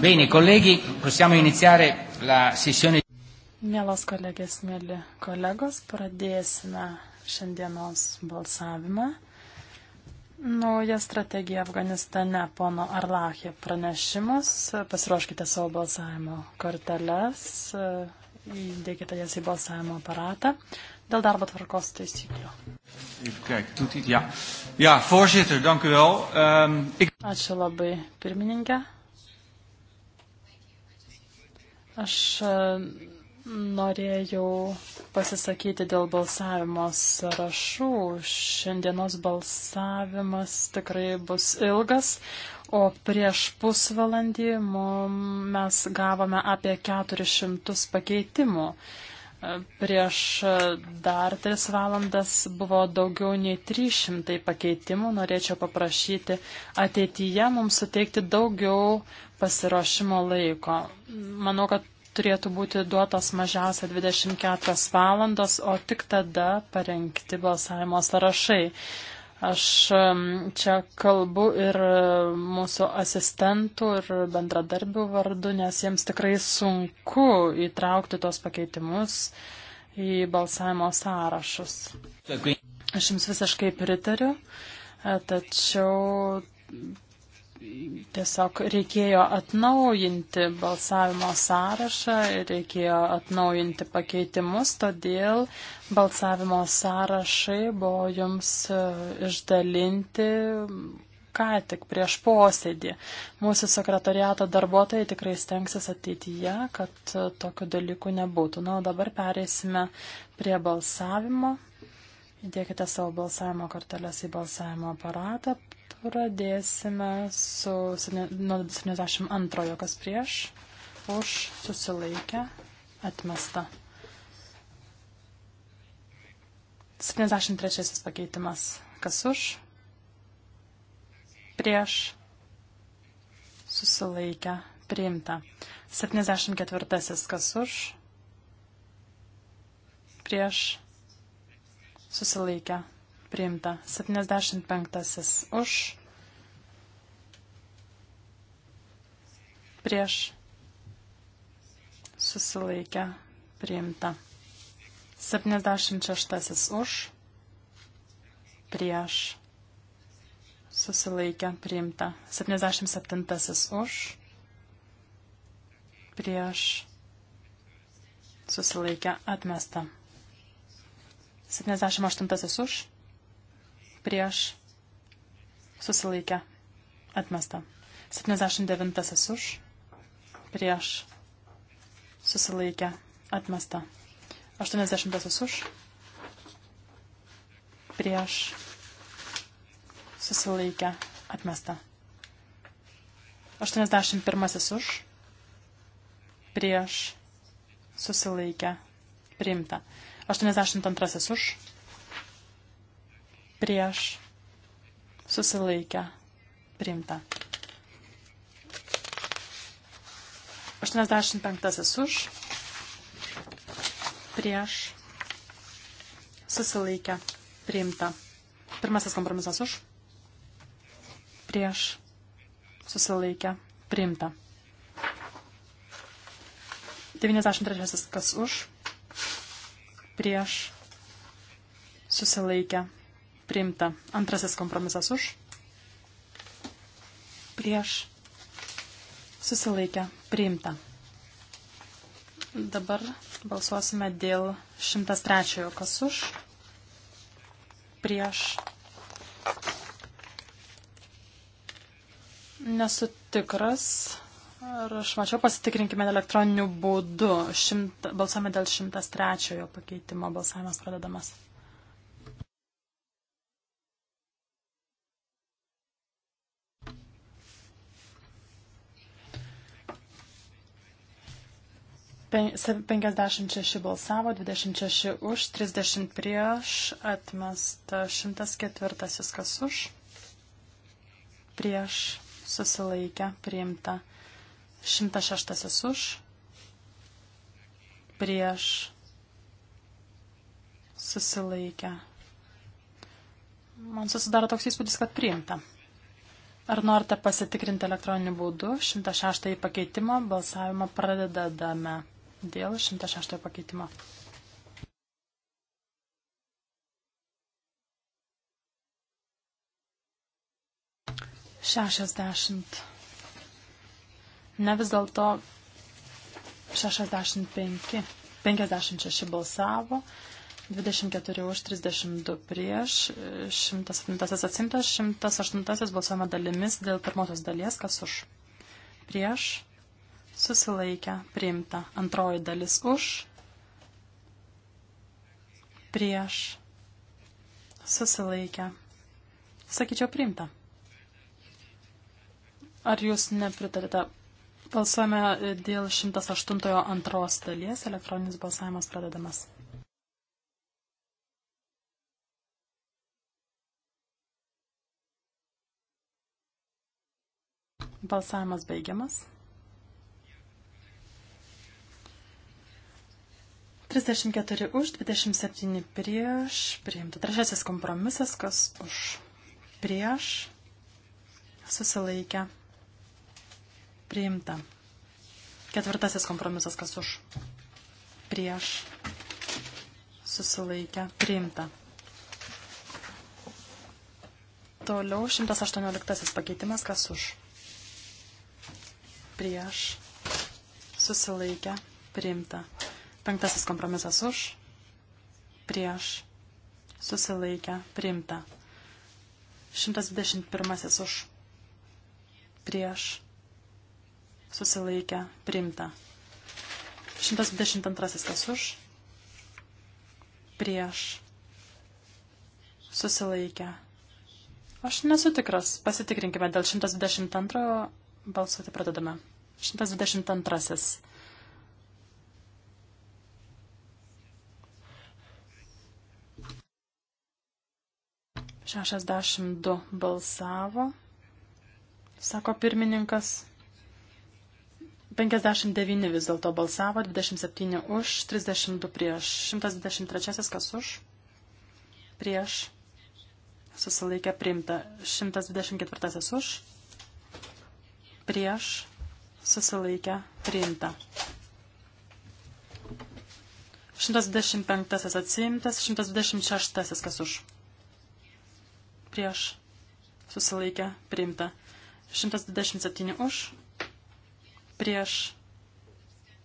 Bene, colleghi, possiamo iniziare la sessione. Mielos kolegės, mėly kolegos, pradėsime šiandienos balsavimą. Nauja strategija Afganistane, pono Arlachė pranešimas. Pasiruoškite savo balsavimo korteles, įdėkite jas į balsavimo aparatą dėl darbo tvarkos taisyklių. Even kijken, doet hij het? Ja. Ja, voorzitter, dank u wel. Um, ik... Ačiū labai, pirmininkė. Aš ehm, norėjau pasisakyti dėl balsavimo sąrašų. Šiandienos balsavimas tikrai bus ilgas, o prieš pusvalandį mes gavome apie 400 pakeitimų. Uh, Prieš dar tris valandas buvo daugiau nei 300 pakeitimų. Norėčiau paprašyti ateityje mums suteikti daugiau pasiruošimo laiko. Manau, kad turėtų būti duotas mažiausia 24 valandos, o tik tada parengti balsavimo sąrašai. Aš čia kalbu ir mūsų asistentų ir bendradarbių vardu, nes jiems tikrai sunku įtraukti tos pakeitimus į balsavimo sąrašus. Aš jums visiškai pritariu, e, tačiau tiesiog reikėjo atnaujinti balsavimo sąrašą, reikėjo atnaujinti pakeitimus, todėl balsavimo sąrašai buvo jums e, išdalinti ką tik prieš posėdį. Mūsų sekretariato darbuotojai tikrai stengsis ateityje, kad e, tokių dalykų nebūtų. Na, o dabar pereisime prie balsavimo. Įdėkite savo balsavimo korteles į balsavimo aparatą, Pradėsime su nuo 72, kas prieš, už susilaikę, atmesta. 73 pakeitimas, kas už, prieš, susilaikę, priimta. 74 kas už, prieš, susilaikę, priimta. 75 už, prieš, susilaikę, priimta. 76 už, prieš, susilaikę, priimta. 77 už, prieš, susilaikę, atmesta. 78 už, prieš susilaikę atmesta. 79 už prieš susilaikę atmesta. 80 už prieš susilaikę atmesta. 81 už prieš susilaikę priimta. 82 už prieš susilaikę priimta. 85 už prieš susilaikę priimta. Pirmasis kompromisas už prieš susilaikę priimta. 93 kas už prieš susilaikę priimta Priimta. Antrasis kompromisas už. Prieš. Susilaikę. Priimta. Dabar balsuosime dėl 103 kas už, prieš. Nesu tikras, ar aš mačiau, pasitikrinkime elektroniniu būdu. Šimt, balsuojame dėl 103 pakeitimo, balsavimas pradedamas. 56 balsavo, 26 už, 30 prieš, atmesta 104 kas už, prieš susilaikę, priimta 106 už, prieš susilaikę. Man susidaro toks įspūdis, kad priimta. Ar norite pasitikrinti elektroniniu būdu? 106 pakeitimą balsavimą pradedame dėl 106 pakeitimo. Šešiasdešimt. Ne vis dėlto 65, 56 balsavo, 24 už 32 prieš, 107 atsimtas, 108 balsuojama dalimis dėl pirmosios dalies, kas už prieš susilaikę priimta. Antroji dalis už, prieš, susilaikę. Sakyčiau, priimta. Ar jūs nepritarite? Balsuojame dėl 108 antros dalies. Elektroninis balsavimas pradedamas. Balsavimas baigiamas. 34 už, 27 prieš, priimta. Trečiasis kompromisas, kas už, prieš, susilaikę, priimta. Ketvirtasis kompromisas, kas už, prieš, susilaikę, priimta. Toliau 118 pakeitimas, kas už, prieš, susilaikę, priimta. Penktasis kompromisas už, prieš, susilaikę, priimta. 121 už, prieš, susilaikę, priimta. 122 kas už, prieš, susilaikę. Aš nesu tikras, pasitikrinkime dėl 122 balsuoti pradedame. 122. 62 balsavo, sako pirmininkas. 59 vis dėlto balsavo, 27 už, 32 prieš, 123 kas už, prieš, susilaikė priimta, 124 už, prieš, susilaikė priimta. 125 atsiimtas, 126 kas už prieš susilaikę priimta. 127 už prieš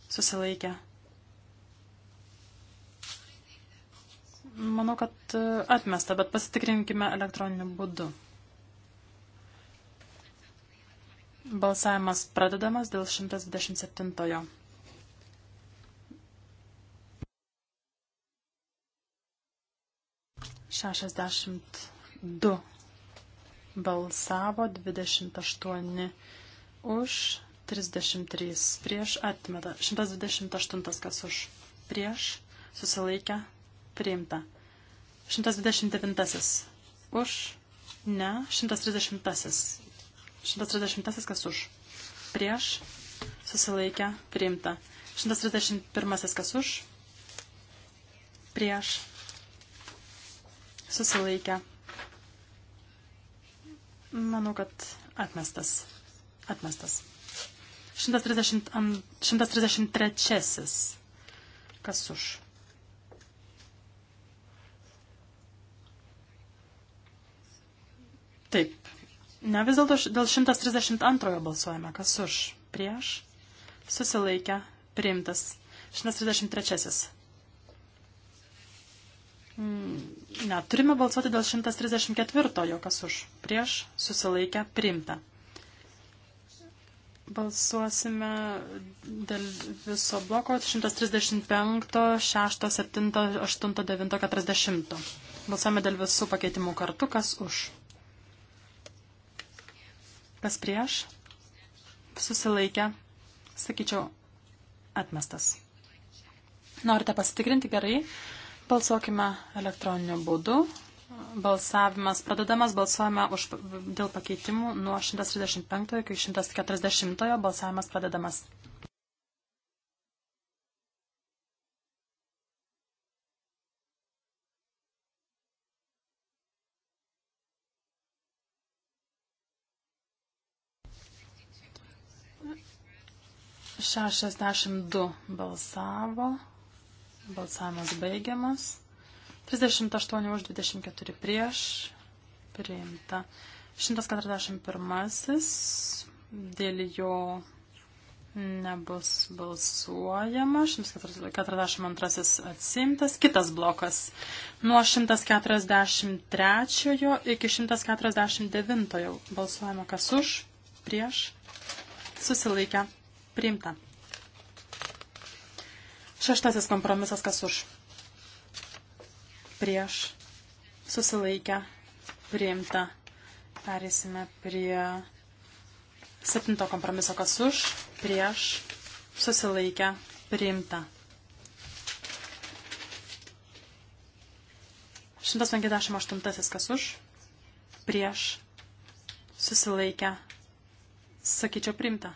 susilaikę. Manau, kad e, atmesta, bet pasitikrinkime elektroniniu būdu. Balsavimas pradedamas dėl 127-ojo. Šešiasdešimt Du balsavo 28 už, 33 prieš atmeta, 128 kas už, prieš susilaikę priimta. 129 už, ne, 130. 130 kas už, prieš susilaikę priimta. 131 kas už, prieš susilaikę Manau, kad atmestas. Atmestas. 130, 133. Kas už? Taip. Ne vis dėlto dėl 132 balsuojame. Kas už? Prieš? Susilaikę. Priimtas. 133. Mm. Ne, turime balsuoti dėl 134, kas už. Prieš susilaikę priimta. Balsuosime dėl viso bloko 135, 6, 7, 8, 9, 40. Balsuojame dėl visų pakeitimų kartu, kas už. Kas prieš? Susilaikę. Sakyčiau, atmestas. Norite pasitikrinti gerai? Balsuokime elektroniniu būdu. Balsavimas pradedamas, balsuojame už, dėl pakeitimų nuo 135 iki 140. Balsavimas pradedamas. Šešiasdešimt du balsavo. Balsavimas baigiamas. 38 už 24 prieš. Priimta. 141. Dėl jo nebus balsuojama. 142 atsimtas. Kitas blokas. Nuo 143 iki 149 balsuojama kas už, prieš, susilaikę, priimta. Šeštasis kompromisas, kas už. Prieš. Susilaikę. Priimta. Perėsime prie septinto kompromiso, kas už. Prieš. Susilaikę. Priimta. 158 kas už. Prieš. Susilaikę. Sakyčiau, priimta.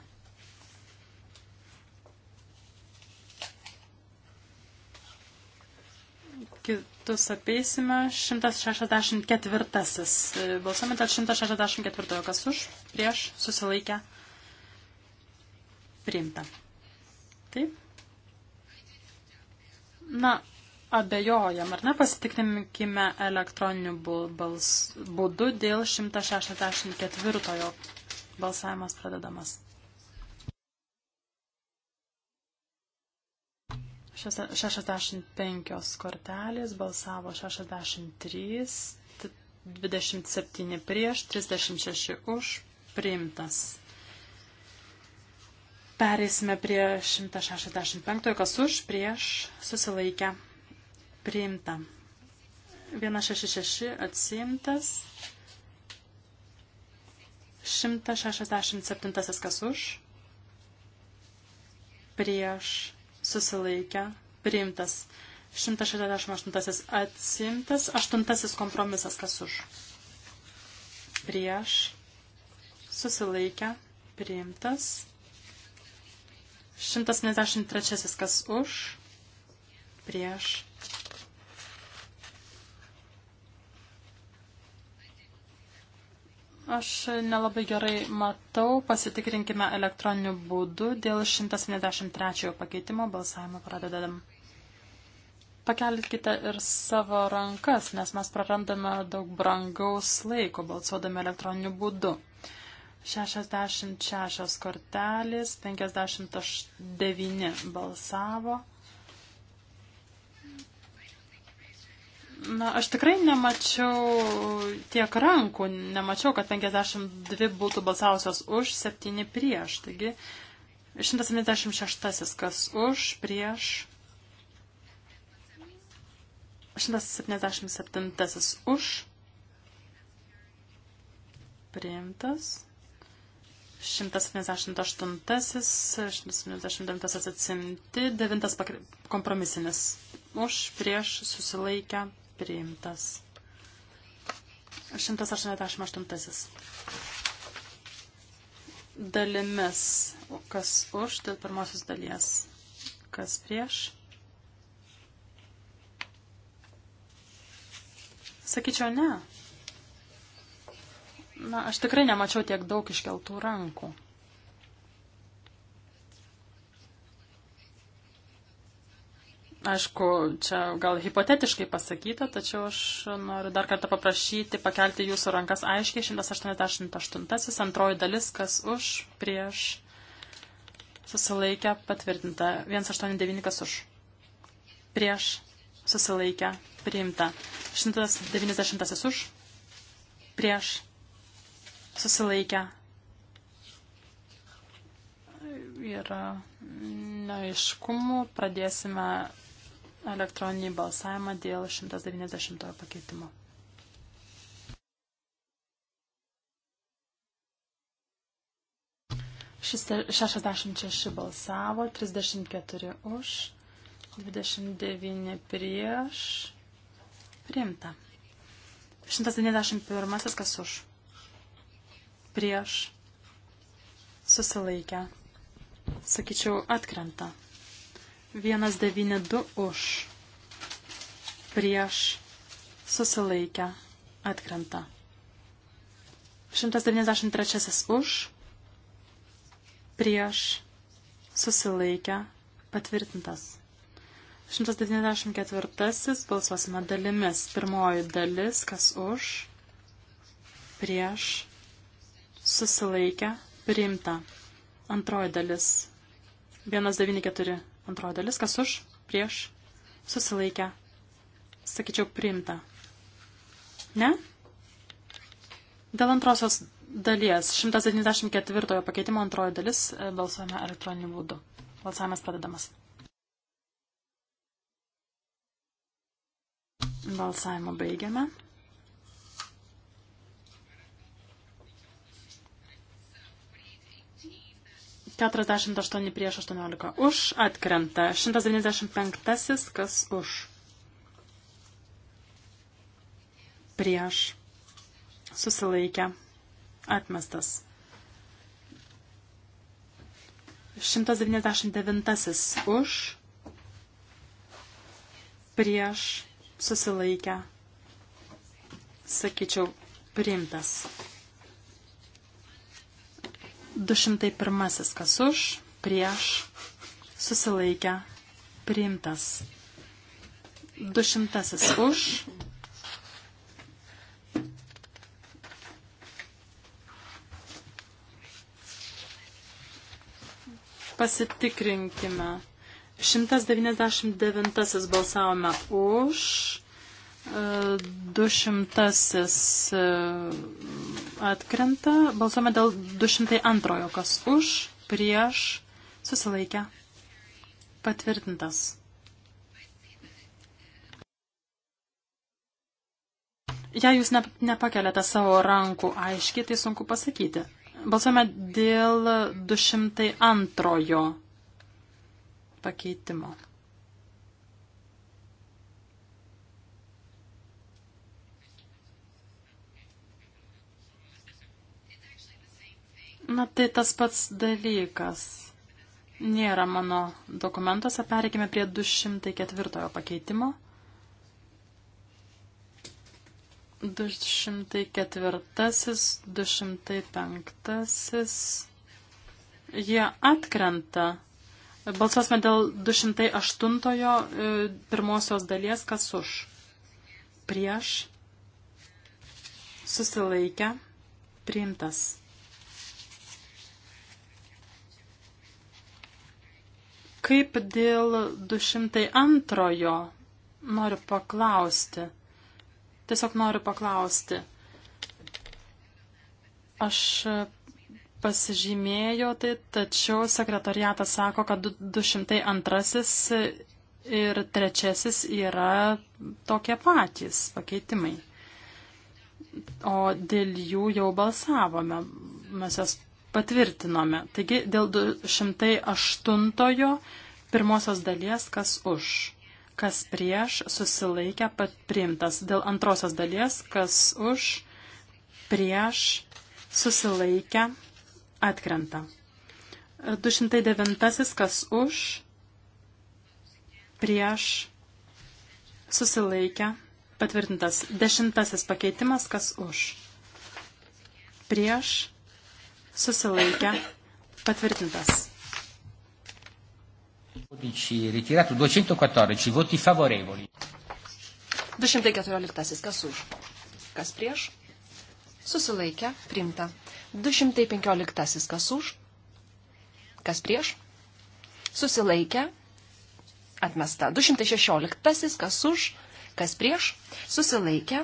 kitus apeisime. 164. Balsuojame dėl 164. Kas už, prieš, susilaikę, priimta. Taip. Na, abejojam, ar ne, pasitikrinkime elektroniniu būdu dėl 164. Balsavimas pradedamas. 65 kortelės, balsavo 63, 27 prieš, 36 už, priimtas. Pereisime prie 165, kas už, prieš, susilaikę, priimta. 166 atsimtas. 167 kas už, prieš, susilaikę, priimtas. 168 atsimtas, 8 kompromisas kas už. Prieš, susilaikę, priimtas. 173 kas už, prieš, Aš nelabai gerai matau, pasitikrinkime elektroniniu būdu dėl 173 pakeitimo balsavimo pradedam. Pakelkite ir savo rankas, nes mes prarandame daug brangaus laiko balsuodami elektroniniu būdu. 66 kortelės, 59 balsavo. Na, aš tikrai nemačiau tiek rankų, nemačiau, kad 52 būtų balsavusios už, 7 prieš. Taigi 176 kas už, prieš. 177 už. Priimtas. 178, 179 atsimti, 9 kompromisinis už, prieš, susilaikę priimtas. 188. Dalimis, kas už, dėl pirmosios dalies, kas prieš. Sakyčiau, ne. Na, aš tikrai nemačiau tiek daug iškeltų rankų. Aišku, čia gal hipotetiškai pasakyta, tačiau aš noriu dar kartą paprašyti pakelti jūsų rankas aiškiai. 188. Antroji dalis, kas už, prieš, susilaikę, patvirtinta. 189, kas už, prieš, susilaikę, priimta. 190 už, prieš, susilaikę, yra neaiškumų, pradėsime elektroninį balsavimą dėl 190 pakeitimo. Šis 66 balsavo, 34 už, 29 prieš. Priimta. 191 kas už. Prieš. Susilaikę. Sakyčiau, atkrenta. 192 už prieš susilaikę atkrenta. 193 už prieš susilaikę patvirtintas. 194 balsuosime dalimis. Pirmoji dalis, kas už, prieš, susilaikę, priimta. Antroji dalis, 194 Antroji dalis, kas už, prieš, susilaikę. Sakyčiau, priimta. Ne? Dėl antrosios dalies, 194 pakeitimo antroji dalis, e, balsuojame elektroniniu būdu. Balsavimas pradedamas. Balsavimą baigiame. 48 prieš 18 už atkrenta. 195 kas už. Prieš. Susilaikę. Atmestas. 199 už. Prieš. Susilaikę. Sakyčiau, priimtas. 201. Kas už, prieš, susilaikę, priimtas. 200. Už. Pasitikrinkime. 199 balsavome už. 200 e, atkrenta. Balsuome dėl 202, kas už, prieš, susilaikę. Patvirtintas. Jei jūs ne, nepakeliate savo rankų aiškiai, tai sunku pasakyti. Balsuojame dėl 202 pakeitimo. Na tai tas pats dalykas. Nėra mano dokumentuose. Pereikime prie 204 pakeitimo. 204, 205. Jie atkrenta. Balsuosime dėl 208 e, pirmosios dalies, kas už. Prieš. Susilaikę. Priimtas. Kaip dėl 202 noriu paklausti. Tiesiog noriu paklausti. Aš pasižymėjau tai, tačiau sekretariatas sako, kad 202 ir 3 yra tokie patys pakeitimai. O dėl jų jau balsavome. Mes jas patvirtinome. Taigi dėl 208 pirmosios dalies kas už, kas prieš susilaikę priimtas. Dėl antrosios dalies kas už, prieš susilaikę atkrenta. 209 kas už, prieš susilaikę patvirtintas. Dešimtasis pakeitimas kas už, prieš susilaikė, patvirtintas. 214 voti favorevoli. 214. Kas už? Kas prieš? Susilaikė, primta. 215. Kas už? Kas prieš? Susilaikė, atmesta. 216. Kas už? Kas prieš? Susilaikė,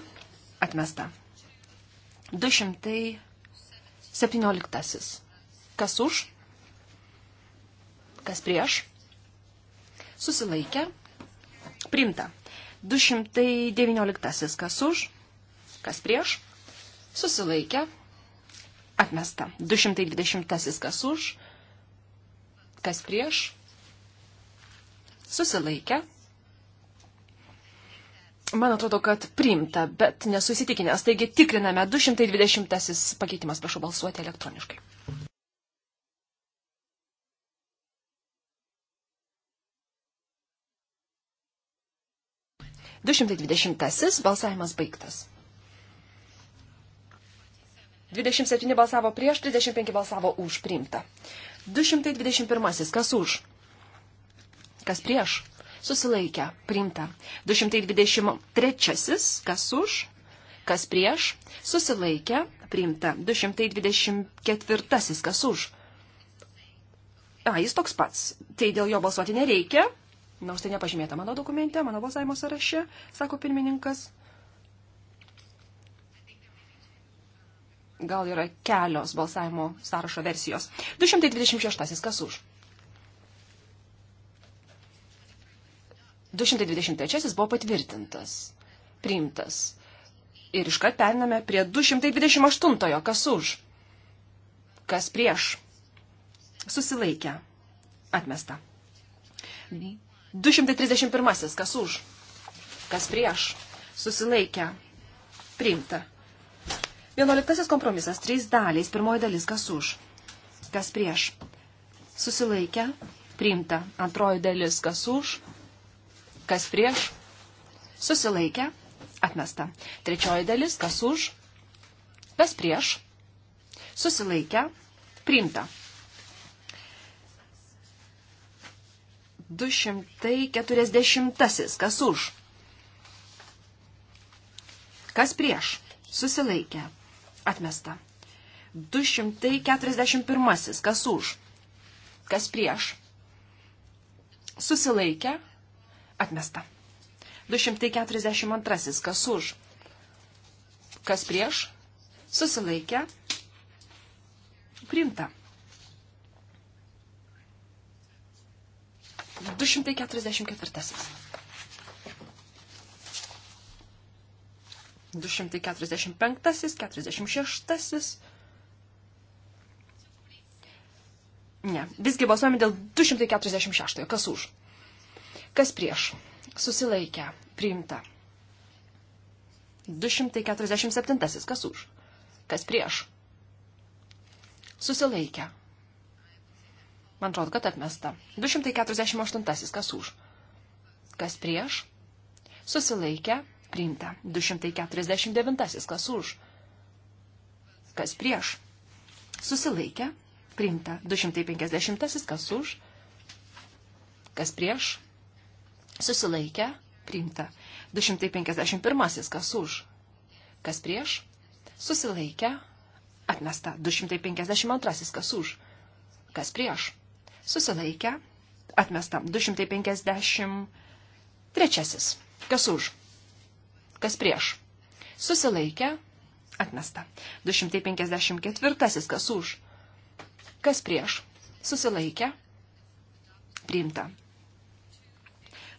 atmesta. 200. 17. Kas už? Kas prieš? Susilaikė. Primta. 219. Kas už? Kas prieš? Susilaikė. Atmesta. 220. Kas už? Kas prieš? Susilaikė. Man atrodo, kad priimta, bet nesu įsitikinęs. Taigi tikriname 220 pakeitimas, prašau balsuoti elektroniškai. Du šimtai dvidešimtasis balsavimas baigtas. 27 balsavo prieš, 35 balsavo už priimta. 221. Kas už? Kas prieš? susilaikę, priimta. 223, kas už, kas prieš, susilaikę, priimta. 224, kas už. A, jis toks pats. Tai dėl jo balsuoti nereikia. Nors tai nepažymėta mano dokumente, mano balsavimo sąraše, sako pirmininkas. Gal yra kelios balsavimo sąrašo versijos. 226. Kas už? 223 buvo patvirtintas, priimtas. Ir iškart periname prie 228, kas už, kas prieš, susilaikę, atmesta. 231, kas už, kas prieš, susilaikę, priimta. 11 kompromisas, 3 dalys, pirmoji dalis, kas už, kas prieš, susilaikę, priimta. Antroji dalis, kas už, kas prieš, susilaikė, atmesta. Trečioji dalis, kas už, kas prieš, susilaikė, priimta. 240, kas už, kas prieš, susilaikė, atmesta. 241, kas už, kas prieš, susilaikė, Atmesta. 242. Kas už? Kas prieš? Susilaikę. Primta. 244. 245, 46. Ne, visgi balsuojame dėl 246. Kas už? Kas prieš? Susilaikę. Priimta. 247. Kas už? Kas prieš? Susilaikę. Man atrodo, kad atmesta. 248. Kas už? Kas prieš? Susilaikę. Priimta. 249. Kas už? Kas prieš? Susilaikę. Priimta. 250. Kas už? Kas prieš? susilaikę, priimta. 251 kas už, kas prieš, susilaikę, atmesta. 252 kas už, kas prieš, susilaikę, atmesta. 253 kas už, kas prieš, susilaikę, atmesta. 254 kas už, kas prieš, susilaikę, priimta.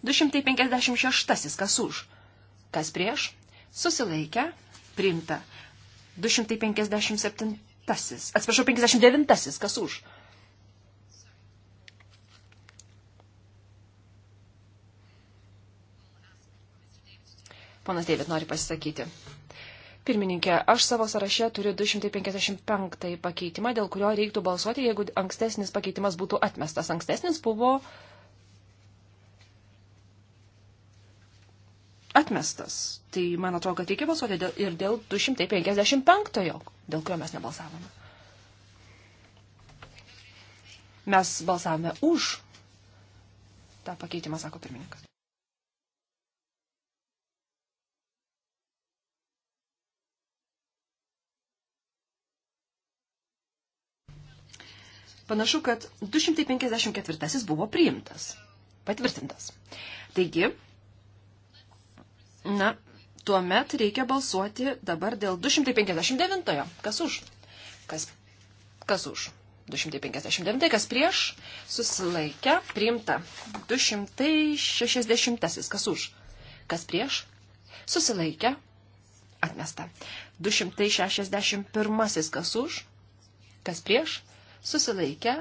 256. Kas už? Kas prieš? Susilaikę. Priimta. 257. Atsiprašau, 59. Kas už? Ponas Deivid nori pasisakyti. Pirmininkė, aš savo sąraše turiu 255 pakeitimą, dėl kurio reiktų balsuoti, jeigu ankstesnis pakeitimas būtų atmestas. Ankstesnis buvo atmestas. Tai man atrodo, kad reikia balsuoti dėl, ir dėl 255-ojo, dėl kurio mes nebalsavome. Mes balsavome už tą pakeitimą, sako pirmininkas. Panašu, kad 254 buvo priimtas, patvirtintas. Taigi, Na, tuomet reikia balsuoti dabar dėl 259. Kas už? Kas, kas už? 259, kas prieš, susilaikę, priimta. 260, kas už, kas prieš, susilaikę, atmesta. 261, kas už, kas prieš, susilaikę,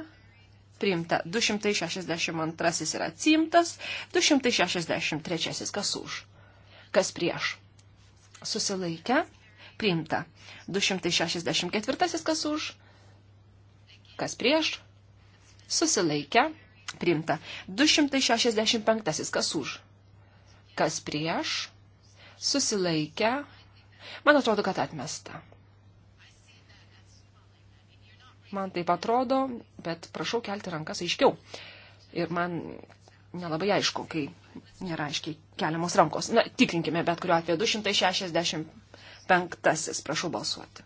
priimta. 262 yra atsimtas, 263, kas už Kas prieš? Susilaikę. Priimta. 264. Kas už? Kas prieš? Susilaikę. Priimta. 265. Kas už? Kas prieš? Susilaikę. Man atrodo, kad atmesta. Man taip atrodo, bet prašau kelti rankas aiškiau. Ir man nelabai aišku, kai nėra aiškiai keliamos rankos. Na, tikrinkime, bet kuriuo atveju 265. Prašau balsuoti.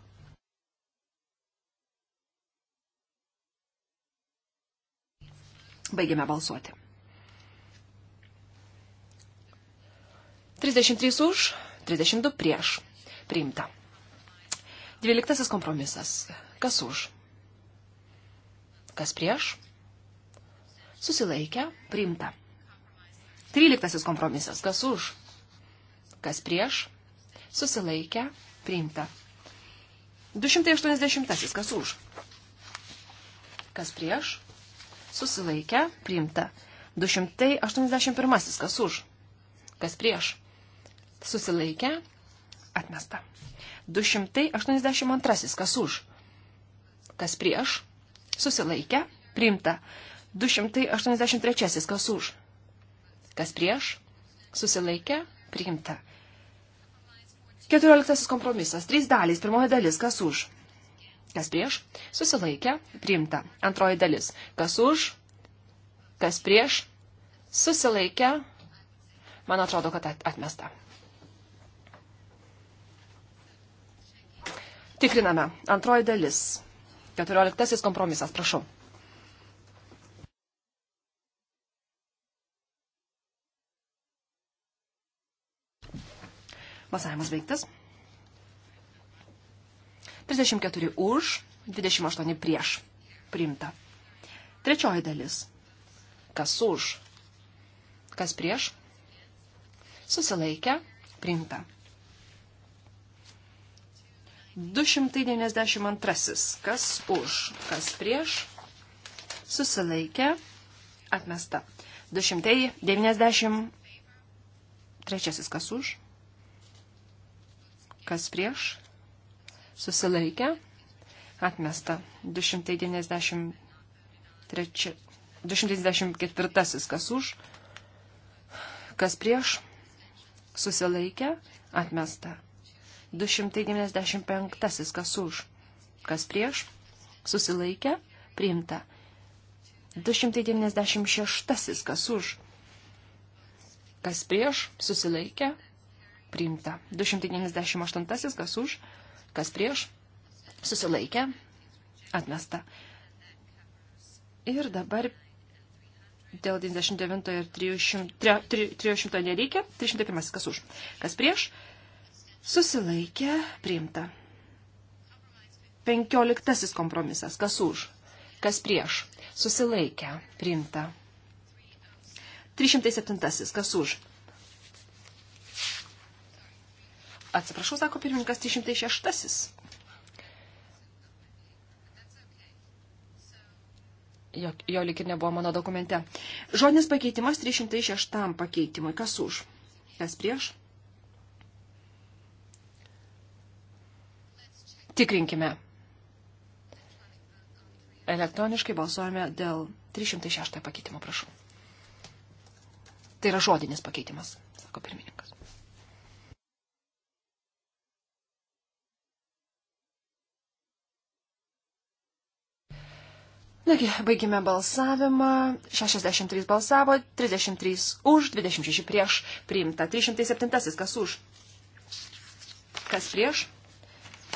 Baigėme balsuoti. 33 už, 32 prieš. Priimta. 12 kompromisas. Kas už? Kas prieš? Susilaikę. Priimta. Tryliktasis kompromisas. Kas už? Kas prieš? Susilaikę. Priimta. 280. Kas už? Kas prieš? Susilaikę. Priimta. 281. Kas už? Kas prieš? Susilaikę. Atmesta. 282. Kas už? Kas prieš? Susilaikę. Priimta. 283. Kas už? Kas prieš? Susilaikė? Priimta. 14 kompromisas. Trys dalys. Pirmoji dalis. Kas už? Kas prieš? Susilaikė? Priimta. Antroji dalis. Kas už? Kas prieš? Susilaikė? Man atrodo, kad atmesta. Tikriname. Antroji dalis. 14 kompromisas. Prašau. Balsavimas baigtas. 34 už, 28 prieš. Priimta. Trečioji dalis. Kas už, kas prieš. Susilaikę. Priimta. 292. Kas už, kas prieš, susilaikė, atmesta. 293. Kas už, kas prieš, susilaikė, atmesta 293, 294, kas už, kas prieš, susilaikė, atmesta 295, kas už, kas prieš, susilaikė, priimta 296, kas už, kas prieš, susilaikė, priimta. 298 kas už, kas prieš, susilaikė, atmesta. Ir dabar dėl 99 ir 300, 300 nereikia, 301 kas už, kas prieš, susilaikė, priimta. 15 kompromisas, kas už, kas prieš, susilaikė, priimta. 307 kas už, Atsiprašau, sako pirmininkas 306. Tai jo, jo lik ir nebuvo mano dokumente. Žodinis pakeitimas 306 pakeitimui. Kas už? Kas prieš? Tikrinkime. Elektroniškai balsuojame dėl 306 pakeitimo, prašau. Tai yra žodinis pakeitimas, sako pirmininkas. Nagi, baigime balsavimą. 63 balsavo, 33 už, 26 prieš priimta. 307 kas už. Kas prieš?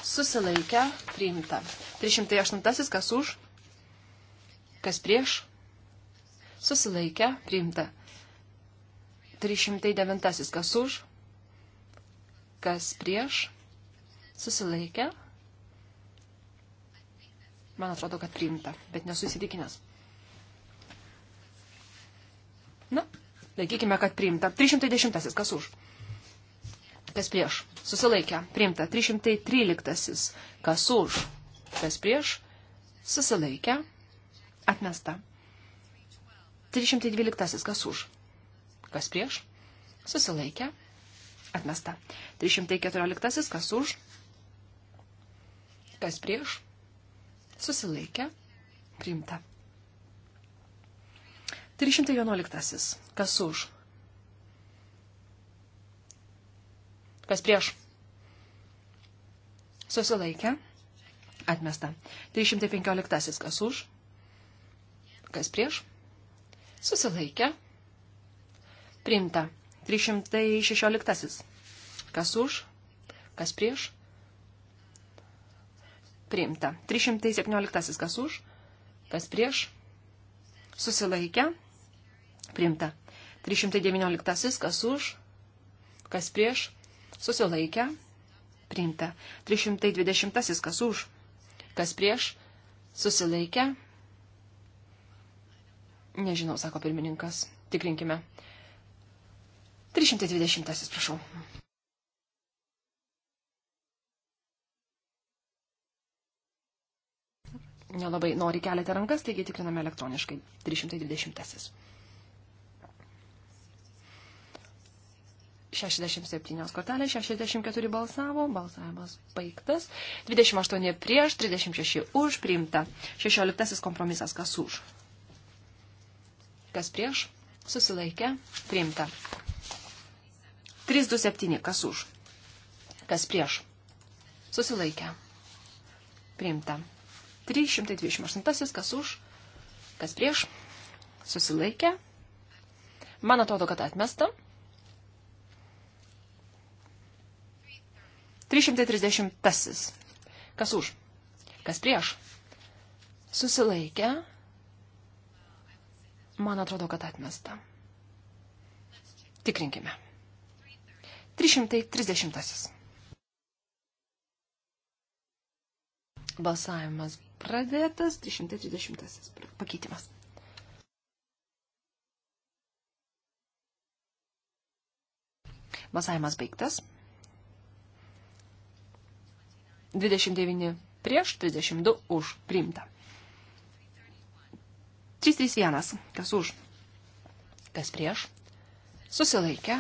Susilaikę priimta. 308 kas už. Kas prieš? Susilaikę priimta. 309 kas už. Kas prieš? Susilaikę Man atrodo, kad priimta, bet nesu įsitikinęs. Na, laikykime, kad priimta. 310. Kas už? Kas prieš? Susilaikę. Priimta. 313. Kas už? Kas prieš? Susilaikę. Atmesta. 312. Kas už? Kas prieš? Susilaikę. Atmesta. 314. Kas už? Kas prieš? Susilaikė. Priimta. 311. Kas už? Kas prieš? Susilaikė. Atmesta. 315. Kas už? Kas prieš? Susilaikė. Priimta. 316. Kas už? Kas prieš? priimta. 317 kas už, kas prieš, susilaikę, priimta. 319 kas už, kas prieš, susilaikę, priimta. 320 kas už, kas prieš, susilaikę, nežinau, sako pirmininkas, tikrinkime. 320, prašau. nelabai nori keliate rankas, taigi tikriname elektroniškai. 320. 67 kortelė, 64 balsavo, balsavimas baigtas, 28 prieš, 36 už, priimta, 16 kompromisas, kas už, kas prieš, susilaikė, priimta, 327, kas už, kas prieš, susilaikė, priimta. 328, kas už, kas prieš, susilaikė. Man atrodo, kad atmesta. 330, kas už, kas prieš, susilaikė. Man atrodo, kad atmesta. Tikrinkime. 330. Balsavimas pradėtas 230 pakeitimas. Balsavimas baigtas. 29 prieš, 32 už priimta. 331. Kas už? Kas prieš? Susilaikę.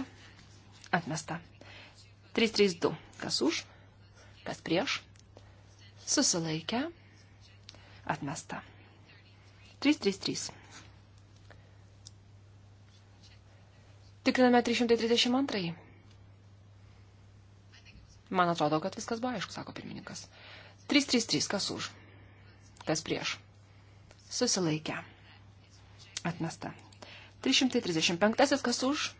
Atmesta. 332. Kas už? Kas prieš? Susilaikę. Atmesta. 333. Tikriname 332. Man atrodo, kad viskas buvo aišku, sako pirmininkas. 333, kas už? Kas prieš? Susilaikę. Atmesta. 335, kas už?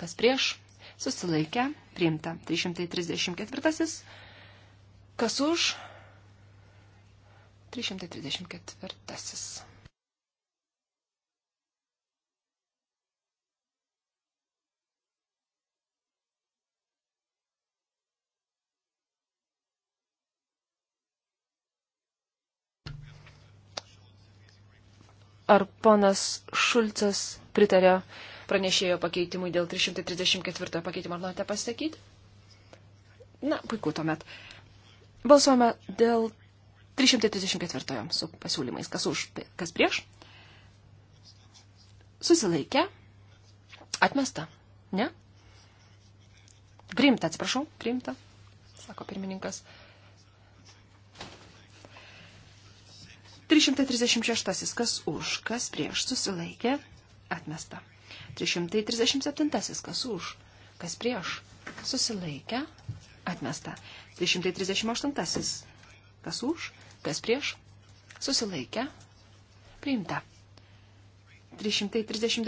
Kas prieš? Susilaikę. Priimta. 334, kas už? 334. Ar ponas Šulcas pritarė pranešėjo pakeitimui dėl 334 pakeitimo? Ar norite pasakyti? Na, puiku tuomet. Balsuojame dėl 334 su pasiūlymais. Kas už, kas prieš? Susilaikė. Atmesta. Ne? Priimta, atsiprašau, priimta, sako pirmininkas. 336. Kas už, kas prieš susilaikė, atmesta. 337. Kas už, kas prieš susilaikė, atmesta. 338 Kas už, kas prieš, susilaikę, priimta. 339.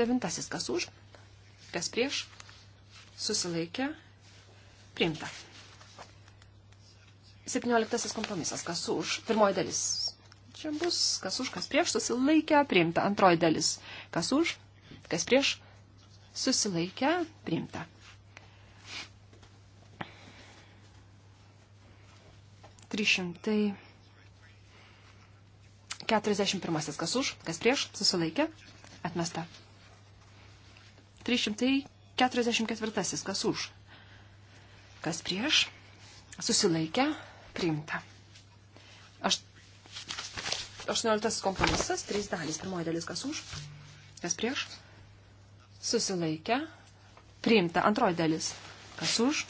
Kas už, kas prieš, susilaikę, priimta. 17. kompromisas. Kas už, pirmoji dalis. Čia bus, kas už, kas prieš, susilaikę, priimta. Antroji dalis. Kas už, kas prieš, susilaikę, priimta. 341. Kas už, kas prieš, susilaikė, atmesta. 344. Kas už, kas prieš, susilaikė, priimta. Aš, 18 kompromisas, 3 dalys. Pirmoji dalis kas už, kas prieš, susilaikė, priimta. Antroji dalis kas už,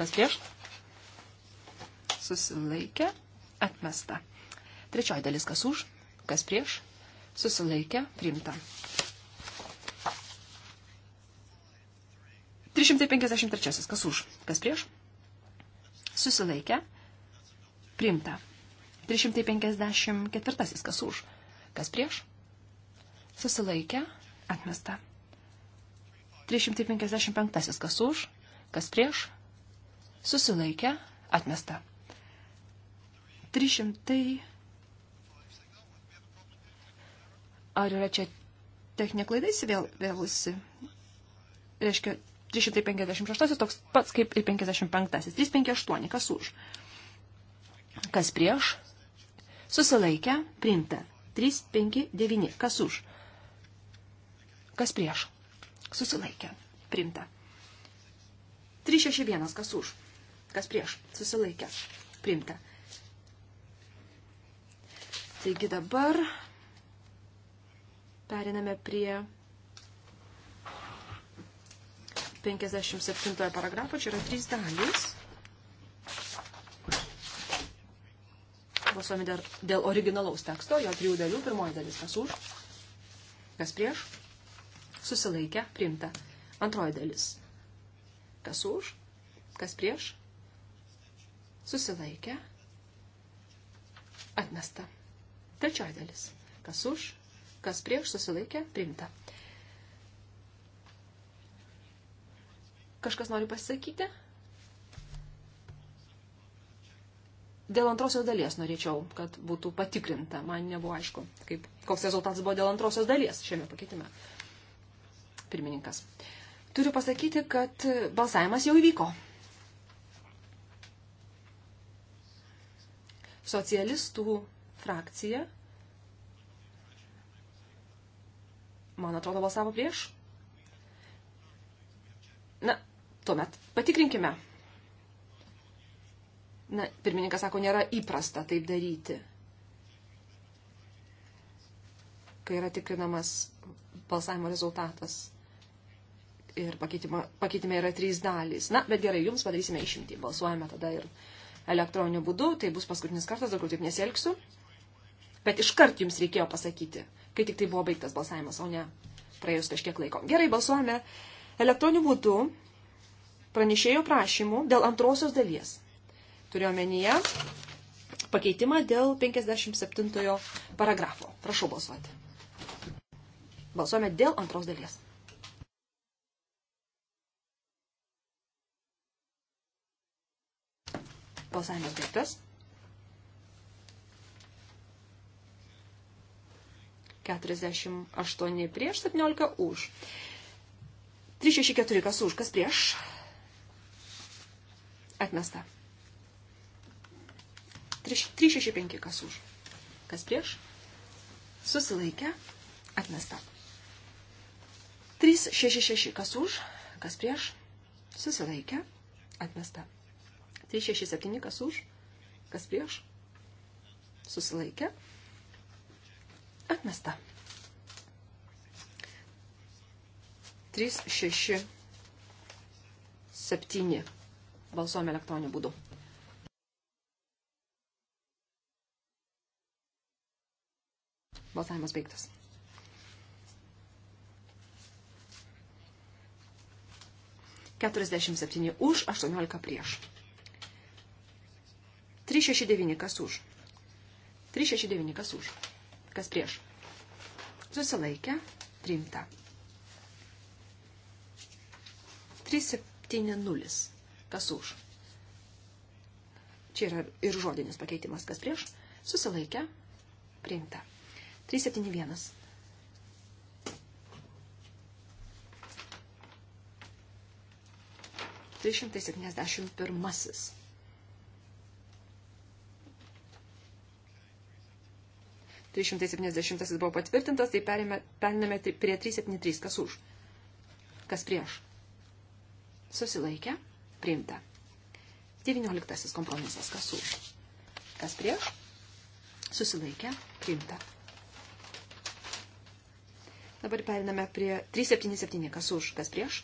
kas prieš, susilaikė, atmesta. Trečioji dalis, kas už, kas prieš, susilaikė, priimta. 353, kas už, kas prieš, susilaikė, priimta. 354, kas už, kas prieš, susilaikė, atmesta. 355, kas už, kas prieš, susilaikė, atmesta. 300. Ar yra čia techninė klaida įsivėlusi? Reiškia, 356 toks pats kaip ir 55. 358, kas už? Kas prieš? Susilaikę, priimta. 359, kas už? Kas prieš? Susilaikę, priimta. 361, kas už? Kas prieš? Susilaikę, priimta. Taigi dabar periname prie 57 paragrafo, čia yra trys dalys. Balsuomi dėl originalaus teksto, jo trijų dalių, pirmoji dalis kas už, kas prieš, susilaikę, priimta. Antroji dalis, kas už, kas prieš, susilaikę, atmesta. Trečioji dalis. Kas už, kas prieš susilaikė, priimta. Kažkas nori pasisakyti? Dėl antrosios dalies norėčiau, kad būtų patikrinta. Man nebuvo aišku, kaip, koks rezultatas buvo dėl antrosios dalies šiame pakeitime. Pirmininkas. Turiu pasakyti, kad balsavimas jau įvyko. Socialistų frakcija, man atrodo, balsavo prieš. Na, tuomet patikrinkime. Na, pirmininkas sako, nėra įprasta taip daryti. Kai yra tikrinamas balsavimo rezultatas ir pakeitime yra trys dalys. Na, bet gerai, jums padarysime išimtį. Balsuojame tada ir elektroniniu būdu. Tai bus paskutinis kartas, daugiau taip nesielgsiu bet iškart jums reikėjo pasakyti, kai tik tai buvo baigtas balsavimas, o ne praėjus kažkiek laiko. Gerai, balsuojame elektroniniu būdu pranešėjo prašymų dėl antrosios dalies. Turiuomenyje pakeitimą dėl 57 paragrafo. Prašau balsuoti. Balsuojame dėl antros dalies. Balsavimas baigtas. 48 prieš, 17 už. 364 kas už, kas prieš. Atmesta. 365 kas už. Kas prieš? Susilaikę. Atmesta. 366 kas už, kas prieš? Susilaikę. Atmesta. 367 kas už, kas prieš? Susilaikę Atmesta. 3, 6, 7. Balsuojame elektroniniu būdu. Balsavimas baigtas. Keturiasdešimt septyni už, aštuoniolika prieš. 369 kas už. 369 kas už. Kas prieš? Susilaikė. Priimta. 370. Kas už? Čia yra ir žodinis pakeitimas. Kas prieš? Susilaikę. Priimta. 371. Trišimtai septyniasdešimt pirmasis. 370 buvo patvirtintas, tai periname prie 373. Kas už? Kas prieš? Susilaikė. Priimta. 19 kompromisas. Kas už? Kas prieš? Susilaikė. Priimta. Dabar periname prie 377. Kas už? Kas prieš?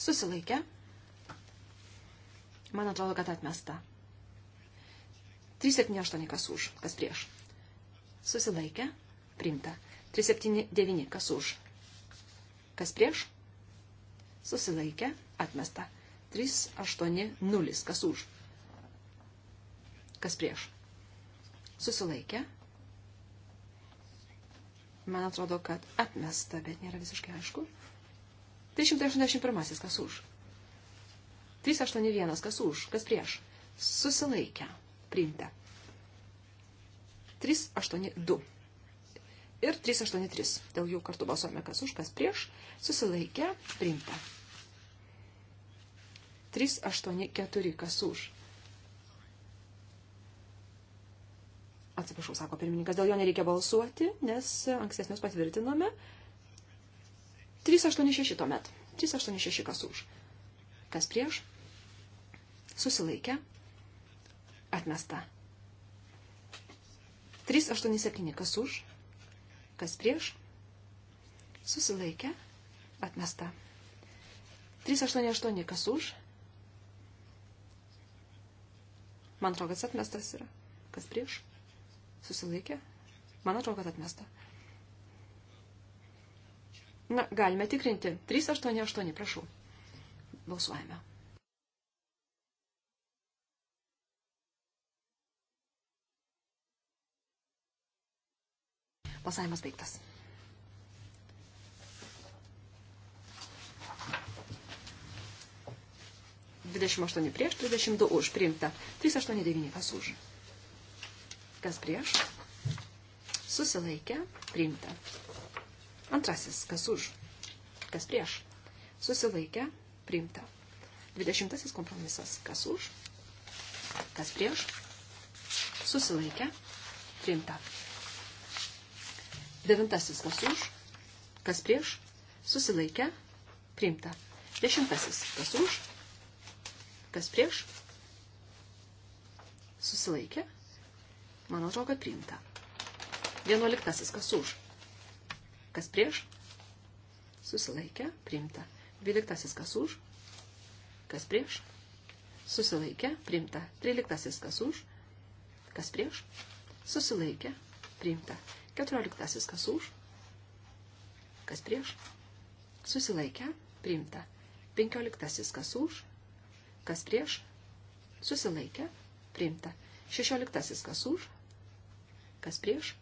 Susilaikė. Man atrodo, kad atmesta. 378 kas už, kas prieš. Susilaikę. Primta. 379. Kas už? Kas prieš? Susilaikę. Atmesta. 380. Kas už? Kas prieš? Susilaikę. Man atrodo, kad atmesta, bet nėra visiškai aišku. 381. Kas už? 381. Kas už? Kas prieš? Susilaikę. Priimta. 382 ir 383. Dėl jų kartu balsuojame, kas už, kas prieš, susilaikę, priimta. 384, kas už. Atsiprašau, sako pirmininkas, dėl jo nereikia balsuoti, nes ankstesnius patvirtinome. 386 tuomet. 386 kas už. Kas prieš? Susilaikę. Atmesta. 387. Kas už? Kas prieš? Susilaikę. Atmesta. 388. Kas už? Man atrodo, kad atmestas yra. Kas prieš? Susilaikė? Man atrodo, kad atmesta. Na, galime tikrinti. 388, prašau. Balsuojame. Balsavimas baigtas. Dvidešimt aštuoni prieš, trisdešimt du už. Priimta. Trys aštuoni devyni. Kas už? Kas prieš? Susilaikė. Priimta. Antrasis. Kas už? Kas prieš? Susilaikė. Priimta. Dvidešimtasis kompromisas. Kas už? Kas prieš? Susilaikė. Priimta. Devintasis, kas už, kas prieš, susilaikę, priimta. Dešimtasis, kas už, kas prieš, susilaikę, man atrodo, kad priimta. Vienuoliktasis, kas už, kas prieš, susilaikę, priimta. Dvyliktasis, kas už, kas prieš, susilaikę, priimta. Tryliktasis, kas už, kas prieš, susilaikę, priimta. Keturioliktasis kas už, kas prieš, susilaikę, priimta. Penkioliktasis kas už, kas prieš, susilaikę, priimta. Šešioliktasis kas už, kas prieš,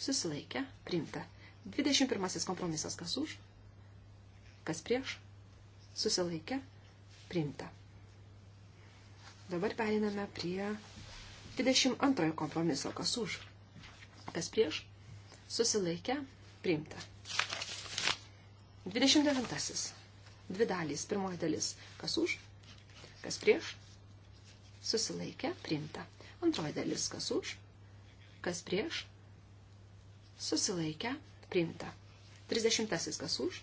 susilaikę, priimta. Dvidešimt pirmasis kompromisas kas už, kas prieš, susilaikę, priimta. Dabar periname prie 22 kompromiso kas už Kas prieš? Susilaikę. Priimta. 29. Dvi dalys. Pirmoji dalis. Kas už? Kas prieš? Susilaikę. Priimta. Antroji dalis. Kas už? Kas prieš? Susilaikę. Priimta. 30. Kas už?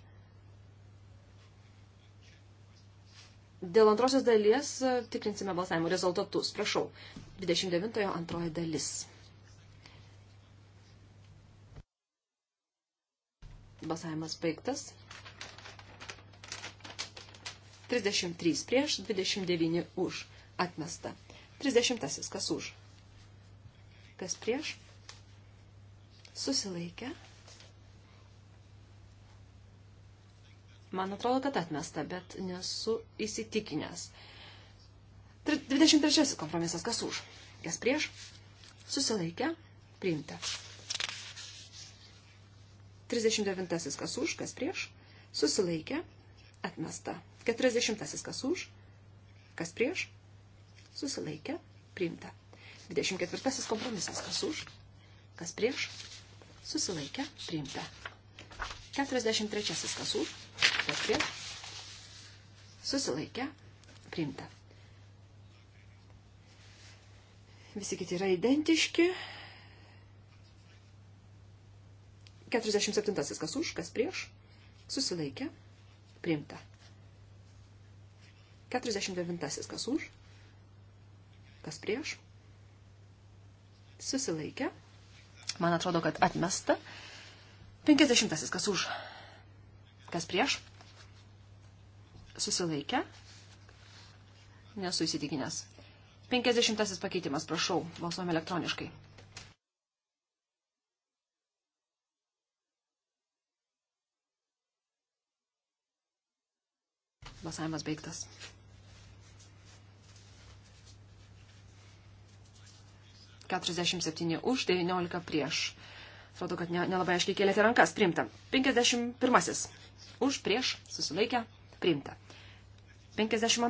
Dėl antrosios dalies e, tikrinsime balsavimo rezultatus. Prašau. 29. antroji dalis. Balsavimas baigtas. 33 prieš, 29 už. Atmesta. 30. Kas už? Kas prieš? Susilaikė. Man atrodo, kad atmesta, bet nesu įsitikinęs. 23. Kompromisas. Kas už? Kas prieš? Susilaikė. Priimta. 39 kas už, kas prieš, susilaikė, atmesta. 40 kas už, kas prieš, susilaikė, priimta. 24 kompromisas kas už, kas prieš, susilaikė, priimta. 43 kas už, kas prieš, susilaikė, priimta. Visi kiti yra identiški. 47. Kas už, kas prieš, susilaikė, priimta. 49. Kas už, kas prieš, susilaikė. Man atrodo, kad atmesta. 50. Kas už, kas prieš, susilaikė. Nesu įsitikinęs. 50. pakeitimas, prašau, balsuom elektroniškai. Balsavimas baigtas. Keturiasdešimt septyni už, devyniolika prieš. Atrodo, kad ne, nelabai aiškiai kėlėte rankas. Primta. 51. Už, prieš, susilaikę, primta. 52.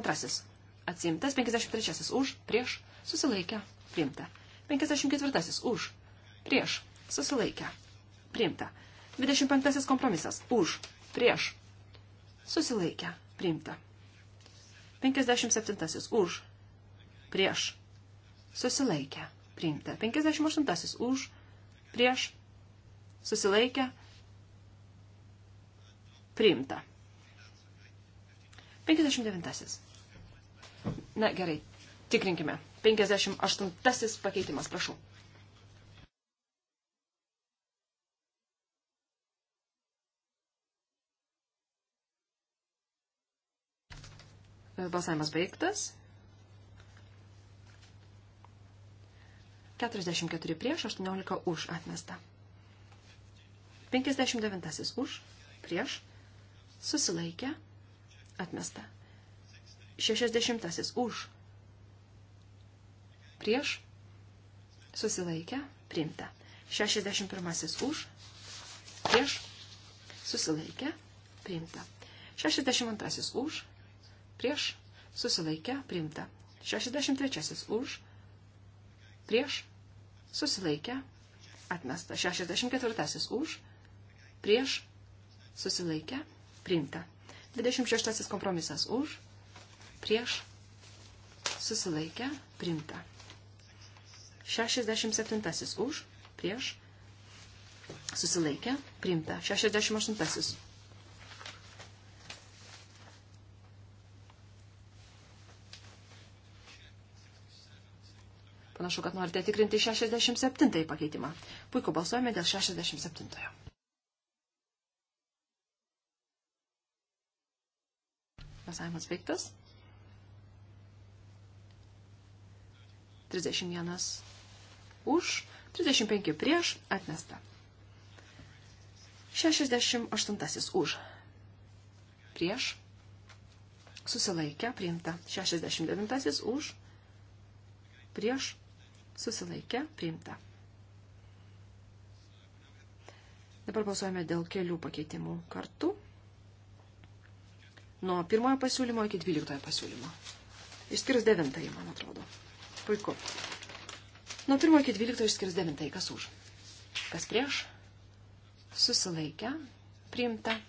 Atsimtas. 53. Už, prieš, susilaikę, primta. 54. Už, prieš, susilaikę, primta. 25. Kompromisas. Už, prieš, susilaikę, Priimta. 57. Už. Prieš. Susilaikę. Priimta. 58. Už. Prieš. Susilaikę. Priimta. 59. Na gerai, tikrinkime. 58. pakeitimas, prašau. Balsavimas baigtas. 44 prieš, 18 už atmesta. 59 už, prieš, susilaikė, atmesta. 60 už, prieš, susilaikė, priimta. 61 už, prieš, susilaikė, priimta. 62 už, prieš, susilaikę, priimta. 63 už, prieš, susilaikę, atmesta. 64 už, prieš, susilaikę, priimta. 26 kompromisas už, prieš, susilaikę, priimta. 67 už, prieš, susilaikę, priimta. 68 Panašu, kad norite tikrinti 67 pakeitimą. Puiku, balsuojame dėl 67. -ojo. Balsavimas baigtas. 31 už, 35 prieš, atmesta. 68 už, prieš, susilaikę, priimta. 69 už, prieš, susilaikė, priimta. Dabar balsuojame dėl kelių pakeitimų kartu. Nuo pirmojo pasiūlymo iki dvyliktojo pasiūlymo. Išskyrus devintąjį, man atrodo. Puiku. Nuo pirmo iki dvyliktojo išskyrus devintąjį. Kas už? Kas prieš? Susilaikę. Priimta.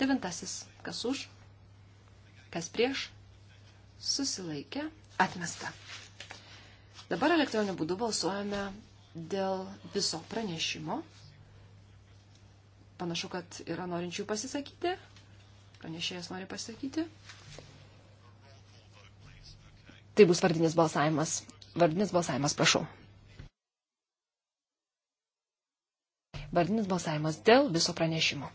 Devintasis. Kas už? Kas prieš? Susilaikę. Atmesta. Dabar elektroniniu būdu balsuojame dėl viso pranešimo. Panašu, kad yra norinčių pasisakyti. Pranešėjas nori pasisakyti. Tai bus vardinis balsavimas. Vardinis balsavimas, prašau. Vardinis balsavimas dėl viso pranešimo.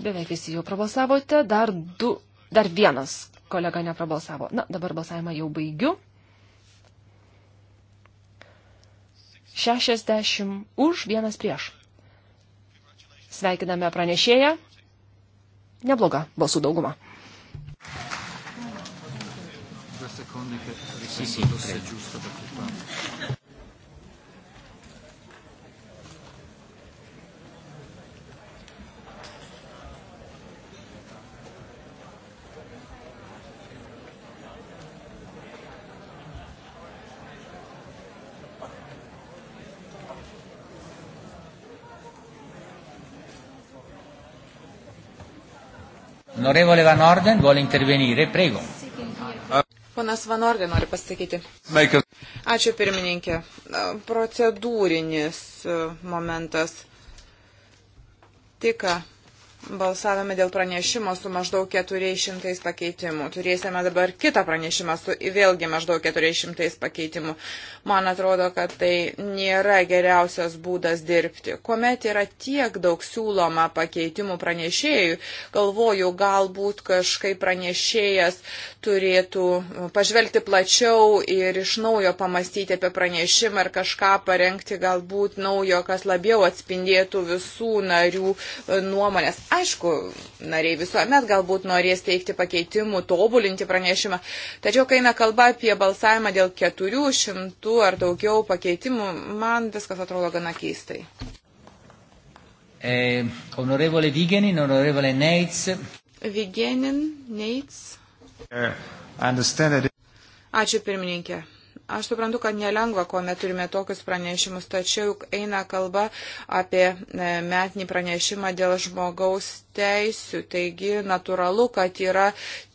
Beveik visi jau prabalsavote, dar du, dar vienas kolega neprabalsavo. Na, dabar balsavimą jau baigiu. 60 už, vienas prieš. Sveikiname pranešėją. Nebloga balsų dauguma. Sì, sì, prego. Onorevole Van Orden vuole intervenire, prego. Ponas Van Orden nori pasakyti. Ačiū pirmininkė. Procedūrinis e, momentas. Tik balsavome dėl pranešimo su maždaug 400 pakeitimų. Turėsime dabar kitą pranešimą su vėlgi maždaug 400 pakeitimų. Man atrodo, kad tai nėra geriausias būdas dirbti. Komet yra tiek daug siūloma pakeitimų pranešėjų, galvoju, galbūt kažkaip pranešėjas turėtų pažvelgti plačiau ir iš naujo pamastyti apie pranešimą ir kažką parengti galbūt naujo, kas labiau atspindėtų visų narių nuomonės Aišku, nariai visuomet galbūt norės teikti pakeitimų, tobulinti pranešimą, tačiau kai eina kalba apie balsavimą dėl 400 ar daugiau pakeitimų, man viskas atrodo gana keistai. Eh, onorevole Vigenin, onorevole Neitz. Vigenin, Neitz. Eh, Ačiū pirmininkė. Aš suprantu, kad nelengva, kuomet turime tokius pranešimus, tačiau eina kalba apie e, metinį pranešimą dėl žmogaus teisių, taigi natūralu, kad yra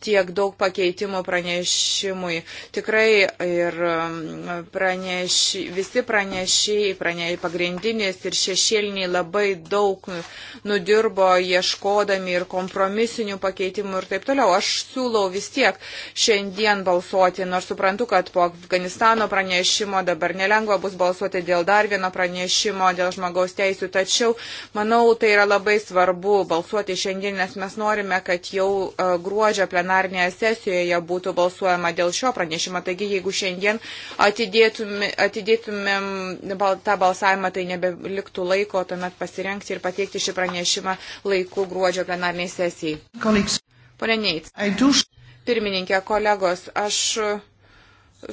tiek daug pakeitimų pranešimui. Tikrai ir um, praneš, visi pranešiai, prane, pagrindinis ir šešėliniai labai daug nudirbo ieškodami ir kompromisinių pakeitimų ir taip toliau. Aš siūlau vis tiek šiandien balsuoti, nors suprantu, kad po Afganistano pranešimo dabar nelengva bus balsuoti dėl dar vieno pranešimo, dėl žmogaus teisų, tačiau manau, tai yra labai svarbu balsuoti iki šiandien, nes mes norime, kad jau e, gruodžio plenarnėje sesijoje būtų balsuojama dėl šio pranešimo. Taigi, jeigu šiandien atidėtumėm, atidėtumėm tą balsavimą, tai nebeliktų laiko tuomet pasirenkti ir pateikti šį pranešimą laiku gruodžio plenarniai sesijai. Pone Neits. Pirmininkė, kolegos, aš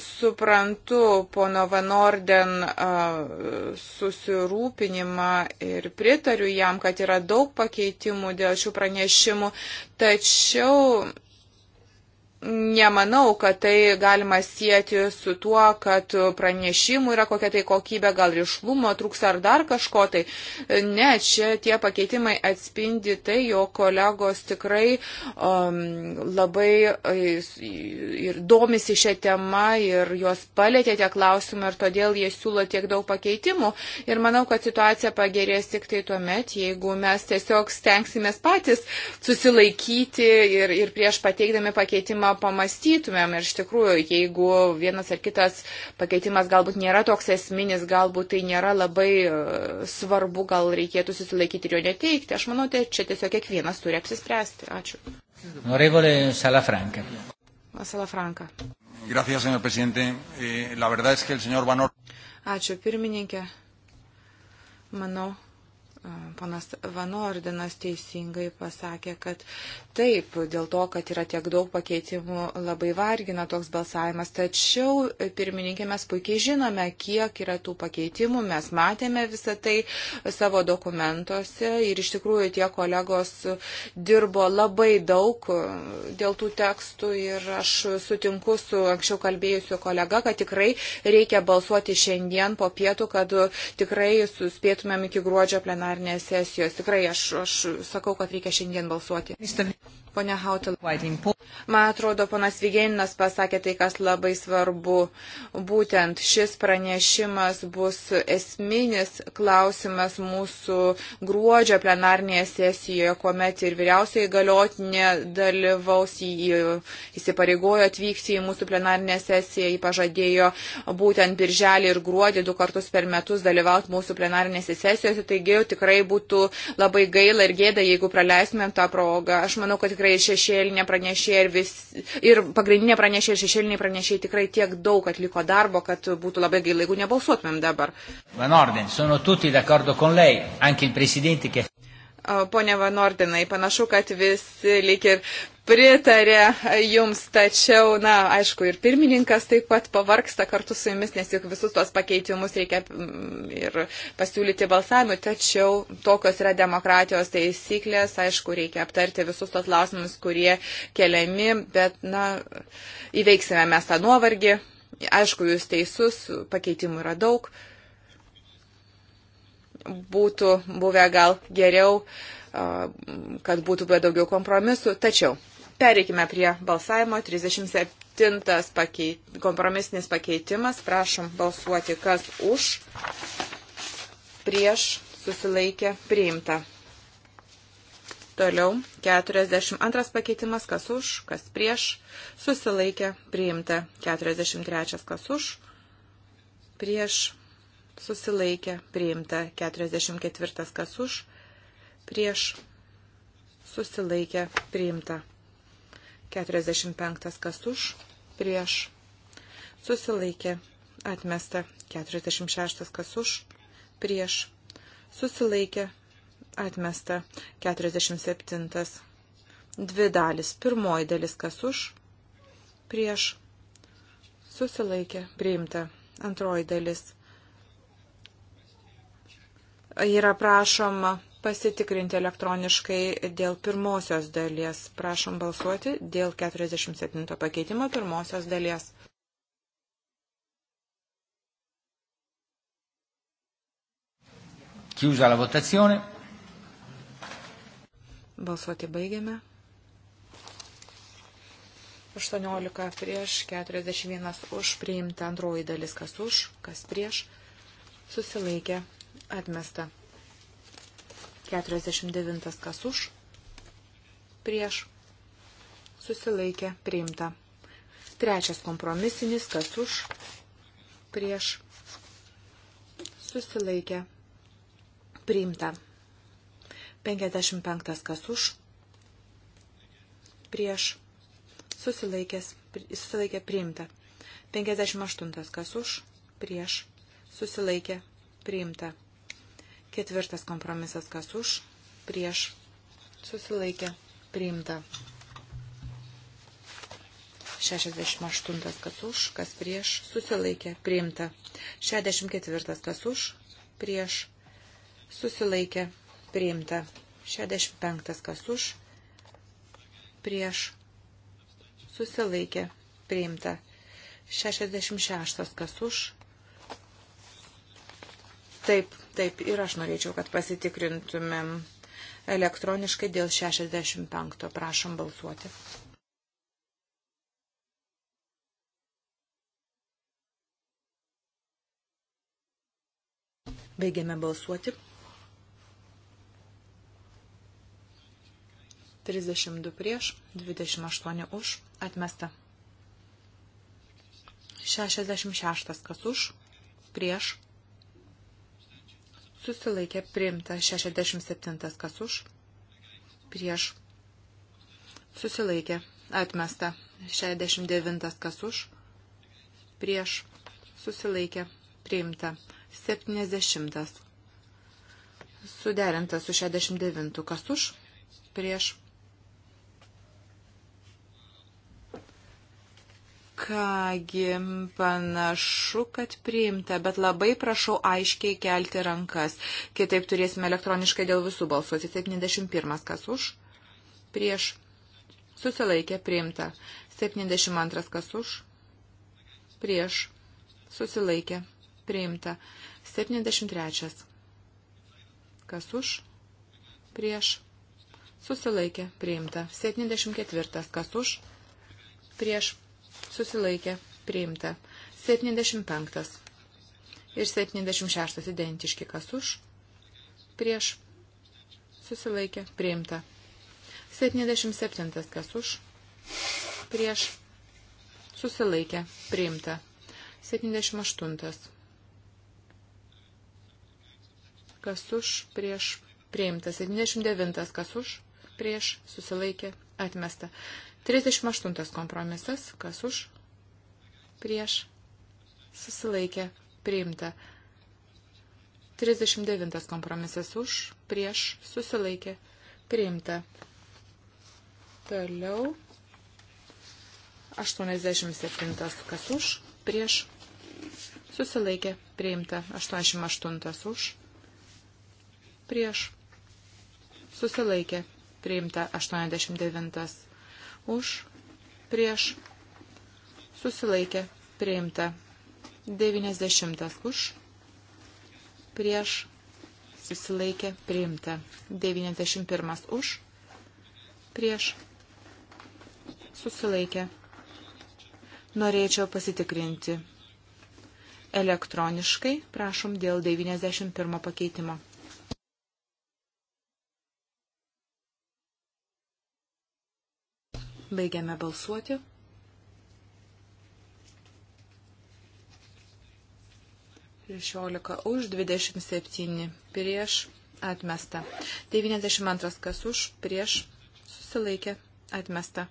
suprantu pono Van Orden susirūpinimą ir pritariu jam, kad yra daug pakeitimų dėl šių pranešimų, tačiau nemanau, kad tai galima sieti su tuo, kad pranešimų yra kokia tai kokybė, gal ryšlumo trūks ar dar kažko tai. Ne, čia tie pakeitimai atspindi tai, jo kolegos tikrai um, labai e, ir domisi šią temą ir juos palėtė tie klausimai ir todėl jie siūlo tiek daug pakeitimų. Ir manau, kad situacija pagerės tik tai tuo met, jeigu mes tiesiog stengsimės patys susilaikyti ir, ir prieš pateikdami pakeitimą pamastytumėm ir iš tikrųjų, jeigu vienas ar kitas pakeitimas galbūt nėra toks esminis, galbūt tai nėra labai e, svarbu, gal reikėtų susilaikyti ir jo neteikti. Aš manau, tai čia tiesiog kiekvienas turi apsispręsti. Ačiū. Norevole Salafranca. Salafranca. Gracias, señor presidente. Eh, la verdad es que el señor Van Or... Ačiū, pirmininkė. Manau, Panas Vanordinas teisingai pasakė, kad taip, dėl to, kad yra tiek daug pakeitimų, labai vargina toks balsavimas. Tačiau, pirmininkė, mes puikiai žinome, kiek yra tų pakeitimų, mes matėme visą tai savo dokumentuose ir iš tikrųjų tie kolegos dirbo labai daug dėl tų tekstų ir aš sutinku su anksčiau kalbėjusiu kolega, kad tikrai reikia balsuoti šiandien po pietų, kad tikrai suspėtumėm iki gruodžio plenarinio plenarnės sesijos. Tikrai aš, aš sakau, kad reikia šiandien balsuoti. Pone Hautel. Man atrodo, ponas Vigeninas pasakė tai, kas labai svarbu. Būtent šis pranešimas bus esminis klausimas mūsų gruodžio plenarnėje sesijoje, kuomet ir vyriausiai galiotinė dalyvaus į, įsipareigojo atvykti į mūsų plenarnę sesiją, jį pažadėjo būtent birželį ir gruodį du kartus per metus dalyvauti mūsų plenarnėse sesijose. Taigi, tikrai būtų labai gaila ir gėda, jeigu praleistumėm tą progą. Aš manau, kad tikrai šešėlinė pranešė ir, vis, ir pagrindinė pranešė ir šešėliniai pranešė tikrai tiek daug atliko darbo, kad būtų labai gaila, jeigu nebalsuotumėm dabar. Van Orden, sono tutti d'accordo con lei, anche il presidente che... Pone Van Ordenai, panašu, kad visi lik ir pritarė jums, tačiau, na, aišku, ir pirmininkas taip pat pavarksta kartu su jumis, nes juk visus tuos pakeitimus reikia mm, ir pasiūlyti balsavimui, tačiau tokios yra demokratijos taisyklės, aišku, reikia aptarti visus tuos lausimus, kurie keliami, bet, na, įveiksime mes tą nuovargį. Aišku, jūs teisus, pakeitimų yra daug būtų buvę gal geriau kad būtų be daugiau kompromisų. Tačiau pereikime prie balsavimo. 37 pakeit, kompromisinis pakeitimas. Prašom balsuoti, kas už, prieš, susilaikė, priimta. Toliau 42 pakeitimas, kas už, kas prieš, susilaikė, priimta. 43 kas už, prieš, susilaikė, priimta. 44 kas už, prieš susilaikę priimta. 45 kas už, prieš susilaikė atmesta. 46 kas už, prieš susilaikė atmesta. 47 dvi dalis. Pirmoji dalis kas už, prieš susilaikė priimta. Antroji dalis yra prašoma pasitikrinti elektroniškai dėl pirmosios dalies. Prašom balsuoti dėl 47 pakeitimo pirmosios dalies. Chiusa la votazione. Balsuoti baigiame. 18 prieš, 41 už, priimta antroji dalis, kas už, kas prieš, susilaikė, atmesta. 49 kas už, prieš, susilaikė, priimta. Trečias kompromisinis kas už, prieš, susilaikė, priimta. 55 kas už, prieš, susilaikės, susilaikė, priimta. 58 kas už, prieš, susilaikė, priimta. Ketvirtas kompromisas, kas už, prieš, susilaikė, priimta. 68, kas už, kas prieš, susilaikė, priimta. 64, kas už, prieš, susilaikė, priimta. 65, kas už, prieš, susilaikė, priimta. 66, kas už, Taip, taip, ir aš norėčiau, kad pasitikrintumėm elektroniškai dėl 65. Prašom balsuoti. Baigiame balsuoti. 32 prieš, 28 už, atmesta. 66 kas už, prieš, susilaikė priimta 67 kas už, prieš susilaikė atmesta 69 kas už, prieš susilaikė priimta 70 suderinta su 69 kas už, prieš Kągi, panašu, kad priimta, bet labai prašau aiškiai kelti rankas. Kitaip turėsime elektroniškai dėl visų balsuoti. 71. Kas už? Prieš. Susilaikė, priimta. 72. Kas už? Prieš. Susilaikė, priimta. 73. Kas už? Prieš. Susilaikė, priimta. 74. Kas už? Prieš susilaikė, priimta. 75 ir 76 identiški, kas už, prieš, susilaikė, priimta. 77 kas už, prieš, susilaikė, priimta. 78 kas už, prieš, priimta. 79 kas už, prieš, susilaikė, atmesta. 38 kompromisas, kas už, prieš, susilaikė, priimta. 39 kompromisas už, prieš, susilaikė, priimta. Toliau 87 kas už, prieš, susilaikė, priimta. 88 už, prieš, susilaikė, priimta. 89 už, prieš, susilaikė, priimta. 90 už, prieš, susilaikė, priimta. 91 už, prieš, susilaikė. Norėčiau pasitikrinti. Elektroniškai prašom dėl 91 pakeitimo. Baigiame balsuoti. Šešiolika už, dvidešimt septyni prieš atmesta. 92 kas už, prieš susilaikė atmesta.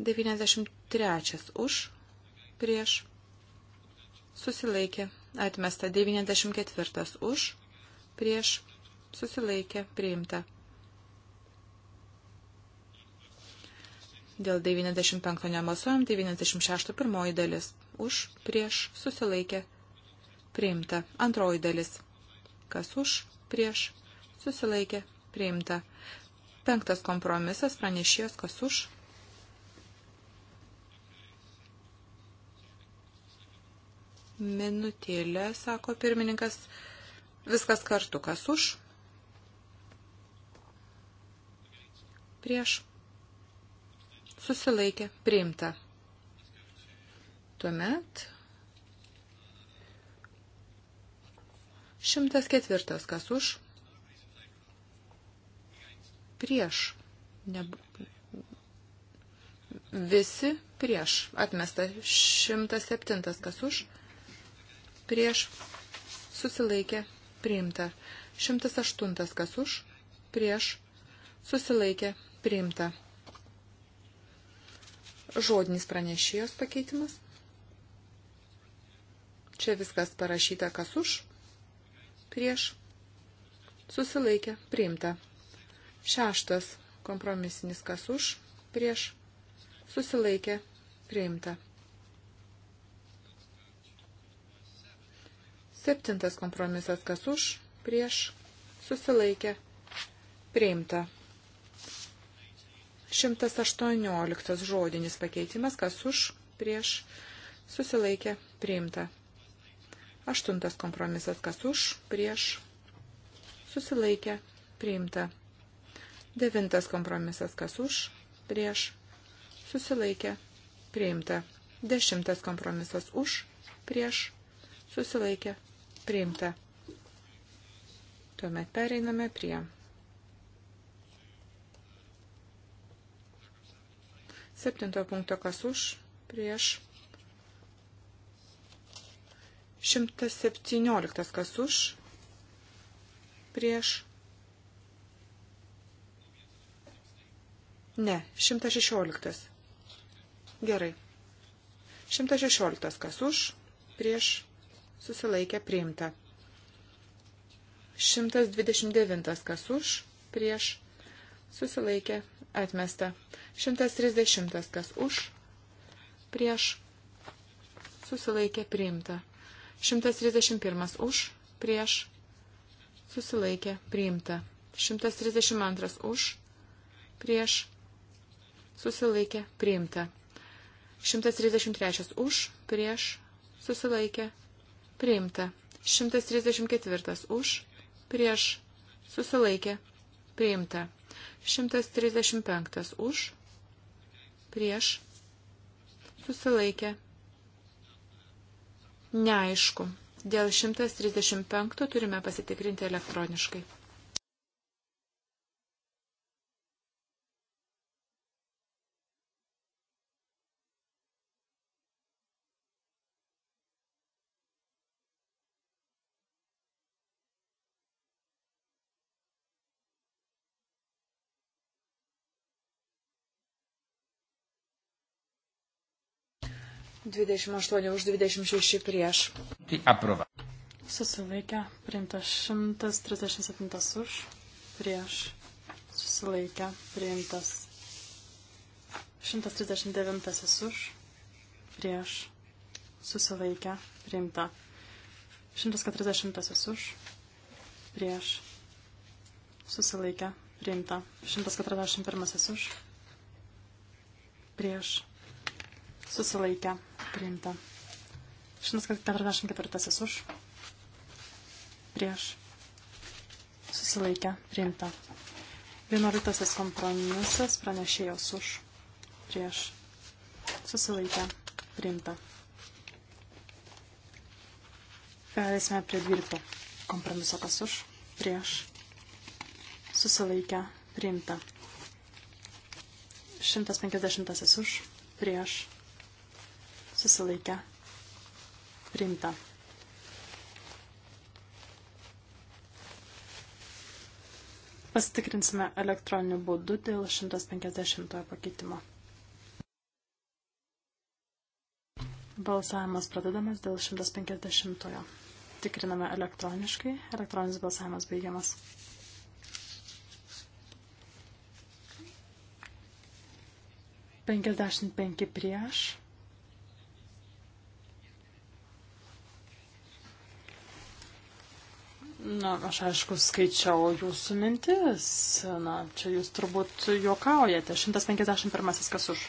93 už, prieš susilaikė atmesta. 94 už, prieš susilaikė priimta. Dėl 95 nebalsuojam, 96 pirmoji dalis. Už, prieš, susilaikė, priimta. Antroji dalis. Kas už, prieš, susilaikė, priimta. Penktas kompromisas pranešėjos, kas už. Minutėlė, sako pirmininkas, viskas kartu, kas už. Prieš susilaikė, priimta. Tuomet 104. Kas už? Prieš. Ne... Visi prieš. Atmesta 107. Kas už? Prieš. Susilaikė. Priimta. 108. Kas už? Prieš. Susilaikė. Priimta žodinis pranešėjos pakeitimas. Čia viskas parašyta, kas už, prieš, susilaikė, priimta. Šeštas kompromisinis, kas už, prieš, susilaikė, priimta. Septintas kompromisas, kas už, prieš, susilaikė, priimta. 118 žodinis pakeitimas, kas už, prieš, susilaikė, priimta. Aštuntas kompromisas, kas už, prieš, susilaikė, priimta. Devintas kompromisas, kas už, prieš, susilaikė, priimta. Dešimtas kompromisas už, prieš, susilaikė, priimta. Tuomet pereiname prie Septintojo punkto kas už, prieš. 117 kas už, prieš. Ne, 116. Gerai. 116 kas už, prieš, susilaikė priimta. 129 kas už, prieš, susilaikė Atmesta. 130. Kas už? Prieš. Susilaikė priimta. 131. Už. Prieš. Susilaikė priimta. 132. Už. Prieš. Susilaikė priimta. 133. Už. Prieš. Susilaikė priimta. 134. Už. Prieš. Susilaikė priimta. 135 už, prieš, susilaikė. Neaišku. Dėl 135 turime pasitikrinti elektroniškai. 28 už 26 prieš. Tai aprova. Susilaikę, priimta 137 už, prieš, susilaikę, priimtas 139 už, prieš, susilaikę, priimta 140 už, prieš, susilaikę, priimta 141 už, prieš, susilaikę, priimta. 144 už, prieš, susilaikę, priimta. 11 kompromisas pranešėjos už, prieš, susilaikę, priimta. Perėsime prie 12 kompromiso kas už, prieš, susilaikę, priimta. 150 už, prieš, susilaikę priimta. Pasitikrinsime elektroniniu būdu dėl 150 pakeitimo. Balsavimas pradedamas dėl 150. -ojo. Tikriname elektroniškai. Elektroninis balsavimas baigiamas. Penkiasdešimt penki prieš. Na, aš aišku skaičiau jūsų mintis. Na, čia jūs turbūt juokaujate. 151 kas už.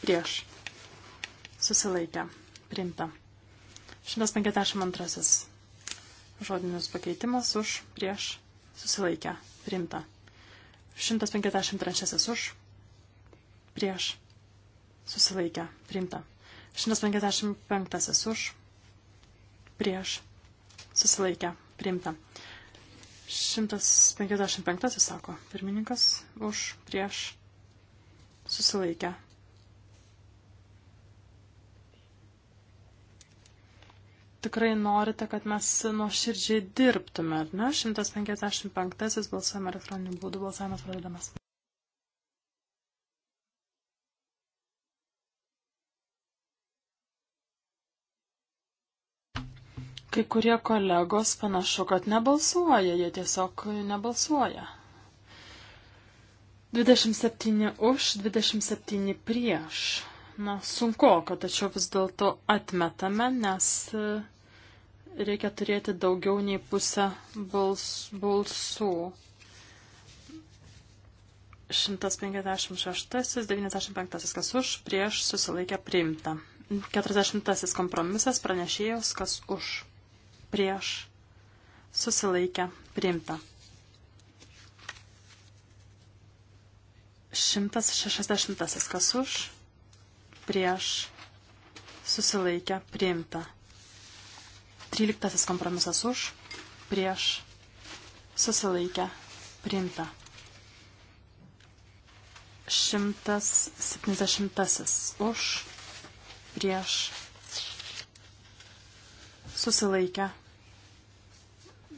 Prieš. Susilaikę. Priimta. 152. Žodinis pakeitimas už. Prieš. Susilaikę. Priimta. 153 už. Prieš. Susilaikę. Priimta. 155 už. Prieš susilaikę, priimta. 155 sako pirmininkas už prieš susilaikę. Tikrai norite, kad mes nuoširdžiai dirbtume, ar ne? 155 balsuojame elektroniniu būdu, balsavimas pradedamas. Kai kurie kolegos panašu, kad nebalsuoja, jie tiesiog nebalsuoja. 27 už, 27 prieš. Na, sunku, kad tačiau vis dėlto atmetame, nes e, reikia turėti daugiau nei pusę bals, balsų. 156, 95, kas už, prieš susilaikę priimta. 40 kompromisas pranešėjos, kas už, prieš susilaikę priimta. 160 kas už, prieš susilaikę priimta. 13 kompromisas už, prieš susilaikę priimta. 170 už, prieš susilaikę priimta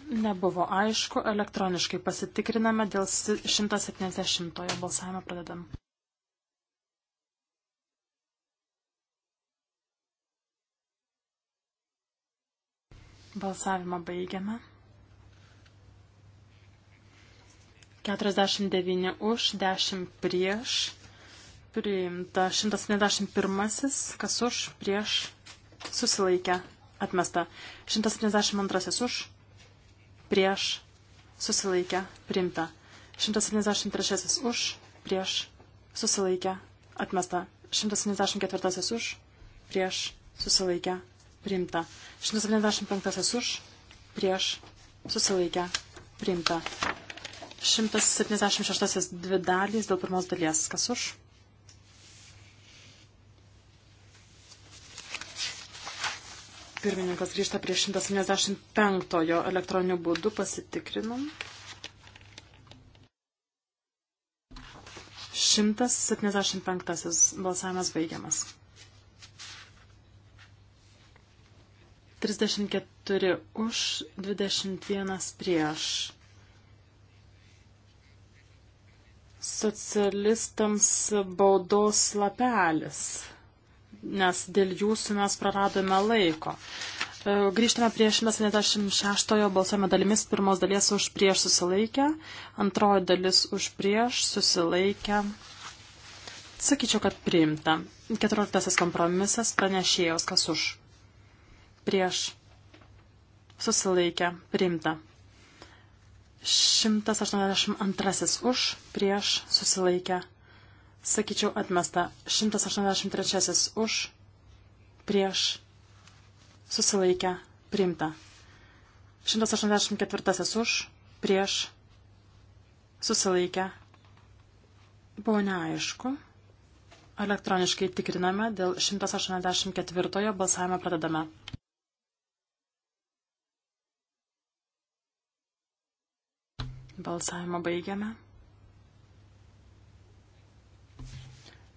Nebuvo aišku, elektroniškai pasitikriname dėl 170-ojo balsavimo pradedam. Balsavimą baigiame. 49 už, 10 prieš. Priimta 171, kas už, prieš, susilaikę, atmesta. 172 už, prieš susilaikę primta. 173 už, prieš susilaikę atmesta. 174 už, prieš susilaikę primta. 175 už, prieš susilaikę primta. 176 dvi dalys dėl pirmos dalies. Kas už? Pirmininkas grįžta prie 175 elektroninių būdų. Pasitikrinam. 175 balsavimas baigiamas. 34 už, 21 prieš. Socialistams baudos lapelis nes dėl jūsų mes praradome laiko. E, grįžtame prie 176 balsuojame dalimis, pirmos dalies už prieš susilaikę, antroji dalis už prieš susilaikę. Sakyčiau, kad priimta. 14 kompromisas pranešėjos, kas už. Prieš susilaikę, priimta. 182 už prieš susilaikę, sakyčiau, atmesta. 183 už, prieš, susilaikę, priimta. 184 už, prieš, susilaikę. Buvo neaišku. Elektroniškai tikriname, dėl 184 balsavimą pradedame. Balsavimą baigiame.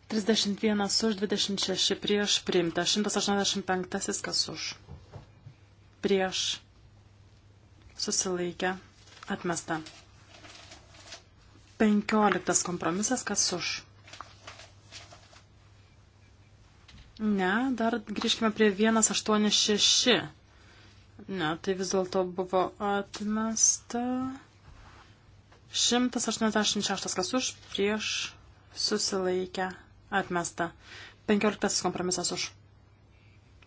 31 už 26 prieš priimta. 185 kas už. Prieš susilaikę atmesta. 15 kompromisas kas už. Ne, dar grįžkime prie 186. Ne, tai vis dėlto buvo atmesta. 186 kas už prieš susilaikę Atmesta. 15 kompromisas už.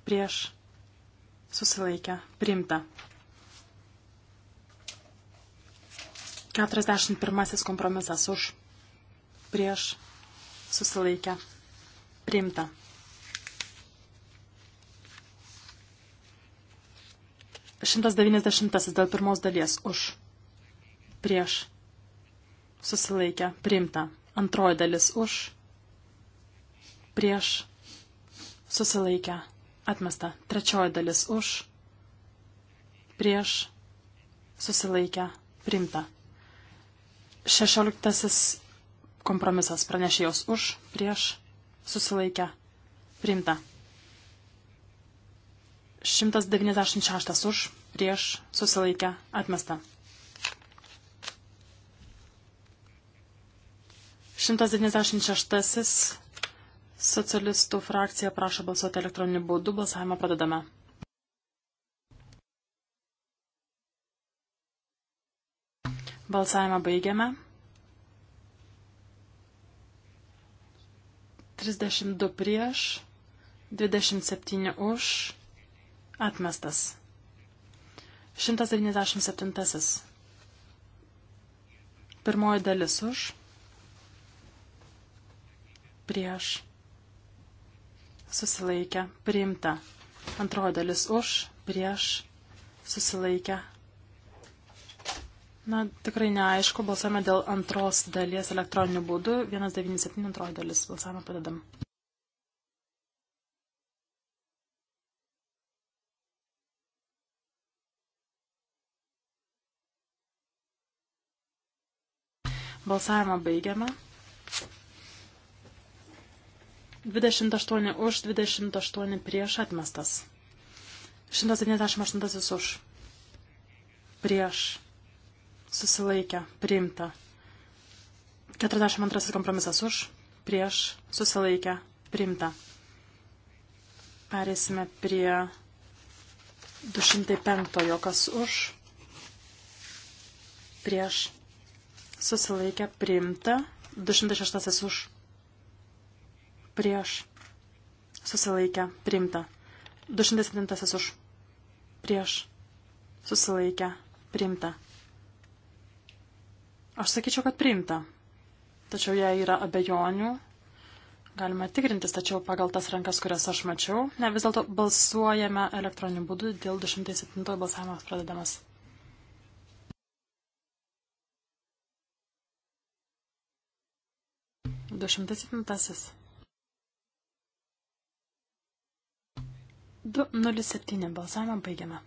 Prieš. Susilaikę. Primta. 41 kompromisas už. Prieš. Susilaikę. Primta. 190 dėl pirmos dalies už. Prieš. Susilaikę. Primta. Antroji dalis už prieš susilaikę atmesta. Trečioji dalis už prieš susilaikę primta. Šešioliktasis kompromisas pranešėjos už prieš susilaikę primta. 196 už prieš susilaikę atmesta. 196 Socialistų frakcija prašo balsuoti elektroniniu būdu. Balsavimą pradedame. Balsavimą baigiame. 32 prieš, 27 už, atmestas. 197. Pirmoji dalis už, prieš susilaikę, priimta. Antroji dalis už, prieš, susilaikę. Na, tikrai neaišku, balsavome dėl antros dalies elektroniniu būdu. 197 antroji dalis balsavimą padedam. Balsavimą baigiame. 28 už, 28 prieš atmestas. 178 už. Prieš. Susilaikę. Priimta. 42 kompromisas už. Prieš. Susilaikę. Priimta. Perėsime prie 205, kas už. Prieš. Susilaikę. Priimta. 206 už prieš susilaikę priimta. 207 už prieš susilaikę priimta. Aš sakyčiau, kad priimta. Tačiau jei yra abejonių, galima tikrintis, tačiau pagal tas rankas, kurias aš mačiau, ne vis dėlto balsuojame elektroniniu būdu dėl 207 balsavimas pradedamas. Du šimtas septintasis. 207 balsavimą baigiame.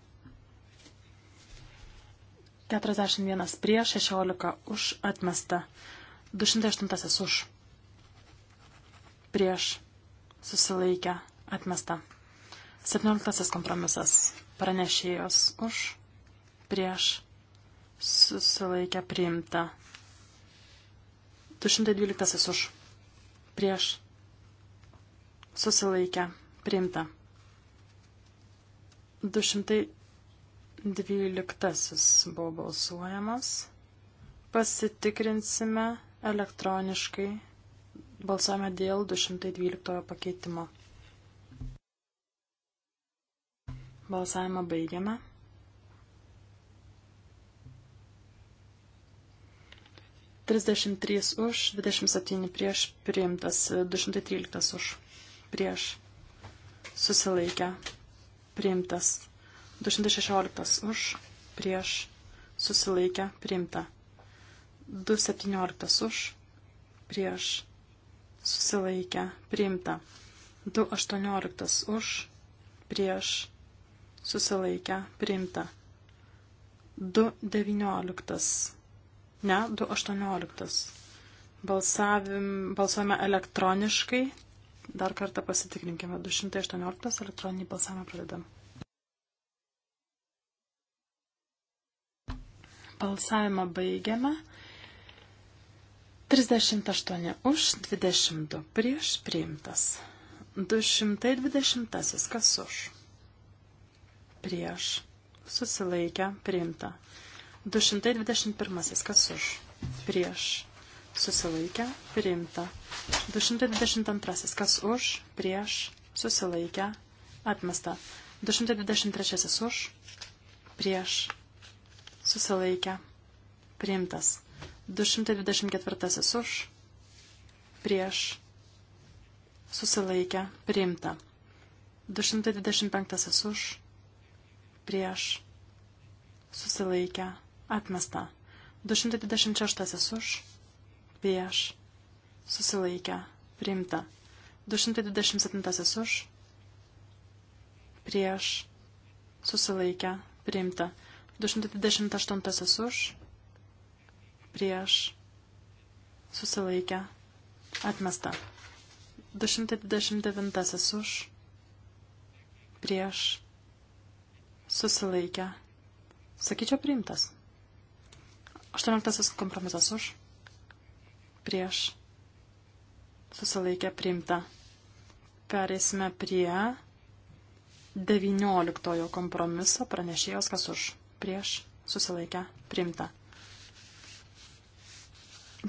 41 prieš, 16 už atmesta. 208 už. Prieš susilaikę atmesta. 17 kompromisas pranešėjos už. Prieš susilaikę priimta. 212 už. Prieš susilaikę priimta. 212 buvo balsuojamas. Pasitikrinsime elektroniškai. Balsuojame dėl 212 pakeitimo. Balsavimą baigiame. Trisdešimt trys už, dvidešimt septyni prieš, priimtas, du šimtai tryliktas už, prieš, susilaikę, priimtas. 216 už, prieš, susilaikę, priimta. 217 už, prieš, susilaikę, priimta. 218 už, prieš, susilaikę, priimta. 219. Ne, 218. Balsavim, balsuojame elektroniškai Dar kartą pasitikrinkime. 218 elektroninį balsavimą pradedam. Balsavimą baigiame. 38 už, 22 prieš priimtas. 220 kas už. Prieš. Susilaikę priimta. 221 kas už. Prieš susilaikę, priimta. 222. Kas už, prieš, susilaikę, atmesta. 223. Už, prieš, susilaikę, priimtas. 224. Už, prieš, susilaikę, priimta. 225. Už, prieš, susilaikę, atmesta. 226. Už, prieš, susilaikę, priimta. 227 už, prieš, susilaikę, priimta. 228 už, prieš, susilaikę, atmesta. 229 už, prieš, susilaikę. Sakyčiau, priimtas. 18 kompromisas už prieš susilaikę priimta. Pereisime prie 19 kompromiso pranešėjos kas už prieš susilaikę priimta.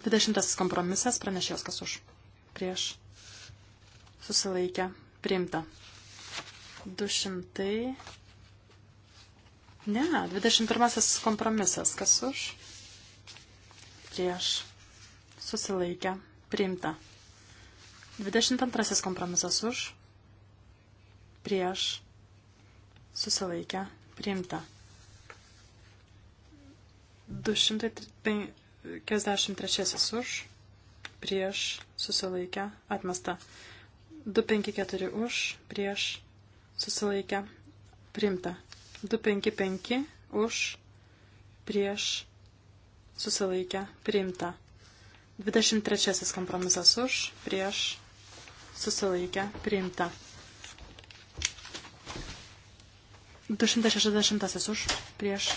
20 kompromisas pranešėjos kas už prieš susilaikę priimta. 200. Ne, 21 kompromisas kas už prieš susilaikę, priimta. 22 kompromisas už, prieš, susilaikę, priimta. 253 už, prieš, susilaikę, atmesta. 254 už, prieš, susilaikę, priimta. 255 už, prieš, susilaikę, priimta. 23 kompromisas už, prieš, susilaikę, priimta. 260 už, prieš.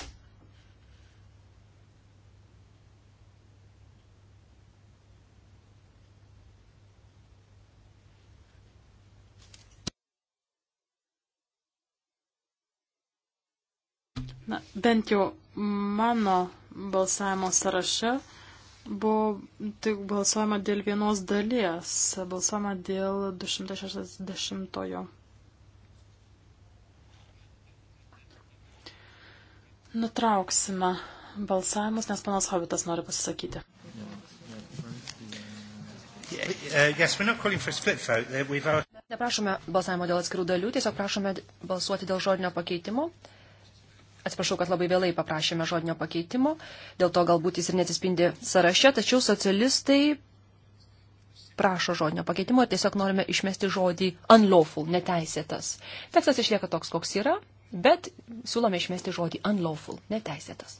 Na, bent jau mano balsavimo sąraše buvo tik balsuojama dėl vienos dalies, balsuojama dėl 260-ojo. Nutrauksime balsavimus, nes panas Hobitas nori pasisakyti. Uh, Neprašome balsavimo dėl atskirų dalių, tiesiog prašome balsuoti dėl žodinio pakeitimo. Atsiprašau, kad labai vėlai paprašėme žodinio pakeitimo, dėl to galbūt jis ir netispindi sąraše, tačiau socialistai prašo žodinio pakeitimo ir tiesiog norime išmesti žodį unlawful, neteisėtas. Tekstas išlieka toks, koks yra, bet siūlome išmesti žodį unlawful, neteisėtas.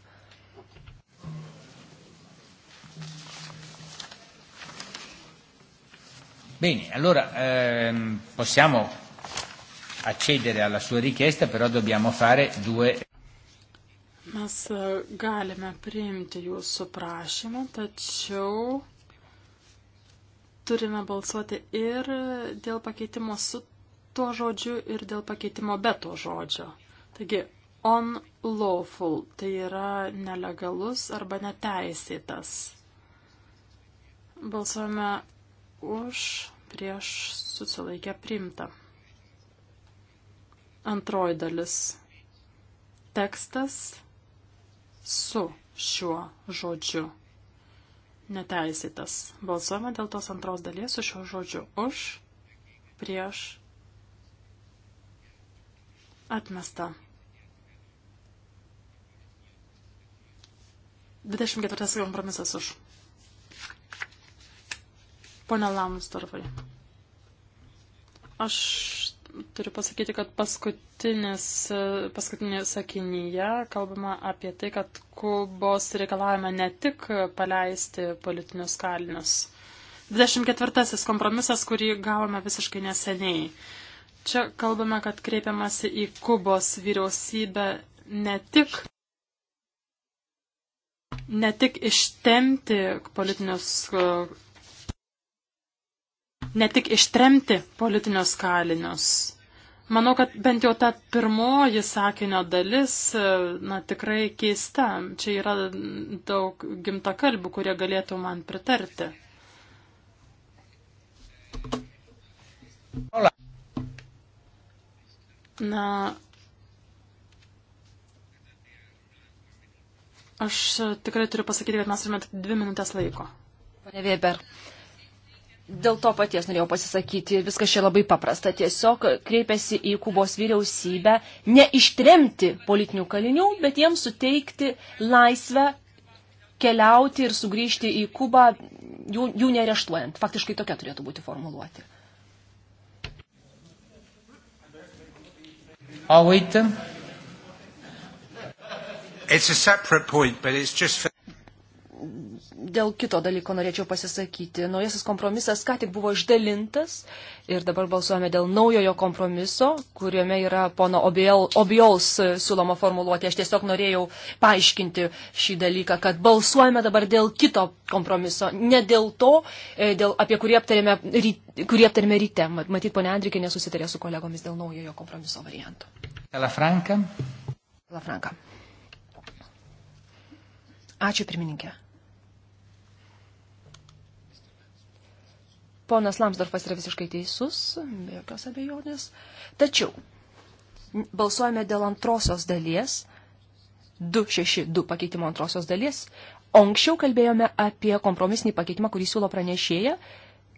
Bene, allora ehm, possiamo accedere alla sua richiesta, però dobbiamo fare due. Mes e, galime priimti jūsų prašymą, tačiau turime balsuoti ir dėl pakeitimo su tuo žodžiu, ir dėl pakeitimo be to žodžio. Taigi, unlawful tai yra nelegalus arba neteisėtas. Balsuojame už, prieš, susilaikę priimtą. Antroji dalis. Tekstas su šiuo žodžiu. Neteisėtas. Balsuojame dėl tos antros dalies su šiuo žodžiu. Už, prieš, atmesta. 24 kompromisas už. Pone Lamstorvai. Aš turiu pasakyti, kad paskutinis, paskutinė sakinyje kalbama apie tai, kad Kubos reikalavime ne tik paleisti politinius kalinius. 24 kompromisas, kurį gavome visiškai neseniai. Čia kalbame, kad kreipiamasi į Kubos vyriausybę ne tik ne tik ištemti politinius ne tik ištremti politinius kalinius. Manau, kad bent jau ta pirmoji sakinio dalis, e, na, tikrai keista. Čia yra daug gimtakalbių, kurie galėtų man pritarti. Hola. Na, aš tikrai turiu pasakyti, kad mes turime tik dvi minutės laiko. Pane Weber, Dėl to paties norėjau pasisakyti, viskas čia labai paprasta. Tiesiog kreipiasi į Kubos vyriausybę neištremti politinių kalinių, bet jiems suteikti laisvę keliauti ir sugrįžti į Kubą, jų, jų nereštuojant. Faktiškai tokia turėtų būti formuluoti. I'll wait them. It's a separate point, but it's just for dėl kito dalyko norėčiau pasisakyti. Naujasis kompromisas ką tik buvo išdalintas ir dabar balsuojame dėl naujojo kompromiso, kuriame yra pono Obiol, Obiols siūloma formuluoti. Aš tiesiog norėjau paaiškinti šį dalyką, kad balsuojame dabar dėl kito kompromiso, ne dėl to, e, dėl, apie kurį aptarėme, ryt, kurį aptarėme ryte. Matyt, ponia Andrikė nesusitarė su kolegomis dėl naujojo kompromiso varianto. Lafranka. Lafranka. Ačiū pirmininkė. Ponas Lamsdorfas yra visiškai teisus, be jokios abejonės. Tačiau balsuojame dėl antrosios dalies, 262 pakeitimo antrosios dalies. O anksčiau kalbėjome apie kompromisinį pakeitimą, kurį siūlo pranešėja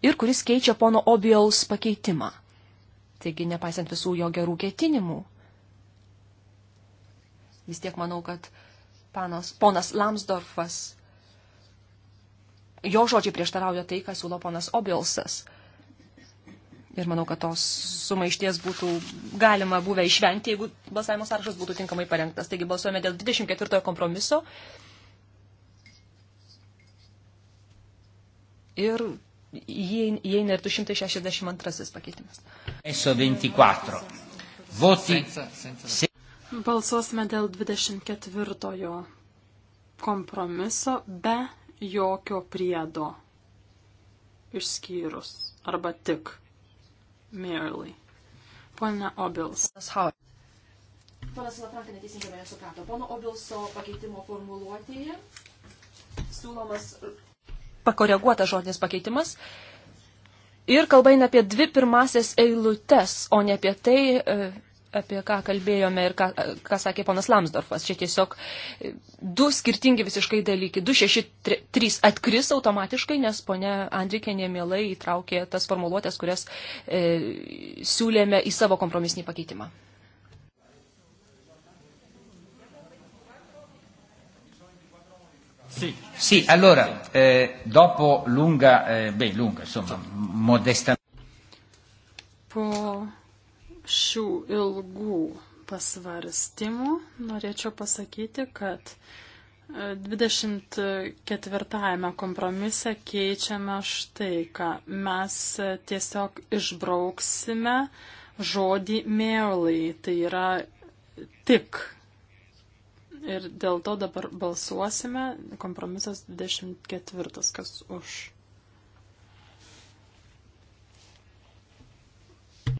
ir kuris keičia pono Obijaus pakeitimą. Taigi, nepaisant visų jo gerų ketinimų, vis tiek manau, kad panas, ponas Lamsdorfas jo žodžiai prieštarauja tai, ką siūlo ponas Obilsas. Ir manau, kad tos sumaišties būtų galima buvę išvengti, jeigu balsavimo sąrašas būtų tinkamai parengtas. Taigi balsuojame dėl 24 kompromiso. Ir įeina ir 262 pakeitimas. Eso 24. Voti. Balsuosime dėl 24 kompromiso be jokio priedo išskyrus arba tik merely. Pone Obils. Ponas Lapranka neteisingai mane suprato. Pono Obilso pakeitimo formuluotėje siūlomas pakoreguotas žodinis pakeitimas. Ir kalba eina apie dvi pirmasias eilutes, o ne apie tai, e, apie ką kalbėjome ir ką, ką sakė ponas Lamsdorfas. Čia tiesiog du skirtingi visiškai dalykai. 263 atkris automatiškai, nes ponia Andrikė nemielai įtraukė tas formuluotės, kurias e, siūlėme į savo kompromisinį pakeitimą. Sì, sì allora, eh, dopo lunga, eh, beh, lunga, insomma, modestamente. Po šių ilgų pasvarstymų norėčiau pasakyti, kad 24 e, kompromise keičiame štai, ką mes e, tiesiog išbrauksime žodį merely, tai yra tik. Ir dėl to dabar balsuosime kompromisas 24, kas už.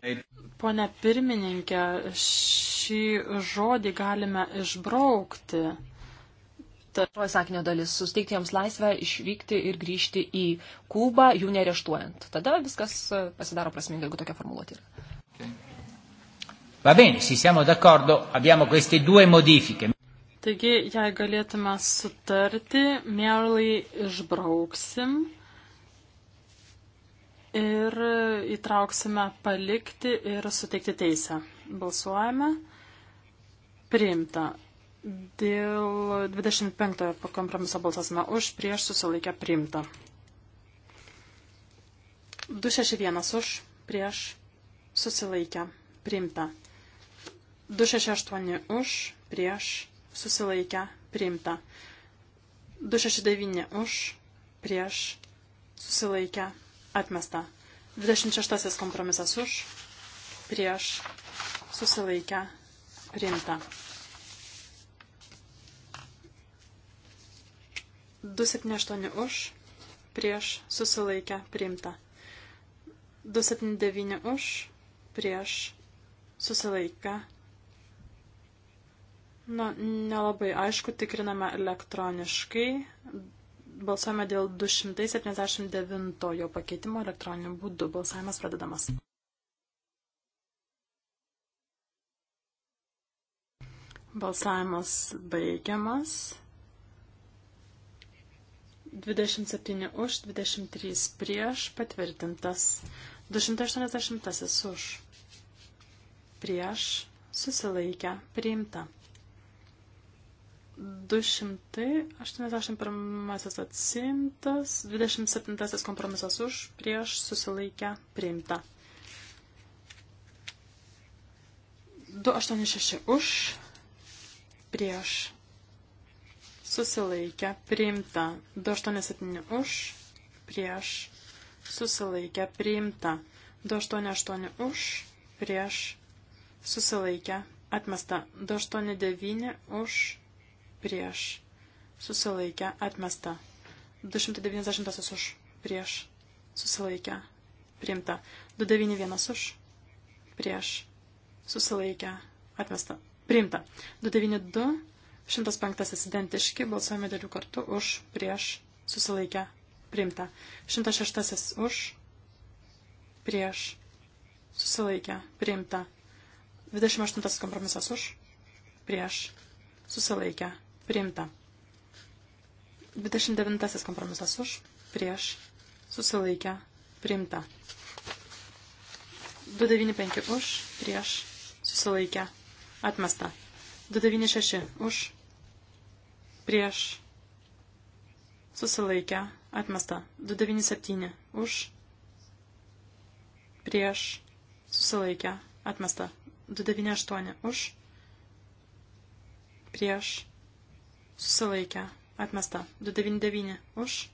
Eight. Pone pirmininkė, šį žodį galime išbraukti. Antroji sakinio dalis - susteikti jiems laisvę išvykti ir grįžti į Kubą, jų nereštuojant. Tada viskas e, pasidaro prasminga, jeigu tokia formuluotė yra. Okay. Va bene, si siamo d'accordo, abbiamo queste due modifiche. Taigi, jei galėtume sutarti, mielai išbrauksim ir įtrauksime palikti ir suteikti teisę. Balsuojame. Priimta. Dėl 25 kompromiso balsasime už, prieš susilaikę priimta. 261 už, prieš susilaikę priimta. 268 už, prieš susilaikę priimta. 269 už, prieš susilaikę priimta. Atmesta. 26 kompromisas už, prieš, susilaikę, priimta. 278 už, prieš, susilaikę, priimta. 279 už, prieš, susilaikę. Na, nelabai aišku, tikriname elektroniškai. Balsuojame dėl 279 pakeitimo elektroniniu būdu. Balsavimas pradedamas. Balsavimas baigiamas. 27 už, 23 prieš, patvirtintas. 280 už. Prieš, susilaikę, priimta. 281 atsimtas, 27 kompromisas už, prieš susilaikę priimta. 286 už, prieš susilaikę priimta. 287 už, prieš susilaikę priimta. 288 už, prieš susilaikę atmesta. 289 už, prieš susilaikę atmesta. 290 už prieš susilaikę priimta. 291 už prieš susilaikę atmesta. Priimta. 292 105 identiški balsuojame dėlių kartu už prieš susilaikę priimta. 106 už prieš susilaikę priimta. 28 kompromisas už prieš susilaikę Priimta. 29 kompromisas už, prieš, susilaikę, priimta. 295 už, prieš, susilaikę, atmesta. 296 už, prieš, susilaikę, atmesta. 297 už, prieš, susilaikę, atmesta. 298 už, prieš, susilaikę, atmesta. 299 už,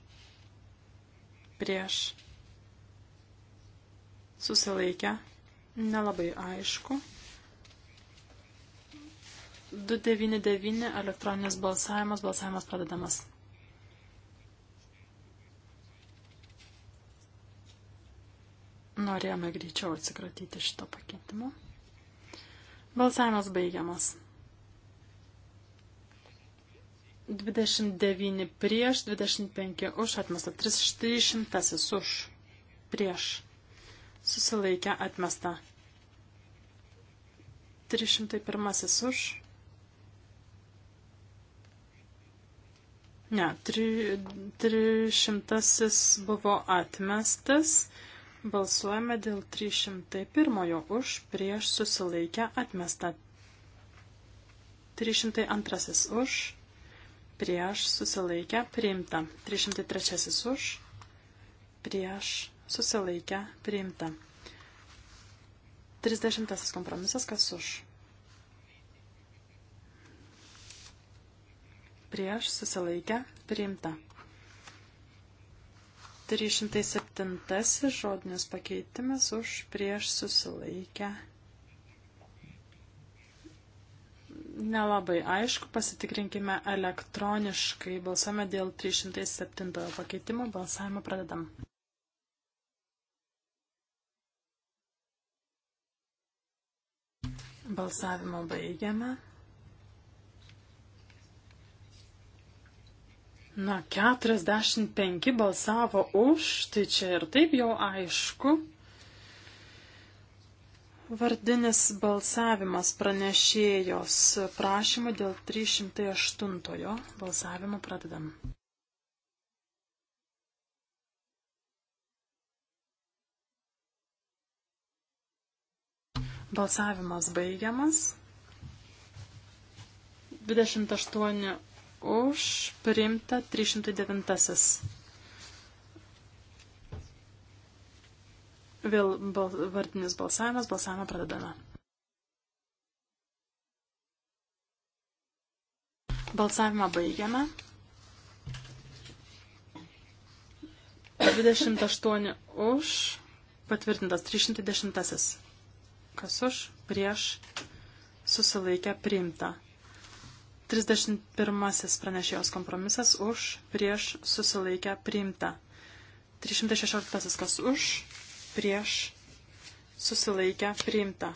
prieš, susilaikę, nelabai aišku. 299 elektroninis balsavimas, balsavimas pradedamas. Norėjome greičiau atsikratyti šito pakeitimo. Balsavimas baigiamas. 29 prieš, 25 už, atmesta 300 už, prieš, susilaikę atmesta 301 už. Ne, 300 buvo atmestas. Balsuojame dėl 301 už, prieš susilaikę atmestą. 302 už prieš susilaikę priimta. 303 už, prieš susilaikę priimta. 30 kompromisas, kas už. Prieš susilaikę priimta. 307 žodinis pakeitimas už prieš susilaikę priimta. Nelabai aišku, pasitikrinkime elektroniškai. Balsuojame dėl 307 pakeitimo. Balsavimą pradedam. Balsavimą baigiame. Na, 45 balsavo už, tai čia ir taip jau aišku. Vardinis balsavimas pranešėjos prašymų dėl 308 balsavimo pradedam. Balsavimas baigiamas. 28 už, priimta 309. Vėl bal, vardinis balsavimas, balsavimą pradedame. Balsavimą baigiame. 28 už, patvirtintas 310. Kas už, prieš, susilaikę, priimta. 31 pranešėjos kompromisas už, prieš, susilaikę, priimta. 316 kas už, prieš susilaikę priimta.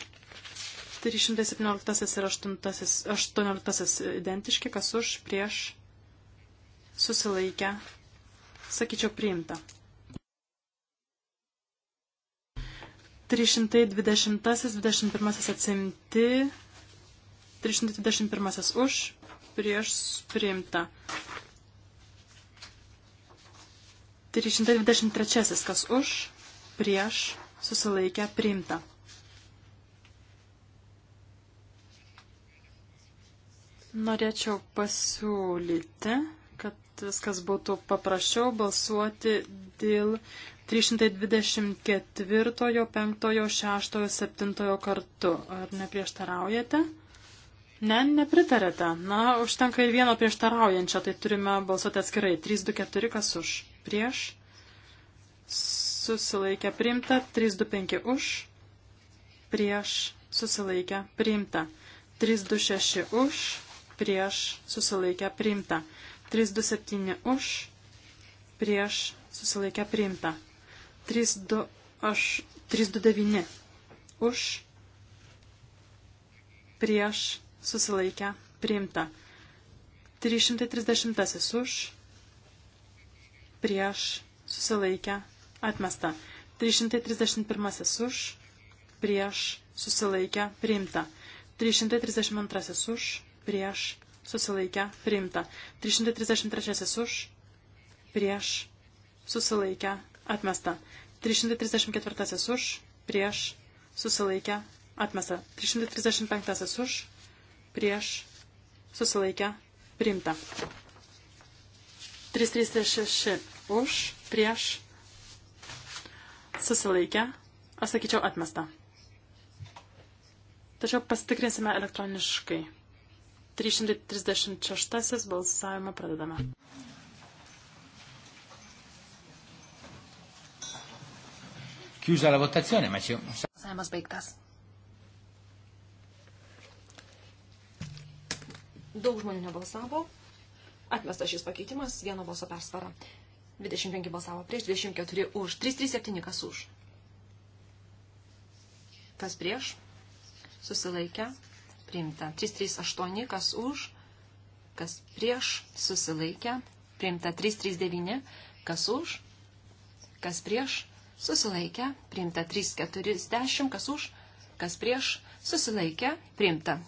317 ir 18, 18 identiški, kas už prieš susilaikę, sakyčiau, priimta. 320, 21 atsimti, 321 už prieš priimta. 323 kas už prieš susilaikę priimta. Norėčiau pasiūlyti, kad viskas būtų paprasčiau balsuoti dėl 324, 5, 6, 7 kartu. Ar neprieštaraujate? Ne, nepritarėte. Na, užtenka ir vieno prieštaraujančio, tai turime balsuoti atskirai. 3, 2, 4, kas už? Prieš? susilaikė priimta, 325 už, prieš susilaikė priimta, 326 už, prieš susilaikė priimta, 327 už, prieš susilaikė priimta, 329 už, prieš susilaikė priimta, 330 už, prieš susilaikę Atmesta. 331 už, prieš, susilaikę, priimta. 332 už, prieš, susilaikę, priimta. 333 už, prieš, susilaikę, atmesta. 334 už, prieš, susilaikę, atmesta. 335 už, prieš, susilaikę, priimta. 336 už, prieš, susilaikė, aš sakyčiau atmesta. Tačiau pasitikrinsime elektroniškai. 336 balsavimą pradedame. Chiusa la votazione, ma c'è... Balsavimas baigtas. Daug žmonių nebalsavo. Atmestas šis pakeitimas vieno balso persvara. 25 balsavo prieš, 24 už, 337 kas už. Kas prieš? Susilaikę. Priimta. 338 kas už. Kas prieš? Susilaikę. Priimta. 339 kas už. Kas prieš? Susilaikę. Priimta. 340 kas už. Kas prieš? Susilaikę. Priimta.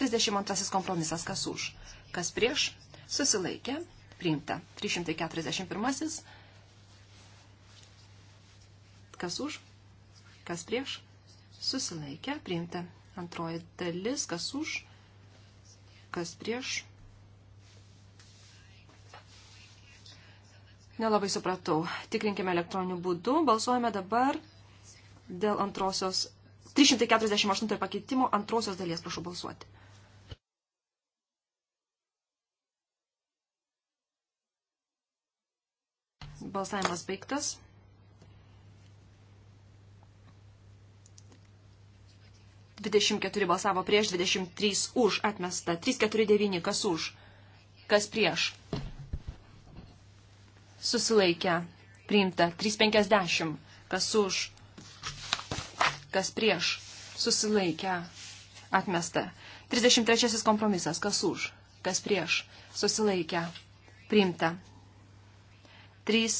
32 kompromisas kas už. Kas prieš? Susilaikę priimta. 341. Kas už, kas prieš, susilaikė, priimta. Antroji dalis, kas už, kas prieš. Nelabai supratau. Tikrinkime elektroniniu būdu. Balsuojame dabar dėl antrosios 348 pakeitimo antrosios dalies. Prašau balsuoti. Balsavimas baigtas. Dvidešimt keturi balsavo prieš, dvidešimt trys už atmesta. Trys keturi devyni, kas už, kas prieš. Susilaikę, priimta. Trys penkiasdešimt, kas už, kas prieš. Susilaikę, atmesta. 33 kompromisas. Kas už? Kas prieš? Susilaikę. Priimta. 3,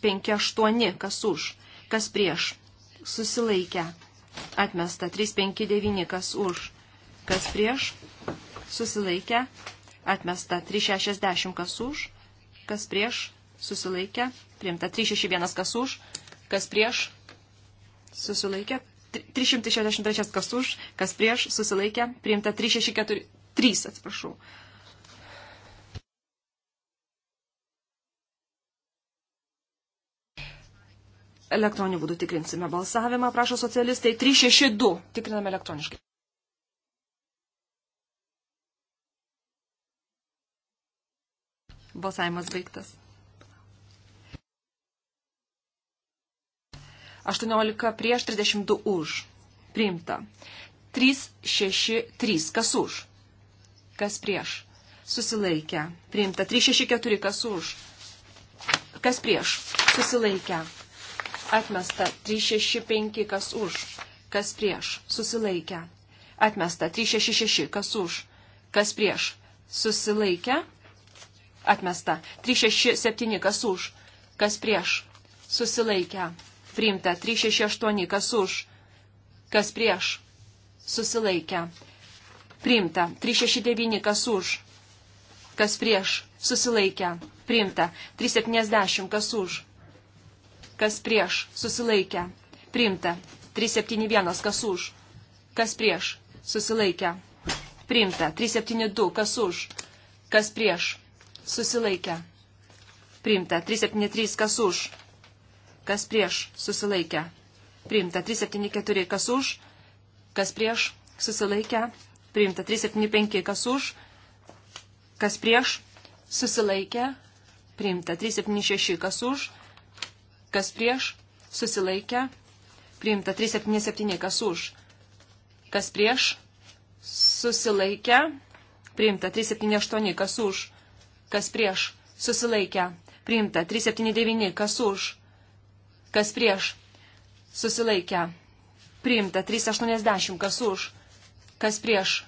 5, 8, kas už, kas prieš, susilaikę, atmesta, 3, 5, 9, kas už, kas prieš, susilaikę, atmesta, 3, 60, kas už, kas prieš, susilaikę, priimta, 3, 6, 1, kas už, kas prieš, susilaikę, 363, kas už, kas prieš, susilaikę, priimta, 3, 6, 4, 3, atsiprašau. elektroniniu būdu tikrinsime balsavimą, prašo socialistai, 362 tikriname elektroniškai. Balsavimas baigtas. 18 prieš 32 už. Priimta. 363. Kas už? Kas prieš? Susilaikę. Priimta. 364. Kas už? Kas prieš? Susilaikę atmesta 365, kas už, kas prieš, susilaikę, atmesta 366, kas už, kas prieš, susilaikę, atmesta 367, kas už, kas prieš, susilaikę, priimta 368, kas už, kas prieš, susilaikę, priimta 369, kas už, kas prieš, susilaikę, priimta 370, kas už kas prieš, susilaikę, priimta. 371, kas už, kas prieš, susilaikę, priimta. 372, kas už, kas prieš, susilaikę, priimta. 373, kas už, kas prieš, susilaikę, priimta. 374, kas už, kas prieš, susilaikę, priimta. 375, kas už, kas prieš, susilaikę, priimta. 376, kas už, kas prieš, susilaikę, priimta 377, kas už, kas prieš, susilaikę, priimta 378, kas už, kas prieš, susilaikę, priimta 379, kas už, kas prieš, susilaikę, priimta 380, kas už, kas prieš,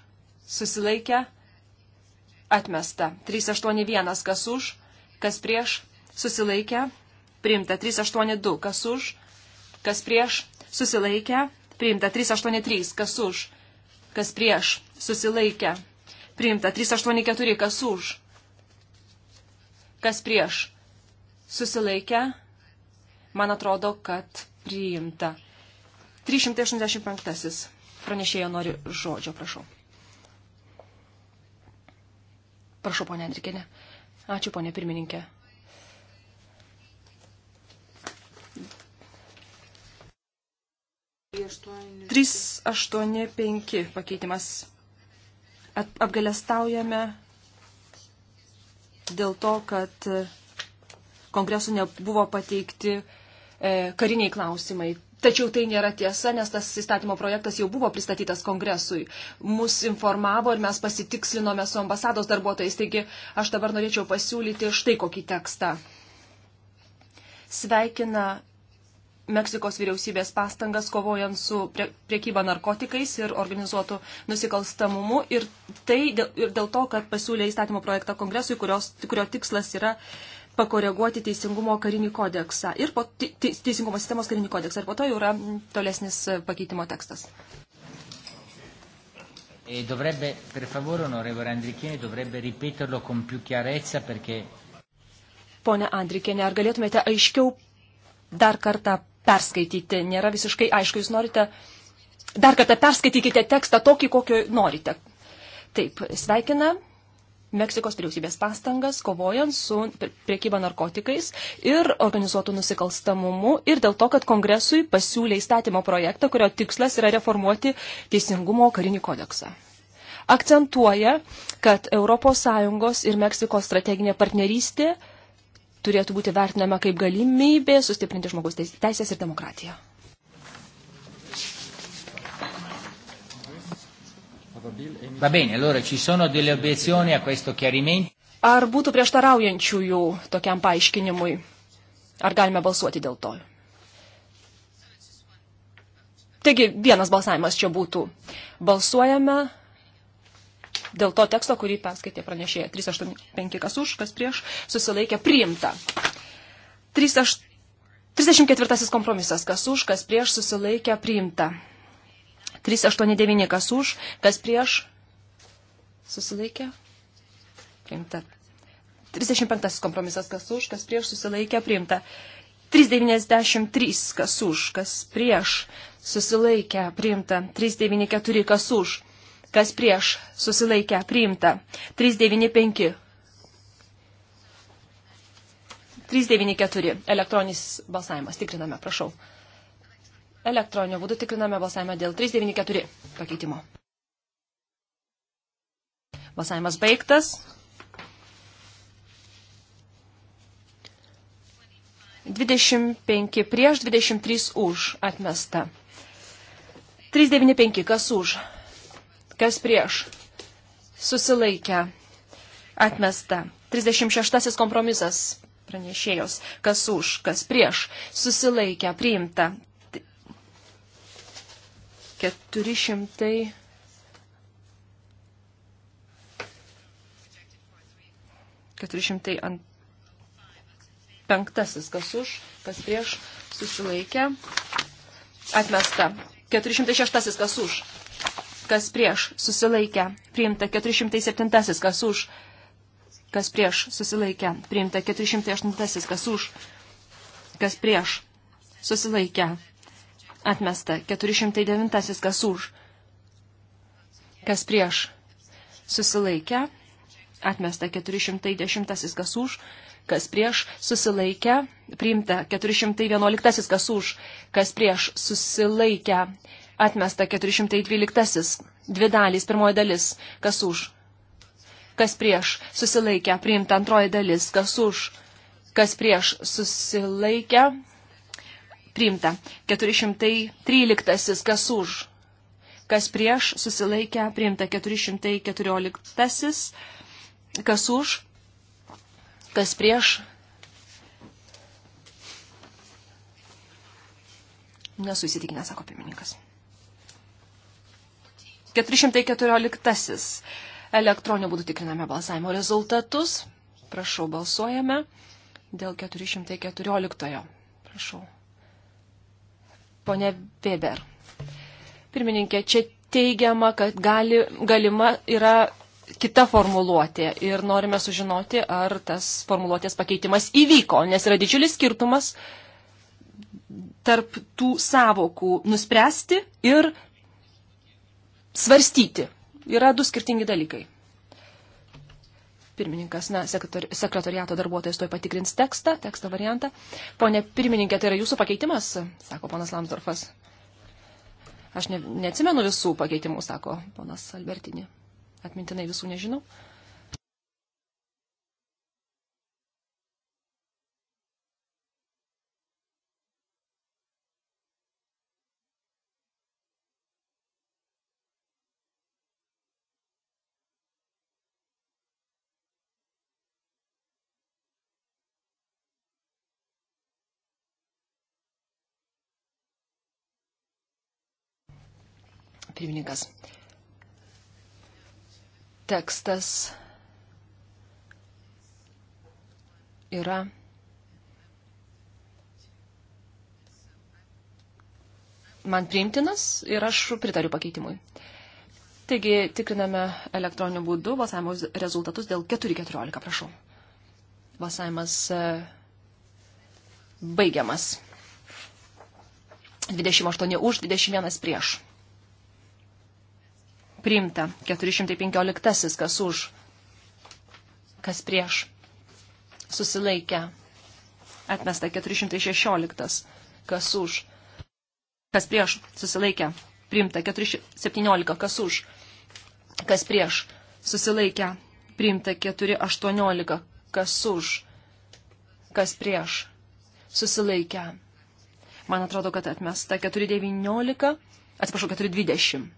susilaikę, atmesta 381, kas už, kas prieš, susilaikę, priimta 382, kas už, kas prieš, susilaikę, priimta 383, kas už, kas prieš, susilaikę, priimta 384, kas už, kas prieš, susilaikę, man atrodo, kad priimta. 385. Pranešėjo nori žodžio, prašau. Prašau, ponė Andrikinė. Ačiū, ponė pirmininkė. 385 pakeitimas. Apgalestaujame dėl to, kad e, kongresu nebuvo pateikti e, kariniai klausimai. Tačiau tai nėra tiesa, nes tas įstatymo projektas jau buvo pristatytas kongresui. Mus informavo ir mes pasitikslinome su ambasados darbuotojais. Taigi aš dabar norėčiau pasiūlyti štai kokį tekstą. Sveikina Meksikos vyriausybės pastangas kovojant su prie, priekyba narkotikais ir organizuotų nusikalstamumu. Ir tai dėl, ir dėl to, kad pasiūlė įstatymo projektą kongresui, kurios, kurio tikslas yra pakoreguoti teisingumo karinį kodeksą ir po, te, teisingumo sistemos karinį kodeksą. Ir po to jau yra tolesnis pakeitimo tekstas. E dovrebbe, per favore, onorevole Andrichini, dovrebbe ripeterlo con più chiarezza perché. Pone Andrikinė, ar galėtumėte aiškiau dar kartą perskaityti, nėra visiškai aišku, jūs norite, dar kartą perskaitykite tekstą tokį, kokio norite. Taip, sveikina Meksikos vyriausybės pastangas, kovojant su priekyba narkotikais ir organizuotų nusikalstamumu ir dėl to, kad kongresui pasiūlė įstatymo projektą, kurio tikslas yra reformuoti teisingumo karinį kodeksą. Akcentuoja, kad ES ir Meksikos strateginė partnerystė turėtų būti vertinama kaip galimybė sustiprinti žmogaus teisės ir demokratiją. Va bene, allora ci sono delle obiezioni a questo chiarimento. Ar būtų prieštaraujančiųjų tokiam paaiškinimui? Ar galime balsuoti dėl to? Taigi vienas balsavimas čia būtų. Balsuojame dėl to teksto, kurį perskaitė pranešėja. 385 kas už, kas prieš, susilaikė priimta. 38, 34 kompromisas kas už, kas prieš, susilaikė priimta. 389 kas už, kas prieš, susilaikė priimta. 35 kompromisas kas už, kas prieš, susilaikė priimta. 393 kas už, kas prieš, susilaikė priimta. 394 kas už kas prieš, susilaikę, priimta. 395. 394. Elektroninis balsavimas. Tikriname, prašau. Elektroninio būdu tikriname balsavimą dėl 394 pakeitimo. Balsavimas baigtas. 25 prieš, 23 už atmesta. 395 kas už? kas prieš, susilaikę, atmesta. 36 kompromisas pranešėjos, kas už, kas prieš, susilaikę, priimta. 400. Keturi šimtai ant penktasis, kas už, kas prieš, susilaikė, atmesta. 406 kas už, kas prieš, susilaikę, priimta 407, kas už, kas prieš, susilaikę, priimta 408, kas už, kas prieš, susilaikę, atmesta 409, kas už, kas prieš, susilaikę, atmesta 410, kas už, kas prieš susilaikę, priimta 411, kas už, kas prieš susilaikę, Atmesta 412. Dvi dalys. Pirmoji dalis. Kas už? Kas prieš? Susilaikę. Priimta antroji dalis. Kas už? Kas prieš? Susilaikę. Priimta. 413. Kas už? Kas prieš? Susilaikę. Priimta. 414. Kas už? Kas prieš? Nesusitikinęs, sako pirmininkas. 414. Elektroniniu būdu tikriname balsavimo rezultatus. Prašau, balsuojame dėl 414. Prašau. Pone Weber. Pirmininkė, čia teigiama, kad gali, galima yra kita formuluotė ir norime sužinoti, ar tas formuluotės pakeitimas įvyko, nes yra didžiulis skirtumas tarp tų savokų nuspręsti ir svarstyti. Yra du skirtingi dalykai. Pirmininkas, na, sekretori, sekretoriato darbuotojas tuoj patikrins tekstą, teksto variantą. Pone pirmininkė, tai yra jūsų pakeitimas, sako ponas Lamsdorfas. Aš ne, neatsimenu visų pakeitimų, sako ponas Albertinė. Atmintinai visų nežinau. Uh, pirmininkas. Tekstas yra man priimtinas ir aš pritariu pakeitimui. Taigi tikriname elektroniniu būdu balsavimo rezultatus dėl 4.14, prašau. Balsavimas e, baigiamas. 28 už, 21 prieš priimta. 415 kas už, kas prieš, susilaikę, atmesta 416 kas už, kas prieš, susilaikę, priimta 417 kas už, kas prieš, susilaikę, priimta 418 kas už, kas prieš, susilaikę. Man atrodo, kad atmesta 419, atsiprašau, 420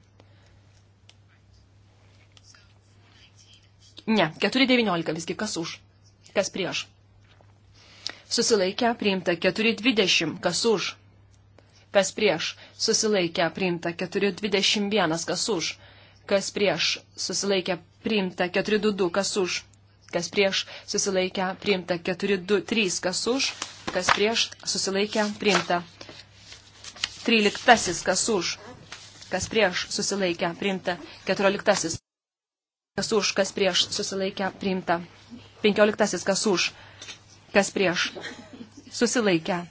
Ne, 4.19 visgi kas už, kas prieš. Susilaikę priimta 4.20 kas už, kas prieš. Susilaikę priimta 4.21 kas už, kas prieš. Susilaikę priimta 4.22 kas už, kas prieš. Susilaikę priimta 4.23 kas už, kas prieš. Susilaikę priimta 13 kas už, kas prieš. Susilaikę priimta 14 kas už, kas prieš susilaikę priimta. 15. kas už, kas prieš susilaikę.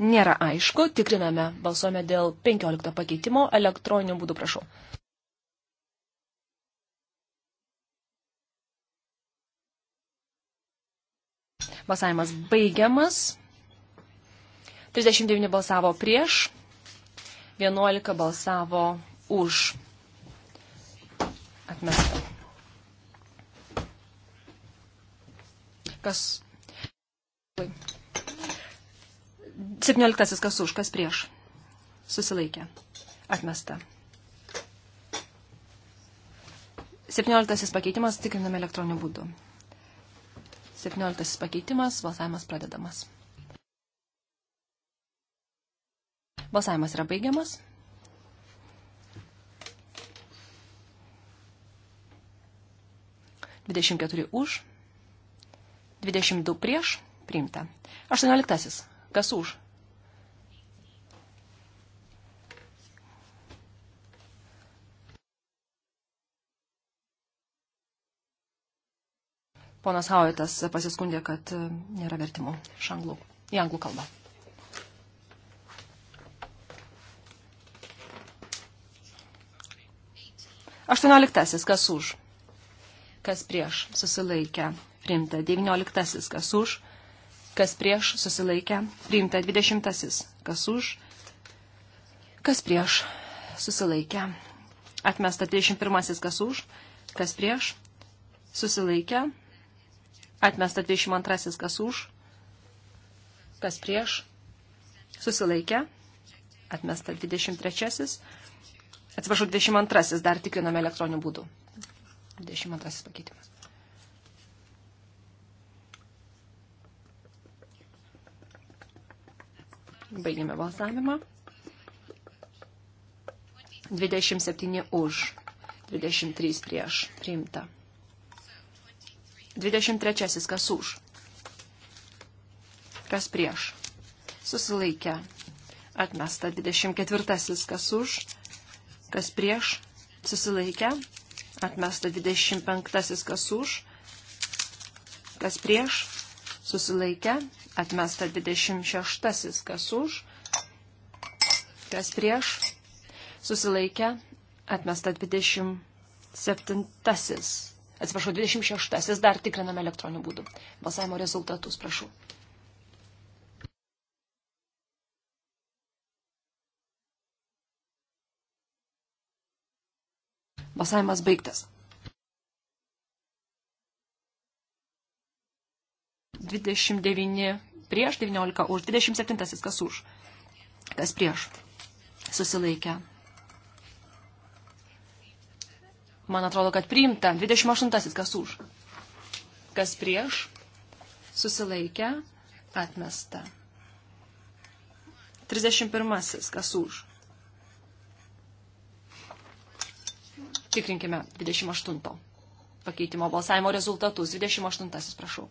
Nėra aišku, tikriname, balsuome dėl 15 pakeitimo elektroniniu būdu, prašau. Balsavimas baigiamas. 39 balsavo prieš, 11 balsavo už atmesta. Kas? 17. Kas už, kas prieš? Susilaikė. Atmesta. 17. pakeitimas tikriname elektroniniu būdu. 17. pakeitimas, balsavimas pradedamas. Balsavimas yra baigiamas. 24 už, 22 prieš, priimta. 18. Kas už? Ponas Hauitas pasiskundė, kad e, nėra vertimų iš anglų, į anglų kalbą. Aštuonioliktasis, kas už? kas prieš susilaikę priimta. 19. Kas už, kas prieš susilaikę priimta. 20. Kas už, kas prieš susilaikę. Atmesta 21. Kas už, kas prieš susilaikę. Atmesta 22. Kas už, kas prieš susilaikę. Atmesta 23. Atsiprašau, 22. Dar tikriname elektroniniu būdu. 22 pakeitimas. Baigėme balsavimą. 27 už, 23 prieš, priimta. 23 kas už, kas prieš, susilaikę, atmesta. 24 kas už, kas prieš, susilaikę, Atmesta 25 kas už, kas prieš, susilaikę. Atmesta 26 kas už, kas prieš, susilaikę. Atmesta 27. Atsiprašau, 26. Dar tikriname elektroniniu būdu. Balsavimo rezultatus, prašau. Balsavimas baigtas. 29 prieš, 19 už, 27 kas už, kas prieš, susilaikę. Man atrodo, kad priimta, 28 kas už, kas prieš, susilaikę, atmesta. 31 kas už, Tikrinkime 28 pakeitimo balsavimo rezultatus. 28, prašau.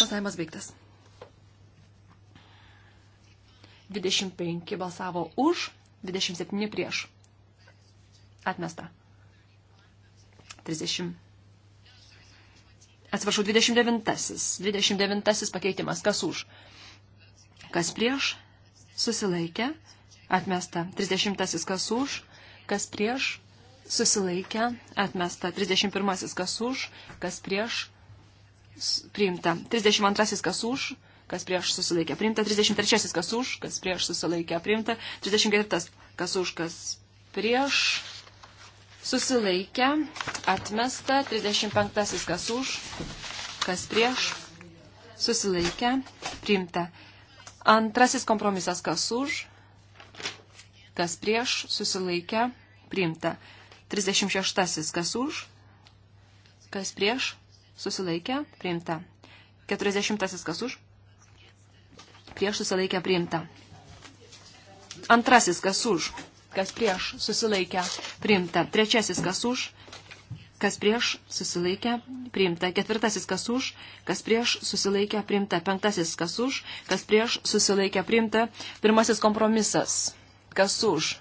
Balsavimas baigtas. 25 balsavo už, 27 prieš. Atmesta. 30. Atsiprašau, 29. 29 pakeitimas. Kas už? Kas prieš? Susilaikė. Atmesta. 30. Kas už? Kas prieš? Susilaikė. Atmesta. 31. Kas už? Kas prieš? Priimta. 32. Kas už? kas prieš susilaikė priimta, 33 kas už, kas prieš susilaikė priimta, 34 kas už, kas prieš susilaikę, atmesta, 35 kas už, kas prieš, susilaikę, priimta. Antrasis kompromisas kas už, kas prieš, susilaikę, priimta. 36 kas už, kas prieš, susilaikę, priimta. 40 kas už, prieš susilaikę, priimta. Antrasis kas už, kas prieš susilaikę priimta. Trečiasis, kas už, kas prieš susilaikę priimta. Ketvirtasis, kas už, kas prieš susilaikę priimta. Penktasis, kas už, kas prieš susilaikę priimta. Pirmasis kompromisas, kas už,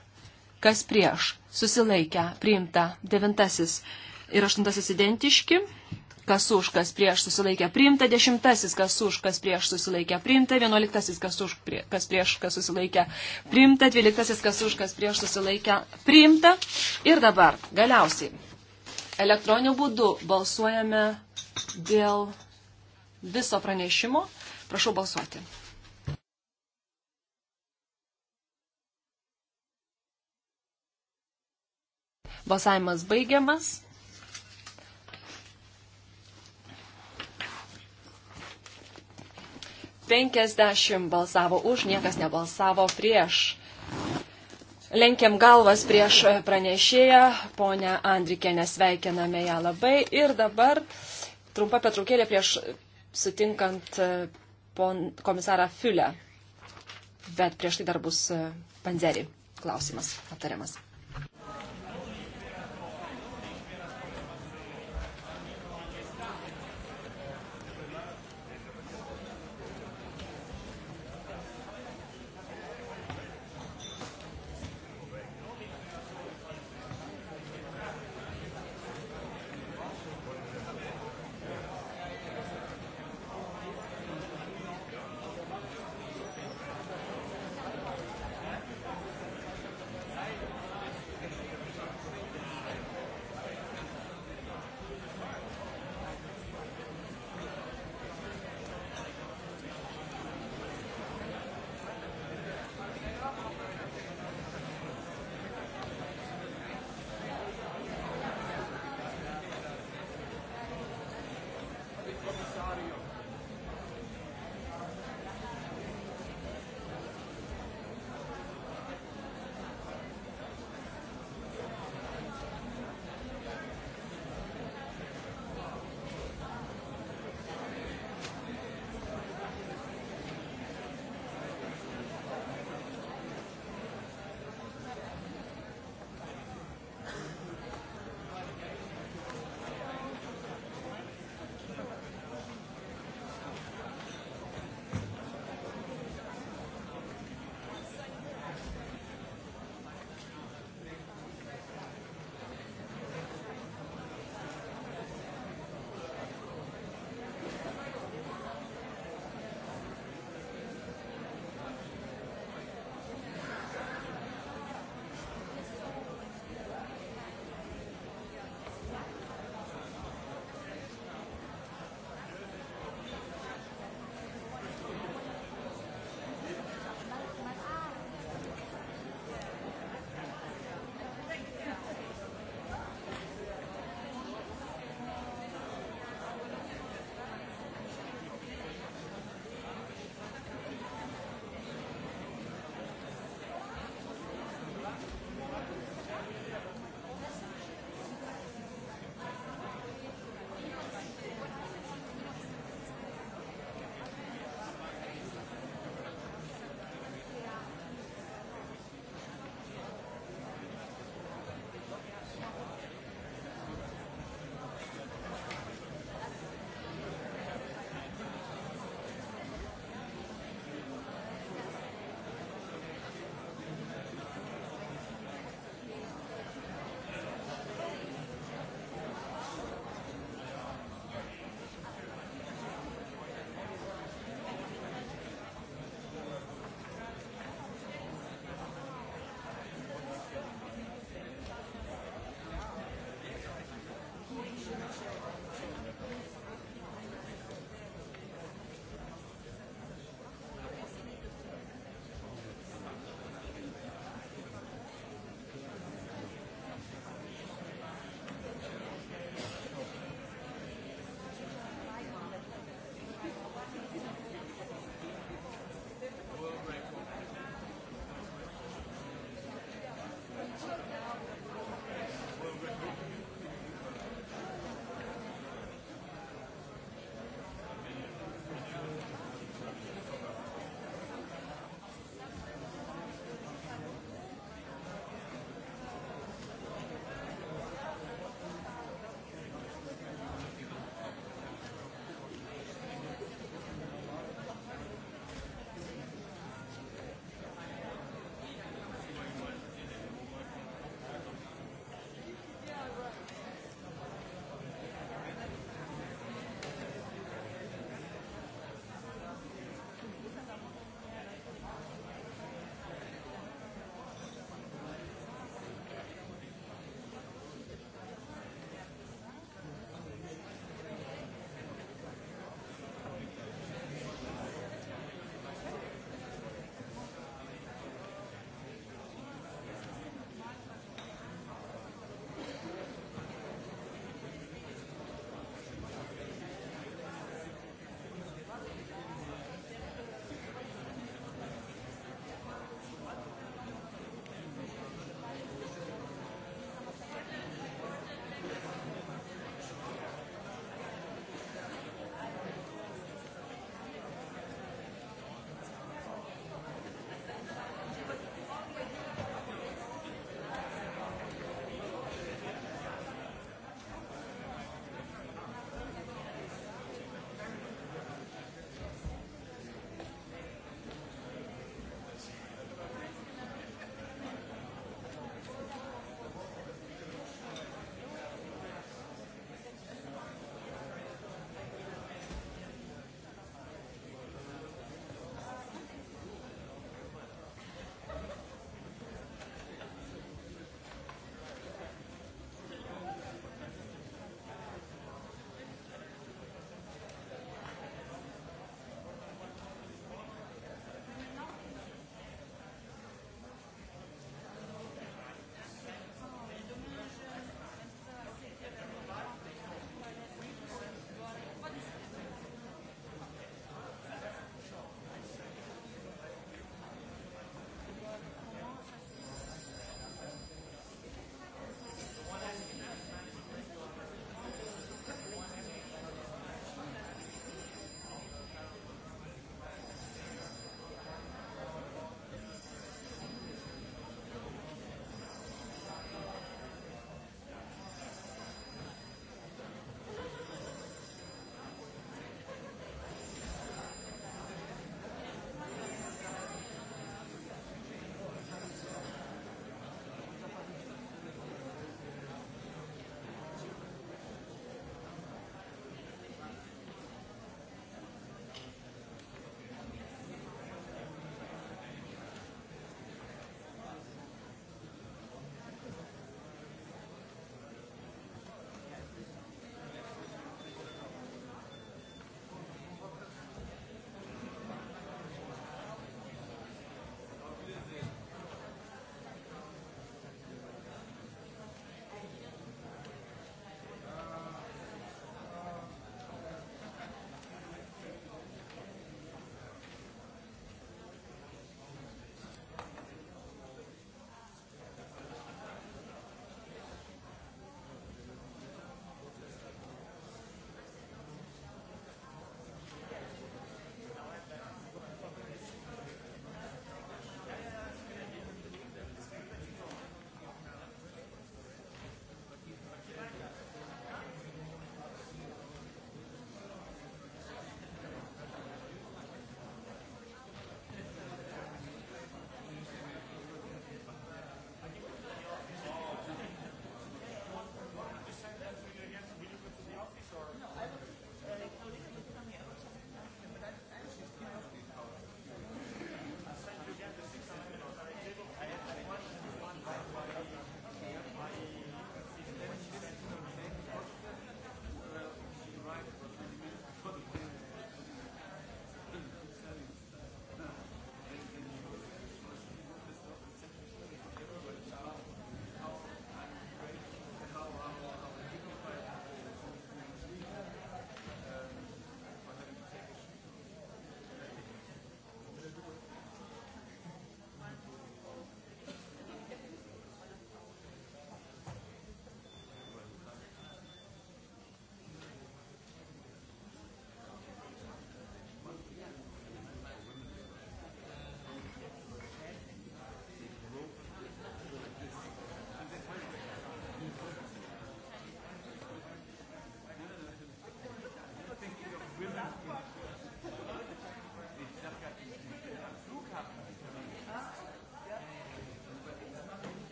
kas prieš susilaikę priimta. Devintasis ir aštuntasis identiški, kas už, kas prieš susilaikė priimta, dešimtasis, kas už, kas prieš susilaikė priimta, vienuoliktasis, kas už, prie, kas prieš, kas susilaikė priimta, dvyliktasis, kas už, kas prieš susilaikė priimta. Ir dabar, galiausiai, elektroniniu būdu balsuojame dėl viso pranešimo. Prašau balsuoti. Balsavimas baigiamas. 50 balsavo už, niekas nebalsavo prieš. Lenkiam galvas prieš pranešėją, ponę Andrikę nesveikiname ją labai. Ir dabar trumpa petraukėlė prieš sutinkant e, pon, komisarą Fiulę. Bet prieš tai dar bus e, Panzerį klausimas aptariamas.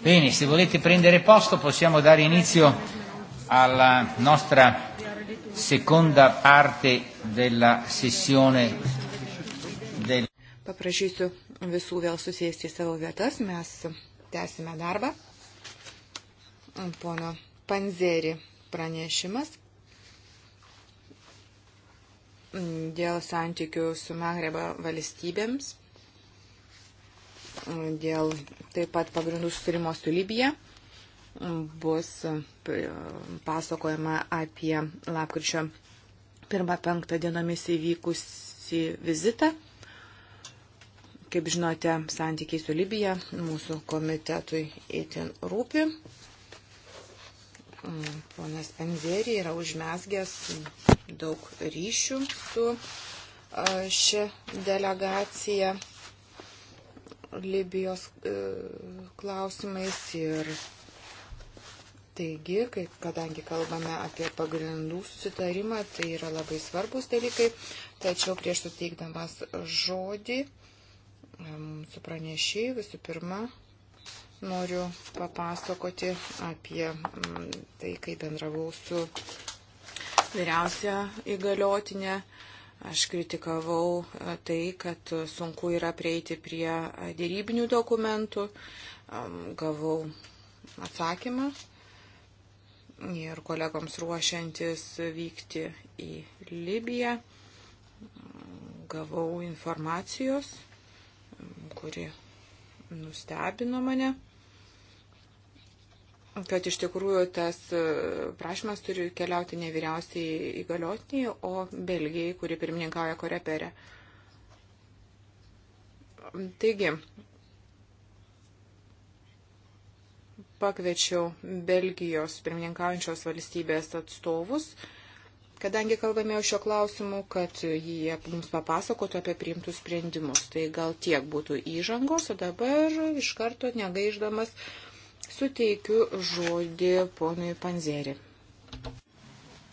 Bene, se volete prendere posto possiamo dare inizio alla nostra seconda parte della sessione del... Paprašysiu visų vėl susėsti į savo vietas, mes tęsime darbą. Pono Panzeri pranešimas dėl santykių su Magreba valstybėms, dėl taip pat pagrindų susirimo su Libija bus e, e, pasakojama apie lapkričio 1-5 dienomis įvykusi vizitą. Kaip žinote, santykiai su Libija mūsų komitetui itin rūpi. Mm, ponas Penzerį yra užmesgęs daug ryšių su e, šia delegacija Libijos e, klausimais ir Taigi, kai, kadangi kalbame apie pagrindų susitarimą, tai yra labai svarbus dalykai, tačiau prieš suteikdamas žodį e, su pranešiai visų pirma noriu papasakoti apie mm, tai, kai bendravau su vyriausia įgaliotinė. Uh, Aš kritikavau e, tai, kad e, sunku yra prieiti prie e, dėrybinių dokumentų. Gavau atsakymą ir kolegoms ruošiantis vykti į Libiją gavau informacijos, kuri nustebino mane kad iš tikrųjų tas e, prašymas turi keliauti ne vyriausiai įgaliotiniai, o Belgijai, kuri pirmininkauja Koreperė. Taigi, pakviečiau Belgijos pirmininkaujančios valstybės atstovus, kadangi kalbame jau šio klausimu, kad jie mums papasakotų apie priimtus sprendimus. Tai gal tiek būtų įžangos, o dabar iš karto negaiždamas uh, Suteikiu žodį ponui Panzeri.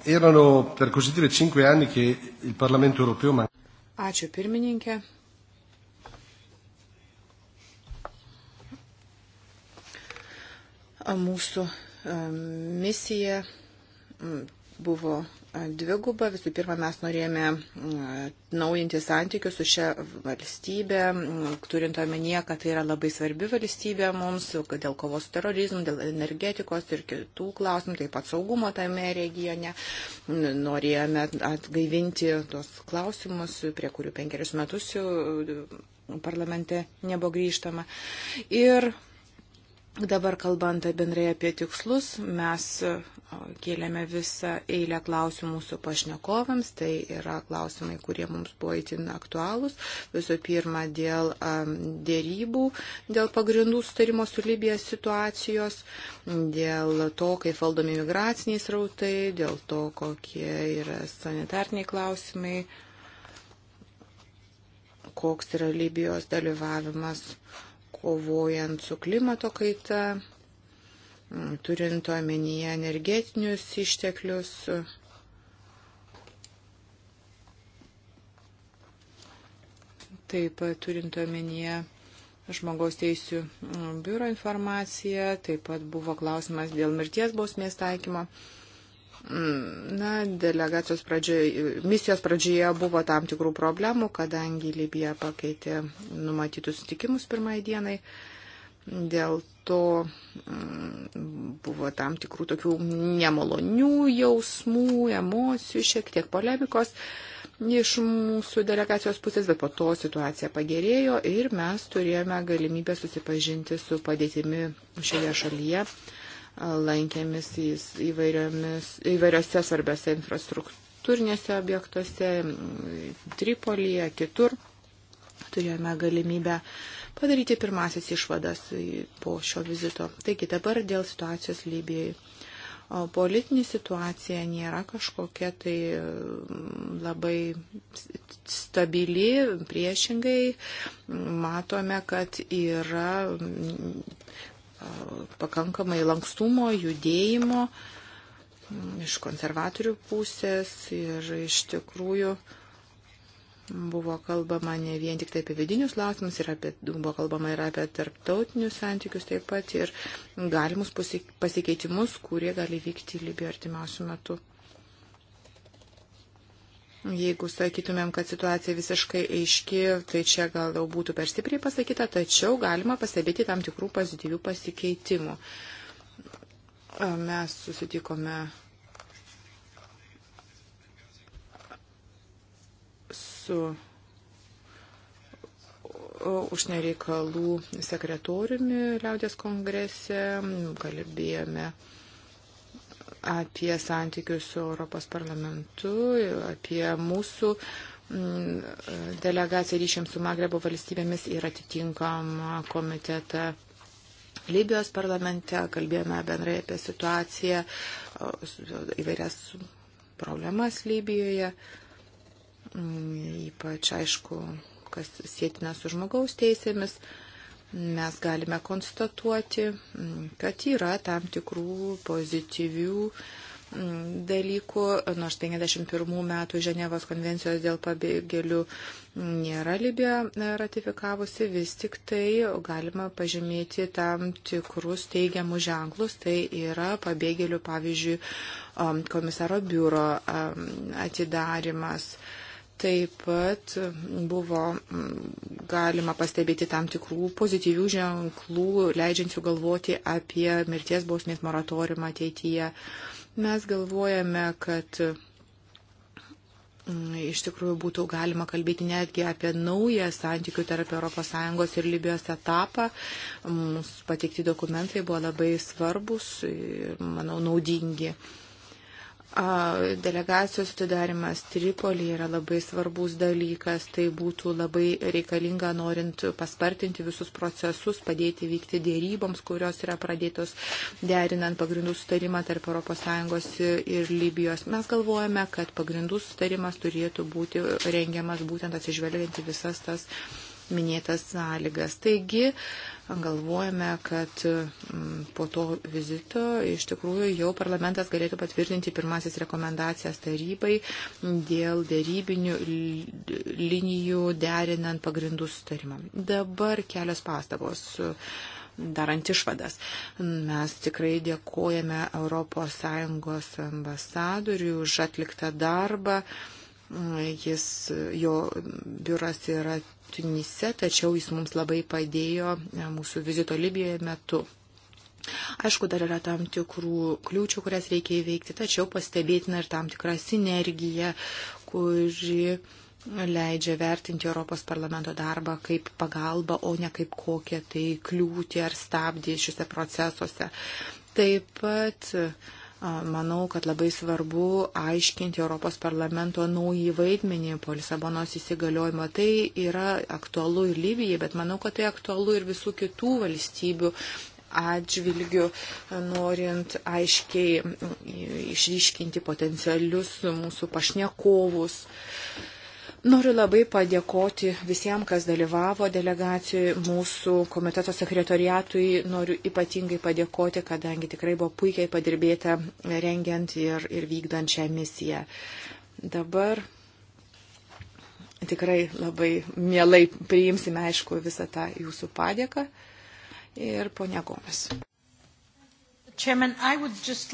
Erano, per così dire, cinque anni che il Parlamento europeo man... Ačiū pirmininkė. Mūsų ehm, misija buvo dvigubą. Visų pirma, mes norėjome mm, naujinti santykius su šia valstybė, mm, turint omenyje, kad tai yra labai svarbi valstybė mums dėl kovos su terorizmu, dėl energetikos ir kitų klausimų, taip pat saugumo tame regione. Norėjome atgaivinti tos klausimus, prie kurių penkerius metus jau mm, parlamente nebuvo grįžtama. Ir Dabar kalbant bendrai apie tikslus, mes e, kėlėme visą eilę klausimų mūsų pašnekovams, tai yra klausimai, kurie mums buvo įtin aktualūs. Visų pirma, dėl dėrybų, dėl pagrindų sutarimo su Libija situacijos, dėl to, kaip valdomi migraciniai srautai, dėl to, kokie yra sanitarniai klausimai, koks yra Libijos dalyvavimas kovojant su klimato kaita, turint omenyje energetinius išteklius. Taip pat turint omenyje žmogaus teisų biuro informaciją, taip pat buvo klausimas dėl mirties bausmės taikymo. Na, delegacijos pradžioje, misijos pradžioje buvo tam tikrų problemų, kadangi Libija pakeitė numatytus sutikimus pirmai dienai. Dėl to mm, buvo tam tikrų tokių nemalonių jausmų, emocijų, šiek tiek polemikos iš mūsų delegacijos pusės, bet po to situacija pagerėjo ir mes turėjome galimybę susipažinti su padėtimi šioje šalyje lankėmis įvairiose svarbiose infrastruktūrinėse objektuose, Tripolyje, kitur. Turėjome galimybę padaryti pirmasis išvadas po šio vizito. Taigi dabar dėl situacijos Libijoje. O politinė situacija nėra kažkokia tai labai stabili, priešingai matome, kad yra pakankamai lankstumo, judėjimo mm, iš konservatorių pusės ir iš tikrųjų buvo kalbama ne vien tik tai apie vidinius klausimus, ir apie, buvo kalbama ir apie tarptautinius santykius taip pat ir galimus pasikeitimus, kurie gali vykti Libijoje artimiausių metų. Jeigu sakytumėm, kad situacija visiškai aiški, tai čia gal jau būtų per stipriai pasakyta, tačiau galima pastebėti tam tikrų pozityvių pasikeitimų. Mes susitikome su užsienio reikalų sekretoriumi Liaudės kongrese, kalbėjome apie santykius su Europos parlamentu, apie mūsų mm, delegaciją ryšiams su Magrebo valstybėmis ir atitinkamą komitetą Libijos parlamente. Kalbėjome bendrai apie situaciją, įvairias problemas Libijoje, mm, ypač aišku, kas sėtina su žmogaus teisėmis mes galime konstatuoti, mm, kad yra tam tikrų pozityvių mm, dalykų, nors 51 metų Ženevos konvencijos dėl pabėgėlių nėra Libija ratifikavusi, vis tik tai galima pažymėti tam tikrus teigiamus ženklus, tai yra pabėgėlių, pavyzdžiui, um, komisaro biuro um, atidarimas Taip pat buvo mm, galima pastebėti tam tikrų pozityvių ženklų, leidžiančių galvoti apie mirties bausmės moratoriumą ateityje. Mes galvojame, kad mm, iš tikrųjų būtų galima kalbėti netgi apie naują santykių tarp ES ir Libijos etapą. Mums pateikti dokumentai buvo labai svarbus ir, manau, naudingi. Delegacijos sudarimas Tripolį yra labai svarbus dalykas, tai būtų labai reikalinga norint paspartinti visus procesus, padėti vykti dėryboms, kurios yra pradėtos derinant pagrindų sutarimą tarp ES ir Libijos. Mes galvojame, kad pagrindų sutarimas turėtų būti rengiamas būtent atsižvelgiant į visas tas uh, minėtas sąlygas. Taigi galvojame, kad mm, po to vizito iš tikrųjų jau parlamentas galėtų patvirtinti pirmasis rekomendacijas tarybai dėl dėrybinių linijų derinant pagrindų sutarimą. Dabar kelios pastabos darant išvadas. Mes tikrai dėkojame ES ambasadoriui už atliktą darbą. Jis, jo biuras yra Tunise, tačiau jis mums labai padėjo e, mūsų vizito Libijoje metu. Aišku, dar yra tam tikrų kliūčių, kurias reikia įveikti, tačiau pastebėtina ir tam tikra sinergija, kuri leidžia vertinti Europos parlamento darbą kaip pagalbą, o ne kaip kokią tai kliūtį ar stabdį šiuose procesuose. Taip pat uh, Manau, kad labai svarbu aiškinti Europos parlamento naują vaidmenį po Lisabonos įsigaliojimo. Tai yra aktualu ir Libijai, bet manau, kad tai aktualu ir visų kitų valstybių atžvilgių, norint aiškiai išryškinti potencialius mūsų pašnekovus. Uh, Noriu labai padėkoti visiems, kas dalyvavo delegacijoje, mūsų komiteto sekretoriatui. Noriu ypatingai padėkoti, kadangi tikrai buvo puikiai padirbėta rengiant ir, ir vykdant šią misiją. Dabar tikrai labai mielai priimsime, aišku, visą tą jūsų padėką. Ir ponia Gomes. Chairman,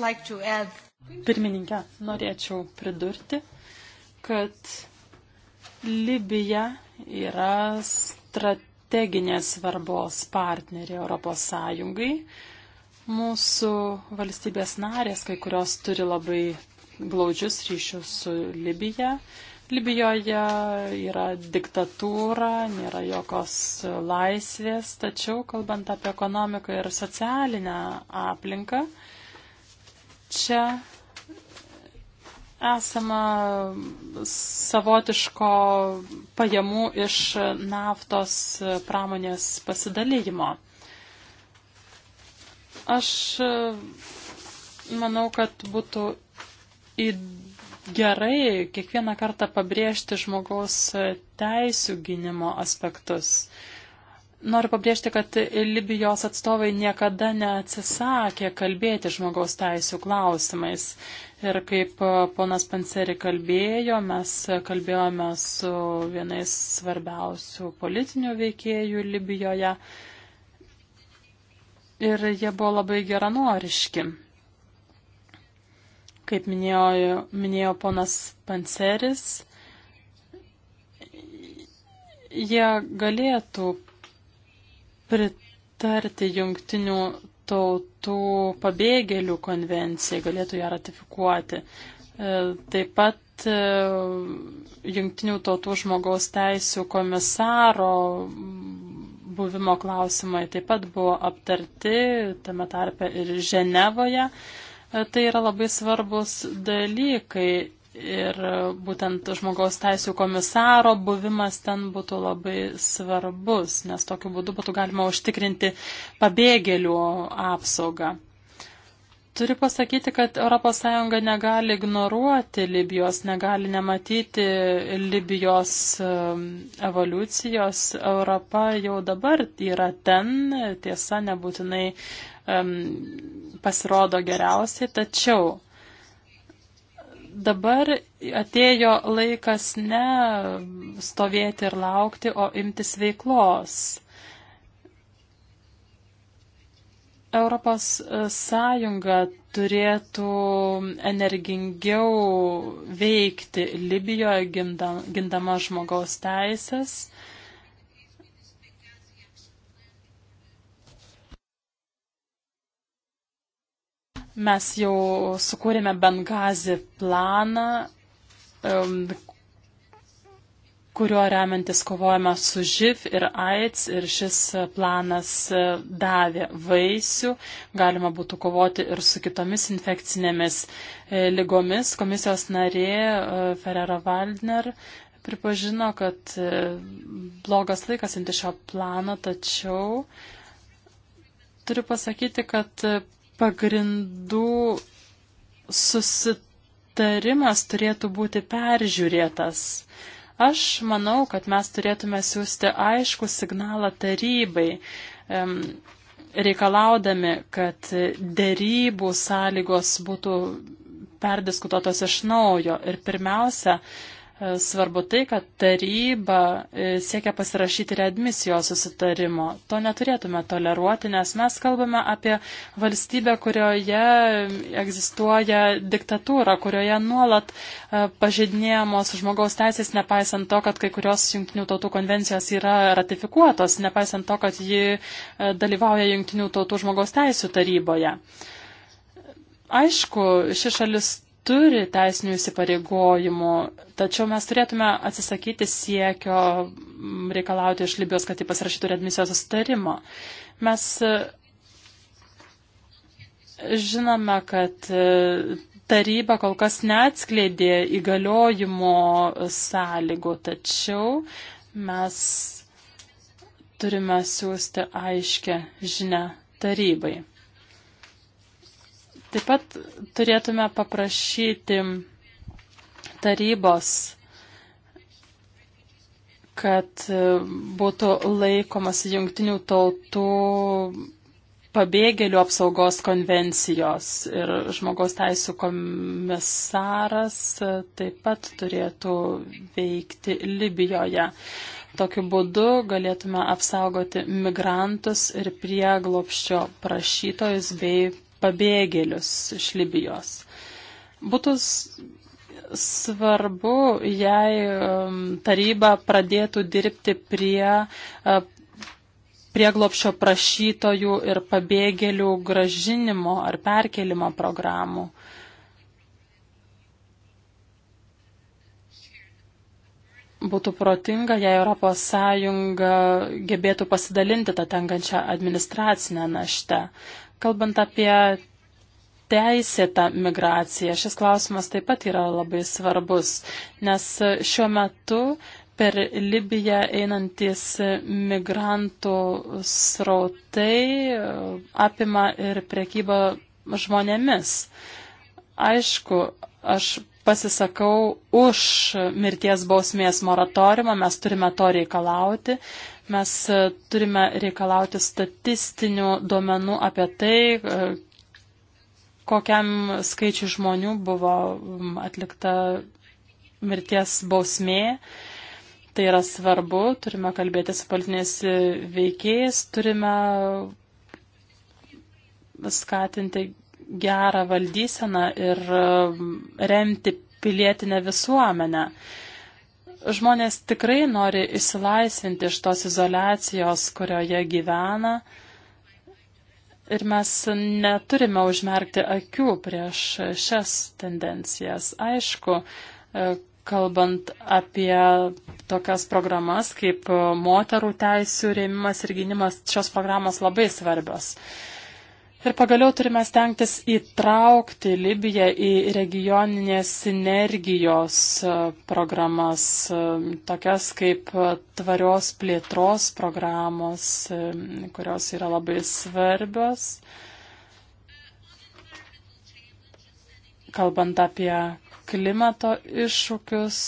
like add... Pirmininkė, norėčiau pridurti, kad Libija yra strateginės svarbos partnerė Europos Sąjungai. Mūsų valstybės narės, kai kurios turi labai glaudžius ryšius su Libija. Libijoje yra diktatūra, nėra jokios laisvės, tačiau kalbant apie ekonomiką ir socialinę aplinką, čia esama savotiško pajamų iš naftos pramonės pasidalymo. Aš e, manau, kad būtų gerai kiekvieną kartą pabrėžti žmogaus teisų gynimo aspektus. Noriu pabrėžti, kad Libijos atstovai niekada neatsisakė kalbėti žmogaus teisų klausimais. Ir kaip e, ponas Panseri kalbėjo, mes kalbėjome su vienais svarbiausių politinių veikėjų Libijoje. Ir jie buvo labai geranoriški. Kaip minėjo, minėjo ponas Panseris, jie galėtų pritarti jungtinių tautų pabėgėlių konvencijai, galėtų ją ratifikuoti. E, taip pat e, jungtinių tautų žmogaus teisų komisaro buvimo klausimai taip pat buvo aptarti, tame tarpe ir Ženevoje. E, tai yra labai svarbus dalykai ir būtent žmogaus teisų komisaro buvimas ten būtų labai svarbus, nes tokiu būdu būtų galima užtikrinti pabėgėlių apsaugą. Turiu pasakyti, kad ES negali ignoruoti Libijos, negali nematyti Libijos um, evoliucijos. Europa jau dabar yra ten, tiesa, nebūtinai um, pasirodo geriausiai, tačiau dabar atėjo laikas ne stovėti ir laukti, o imtis veiklos. Europos Sąjunga turėtų energingiau veikti Libijoje gindama žmogaus teisės. Mes jau sukūrėme Bengazi planą, kuriuo remiantis kovojame su živ ir AIDS ir šis planas davė vaisių. Galima būtų kovoti ir su kitomis infekcinėmis e, lygomis. Komisijos narė e, Ferrero Waldner pripažino, kad e, blogas laikas imti šio plano, tačiau turiu pasakyti, kad pagrindų susitarimas turėtų būti peržiūrėtas. Aš manau, kad mes turėtume siūsti aišku signalą tarybai, reikalaudami, kad dėrybų sąlygos būtų perdiskutuotos iš naujo ir pirmiausia, E, svarbu tai, kad taryba e, siekia pasirašyti readmisijos susitarimo. To neturėtume toleruoti, nes mes kalbame apie valstybę, kurioje egzistuoja diktatūra, kurioje nuolat e, pažeidinėjamos žmogaus teisės, nepaisant to, kad kai kurios jungtinių tautų konvencijos yra ratifikuotos, nepaisant to, kad ji dalyvauja jungtinių tautų žmogaus teisų taryboje. Aišku, ši šalis turi teisinių įsipareigojimų, tačiau mes turėtume atsisakyti siekio reikalauti iš Libijos, kad jį pasirašytų redmisijos sustarimą. Mes e, žinome, kad e, taryba kol kas neatskleidė įgaliojimo sąlygų, tačiau mes turime siūsti aiškę žinę tarybai. Taip pat turėtume paprašyti tarybos, kad e, būtų laikomas jungtinių tautų pabėgėlių apsaugos konvencijos ir žmogaus teisų komisaras e, taip pat turėtų veikti Libijoje. Tokiu būdu galėtume apsaugoti migrantus ir prieglopščio prašytojus bei pabėgėlius iš Libijos. Būtų svarbu, jei um, taryba pradėtų dirbti prie uh, prieglopšio prašytojų ir pabėgėlių gražinimo ar perkelimo programų. Būtų protinga, jei ES gebėtų pasidalinti tą tenkančią administracinę naštą. Kalbant apie teisėtą migraciją, šis klausimas taip pat yra labai svarbus, nes šiuo metu per Libiją einantis migrantų srautai uh, apima ir prekybą žmonėmis. Aišku, aš pasisakau už mirties bausmės moratoriumą, mes turime to reikalauti, mes e, turime reikalauti statistinių duomenų apie tai, e, kokiam skaičiu žmonių buvo atlikta mirties bausmė. Tai yra svarbu, turime kalbėti su politiniais veikėjais, turime skatinti gerą valdyseną ir e, remti pilietinę visuomenę. Žmonės tikrai nori išsilaisvinti iš tos izolacijos, kurioje gyvena. Ir mes neturime užmerkti akių prieš šias tendencijas. Aišku, e, kalbant apie tokias programas kaip moterų teisų rėmimas ir gynimas, šios programos labai svarbios. Ir pagaliau turime stengtis įtraukti Libiją į regioninės sinergijos e, programas, e, tokias kaip tvarios plėtros programos, e, kurios yra labai svarbios. Kalbant apie klimato iššūkius,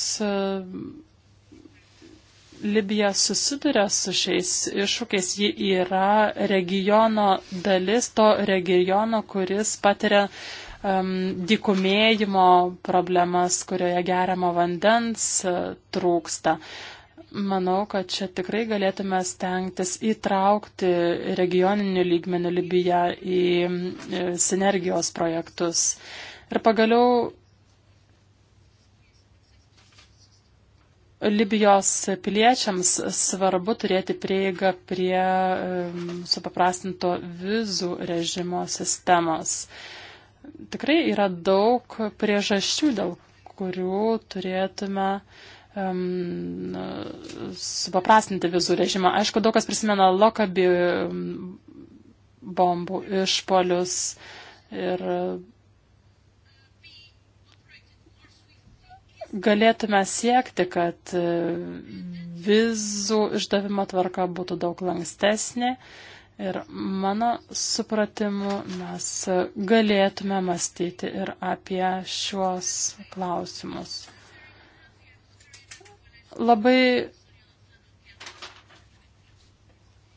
Libija susiduria su šiais iššūkiais, ji yra regiono dalis, to regiono, kuris patiria um, dikumėjimo problemas, kurioje geriamo vandens uh, trūksta. Manau, kad čia tikrai galėtume stengtis įtraukti regioninių lygmenių Libiją į e, sinergijos projektus. Ir pagaliau Libijos piliečiams svarbu turėti prieigą prie supaprastinto vizų režimo sistemos. Tikrai yra daug priežasčių, dėl kurių turėtume um, supaprastinti vizų režimą. Aišku, daug kas prisimena Lokabi bombų išpolius ir galėtume siekti, kad e, vizų išdavimo tvarka būtų daug lankstesnė ir mano supratimu mes galėtume mąstyti ir apie šiuos klausimus. Labai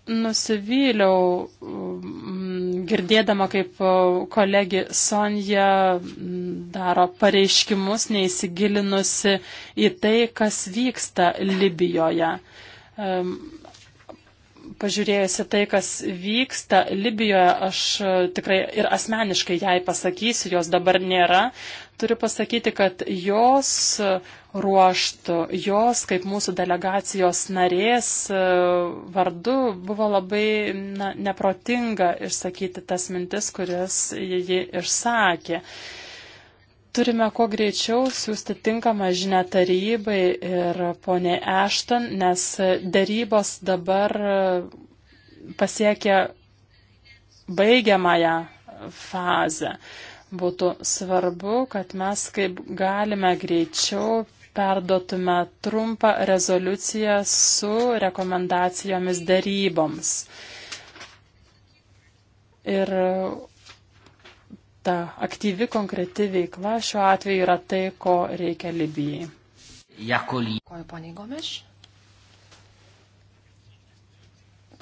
nusivyliau mm, girdėdama, kaip e, kolegi Sonja mm, daro pareiškimus, neįsigilinusi į tai, kas vyksta Libijoje. Pažiūrėjusi tai, kas vyksta Libijoje, aš e, tikrai ir asmeniškai jai pasakysiu, jos dabar nėra, Turiu pasakyti, kad jos ruoštų, jos kaip mūsų delegacijos narės e, vardu buvo labai na, neprotinga išsakyti tas mintis, kurias ji išsakė turime kuo greičiau siūsti tinkamą žinę tarybai ir ponė Ešton, nes darybos dabar e, pasiekė baigiamąją fazę. Būtų svarbu, kad mes kaip galime greičiau perduotume trumpą rezoliuciją su rekomendacijomis daryboms. Ir ta aktyvi konkreti veikla šiuo atveju yra tai, ko reikia Libijai. Jakulį. Koju poniai Gomeš?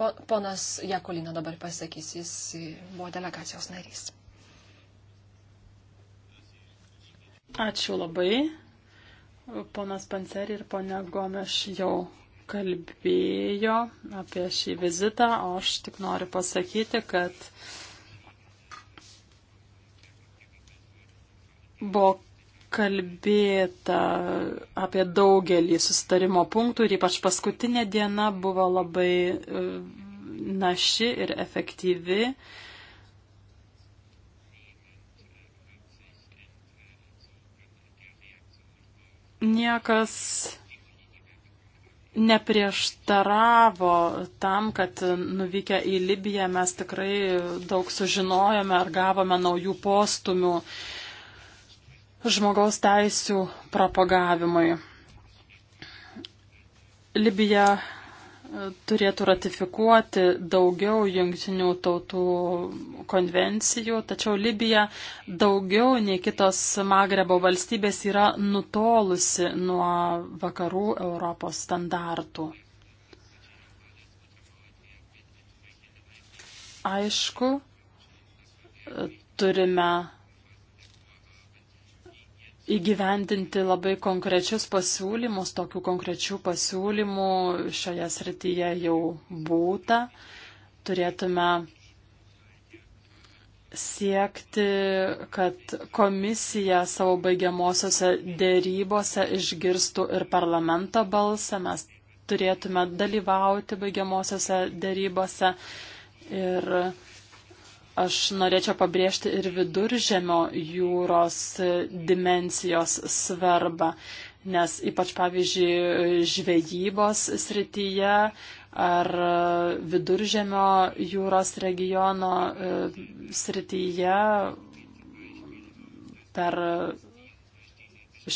Po, ponas Jakulina dabar pasakys, jis buvo delegacijos narys. Ačiū labai. Ponas Panceri ir ponia Gomeš jau kalbėjo apie šį vizitą, o aš tik noriu pasakyti, kad buvo kalbėta apie daugelį sustarimo punktų ir ypač paskutinė diena buvo labai e, naši ir efektyvi. Uh, Niekas neprieštaravo tam, kad nuvykę į Libiją mes tikrai daug sužinojome ar gavome naujų postumių žmogaus teisių propagavimui. Libija turėtų ratifikuoti daugiau jungtinių tautų konvencijų, tačiau Libija daugiau nei kitos Magrebo valstybės yra nutolusi nuo vakarų Europos standartų. Aišku, turime įgyvendinti labai konkrečius pasiūlymus, tokių konkrečių pasiūlymų šioje srityje jau būta. Turėtume siekti, kad komisija savo baigiamosiose dėrybose išgirstų ir parlamento balsą. Mes turėtume dalyvauti baigiamosiose dėrybose ir Aš norėčiau pabrėžti ir viduržemio jūros dimensijos svarbą, nes ypač pavyzdžiui žvejybos srityje ar viduržemio jūros regiono e, srityje per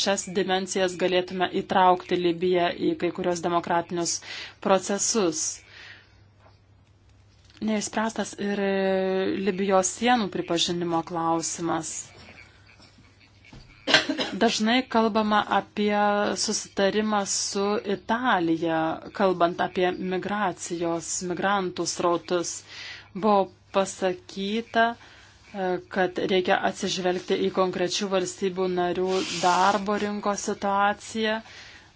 šias dimensijas galėtume įtraukti Libiją į kai kurios demokratinius procesus. Neįspręstas ir Libijos sienų pripažinimo klausimas. Dažnai kalbama apie susitarimą su Italija, kalbant apie migracijos, migrantų srautus. Buvo pasakyta, e, kad reikia atsižvelgti į konkrečių valstybių narių darbo rinkos situaciją.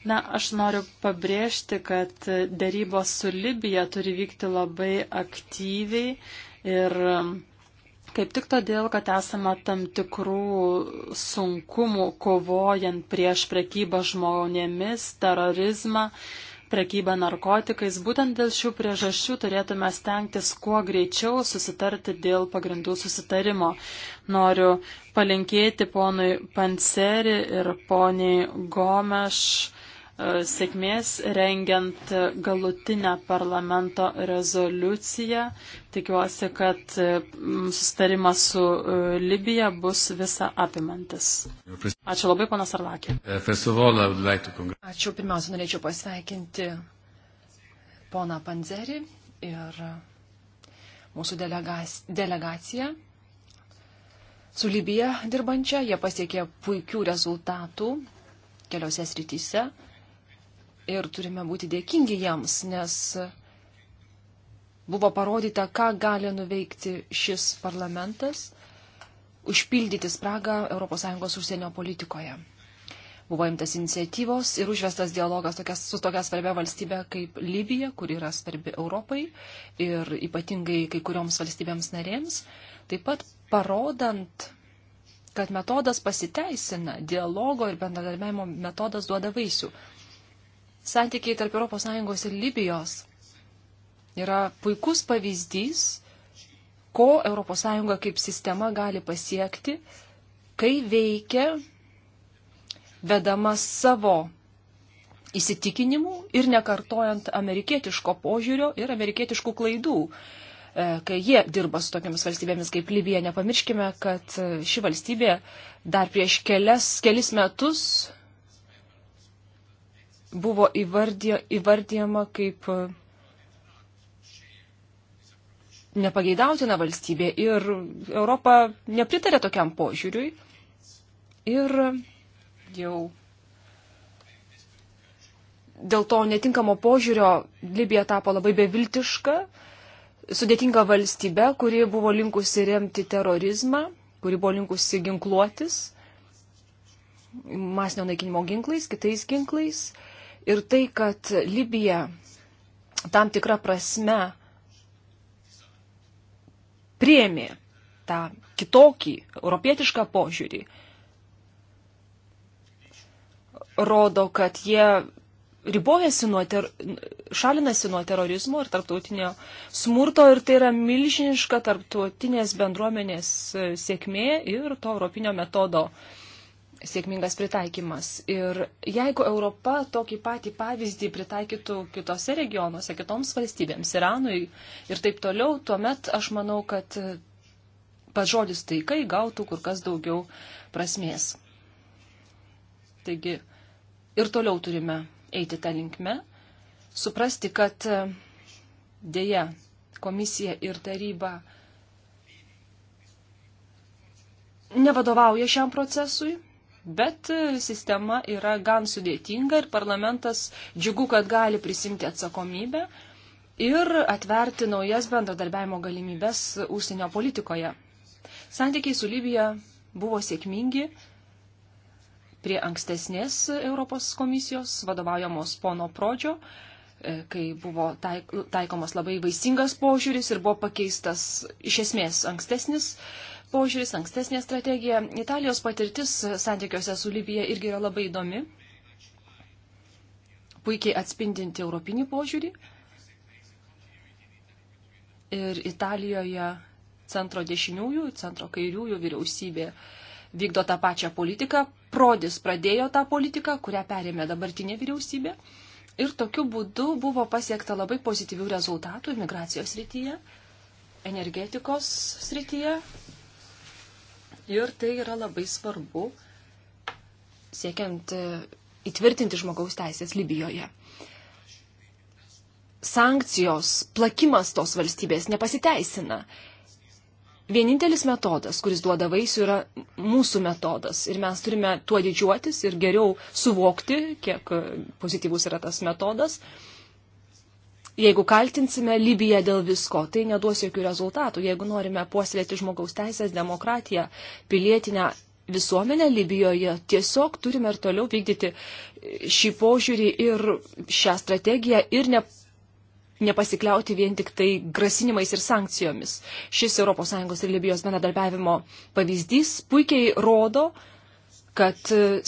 Na, aš noriu pabrėžti, kad dėrybos su Libija turi vykti labai aktyviai ir kaip tik todėl, kad esame tam tikrų sunkumų kovojant prieš prekybą žmonėmis, terorizmą, prekybą narkotikais. Būtent dėl šių priežasčių turėtume stengtis kuo greičiau susitarti dėl pagrindų susitarimo. Noriu palinkėti ponui Panseri ir poniai Gomeš E, sėkmės rengiant galutinę parlamento rezoliuciją. Tikiuosi, kad e, sustarimas su e, Libija bus visa apimantis. Ačiū labai, panas Arlakė. Uh, Ačiū. Pirmiausia, norėčiau pasveikinti poną Panzerį ir mūsų delegaciją su Libija dirbančia. Jie pasiekė puikių rezultatų keliose srityse ir turime būti dėkingi jiems, nes buvo parodyta, ką gali nuveikti šis parlamentas, užpildyti spragą ES užsienio politikoje. Buvo imtas iniciatyvos ir užvestas dialogas tokias, su tokia svarbia valstybė kaip Libija, kur yra svarbi Europai ir ypatingai kai kurioms valstybėms narėms, taip pat parodant kad metodas pasiteisina, dialogo ir bendradarbiavimo metodas duoda vaisių santykiai tarp ES ir Libijos yra puikus pavyzdys, ko ES kaip sistema gali pasiekti, kai veikia vedama savo įsitikinimų ir nekartojant amerikietiško požiūrio ir amerikietiškų klaidų. E, kai jie dirba su tokiamis valstybėmis kaip Libija, nepamirškime, kad e, ši valstybė dar prieš kelias, kelis metus buvo įvardyja, įvardyjama kaip e, nepageidautina valstybė ir Europa nepritarė tokiam požiūriui ir jau dėl to netinkamo požiūrio Libija tapo labai beviltiška, sudėtinga valstybė, kuri buvo linkusi remti terorizmą, kuri buvo linkusi ginkluotis masinio naikinimo ginklais, kitais ginklais ir tai, kad Libija tam tikrą prasme priemė tą kitokį europietišką požiūrį, rodo, kad jie ribojasi nuo ter... šalinasi nuo terorizmo ir tarptautinio smurto ir tai yra milžiniška tarptautinės bendruomenės e, sėkmė ir to europinio metodo uh, sėkmingas pritaikymas. Ir jeigu Europa tokį patį pavyzdį pritaikytų kitose regionuose, kitoms valstybėms, Iranui ir taip toliau, tuomet aš manau, kad e, pats žodis taikai gautų kur kas daugiau prasmės. Taigi ir toliau turime eiti tą linkmę, suprasti, kad e, dėja komisija ir taryba nevadovauja šiam procesui, Bet e, sistema yra gan sudėtinga ir parlamentas džiugu, kad gali prisimti atsakomybę ir atverti naujas bendradarbiavimo galimybės užsienio politikoje. Santykiai su Libija buvo sėkmingi prie ankstesnės Europos komisijos vadovaujamos pono Prodžio, e, kai buvo taikomas labai vaisingas požiūris ir buvo pakeistas iš esmės ankstesnis uh, požiūris, ankstesnė strategija. Italijos patirtis santykiuose su Libija irgi yra labai įdomi, puikiai atspindinti europinį požiūrį. Ir Italijoje centro dešiniųjų, centro kairiųjų vyriausybė vykdo tą pačią politiką. Prodis pradėjo tą politiką, kurią perėmė dabartinė vyriausybė. Ir tokiu būdu buvo pasiekta labai pozityvių rezultatų imigracijos srityje, energetikos srityje, Ir tai yra labai svarbu siekiant e, įtvirtinti žmogaus teisės Libijoje. Sankcijos, plakimas tos valstybės nepasiteisina. Vienintelis metodas, kuris duoda vaisių, yra mūsų metodas. Ir mes turime tuo didžiuotis ir geriau suvokti, kiek pozityvus yra tas metodas. Uh, Jeigu kaltinsime Libiją dėl visko, tai neduos jokių rezultatų. Jeigu norime puoselėti žmogaus teisės, demokratiją, pilietinę visuomenę Libijoje, tiesiog turime ir toliau vykdyti šį požiūrį ir šią strategiją ir ne, nepasikliauti vien tik tai grasinimais ir sankcijomis. Šis ES ir Libijos bendradarbiavimo pavyzdys puikiai rodo, kad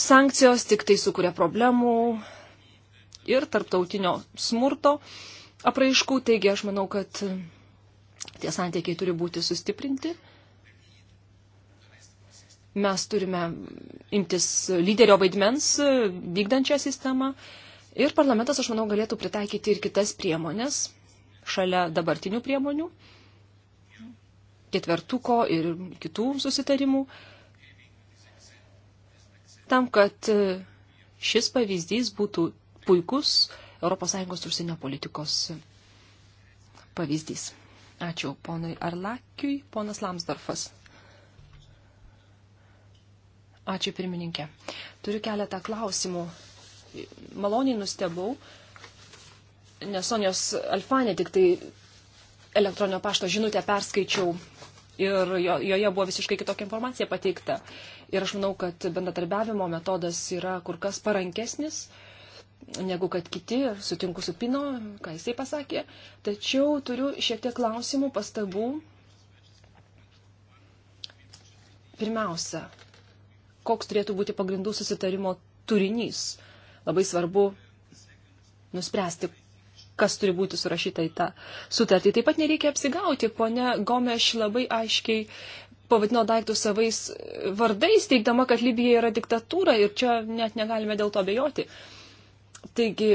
sankcijos tik tai sukuria problemų ir tarptautinio smurto apraiškų, taigi aš manau, kad tie santykiai turi būti sustiprinti. Mes turime imtis lyderio vaidmens vykdančią sistemą ir parlamentas, aš manau, galėtų pritaikyti ir kitas priemonės šalia dabartinių priemonių, ketvertuko ir kitų susitarimų, tam, kad šis pavyzdys būtų puikus ES užsienio politikos pavyzdys. Ačiū ponui Arlakiui, ponas Lamsdorfas. Ačiū pirmininkė. Turiu keletą klausimų. Maloniai nustebau, nes Sonijos Alfanė tik tai elektroninio pašto žinutę perskaičiau ir jo, joje buvo visiškai kitokia informacija pateikta. Ir aš manau, kad bendradarbiavimo metodas yra kur kas parankesnis negu kad kiti, sutinku su Pino, ką jisai pasakė, tačiau turiu šiek tiek klausimų, pastabų. Pirmiausia, koks turėtų būti pagrindų susitarimo turinys. Labai svarbu nuspręsti, kas turi būti surašyta į tą sutartį. Taip pat nereikia apsigauti, ponia Gomeš labai aiškiai pavadino daiktus savais vardais, teikdama, kad Libija yra diktatūra ir čia net negalime dėl to bejoti. Uh, Taigi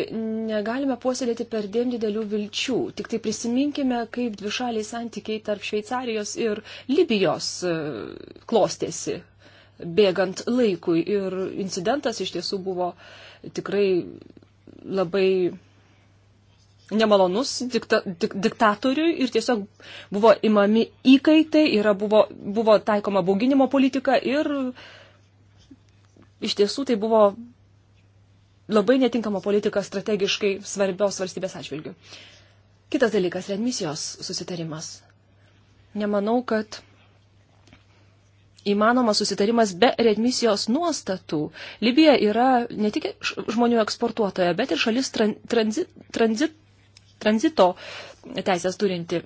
negalime puoselėti per dėm didelių vilčių. Tik tai prisiminkime, kaip dvišaliai santykiai tarp Šveicarijos ir Libijos e, klostėsi bėgant laikui. Ir incidentas iš tiesų buvo tikrai labai nemalonus dikta, dik, diktatoriui ir tiesiog buvo imami įkaitai, yra, buvo, buvo taikoma bauginimo politika ir iš tiesų tai buvo labai netinkama politika strategiškai svarbios valstybės atžvilgių. Kitas dalykas - readmisijos susitarimas. Nemanau, kad įmanomas susitarimas be readmisijos nuostatų. Libija yra ne tik žmonių eksportuotoja, bet ir šalis tranzi, tranzi, tranzito teisės turinti.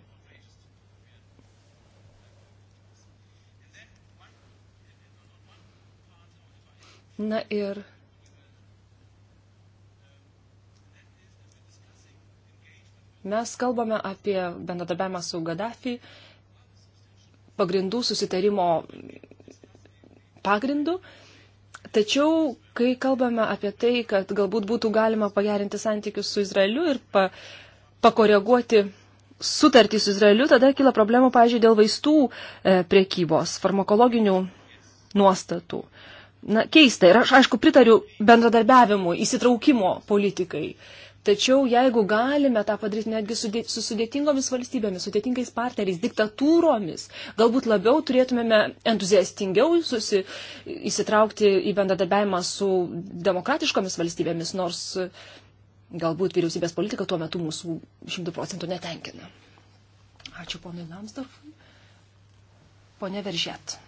Na ir Mes kalbame apie bendradarbiavimą su Gaddafi pagrindų susitarimo pagrindu. Tačiau, kai kalbame apie tai, kad galbūt būtų galima pagerinti santykius su Izraeliu ir pa, pakoreguoti sutartį su Izraeliu, tada kyla problemų, pavyzdžiui, dėl vaistų e, priekybos, farmakologinių nuostatų. Na, keista. Ir aš, aišku, pritariu bendradarbiavimui, įsitraukimo politikai. Tačiau jeigu galime tą padaryti netgi su sudėtingomis valstybėmis, sudėtingais partneriais, diktatūromis, galbūt labiau turėtumėme entuziastingiau susi, įsitraukti į bendradarbiavimą su demokratiškomis valstybėmis, nors galbūt vyriausybės politika tuo metu mūsų šimtų procentų netenkina. Ačiū ponui Lamsdorfui. Pone Veržėt.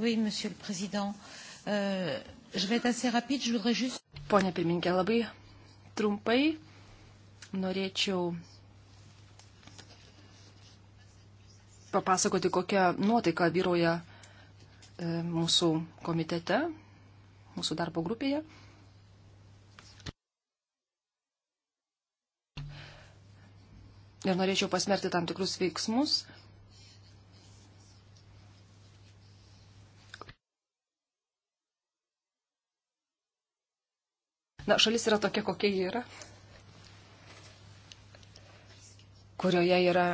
Oui, monsieur le président. Euh... Pone pirminkė, labai trumpai norėčiau papasakoti, kokia nuotaika vyroja e, mūsų komitete, mūsų darbo grupėje. Ir norėčiau pasmerkti tam tikrus veiksmus, Na, šalis yra tokia, kokia ji yra, kurioje yra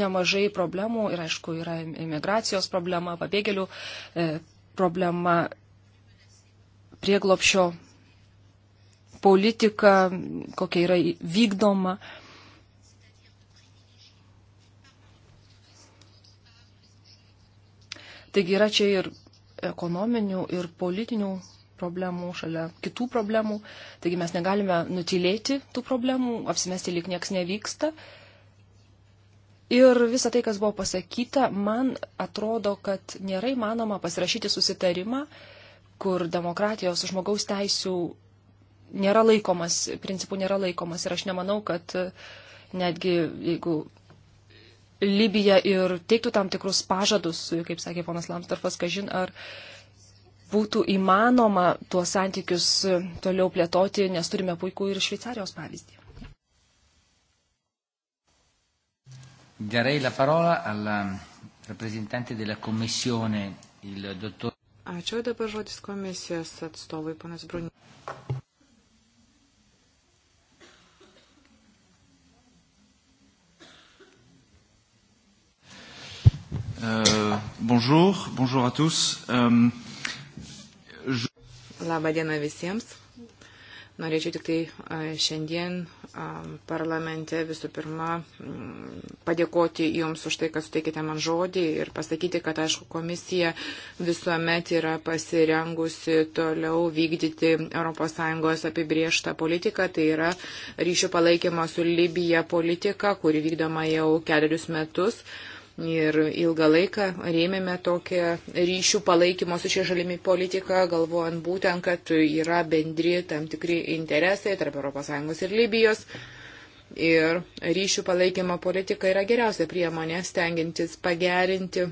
nemažai problemų ir, aišku, yra imigracijos problema, pabėgėlių e, problema, prieglopšio politika, kokia yra vykdoma. Taigi yra čia ir ekonominių, ir politinių problemų, šalia kitų problemų. Taigi mes negalime nutilėti tų problemų, apsimesti lik nieks nevyksta. Ir visa tai, kas buvo pasakyta, man atrodo, kad nėra įmanoma pasirašyti susitarimą, kur demokratijos žmogaus teisų nėra laikomas, principų nėra laikomas. Ir aš nemanau, kad e, netgi jeigu Libija ir teiktų tam tikrus pažadus, kaip sakė ponas Lamstarfas, kažin ar būtų įmanoma tuos santykius e, toliau plėtoti, nes turime puikų ir Šveicarijos pavyzdį. Darei la parola alla um, reprezentante della Commissione, il dottor. Ačiū dabar žodis komisijos atstovui, panas Brunė. Euh, bonjour, bonjour à tous. Euh, Labą dieną visiems. Norėčiau tik tai šiandien parlamente visų pirma mm, padėkoti Jums už tai, kad suteikite man žodį ir pasakyti, kad aišku komisija visuomet yra pasirengusi toliau vykdyti ES apibrieštą politiką, tai yra ryšių palaikymo su Libija politika, kuri vykdoma jau keliarius metus ir ilgą laiką rėmėme tokią ryšių palaikymo su šia šalimi politiką, galvojant būtent, kad yra bendri tam tikri interesai tarp ES ir Libijos. Ir ryšių palaikymo politika yra geriausia priemonė stengiantis pagerinti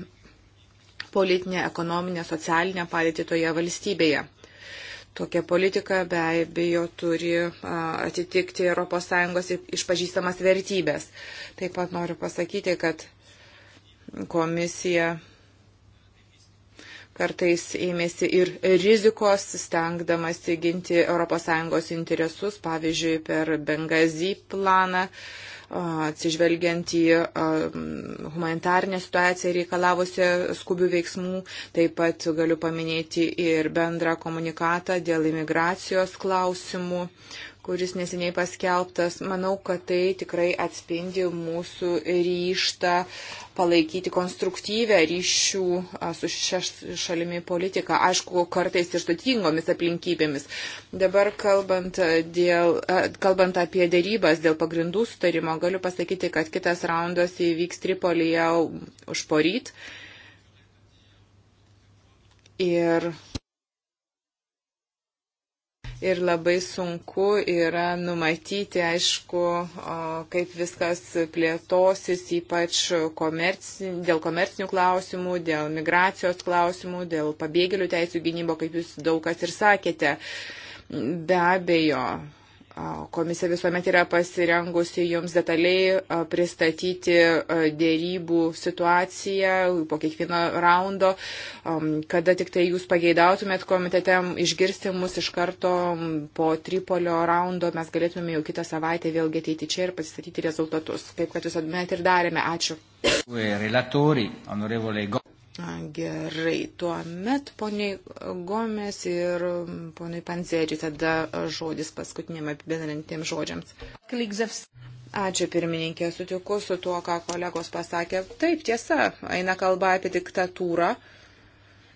politinę, ekonominę, socialinę padėtį toje valstybėje. Tokia politika be abejo turi atitikti ES išpažįstamas vertybės. Taip pat noriu pasakyti, kad komisija kartais ėmėsi ir rizikos, stengdamasi ginti ES interesus, pavyzdžiui, per Bengazi planą, atsižvelgiant į humanitarnę situaciją reikalavusią skubių veiksmų. Taip pat galiu paminėti ir bendrą komunikatą dėl imigracijos klausimų kuris neseniai paskelbtas. Manau, kad tai tikrai atspindi mūsų ryštą palaikyti konstruktyvę ryšių su šia šalimi politiką, aišku, kartais ir sudėtingomis aplinkybėmis. Dabar kalbant, dėl, kalbant apie dėrybas dėl pagrindų sutarimo, galiu pasakyti, kad kitas raundas įvyks Tripolyje už poryt. Ir ir labai sunku yra numatyti, aišku, kaip viskas plėtosis, ypač komerci, dėl komercinių klausimų, dėl migracijos klausimų, dėl pabėgėlių teisų gynybo, kaip jūs daug kas ir sakėte. Be abejo, Komisija visuomet yra pasirengusi jums detaliai pristatyti dėrybų situaciją po kiekvieno raundo, kada tik tai jūs pageidautumėt komitete išgirsti mus iš karto po Tripolio raundo, mes galėtume jau kitą savaitę vėlgi ateiti čia ir pasistatyti rezultatus, kaip kad jūs atmet ir darėme. Ačiū. Gerai, tuo met poniai Gomes ir poniai Panzerį tada žodis paskutiniam apibendrintiems žodžiams. Klikzevs. Ačiū pirmininkė, sutiku su tuo, ką kolegos pasakė. Taip, tiesa, eina kalba apie diktatūrą. Uh,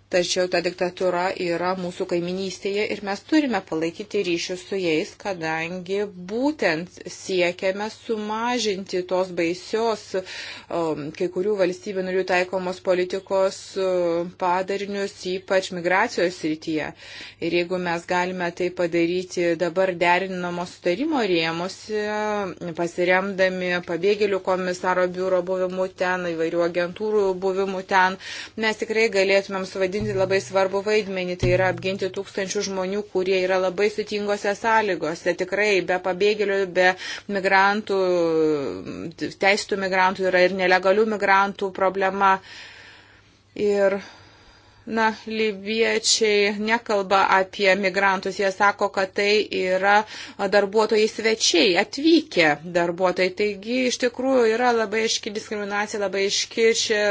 Tačiau ta diktatūra yra mūsų kaiminystėje ir mes turime palaikyti ryšius su jais, kadangi būtent siekiame sumažinti tos baisios um, kai kurių valstybių narių taikomos politikos um, padarinius, ypač migracijos rytyje. Ir jeigu mes galime tai padaryti dabar derinamo sutarimo rėmose, pasiremdami pabėgėlių komisaro biuro buvimu ten, įvairių agentūrų buvimu ten, mes tikrai galėtumėm suvadinti suvaidinti labai svarbu vaidmenį, tai yra apginti tūkstančių žmonių, kurie yra labai sutingose sąlygose. Tikrai be pabėgėlių, be migrantų, teistų migrantų yra ir nelegalių migrantų problema. Ir na, libiečiai nekalba apie migrantus, jie sako, kad tai yra darbuotojai svečiai, atvykę darbuotojai. Taigi, iš tikrųjų, yra labai aiški diskriminacija, labai, aiški, čia,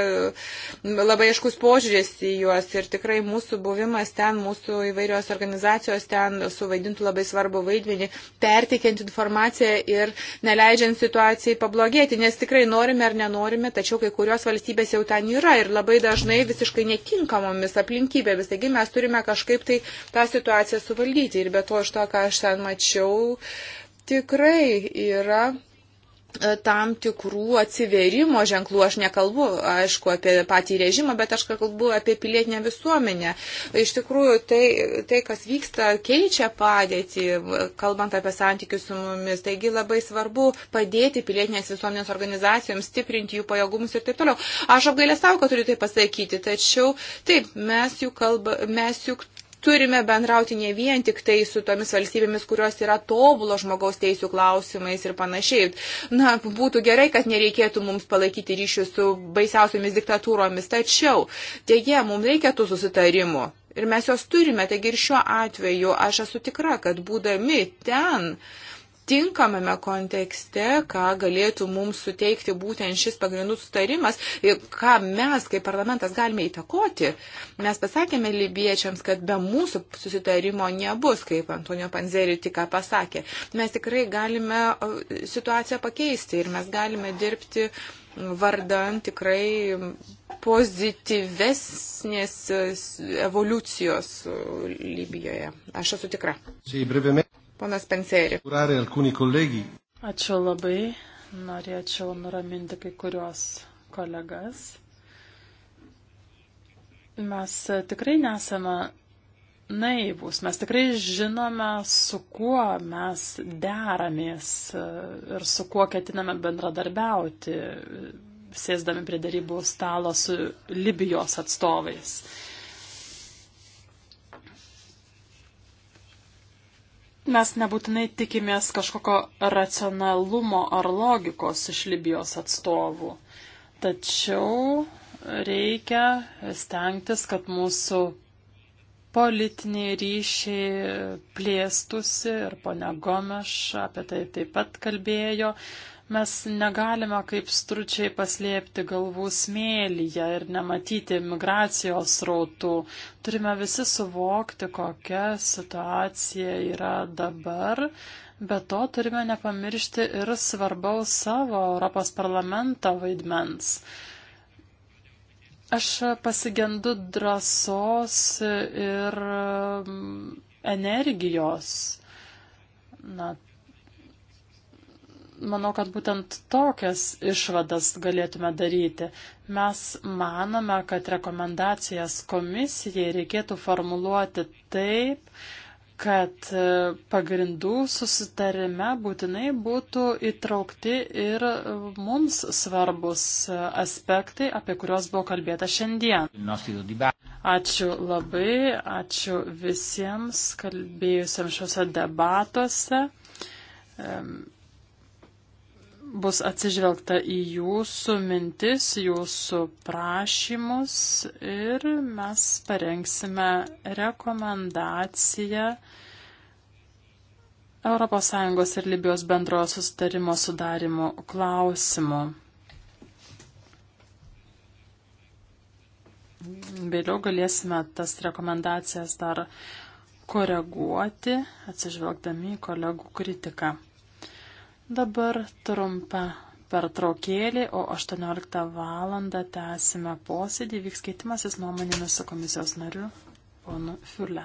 labai aiškus požiūrės į juos ir tikrai mūsų buvimas ten, mūsų įvairios organizacijos ten suvaidintų labai svarbu vaidmenį, pertikiant informaciją ir neleidžiant situacijai pablogėti, nes tikrai norime ar nenorime, tačiau kai kurios valstybės jau ten yra ir labai dažnai visiškai netinkamomis tokiamis aplinkybėmis. Taigi mes turime kažkaip tai tą situaciją suvaldyti. Ir be to, iš to, ką aš ten mačiau, tikrai yra E, tam tikrų atsiverimo ženklų. Aš nekalbu, aišku, apie patį režimą, bet aš kalbu apie pilietinę visuomenę. Iš tikrųjų, tai, tai kas vyksta, keičia padėtį, kalbant apie santykius su mumis. Taigi labai svarbu padėti pilietinės visuomenės organizacijoms, stiprinti jų pajėgumus ir taip toliau. Aš apgailę savo, kad turiu tai pasakyti, tačiau taip, mes juk, kalba, mes juk turime bendrauti ne vien tik tai su tomis valstybėmis, kurios yra tobulo žmogaus teisų klausimais ir panašiai. Na, būtų gerai, kad nereikėtų mums palaikyti ryšių su baisiausiamis diktatūromis, tačiau dėje mums reikia tų susitarimų. Ir mes juos turime, taigi ir šiuo atveju aš esu tikra, kad būdami ten, uh, tinkamame kontekste, ką galėtų mums suteikti būtent šis pagrindų sutarimas ir ką mes kaip parlamentas galime įtakoti. Mes pasakėme libiečiams, kad be mūsų susitarimo nebus, kaip Antonio Panzeri tik ką pasakė. Mes tikrai galime situaciją pakeisti ir mes galime dirbti vardan tikrai pozityvesnės e, evoliucijos e, Libijoje. Aš esu tikra. Ponas Penseri. Ačiū labai. Norėčiau nuraminti kai kuriuos kolegas. Mes tikrai nesame naivūs, mes tikrai žinome, su kuo mes deramės e, ir su kuo ketiname bendradarbiauti, sėsdami prie darybų stalo su Libijos atstovais. Mes nebūtinai tikimės kažkokio racionalumo ar logikos iš Libijos atstovų, tačiau reikia stengtis, kad mūsų politiniai ryšiai plėstusi ir ponia Gomeš apie tai taip pat kalbėjo. Mes negalime kaip stručiai paslėpti galvų smėlyje ir nematyti migracijos rautų. Turime visi suvokti, kokia situacija yra dabar, bet to turime nepamiršti ir svarbaus savo Europos parlamento vaidmens. Aš pasigendu drąsos ir mm, energijos. Na, manau, kad būtent tokias išvadas galėtume daryti. Mes manome, kad rekomendacijas komisijai reikėtų formuluoti taip, kad e, pagrindų susitarime būtinai būtų įtraukti ir e, mums svarbus e, aspektai, apie kuriuos buvo kalbėta šiandien. Ačiū labai, ačiū visiems kalbėjusiems šiuose debatuose. Um, bus atsižvelgta į jūsų mintis, jūsų prašymus ir mes parengsime rekomendaciją ES ir Libijos bendrojo susitarimo sudarimo klausimu. Vėliau galėsime tas rekomendacijas dar koreguoti, atsižvelgdami į kolegų kritiką. Dabar trumpa pertraukėlė, o 18 valandą tęsime posėdį, vyks keitimasis nuomonėmis su komisijos nariu ponu Fiule.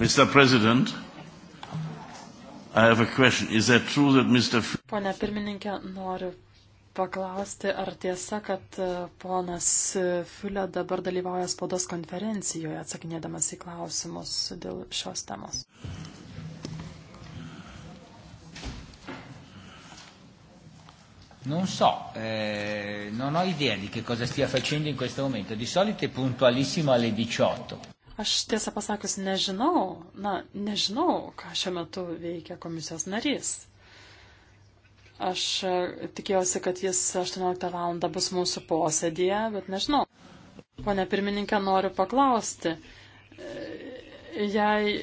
Mr. President, I have a question. Is that true that Mr. F Pone pirmininkė, noriu paklausti, ar tiesa, kad e, ponas e, Fiulė dabar dalyvauja spaudos konferencijoje atsakinėdamas į klausimus dėl šios temos? Non so, eh, non ho idea di che cosa stia facendo in questo momento. Di solito è puntualissimo alle 18. Aš tiesą pasakius nežinau, na, nežinau, ką šiuo metu veikia komisijos narys. Aš e, tikėjausi, kad jis 18 val. bus mūsų posėdėje, bet nežinau. Pone pirmininkė, noriu paklausti, e, jei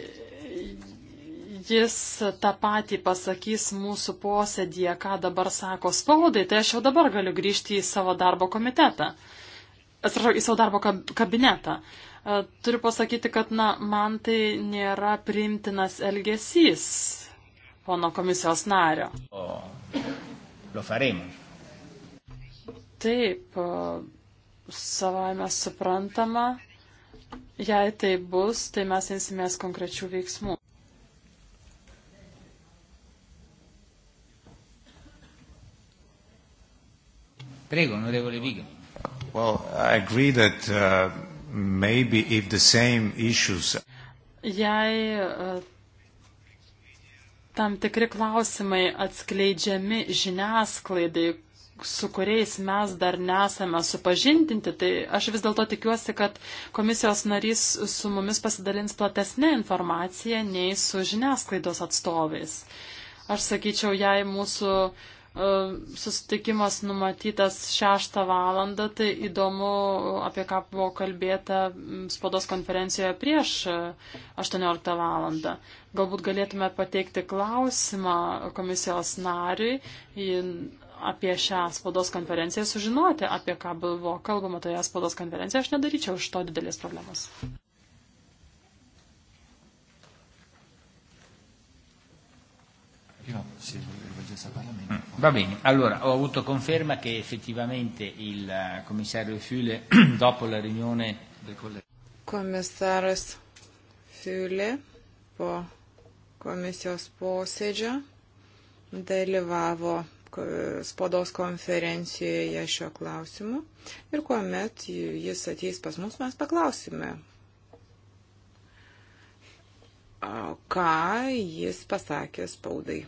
jis tą patį pasakys mūsų posėdėje, ką dabar sako spaudai, tai aš jau dabar galiu grįžti į savo darbo komitetą. Atsiprašau, į savo darbo kabinetą. E, turiu pasakyti, kad na, man tai nėra priimtinas elgesys pono komisijos nario. O, lo faremo. Taip, savame suprantama, jei tai bus, tai mes insimės konkrečių veiksmų. Prego, onorevole Vigo. Well, I agree that uh, Issues... Jei e, tam tikri klausimai atskleidžiami žiniasklaidai, su kuriais mes dar nesame supažindinti, tai aš vis dėlto tikiuosi, kad komisijos narys su mumis pasidalins platesnė informacija nei su žiniasklaidos atstovais. Aš sakyčiau, jei mūsų uh, E, susitikimas numatytas 6 valandą, tai įdomu, apie ką buvo kalbėta spados konferencijoje prieš 18 e, valandą. Galbūt galėtume pateikti klausimą komisijos nariui apie šią spados konferenciją, sužinoti, apie ką buvo kalbama toje spados konferencijoje. Aš nedaryčiau iš to didelės problemos. Jo, sėdžiu ir valdžias apalamenį. Va bene, allora ho avuto conferma che effettivamente il eh, commissario Fiule dopo la riunione del collegio. Komisaras Fiule po komisijos posėdžio dalyvavo spaudos konferencijoje šio klausimu ir kuomet jis ateis pas mus, mes paklausime, ką jis pasakė spaudai.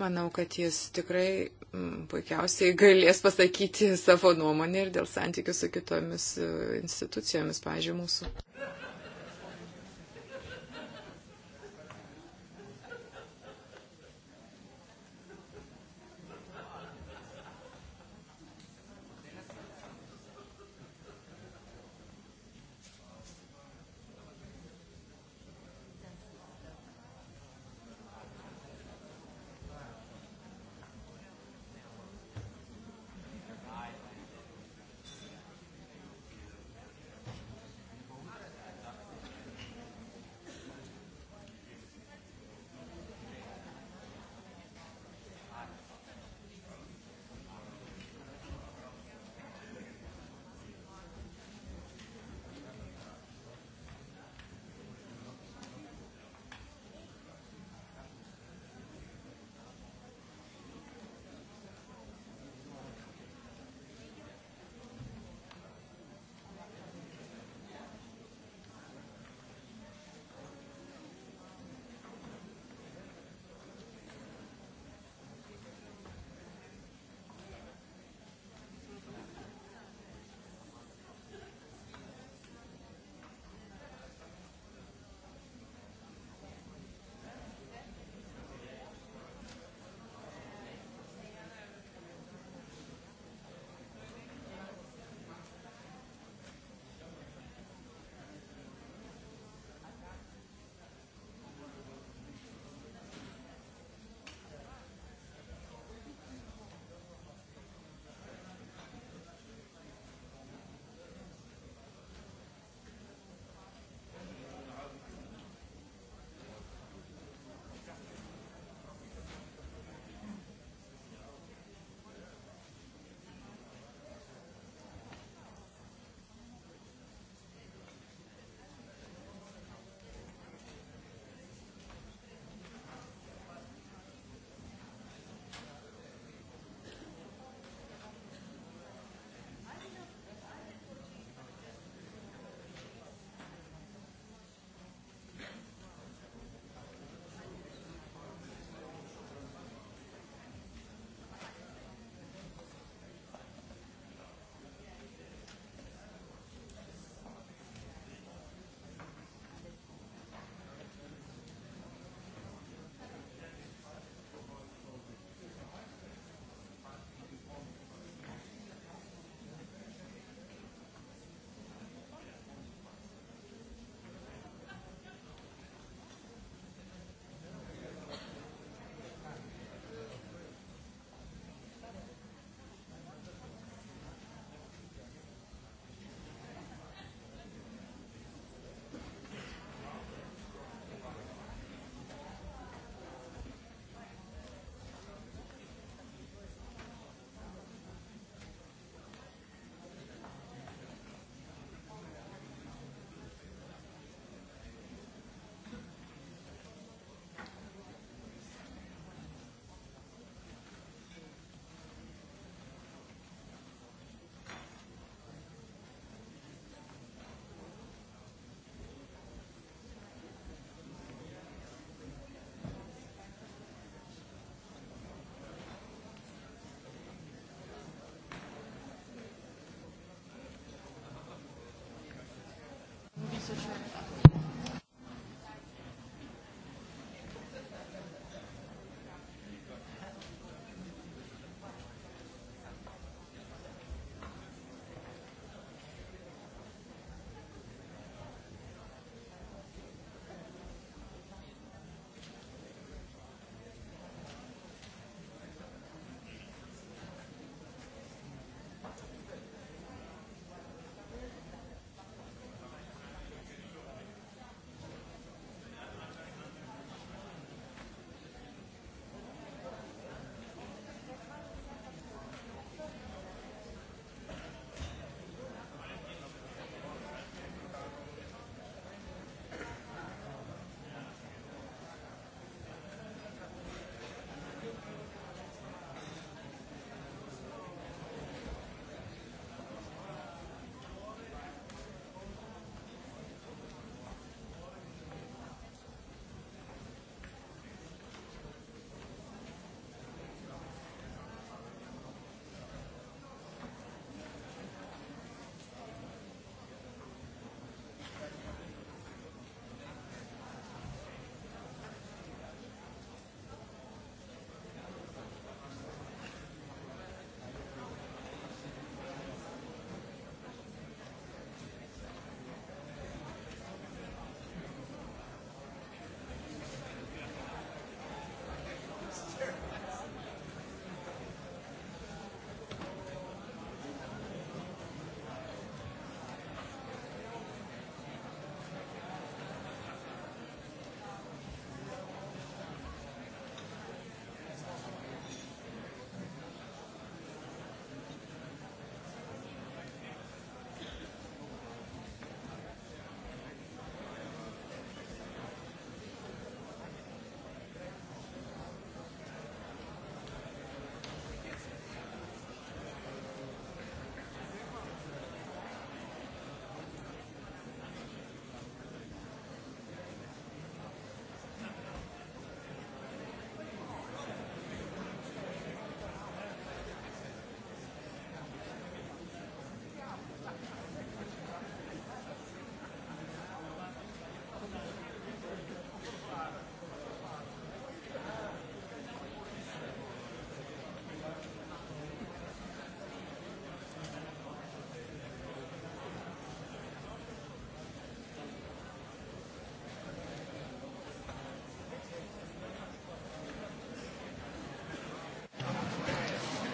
Manau, kad jis tikrai mm, puikiausiai galės pasakyti savo nuomonę ir dėl santykių su kitomis e, institucijomis, pažiūrėjau, mūsų.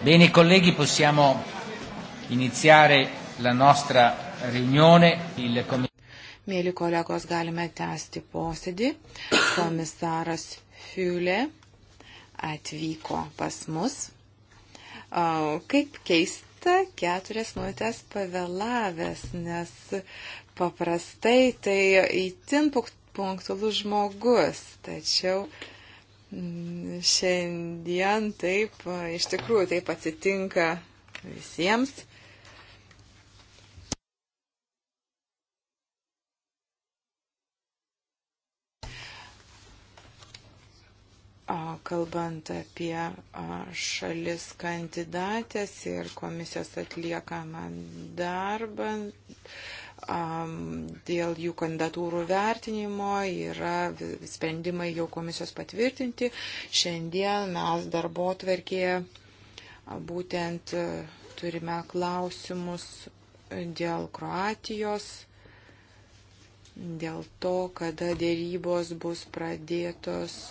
Bene colleghi, possiamo iniziare la nostra riunione. Il Mėly kolegos, galime tęsti posėdį. Komisaras Fiulė atvyko pas mus. Kaip keista, keturias minutės pavėlavęs, nes paprastai tai įtin punktualus žmogus. Tačiau Šiandien taip, iš tikrųjų taip atsitinka visiems. kalbant apie šalis kandidatės ir komisijos atliekamą darbą, dėl jų kandidatūrų vertinimo yra sprendimai jau komisijos patvirtinti. Šiandien mes darbo tvarkėje būtent e, turime klausimus dėl Kroatijos, dėl to, kada dėrybos bus pradėtos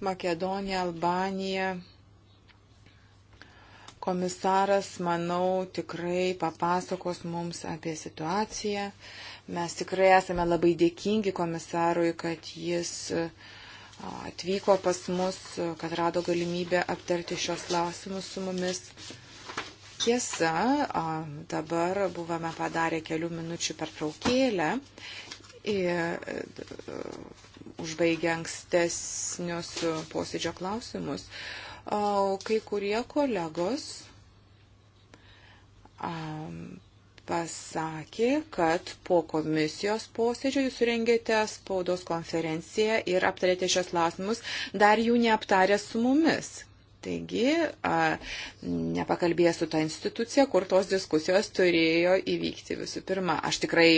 Makedonija, Albanija. Komisaras, manau, tikrai papasakos mums apie situaciją. Mes tikrai esame labai dėkingi komisarui, kad jis atvyko pas mus, kad rado galimybę aptarti šios klausimus su mumis. Tiesa, dabar buvome padarę kelių minučių pertraukėlę užbaigę ankstesnius posėdžio klausimus. O kai kurie kolegos um, pasakė, kad po komisijos posėdžio jūs surengėte spaudos konferenciją ir aptarėte šios klausimus, dar jų neaptarė su mumis. Taigi, nepakalbėjęs su ta institucija, kur tos diskusijos turėjo įvykti visų pirma. Aš tikrai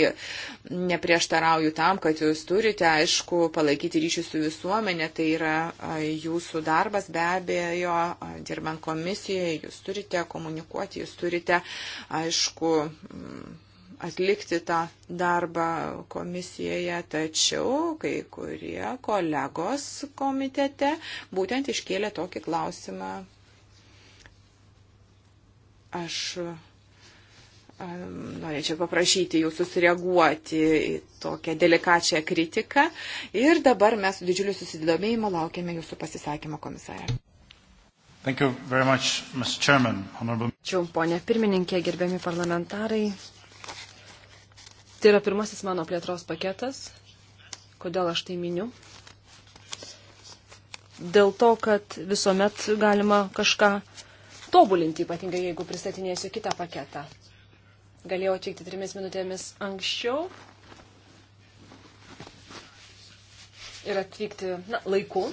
neprieštarauju tam, kad jūs turite, aišku, palaikyti ryšį su visuomenė, tai yra jūsų darbas be abejo, dirbant komisijoje, jūs turite komunikuoti, jūs turite, aišku, atlikti tą darbą komisijoje, tačiau kai kurie kolegos komitete būtent iškėlė tokį klausimą. Aš norėčiau paprašyti jūsų susireaguoti į tokią delikačią kritiką. Ir dabar mes su didžiuliu susidomėjimu laukiame jūsų pasisakymo, komisarė. Ačiū, ponė pirmininkė, gerbiami parlamentarai. Tai yra pirmasis mano plėtros paketas. Kodėl aš tai miniu? Dėl to, kad visuomet galima kažką tobulinti, ypatingai jeigu pristatinėsiu kitą paketą. Galėjau atvykti trimis minutėmis anksčiau ir atvykti na, laiku.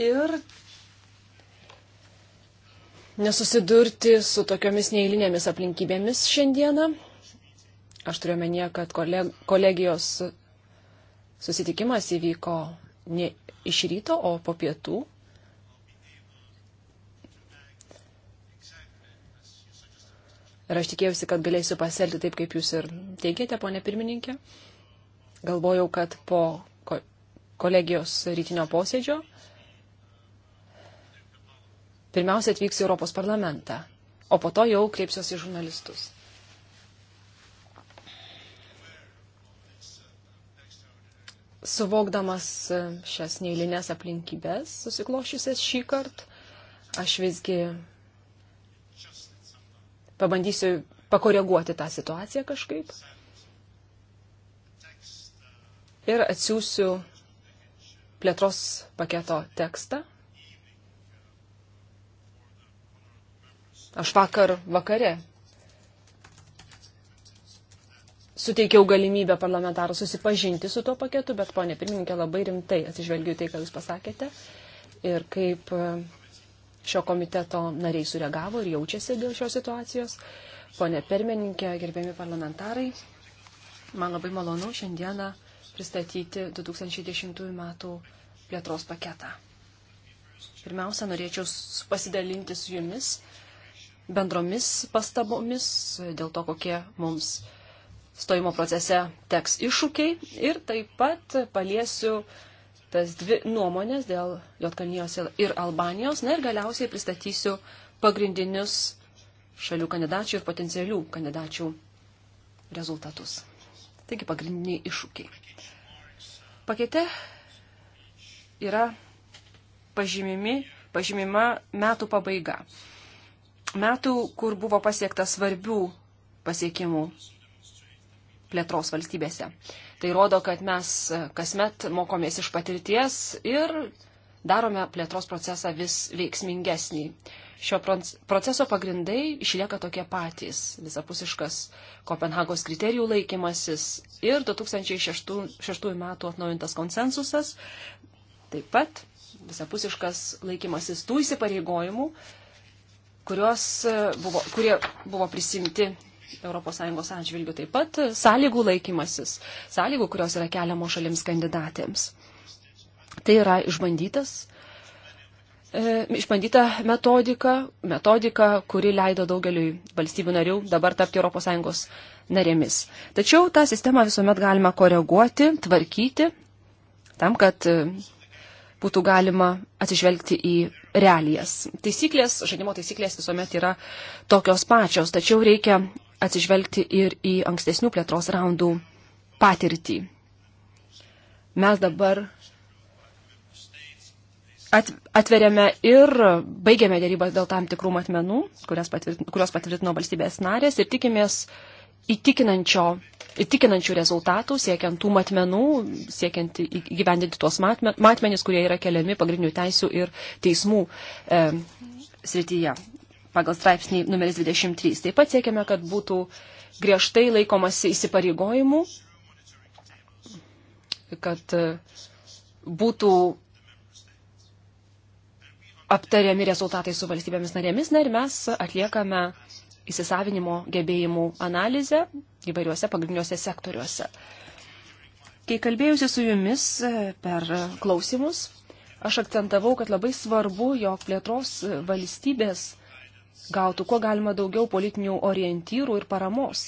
Ir nesusidurti su tokiomis neįlinėmis aplinkybėmis šiandieną. Aš turiu menyje, kad kolegijos susitikimas įvyko ne iš ryto, o po pietų. Ir aš tikėjausi, kad galėsiu pasielgti taip, kaip jūs ir teikėte, ponė pirmininkė. Galvojau, kad po kolegijos rytinio posėdžio pirmiausia atvyksiu į Europos parlamentą, o po to jau kreipsiuosi į žurnalistus. Suvokdamas šias neįlinės aplinkybės susiklošiusias šį kartą, aš visgi pabandysiu pakoreguoti tą situaciją kažkaip ir atsiųsiu plėtros paketo tekstą Aš vakar vakare suteikiau galimybę parlamentarų susipažinti su tuo paketu, bet ponė pirmininkė labai rimtai atsižvelgiu tai, ką jūs pasakėte ir kaip e, šio komiteto nariai sureagavo ir jaučiasi dėl šios situacijos. Pone pirmininkė, gerbėmi parlamentarai, man labai malonu šiandieną pristatyti 2010 metų plėtros paketą. Pirmiausia, norėčiau pasidalinti su jumis bendromis pastabomis dėl to, kokie mums stojimo procese teks iššūkiai ir taip pat paliesiu tas dvi nuomonės dėl Jotkalnijos ir Albanijos. Na ir galiausiai pristatysiu pagrindinius šalių kandidačių ir potencialių kandidačių rezultatus. Taigi pagrindiniai iššūkiai. Pakete yra pažymimi, pažymima metų pabaiga metų, kur buvo pasiekta svarbių pasiekimų plėtros valstybėse. Tai rodo, kad mes e, kasmet mokomės iš patirties ir darome plėtros procesą vis veiksmingesnį. Šio proceso pagrindai išlieka tokie patys - visapusiškas Kopenhagos kriterijų laikymasis ir 2006 metų atnaujintas konsensusas, taip pat visapusiškas laikymasis tų įsipareigojimų, E, buvo, kurie buvo prisimti ES atžvilgių taip pat e, sąlygų laikymasis, sąlygų, kurios yra keliamos šalims kandidatėms. Tai yra išbandytas, e, išbandyta metodika, metodika, kuri leido daugeliui valstybių narių dabar tapti ES narėmis. Tačiau tą sistemą visuomet galima koreguoti, tvarkyti, tam, kad e, būtų galima atsižvelgti į realijas. Taisyklės, žaidimo taisyklės visuomet yra tokios pačios, tačiau reikia atsižvelgti ir į ankstesnių plėtros raundų patirtį. Mes dabar atveriame ir baigiame dėrybas dėl tam tikrų matmenų, kurios patvirtino, kurios patvirtino valstybės narės ir tikimės, uh, įtikinančių rezultatų, siekiant tų matmenų, siekiant įgyvendinti tuos matmenis, kurie yra keliami pagrindinių teisų ir teismų e, srityje pagal straipsnį numeris 23. Taip pat siekiame, kad būtų griežtai laikomasi įsipareigojimų, kad e, būtų aptariami rezultatai su valstybėmis narėmis, na ir mes atliekame įsisavinimo gebėjimų analizę įvairiuose pagrindiniuose sektoriuose. Kai kalbėjusi su jumis e, per klausimus, aš akcentavau, kad labai svarbu, jog plėtros valstybės gautų kuo galima daugiau politinių orientyrų ir paramos.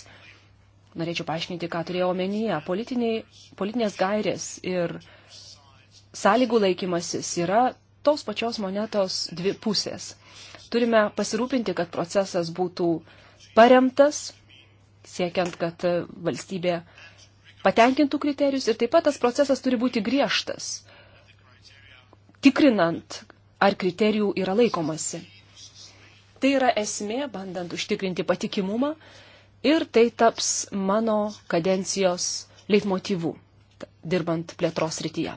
Norėčiau paaiškinti, ką turėjau omenyje. Politiniai, politinės gairės ir sąlygų laikymasis yra tos pačios monetos dvi pusės turime pasirūpinti, kad procesas būtų paremtas, siekiant, kad valstybė patenkintų kriterijus ir taip pat tas procesas turi būti griežtas, tikrinant, ar kriterijų yra laikomasi. Tai yra esmė, bandant užtikrinti patikimumą ir tai taps mano kadencijos leitmotyvų dirbant plėtros rytyje.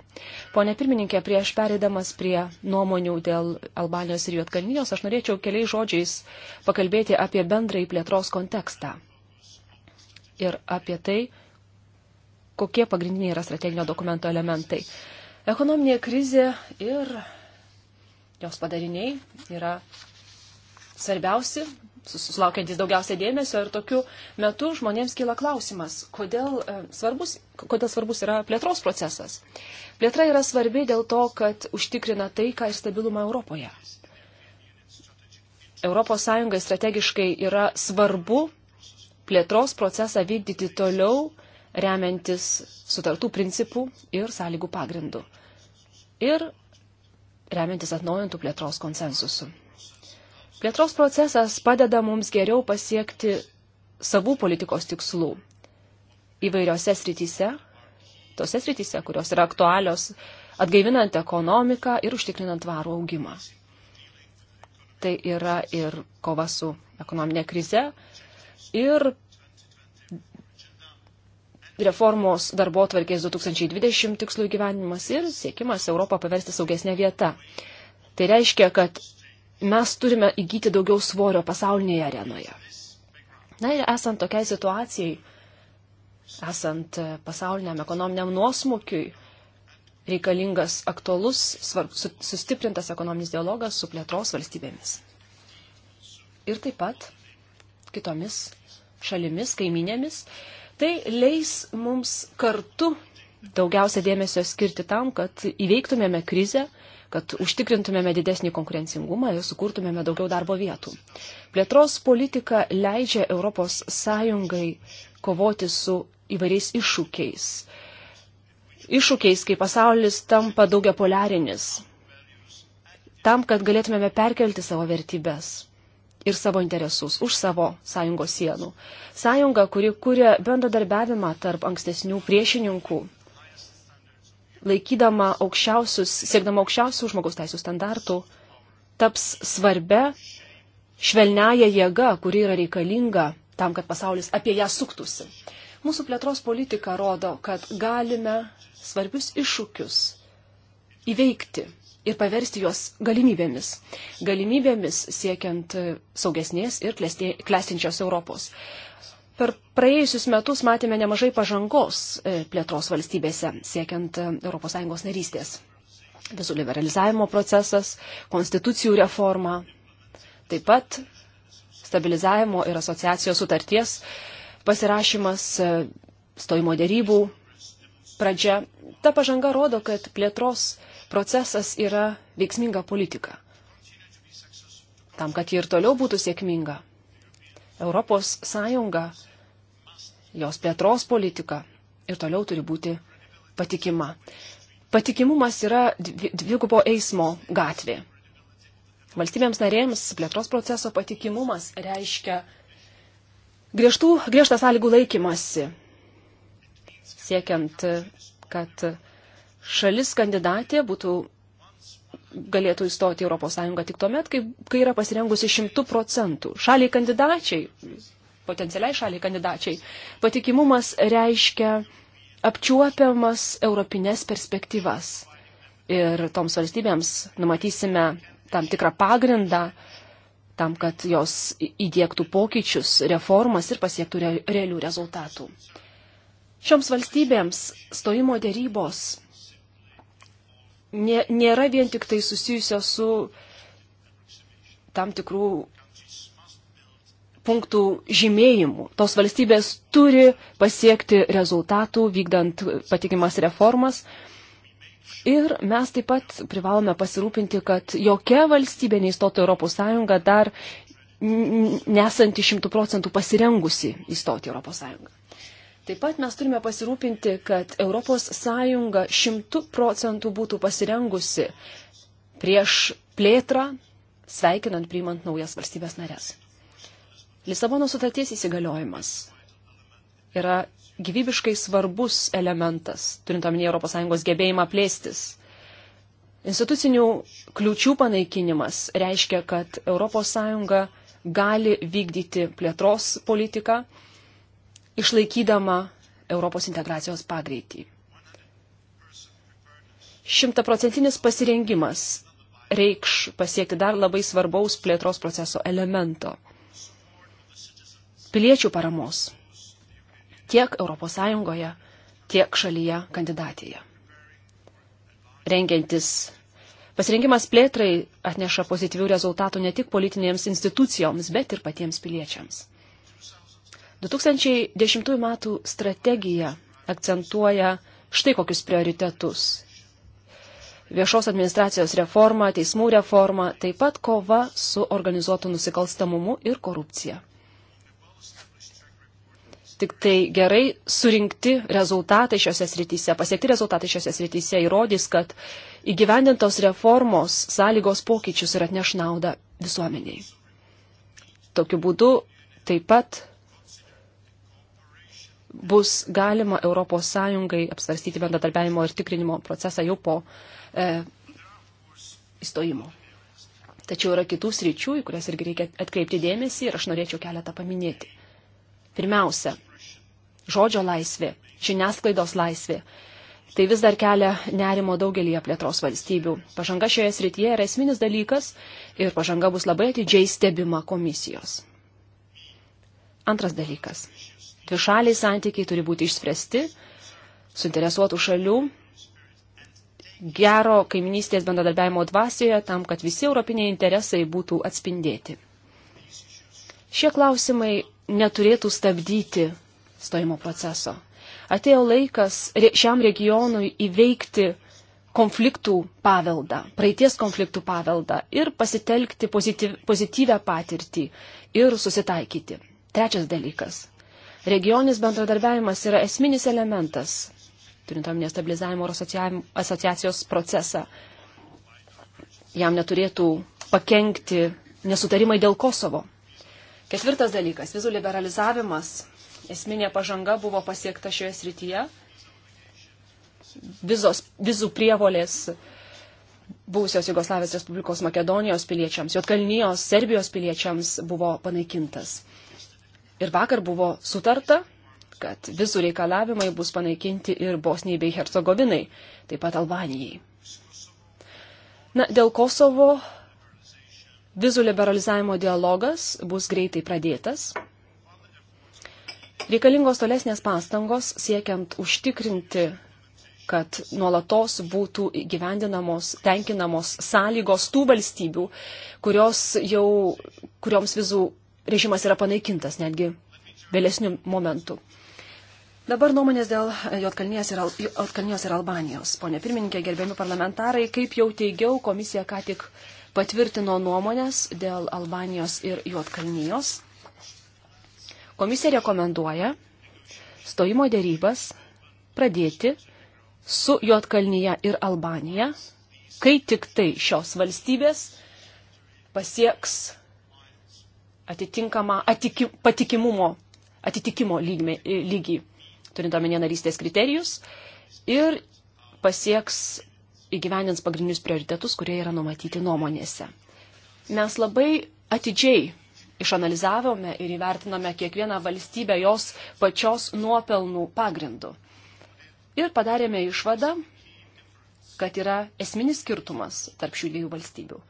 Pone pirmininkė, prieš perėdamas prie nuomonių dėl Albanijos ir Juotkalnijos, aš norėčiau keliais žodžiais pakalbėti apie bendrąjį plėtros kontekstą ir apie tai, kokie pagrindiniai yra strateginio dokumento elementai. Ekonominė krizė ir jos padariniai yra svarbiausi susilaukiantis daugiausia dėmesio ir tokiu metu žmonėms kyla klausimas, kodėl e, svarbus, kodėl svarbus yra plėtros procesas. Plėtra yra svarbi dėl to, kad užtikrina taiką ir stabilumą Europoje. ES strategiškai yra svarbu plėtros procesą vykdyti toliau, remiantis sutartų principų ir sąlygų pagrindų. Ir remiantis atnaujintų plėtros konsensusu. Plėtros procesas padeda mums geriau pasiekti savų politikos tikslų įvairiose srityse, tose srityse, kurios yra aktualios, atgaivinant ekonomiką ir užtikrinant varų augimą. Tai yra ir kova su ekonominė krize ir reformos darbo tvarkės 2020 tikslų įgyvenimas ir siekimas Europą paversti saugesnė vieta. Tai reiškia, kad mes turime įgyti daugiau svorio pasaulinėje arenoje. Na ir esant tokiai situacijai, esant e, pasauliniam ekonominiam nuosmukiui, reikalingas aktualus, svarb, sustiprintas ekonominis dialogas su plėtros valstybėmis. Ir taip pat kitomis šalimis, kaiminėmis. Tai leis mums kartu daugiausia dėmesio skirti tam, kad įveiktumėme krizę, kad užtikrintumėme didesnį konkurencingumą ir sukurtumėme daugiau darbo vietų. Plėtros politika leidžia ES kovoti su įvairiais iššūkiais. Iššūkiais, kai pasaulis tampa daugia polarinis. Tam, kad galėtumėme perkelti savo vertybės ir savo interesus už savo sąjungos sienų. Sąjunga, kuri kūrė bendradarbiavimą tarp ankstesnių priešininkų laikydama aukščiausius, siekdama aukščiausių žmogaus teisų standartų, taps svarbia švelniaja jėga, kuri yra reikalinga tam, kad pasaulis apie ją suktųsi. Mūsų plėtros politika rodo, kad galime svarbius iššūkius įveikti ir paversti juos galimybėmis. Galimybėmis siekiant saugesnės ir klestinčios Europos. Per praėjusius metus matėme nemažai pažangos e, plėtros valstybėse, siekiant e, ES narystės. Visų liberalizavimo procesas, konstitucijų reforma, taip pat stabilizavimo ir asociacijos sutarties pasirašymas, e, stojimo dėrybų pradžia. Ta pažanga rodo, kad plėtros procesas yra veiksminga politika. Tam, kad ji ir toliau būtų sėkminga, Europos Sąjunga, jos plėtros politika ir toliau turi būti patikima. Patikimumas yra dvigubo eismo gatvė. Valstybėms narėms plėtros proceso patikimumas reiškia griežtų, griežtą sąlygų laikymasi, siekiant, kad šalis kandidatė būtų galėtų įstoti Europos Sąjungą tik tuomet, kai, kai yra pasirengusi šimtų procentų. Šaliai kandidačiai, potencialiai šaliai kandidačiai, patikimumas reiškia apčiuopiamas europinės perspektyvas. Ir toms valstybėms numatysime tam tikrą pagrindą tam, kad jos įdėktų pokyčius, reformas ir pasiektų realių rezultatų. Šioms valstybėms stojimo dėrybos nėra vien tik tai susijusios su tam tikrų punktų žymėjimu. Tos valstybės turi pasiekti rezultatų vykdant patikimas reformas. Ir mes taip pat privalome pasirūpinti, kad jokia valstybė neįstotų Europos Sąjungą dar nesanti šimtų procentų pasirengusi įstoti Europos Sąjungą. Taip pat mes turime pasirūpinti, kad ES šimtų procentų būtų pasirengusi prieš plėtrą, sveikinant priimant naujas valstybės narės. Lisabono sutarties įsigaliojimas yra gyvybiškai svarbus elementas, turint omenyje ES gebėjimą plėstis. Institucinių kliūčių panaikinimas reiškia, kad ES gali vykdyti plėtros politiką išlaikydama Europos integracijos pagreitį. Šimtaprocentinis pasirengimas reikš pasiekti dar labai svarbaus plėtros proceso elemento - piliečių paramos tiek ES, tiek šalyje kandidatėje. Rengiantis pasirengimas plėtrai atneša pozityvių rezultatų ne tik politinėms institucijoms, bet ir patiems piliečiams. 2010 m. strategija akcentuoja štai kokius prioritetus. Viešos administracijos reforma, teismų reforma, taip pat kova su organizuotu nusikalstamumu ir korupcija. Tik tai gerai surinkti rezultatai šiose srityse, pasiekti rezultatai šiose srityse įrodys, kad įgyvendintos reformos sąlygos pokyčius ir atneš naudą visuomeniai. Tokiu būdu taip pat bus galima ES apsvarstyti bendradarbiavimo ir tikrinimo procesą jau po e, įstojimo. Tačiau yra kitų sričių, į kurias irgi reikia atkreipti dėmesį ir aš norėčiau keletą paminėti. Pirmiausia, žodžio laisvė, žiniasklaidos laisvė. Tai vis dar kelia nerimo daugelį plėtros valstybių. Pažanga šioje srityje yra esminis dalykas ir pažanga bus labai atidžiai stebima komisijos. Antras dalykas. Trišaliai santykiai turi būti išspręsti, suinteresuotų šalių, gero kaiminystės bendradarbiavimo dvasioje, tam, kad visi europiniai interesai būtų atspindėti. Šie klausimai neturėtų stabdyti stojimo proceso. Atėjo laikas šiam regionui įveikti konfliktų paveldą, praeities konfliktų paveldą ir pasitelkti pozityv, pozityvę patirtį ir susitaikyti. Trečias dalykas regionis bendradarbiavimas yra esminis elementas, turint omenyje stabilizavimo ir asociacijos procesą. Jam neturėtų pakengti nesutarimai dėl Kosovo. Ketvirtas dalykas - vizų liberalizavimas. Esminė pažanga buvo pasiekta šioje srityje. Vizos, vizų prievolės buvusios Jugoslavijos Respublikos Makedonijos piliečiams, Jotkalnijos, Serbijos piliečiams buvo panaikintas. Ir vakar buvo sutarta, kad visų reikalavimai bus panaikinti ir Bosnijai bei Hercegovinai, taip pat Albanijai. Na, dėl Kosovo vizų liberalizavimo dialogas bus greitai pradėtas. Reikalingos tolesnės pastangos siekiant užtikrinti, kad nuolatos būtų gyvendinamos, tenkinamos sąlygos tų valstybių, jau, kurioms vizų režimas yra panaikintas netgi vėlesnių momentų. Dabar nuomonės dėl Jotkalnijos ir, Al Jotkalnijos ir Albanijos. Pone pirmininkė, gerbiami parlamentarai, kaip jau teigiau, komisija ką tik patvirtino nuomonės dėl Albanijos ir Jotkalnijos. Komisija rekomenduoja stojimo dėrybas pradėti su Jotkalnyje ir Albanija, kai tik tai šios valstybės pasieks atitinkamą atiki, patikimumo, atitikimo lygme, lygį, turint omenyje narystės kriterijus, ir pasieks įgyvendins pagrindinius prioritetus, kurie yra numatyti nuomonėse. Mes labai atidžiai išanalizavome ir įvertinome kiekvieną valstybę jos pačios nuopelnų pagrindų. Ir padarėme išvadą, kad yra esminis skirtumas tarp šių dviejų valstybių.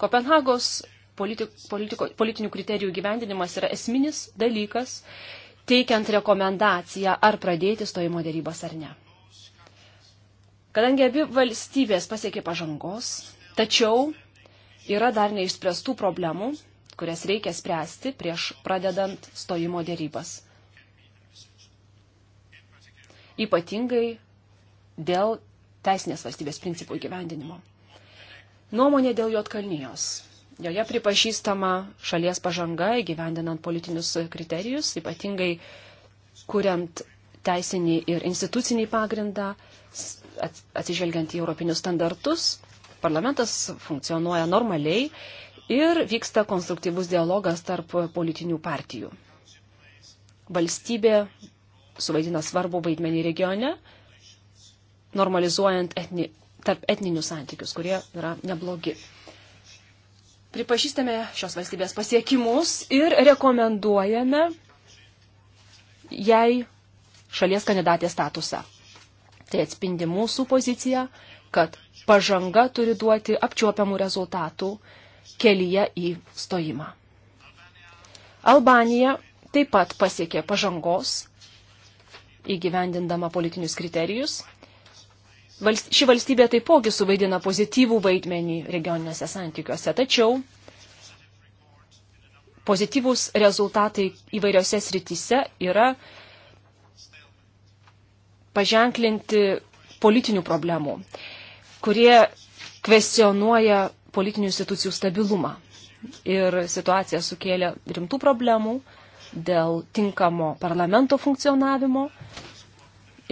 Kopenhagos politi politiko, politinių kriterijų gyvendinimas yra esminis dalykas, teikiant rekomendaciją ar pradėti stojimo dėrybas ar ne. Kadangi abi valstybės pasiekė pažangos, tačiau yra dar neišspręstų problemų, kurias reikia spręsti prieš pradedant stojimo dėrybas. Ypatingai dėl teisinės valstybės principų įgyvendinimo. Nuomonė dėl Jotkalnyjos. Joje pripažįstama šalies pažanga įgyvendinant politinius kriterijus, ypatingai kuriant teisinį ir institucinį pagrindą, atsižvelgiant į europinius standartus. Parlamentas funkcionuoja normaliai ir vyksta konstruktyvus dialogas tarp politinių partijų. Valstybė suvaidina svarbu vaidmenį regione, normalizuojant etni, tarp etninius santykius, kurie yra neblogi. Pripažįstame šios valstybės pasiekimus ir rekomenduojame jai šalies kandidatės statusą. Tai atspindi mūsų poziciją, kad pažanga turi duoti apčiuopiamų rezultatų kelyje į stojimą. Albanija taip pat pasiekė pažangos įgyvendindama politinius kriterijus ši valstybė taipogi suvaidina pozityvų vaidmenį regioniniuose santykiuose. Tačiau pozityvūs rezultatai įvairiose srityse yra paženklinti politinių problemų, kurie kvestionuoja politinių institucijų stabilumą. Ir situacija sukėlė rimtų problemų dėl tinkamo parlamento funkcionavimo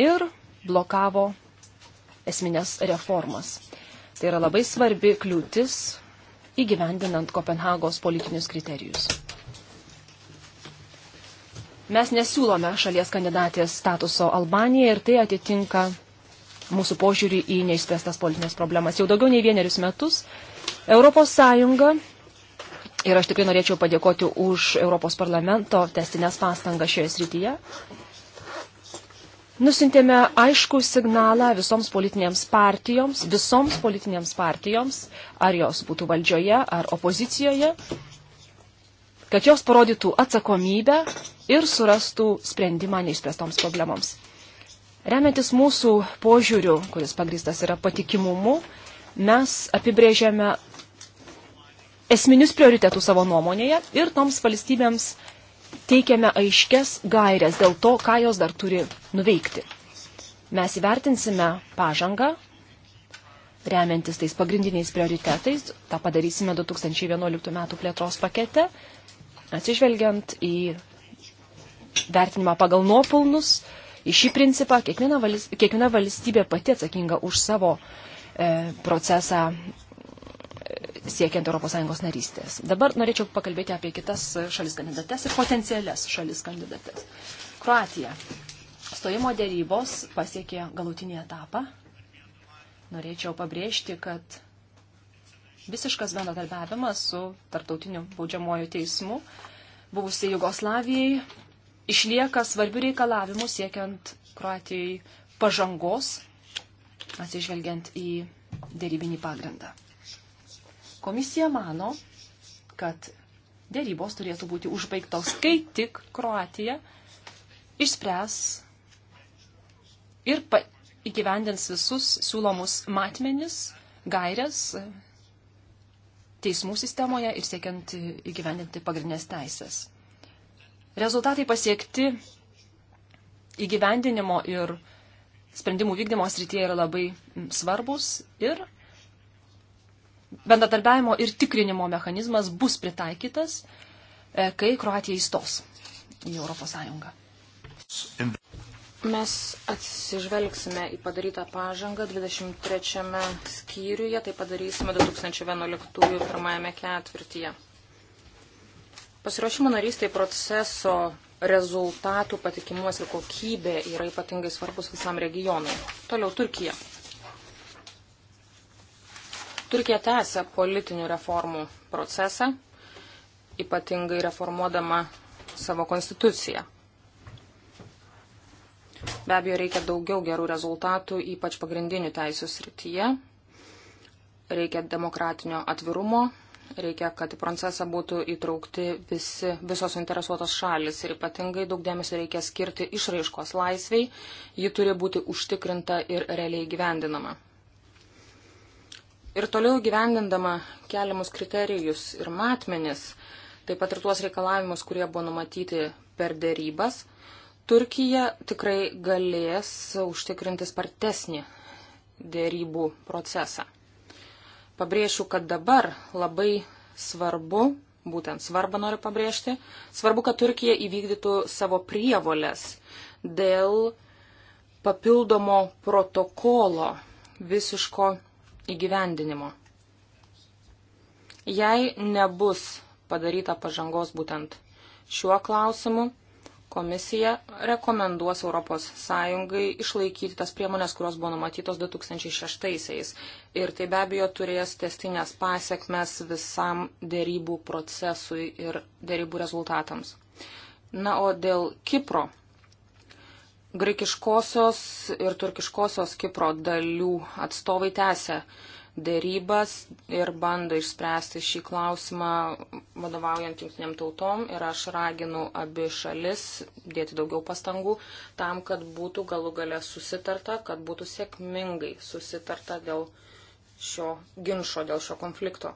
ir blokavo esminės reformas. Tai yra labai svarbi kliūtis įgyvendinant Kopenhagos politinius kriterijus. Mes nesiūlome šalies kandidatės statuso Albanijai ir tai atitinka mūsų požiūrį į neišspręstas politinės problemas. Jau daugiau nei vienerius metus ES ir aš tikrai norėčiau padėkoti už Europos parlamento testinės pastangas šioje srityje Nusintėme aišku signalą visoms politinėms partijoms, visoms politinėms partijoms, ar jos būtų valdžioje ar opozicijoje, kad jos parodytų atsakomybę ir surastų sprendimą neišspręstoms problemoms. Remiantis mūsų požiūriu, kuris pagristas yra patikimumu, mes apibrėžėme esminius prioritetus savo nuomonėje ir toms valstybėms teikiame aiškes gairias dėl to, ką jos dar turi nuveikti. Mes įvertinsime pažangą, remiantis tais pagrindiniais prioritetais, tą padarysime 2011 metų plėtros pakete, atsižvelgiant į vertinimą pagal nuopelnus, į šį principą kiekviena, valst, kiekviena valstybė pati atsakinga už savo e, procesą siekiant ES narystės. Dabar norėčiau pakalbėti apie kitas šalis kandidates ir potencialias šalis kandidates. Kroatija. Stojimo dėrybos pasiekė galutinį etapą. Norėčiau pabrėžti, kad visiškas bendradarbiavimas su tarptautiniu baudžiamojo teismu buvusiai Jugoslavijai išlieka svarbių reikalavimų siekiant Kroatijai pažangos, atsižvelgiant į dėrybinį pagrindą. Komisija mano, kad dėrybos turėtų būti užbaigtos, kai tik Kroatija išspręs ir įgyvendins visus siūlomus matmenis, gairias teismų sistemoje ir siekiant įgyvendinti pagrindinės teisės. Rezultatai pasiekti įgyvendinimo ir sprendimų vykdymo srityje yra labai svarbus ir bendradarbiavimo ir tikrinimo mechanizmas bus pritaikytas, e, kai Kroatija įstos į Europos Sąjungą. Mes atsižvelgsime į padarytą pažangą 23 skyriuje, tai padarysime 2011 pirmajame ketvirtyje. Pasiruošimo narystai proceso rezultatų patikimumas ir kokybė yra ypatingai svarbus visam regionui. Toliau Turkija. Turkija tęsia politinių reformų procesą, ypatingai reformuodama savo konstituciją. Be abejo, reikia daugiau gerų rezultatų, ypač pagrindinių teisų srityje. Reikia demokratinio atvirumo, reikia, kad į procesą būtų įtraukti visi, visos interesuotos šalis ir ypatingai daug dėmesio reikia skirti išraiškos laisviai, ji turi būti užtikrinta ir realiai gyvendinama. Ir toliau gyvendindama keliamus kriterijus ir matmenis, taip pat ir tuos reikalavimus, kurie buvo numatyti per dėrybas, Turkija tikrai galės užtikrinti spartesnį dėrybų procesą. Pabrėšiu, kad dabar labai svarbu, būtent svarbą noriu pabrėžti, svarbu, kad Turkija įvykdytų savo prievolės dėl papildomo protokolo visiško įgyvendinimo. Jei nebus padaryta pažangos būtent šiuo klausimu, komisija rekomenduos ES išlaikyti tas priemonės, kurios buvo numatytos 2006-aisiais. Ir tai be abejo turės testinės pasiekmes visam dėrybų procesui ir dėrybų rezultatams. Na, o dėl Kipro Graikiškosios ir turkiškosios Kipro dalių atstovai tęsia dėrybas ir bando išspręsti šį klausimą vadovaujant jungtiniam tautom ir aš raginu abi šalis dėti daugiau pastangų tam, kad būtų galų gale susitarta, kad būtų sėkmingai susitarta dėl šio ginčo, dėl šio konflikto.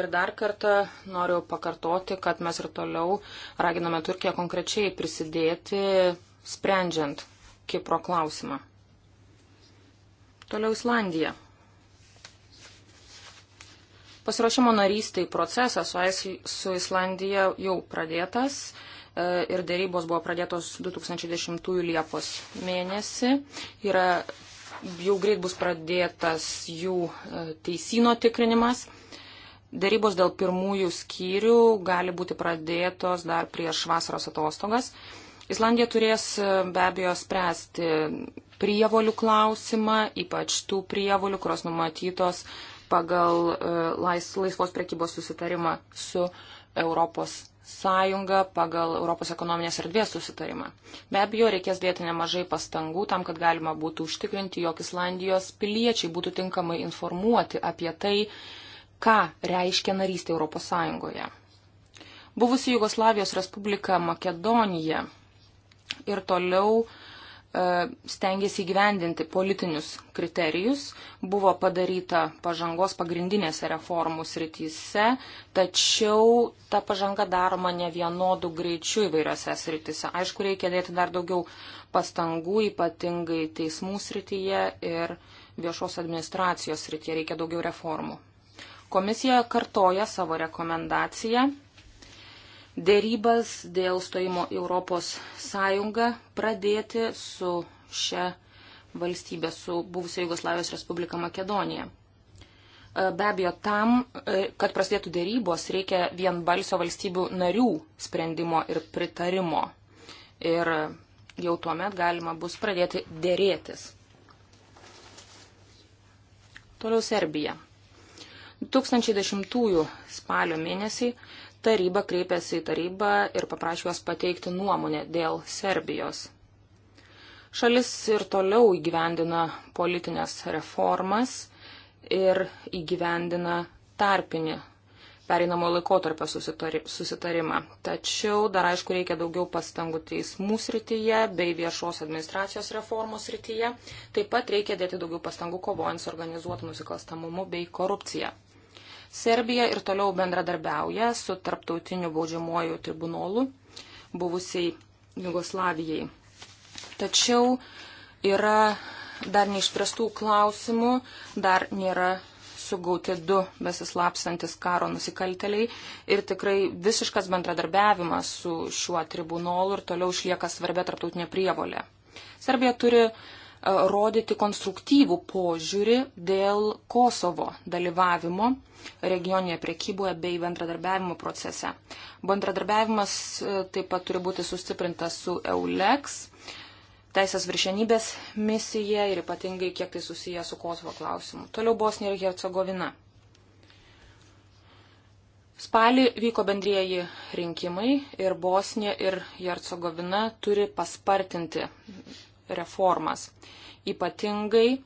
Ir dar kartą noriu pakartoti, kad mes ir toliau raginame Turkiją konkrečiai prisidėti sprendžiant Kipro klausimą. Toliau Islandija. Pasirašymo narystai procesas su Islandija jau pradėtas e, ir dėrybos buvo pradėtos 2010 Liepos mėnesį. Yra, jau greit bus pradėtas jų e, teisino tikrinimas. Dėrybos dėl pirmųjų skyrių gali būti pradėtos dar prieš vasaros atostogas. Islandija turės e, be abejo spręsti prievolių klausimą, ypač tų prievolių, kurios numatytos pagal e, lais, laisvos prekybos susitarimą su Europos sąjunga pagal Europos ekonominės erdvės susitarimą. Be abejo, reikės dėti nemažai pastangų tam, kad galima būtų užtikrinti, jog Islandijos piliečiai būtų tinkamai informuoti apie tai, ką reiškia narystė Europos sąjungoje. Buvusi Jugoslavijos Respublika Makedonija ir toliau e, stengiasi įgyvendinti politinius kriterijus. Buvo padaryta pažangos pagrindinėse reformų srityse, tačiau ta pažanga daroma ne vienodų greičių įvairiose srityse. Aišku, reikia dėti dar daugiau pastangų, ypatingai teismų srityje ir viešos administracijos srityje reikia daugiau reformų. Komisija kartoja savo rekomendaciją dėrybas dėl stojimo Europos Sąjungą pradėti su šia valstybė, su buvusio Jugoslavijos Respublika Makedonija. E, be abejo, tam, e, kad prasidėtų dėrybos, reikia vienbalsio valstybių narių sprendimo ir pritarimo. Ir jau tuo met galima bus pradėti dėrėtis. Toliau Serbija. 2010 spalio mėnesį taryba kreipėsi į tarybą ir paprašė juos pateikti nuomonę dėl Serbijos. Šalis ir toliau įgyvendina politinės reformas ir įgyvendina tarpinį pereinamo laikotarpio susitarimą. Tačiau dar aišku reikia daugiau pastangų teismų srityje bei viešos administracijos reformos srityje. Taip pat reikia dėti daugiau pastangų kovojant su organizuotu nusikalstamumu bei korupcija. Serbija ir toliau bendradarbiauja su tarptautiniu baudžiamuoju tribunolu buvusiai Jugoslavijai. Tačiau yra dar neišprestų klausimų, dar nėra sugauti du besislapsantis karo nusikalteliai ir tikrai visiškas bendradarbiavimas su šiuo tribunolu ir toliau išlieka svarbia tarptautinė prievolė. Serbija turi E, rodyti konstruktyvų požiūrį dėl Kosovo dalyvavimo regioninėje priekyboje bei bendradarbiavimo procese. Bendradarbiavimas e, taip pat turi būti sustiprintas su EULEX, teisės viršenybės misija ir ypatingai kiek tai susiję su Kosovo klausimu. Toliau Bosnija ir Hercegovina. Spalį vyko bendrieji rinkimai ir Bosnija ir Hercegovina turi paspartinti reformas. Ypatingai e,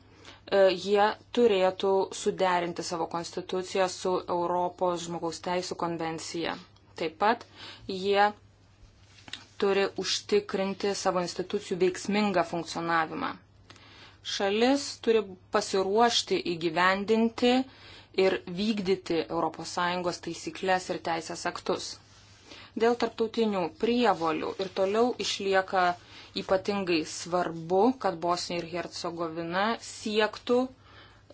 jie turėtų suderinti savo konstituciją su Europos žmogaus teisų konvencija. Taip pat jie turi užtikrinti savo institucijų veiksmingą funkcionavimą. Šalis turi pasiruošti įgyvendinti ir vykdyti ES taisyklės ir teisės aktus. Dėl tarptautinių prievolių ir toliau išlieka Ypatingai svarbu, kad Bosnija ir Hercegovina siektų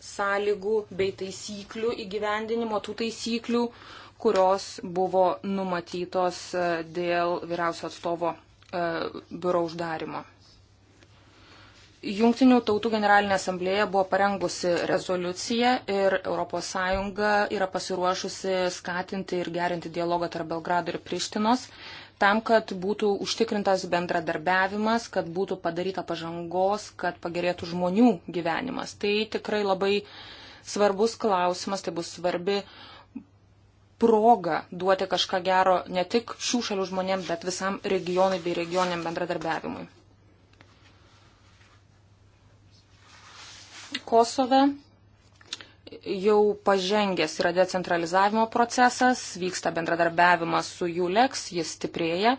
sąlygų bei taisyklių įgyvendinimo, tų taisyklių, kurios buvo numatytos e, dėl vyriausio atstovo e, biuro uždarimo. Jungtinių tautų generalinė asamblėja buvo parengusi rezoliuciją ir ES yra pasiruošusi skatinti ir gerinti dialogą tarp Belgrado ir Prištinos tam, kad būtų užtikrintas bendradarbiavimas, kad būtų padaryta pažangos, kad pagerėtų žmonių gyvenimas. Tai tikrai labai svarbus klausimas, tai bus svarbi proga duoti kažką gero ne tik šių šalių žmonėms, bet visam regionui bei regioniam bendradarbiavimui. Kosove jau pažengęs yra decentralizavimo procesas, vyksta bendradarbiavimas su JULEX, jis stiprėja,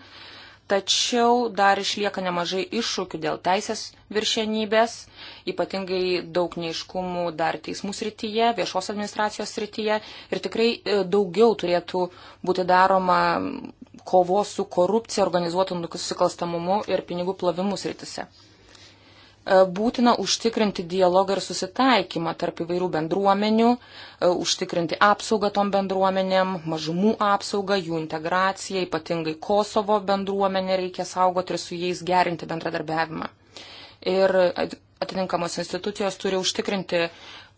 tačiau dar išlieka nemažai iššūkių dėl teisės viršenybės, ypatingai daug neiškumų dar teismų srityje, viešos administracijos srityje ir tikrai e, daugiau turėtų būti daroma kovos su korupcija, organizuotų nusikalstamumu ir pinigų plovimu srityse. E, būtina užtikrinti dialogą ir susitaikymą tarp įvairių bendruomenių, e, užtikrinti apsaugą tom bendruomenėm, mažumų apsaugą, jų integraciją, ypatingai Kosovo bendruomenę reikia saugoti ir su jais gerinti bendradarbiavimą. Ir atitinkamos institucijos turi užtikrinti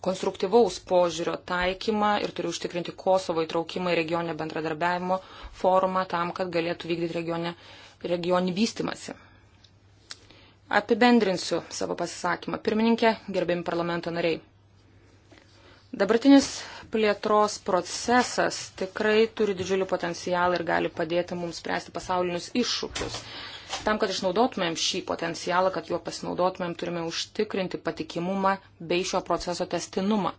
konstruktyvaus požiūrio taikymą ir turi užtikrinti Kosovo įtraukimą į regioninę bendradarbiavimo formą tam, kad galėtų vykdyti regioninį vystimąsi. Apibendrinsiu savo pasisakymą. Pirmininkė, gerbėjim parlamento nariai. Dabartinis plėtros procesas tikrai turi didžiulį potencialą ir gali padėti mums spręsti pasaulinius iššūkius. Tam, kad išnaudotumėm šį potencialą, kad juo pasinaudotumėm, turime užtikrinti patikimumą bei šio proceso testinumą.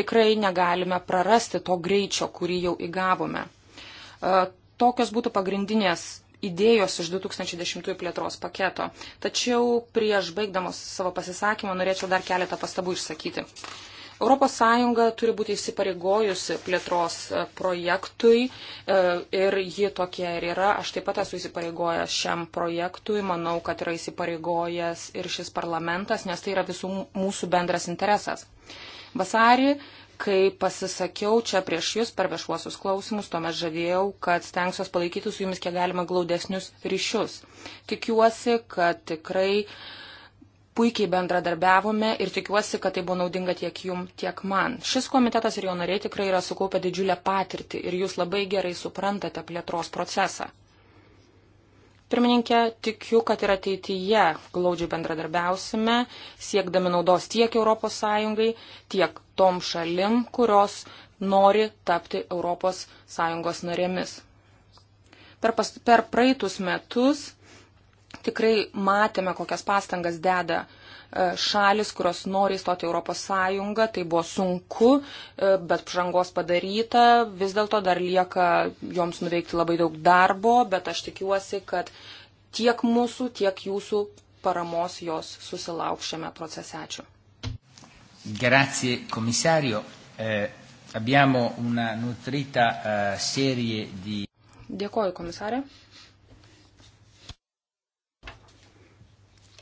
Tikrai negalime prarasti to greičio, kurį jau įgavome. E, tokios būtų pagrindinės idėjos iš 2010 plėtros paketo. Tačiau prieš baigdamos savo pasisakymą norėčiau dar keletą pastabų išsakyti. ES turi būti įsipareigojusi plėtros e, projektui e, ir ji tokia ir yra. Aš taip pat esu įsipareigojęs šiam projektui, manau, kad yra įsipareigojęs ir šis parlamentas, nes tai yra visų mūsų bendras interesas. Vasarį Kai pasisakiau čia prieš Jūs per viešuosius klausimus, tuomet žadėjau, kad stengsiuos palaikyti su Jumis kiek galima glaudesnius ryšius. Tikiuosi, kad tikrai puikiai bendradarbiavome ir tikiuosi, kad tai buvo naudinga tiek Jum, tiek man. Šis komitetas ir jo nariai tikrai yra sukaupę didžiulę patirtį ir Jūs labai gerai suprantate plėtros procesą. Pirmininkė, tikiu, kad ir ateityje glaudžiai bendradarbiausime, siekdami naudos tiek ES, tiek tom šalim, kurios nori tapti ES narėmis. Per, pas, per praeitus metus Tikrai matėme, kokias pastangas deda e, šalis, kurios nori įstoti Europos Sąjungą. Tai buvo sunku, e, bet pažangos padaryta. Vis dėlto dar lieka joms nuveikti labai daug darbo, bet aš tikiuosi, kad tiek mūsų, tiek jūsų paramos jos susilauk šiame procese. Ačiū. Grazie, komisario. Eh, abbiamo una nutrita eh, serie di. Dėkoju, komisarė.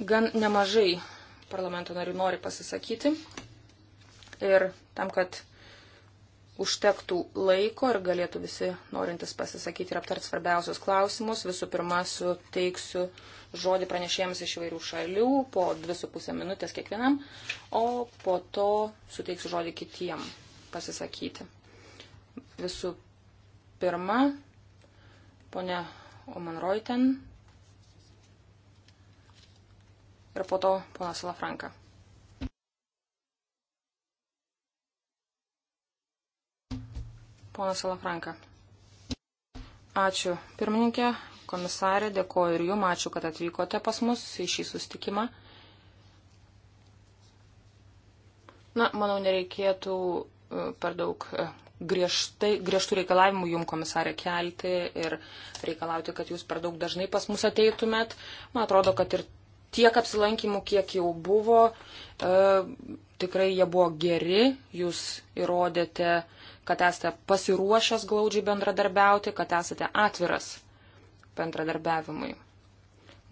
Gan nemažai parlamento narių nori pasisakyti ir tam, kad užtektų laiko ir galėtų visi norintys pasisakyti ir aptarti svarbiausius klausimus. Visų pirma, suteiksiu žodį pranešėjams iš įvairių šalių po 2,5 minutės kiekvienam, o po to suteiksiu žodį kitiem pasisakyti. Visų pirma, ponia Oman Reuten, ir po to ponas Lafranka. Ponas Lafranka. Ačiū pirmininkė, komisarė, dėkoju ir jum, ačiū, kad atvykote pas mus į šį sustikimą. Na, manau, nereikėtų e, per daug e, griežtai, griežtų reikalavimų jum, komisarė, kelti ir reikalauti, kad jūs per daug dažnai pas mus ateitumėt. Man atrodo, kad ir tiek apsilankymų, kiek jau buvo. E, tikrai jie buvo geri, jūs įrodėte, kad esate pasiruošęs glaudžiai bendradarbiauti, kad esate atviras bendradarbiavimui.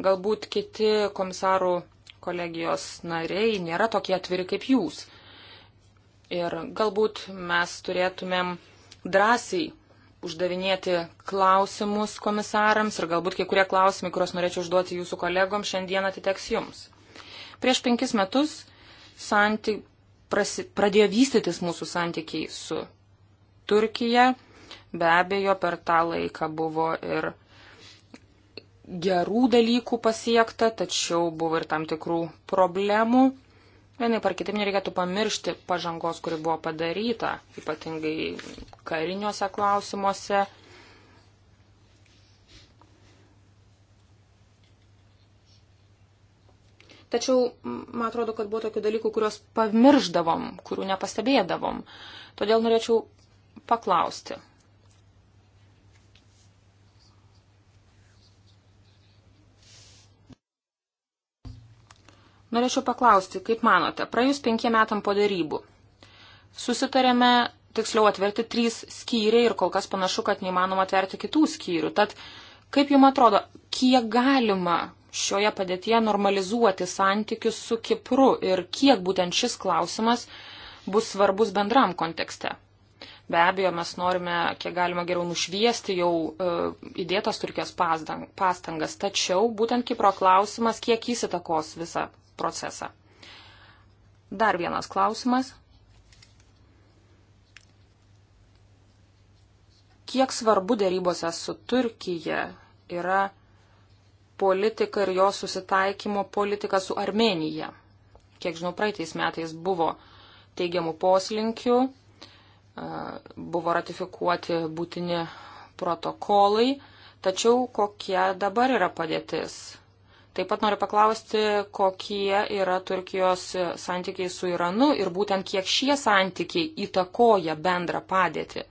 Galbūt kiti komisarų kolegijos nariai nėra tokie atviri kaip jūs. Ir galbūt mes turėtumėm drąsiai uždavinėti klausimus komisarams ir galbūt kai kurie klausimai, kuriuos norėčiau užduoti jūsų kolegom, šiandien atiteks jums. Prieš penkis metus santy... prasi... pradėjo vystytis mūsų santykiai su Turkija. Be abejo, per tą laiką buvo ir gerų dalykų pasiekta, tačiau buvo ir tam tikrų problemų vienai par kitaip nereikėtų pamiršti pažangos, kuri buvo padaryta, ypatingai kariniuose klausimuose. Tačiau, man atrodo, kad buvo tokių dalykų, kuriuos pamirždavom, kurių nepastebėdavom. Todėl norėčiau paklausti, Norėčiau paklausti, kaip manote, praėjus penkiem metam po darybų, susitarėme tiksliau atverti trys skyriai ir kol kas panašu, kad neįmanoma atverti kitų skyrių. Tad kaip jums atrodo, kiek galima šioje padėtyje normalizuoti santykius su Kipru ir kiek būtent šis klausimas bus svarbus bendram kontekste? Be abejo, mes norime, kiek galima geriau nušviesti jau uh, įdėtas Turkijos pastangas, tačiau būtent Kipro klausimas, kiek jis įtakos visą procesą. Dar vienas klausimas. Kiek svarbu dėrybose su Turkija yra politika ir jos susitaikymo politika su Armenija? Kiek žinau, praeitais metais buvo teigiamų poslinkių, buvo ratifikuoti būtini protokolai, tačiau kokia dabar yra padėtis? Taip pat noriu paklausti, kokie yra Turkijos santykiai su Iranu ir būtent kiek šie santykiai įtakoja bendrą padėtį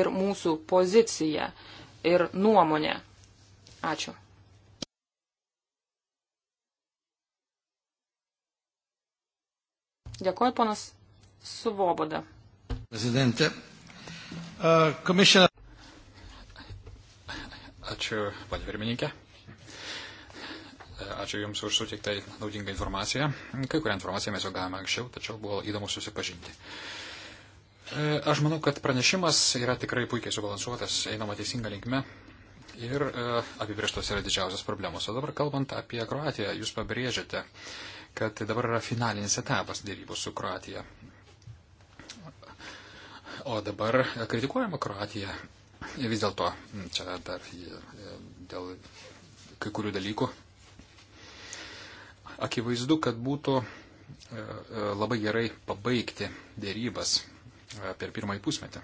ir mūsų poziciją ir nuomonę. Ačiū. Dėkuoju, ponas Suvoboda. Prezidentė. Uh, komisija... Ačiū, panė pirmininkė. Ačiū Jums už suteiktą naudingą informaciją. Kai kurią informaciją mes jau gavome anksčiau, tačiau buvo įdomu susipažinti. E, aš manau, kad pranešimas yra tikrai puikiai subalansuotas, einama teisinga linkme ir e, apibrieštos yra didžiausios problemos. O dabar kalbant apie Kroatiją, Jūs pabrėžiate, kad dabar yra finalinis etapas dėrybų su Kroatija. O dabar kritikuojama Kroatija. Vis dėlto, čia dar e, dėl kai kurių dalykų Akivaizdu, kad būtų e, e, labai gerai pabaigti dėrybas e, per pirmąjį pusmetį.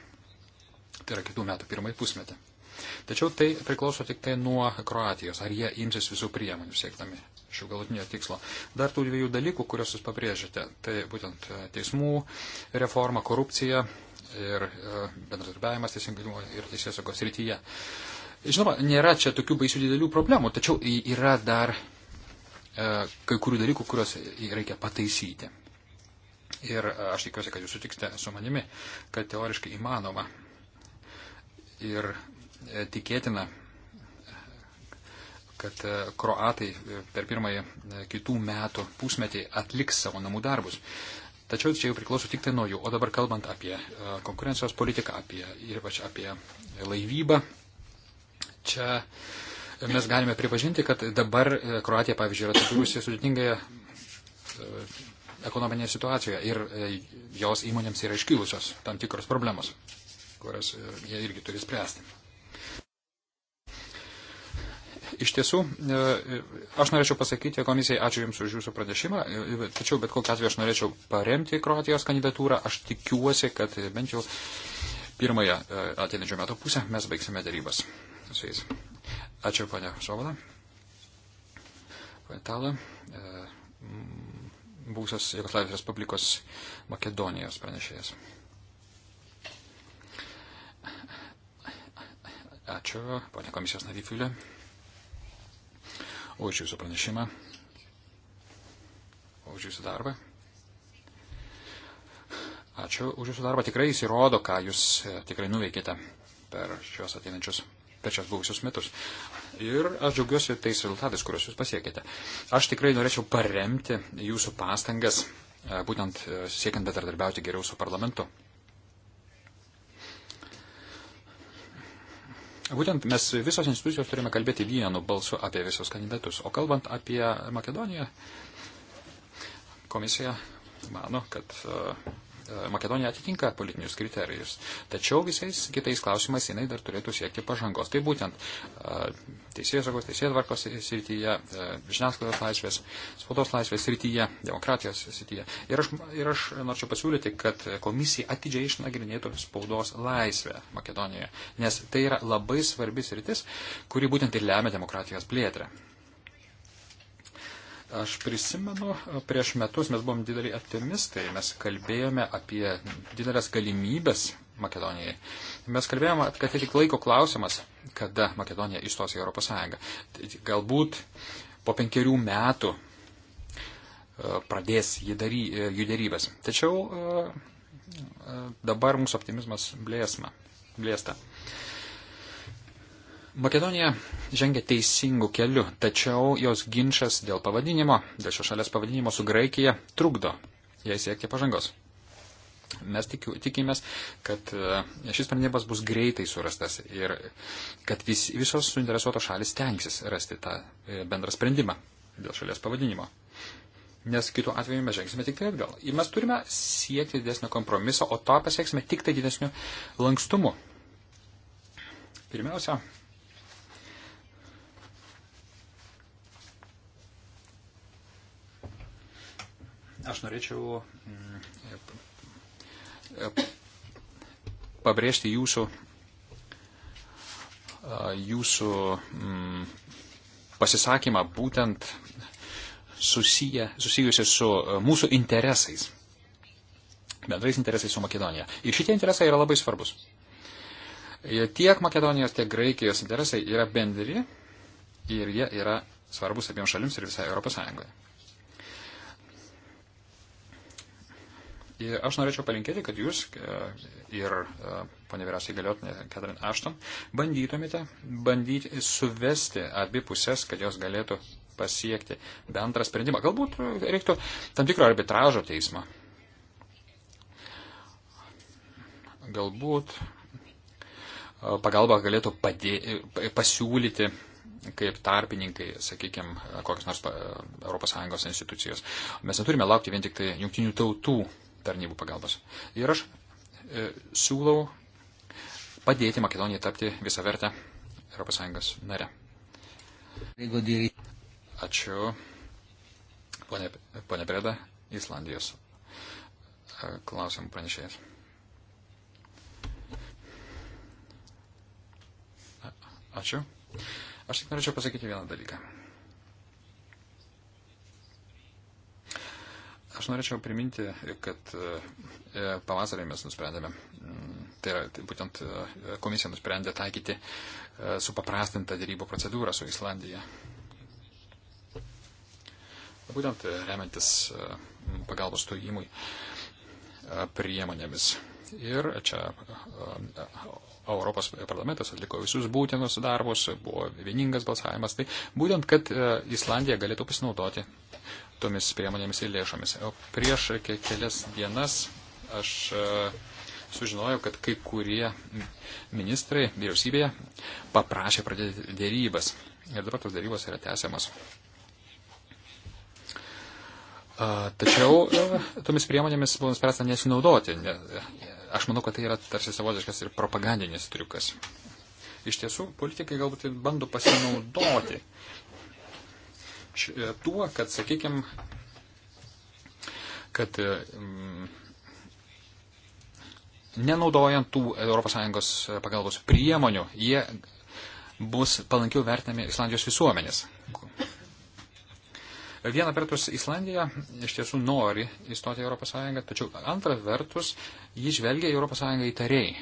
Tai yra kitų metų pirmąjį pusmetį. Tačiau tai priklauso tik tai nuo Kroatijos, ar jie imsis visų priemonių siektami šių galutinio tikslo. Dar tų dviejų dalykų, kuriuos jūs pabrėžėte, tai būtent teismų reforma, korupcija ir bendradarbiavimas teisingumo ir teisės saugos rytyje. Žinoma, nėra čia tokių baisių didelių problemų, tačiau yra dar E, kai kurių dalykų, kuriuos reikia pataisyti. Ir e, aš tikiuosi, kad jūs sutiksite su manimi, kad teoriškai įmanoma ir e, tikėtina, kad kroatai per pirmąjį kitų metų pusmetį atliks savo namų darbus. Tačiau čia jau priklauso tik tai nuo jų. O dabar kalbant apie konkurencijos politiką, apie, ir ypač apie laivybą, čia uh, mes galime pripažinti, kad dabar e, Kroatija, pavyzdžiui, yra atsidūrusi sudėtingoje ekonominėje situacijoje ir e, jos įmonėms yra iškilusios tam tikros problemos, kurias e, jie irgi turi spręsti. Iš tiesų, aš norėčiau pasakyti komisijai, ačiū Jums už Jūsų pranešimą, tačiau bet kokiu atveju aš norėčiau paremti Kroatijos kandidatūrą. Aš tikiuosi, kad bent jau pirmąją ateinančio metų pusę mes baigsime darybas su jais. Ačiū, ponia Šovana. Ponia Tala, e, būsas Jugoslavijos Respublikos Makedonijos pranešėjas. Ačiū, ponia komisijos naryfiulė, už jūsų pranešimą, už jūsų darbą. Ačiū už jūsų darbą. Tikrai jis įrodo, ką jūs e, tikrai nuveikėte per šios ateinančius per šios buvusius metus. Ir aš džiaugiuosi tais rezultatais, kuriuos jūs pasiekėte. Aš tikrai norėčiau paremti jūsų pastangas, e, būtent e, siekiant bendradarbiauti geriau su parlamentu. Būtent mes visos institucijos turime kalbėti vienu balsu apie visus kandidatus. O kalbant apie Makedoniją, komisija mano, kad e, E, Makedonija atitinka politinius kriterijus, tačiau visais kitais klausimais jinai dar turėtų siekti pažangos. Tai būtent e, teisėjos saugos, teisėjos tvarkos srityje, e, žiniasklaidos laisvės, spaudos laisvės srityje, demokratijos srityje. Ir aš, ir aš norčiau pasiūlyti, kad komisija atidžiai išnagrinėtų spaudos laisvę Makedonijoje, nes tai yra labai svarbis rytis, kuri būtent ir lemia demokratijos plėtrę. Aš prisimenu, prieš metus mes buvom dideliai optimistai, mes kalbėjome apie didelės galimybės Makedonijai. Mes kalbėjome, kad tai tik laiko klausimas, kada Makedonija įstos į Europos Sąjungą. Tai galbūt po penkerių metų e, pradės judary, e, judarybės. Tačiau e, dabar mūsų optimizmas blėsma, blėsta. Makedonija žengia teisingų kelių, tačiau jos ginčas dėl pavadinimo, dėl šios šalies pavadinimo su Graikija trukdo jai siekti pažangos. Mes tikiu, tikimės, kad e, šis sprendimas bus greitai surastas ir kad vis, visos suinteresuotos šalis tenksis rasti tą e, bendrą sprendimą dėl šalies pavadinimo. Nes kitų atveju mes žengsime tik tai atgal. Ir mes turime siekti didesnio kompromiso, o to pasieksime tik tai didesniu lankstumu. Pirmiausia, Aš norėčiau mm, pabrėžti jūsų, jūsų mm, pasisakymą būtent susiję, susijusi su mūsų interesais, bendrais interesais su Makedonija. Ir šitie interesai yra labai svarbus. E, tiek Makedonijos, tiek Graikijos interesai yra bendri ir jie yra svarbus abiems šalims ir visai Europos Sąjungoje. Aš norėčiau palinkėti, kad jūs e, ir e, ponė vyriausiai galiotinė Catherine Ashton bandytumėte bandyti suvesti abi pusės, kad jos galėtų pasiekti bendrą sprendimą. Galbūt reiktų tam tikro arbitražo teismo. Galbūt e, pagalba galėtų padė, pasiūlyti kaip tarpininkai, sakykime, kokios nors ES institucijos. Mes neturime laukti vien tik tai jungtinių tautų tarnybų pagalbos. Ir aš e, siūlau padėti Makedonijai tapti visavertę ES nare. Ačiū, ponė, ponė Breda, Islandijos e, klausimų pranešėjas. Ačiū. Aš tik norėčiau pasakyti vieną dalyką. Aš norėčiau priminti, kad e, pavasarį mes nusprendėme, mm, tai yra tai būtent e, komisija nusprendė taikyti e, supaprastintą dėrybų procedūrą su Islandija. Būtent remiantis pagalbos stojimui priemonėmis. Ir čia Europos parlamentas atliko visus būtinus darbus, buvo vieningas balsavimas. Tai būtent, kad Islandija galėtų pasinaudoti tomis priemonėmis ir lėšomis. O prieš kelias dienas aš e, sužinojau, kad kai kurie ministrai vyriausybėje paprašė pradėti dėrybas. Ir dabar tos dėrybos yra tęsiamas. Tačiau e, tomis priemonėmis buvo nuspręsta nesinaudoti. Aš manau, kad tai yra tarsi savotiškas ir propagandinis triukas. Iš tiesų, politikai galbūt bando pasinaudoti E, tuo, kad, sakykime, kad e, mm, nenaudojant tų ES pagalbos priemonių, jie bus palankiau vertinami Islandijos visuomenės. Viena vertus, Islandija iš tiesų nori įstoti į ES, tačiau antra vertus, ji žvelgia į ES įtariai.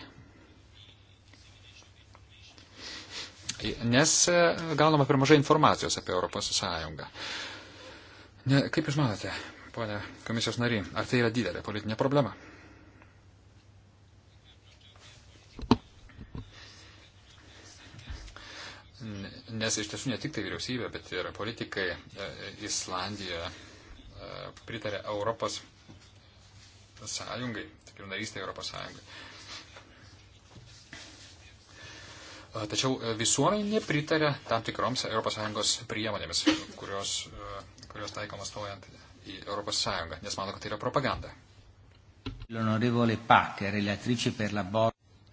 nes e, gaunama per mažai informacijos apie Europos Sąjungą. Ne, kaip Jūs manote, ponė komisijos nariai, ar tai yra didelė politinė problema? Nes iš tiesų ne tik tai vyriausybė, bet ir politikai e, Islandijoje pritarė Europos sąjungai, taip ir narystė Europos sąjungai. E, tačiau e, visuomenė nepritarė tam tikroms ES priemonėmis, kurios, e, kurios taikomas stojant į ES, nes mano, kad tai yra propaganda.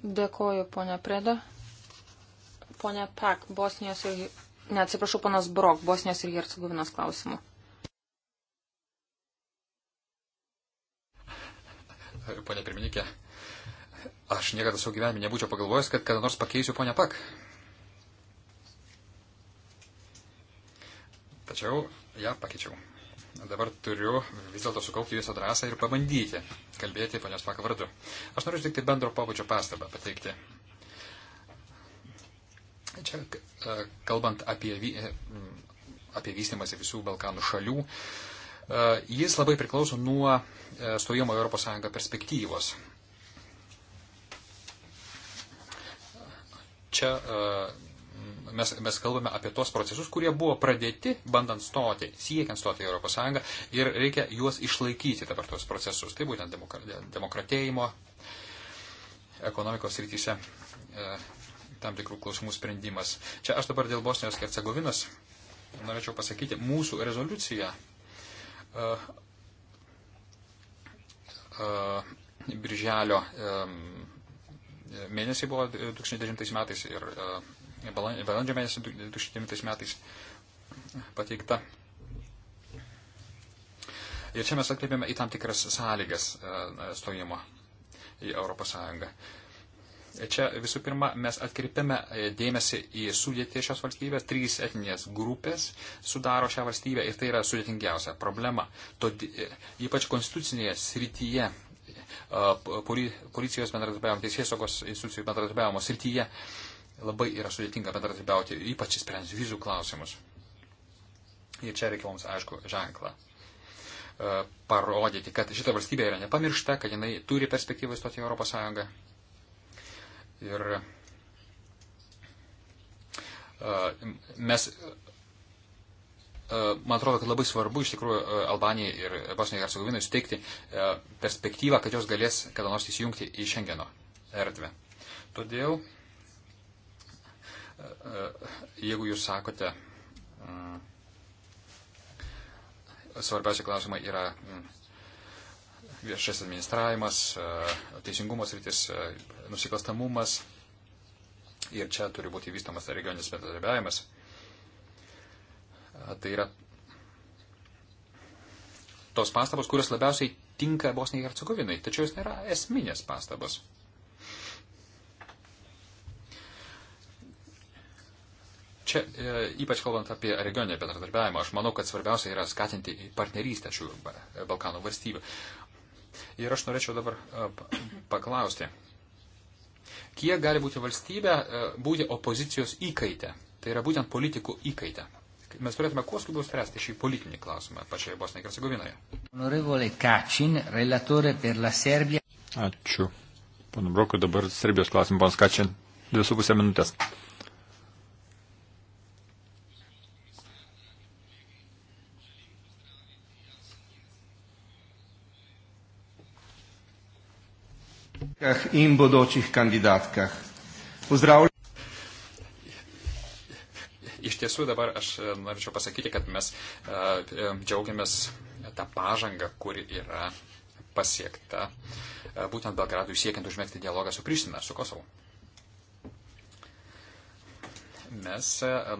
Dėkoju, ponia Preda. Ponia Pak, Bosnijos ir... Ne, atsiprašau, panas Brok, Bosnijos ir Hercegovinos klausimų. Pone pirmininkė, Aš niekada savo gyvenime nebūčiau pagalvojęs, kad kada nors pakeisiu ponę Pak. Tačiau ją pakeičiau. Dabar turiu vis dėlto sukaupti visą drąsą ir pabandyti kalbėti ponios Pak vardu. Aš noriu tik bendro pobūdžio pastabą pateikti. Čia e, kalbant apie, e, apie vystimąsi visų Balkanų šalių, e, jis labai priklauso nuo stojimo Europos Sąjungą perspektyvos. čia e, mes, mes kalbame apie tos procesus, kurie buvo pradėti, bandant stoti, siekiant stoti į Europos Sąjungą ir reikia juos išlaikyti dabar tos procesus. Tai būtent demokratėjimo, ekonomikos rytise e, tam tikrų klausimų sprendimas. Čia aš dabar dėl Bosnijos ir Cegovinas norėčiau pasakyti, mūsų rezoliucija e, Birželio mėnesiai buvo 2009 metais ir e, balandžio mėnesį 2009 metais pateikta. Ir čia mes atkreipėme į tam tikras sąlygas e, stojimo į Europos Sąjungą. E, čia visų pirma, mes atkreipiame dėmesį į sudėtį šios valstybės. Trys etinės grupės sudaro šią valstybę ir tai yra sudėtingiausia problema. Todė, ypač konstitucinėje srityje policijos bendradarbiavimo, teisėsaugos institucijų bendradarbiavimo srityje labai yra sudėtinga bendradarbiauti, ypač sprendžiant vizų klausimus. Ir čia reikia mums, aišku, ženklą parodyti, kad šita valstybė yra nepamiršta, kad jinai turi perspektyvą įstoti į Europos Sąjungą. Ir mes E, man atrodo, kad labai svarbu iš tikrųjų e, Albanijai ir Bosnijai ir Hercegovinai suteikti e, perspektyvą, kad jos galės kada nors įsijungti į Šengeno erdvę. Todėl, jeigu jūs sakote, mm, svarbiausia klausimai yra mm, viešas administravimas, teisingumas rytis, nusikalstamumas ir čia turi būti vystomas regioninis bendradarbiavimas Tai yra tos pastabos, kurios labiausiai tinka Bosniai ir Hercegovinai, tačiau jis nėra esminės pastabos. Čia e, ypač kalbant apie regioninę bendradarbiavimą, aš manau, kad svarbiausia yra skatinti partnerystę šių Balkanų valstybių. Ir aš norėčiau dabar e, paklausti, kiek gali būti valstybė e, būti opozicijos įkaitė, tai yra būtent politikų įkaitė mes turėtume kuo skubiau spręsti šį politinį klausimą pačioje Bosnijoje ir Hercegovinoje. Ačiū. Pana Broko, dabar Serbijos klausimas, panas Kačin, 2,5 minutės. in bodočih kandidatkah. Pozdravljam. Iš tiesų dabar aš e, norėčiau pasakyti, kad mes e, e, džiaugiamės tą pažangą, kuri yra pasiekta būtent Belgradui siekiant užmėgti dialogą su Priština, su Kosovu. Mes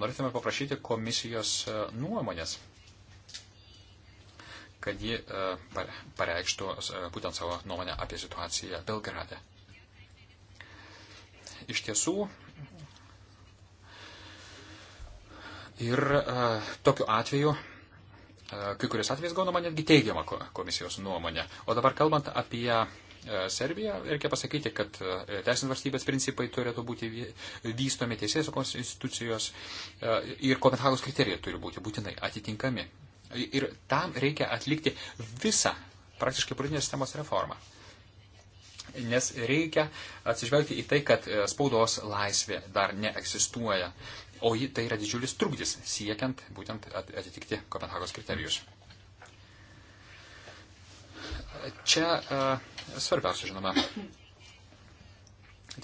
norėtume paprašyti komisijos nuomonės, kad ji pareikštų būtent savo nuomonę apie situaciją Belgrade. Iš tiesų, Ir a, e, tokiu atveju, a, e, kai kuriais atvejais gaunama netgi teigiama komisijos nuomonė. O dabar kalbant apie a, e, Serbiją, reikia pasakyti, kad teisinės valstybės principai turėtų būti vystomi teisėsaugos institucijos a, ir Kopenhagos kriterijai turi būti būtinai atitinkami. Ir tam reikia atlikti visą praktiškai politinės sistemos reformą nes reikia atsižvelgti į tai, kad spaudos laisvė dar neegzistuoja. O tai yra didžiulis trukdis siekiant būtent atitikti Kopenhagos kriterijus. Čia uh, svarbiausia, žinoma,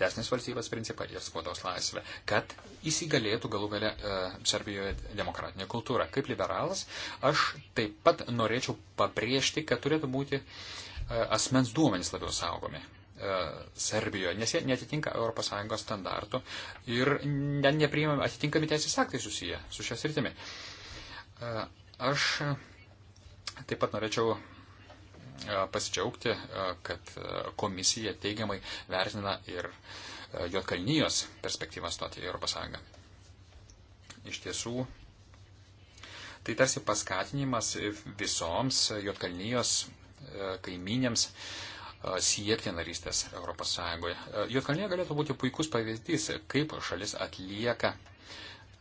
teisinės valstybės principai ir spaudos laisvė, kad įsigalėtų galų galę uh, e, Serbijoje demokratinė kultūra. Kaip liberalas, aš taip pat norėčiau pabrėžti, kad turėtų būti uh, asmens duomenys labiau saugomi. Uh, E, Serbijoje, nes jie netitinka ES standartų ir net nepriimami atitinkami teisės aktai susiję su šią sritimi. E, aš taip pat norėčiau e, pasidžiaugti, kad komisija teigiamai vertina ir Jotkalnyjos perspektyvą stoti į ES. Iš tiesų, tai tarsi paskatinimas visoms Jotkalnyjos kaiminėms uh, siekti narystės ES. Juotkalnija galėtų būti puikus pavyzdys, kaip šalis atlieka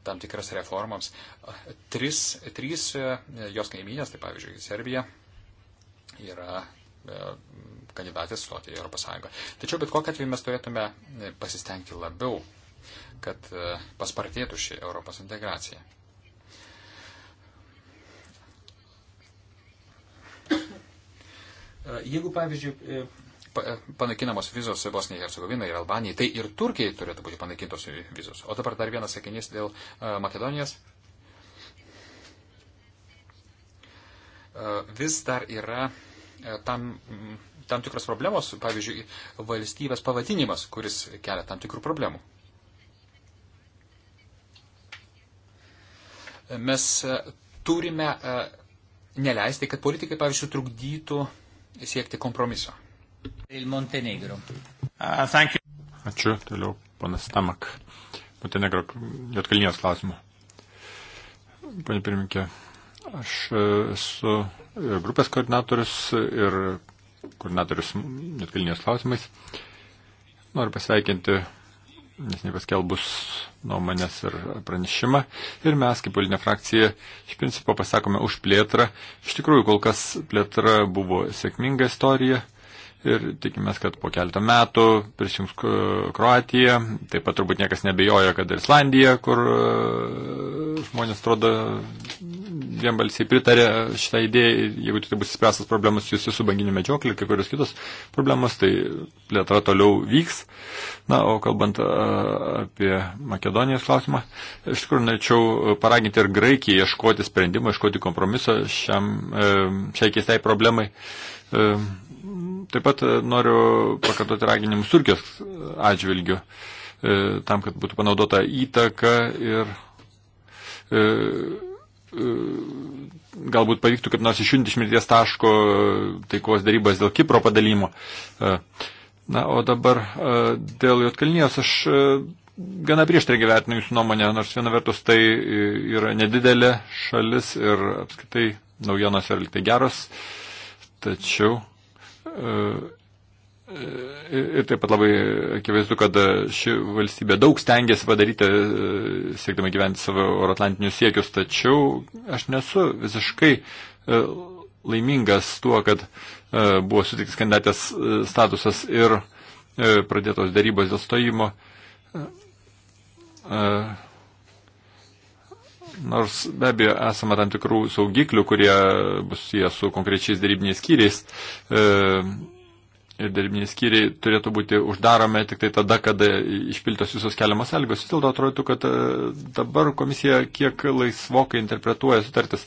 tam tikras reformams. Tris, trys e, jos kaiminės, tai pavyzdžiui, Serbija yra e, kandidatės stoti į ES. Tačiau bet kokią atveju mes turėtume e, pasistengti labiau, kad paspartėtų ši Europos integracija. E, jeigu, pavyzdžiui, e, e, panaikinamos vizos Bosnijai, Hercegovinai ir Albanijai, tai ir Turkijai turėtų būti panaikintos vizos. O dabar dar vienas sakinys dėl Makedonijos. Vis dar yra tam, tam tikros problemos, pavyzdžiui, valstybės pavadinimas, kuris kelia tam tikrų problemų. Mes turime neleisti, kad politikai, pavyzdžiui, trukdytų siekti kompromiso. Il Montenegro. Uh, Ačiū, toliau panas Tamak. Montenegro, Jotkalnijos klausimų. Pane pirminkė, aš e, esu e, grupės koordinatorius ir koordinatorius Jotkalnijos klausimais. Noriu pasveikinti nes nepaskelbus nuomonės ir pranešimą. Ir mes, kaip politinė frakcija, iš principo pasakome už plėtrą. Iš tikrųjų, kol kas plėtra buvo sėkminga istorija ir tikimės, kad po keletą metų prisijungs Kroatija, taip pat turbūt niekas nebejoja, kad ir Islandija, kur e, žmonės atrodo vienbalsiai pritarė šitą idėją, jeigu tai bus įspręstas problemas jūsų su banginiu medžiokliu, kai kurios kitos problemos, tai plėtra toliau vyks. Na, o kalbant e, apie Makedonijos klausimą, iš tikrųjų norėčiau paraginti ir Graikiją ieškoti sprendimą, ieškoti kompromiso šiam, e, šiai keistai problemai Taip pat e, noriu pakartoti raginimus Turkijos e, atžvilgiu, e, tam, kad būtų panaudota įtaka ir galbūt pavyktų kaip nors išjungti iš mirties taško taikos darybas dėl Kipro padalymo. Na, o dabar dėl Jotkalnijos aš gana prieštaringai vertinu jūsų nuomonę, nors viena vertus tai yra nedidelė šalis ir apskritai naujienos yra liktai geros, tačiau E, e, ir taip pat labai akivaizdu, kad ši valstybė daug stengiasi padaryti, e, siekdama gyventi savo euroatlantinius siekius, tačiau aš nesu visiškai laimingas tuo, kad buvo sutiktas kandidatės statusas ir pradėtos darybos dėl stojimo. Nors be abejo esama tam tikrų saugiklių, kurie bus jie su konkrečiais darybiniais skyriais. E, ir darybiniai skyriai turėtų būti uždaromi tik tai tada, kada išpiltos visos keliamos sąlygos. Vis dėlto atrodytų, kad e, dabar komisija kiek laisvokai interpretuoja sutartis.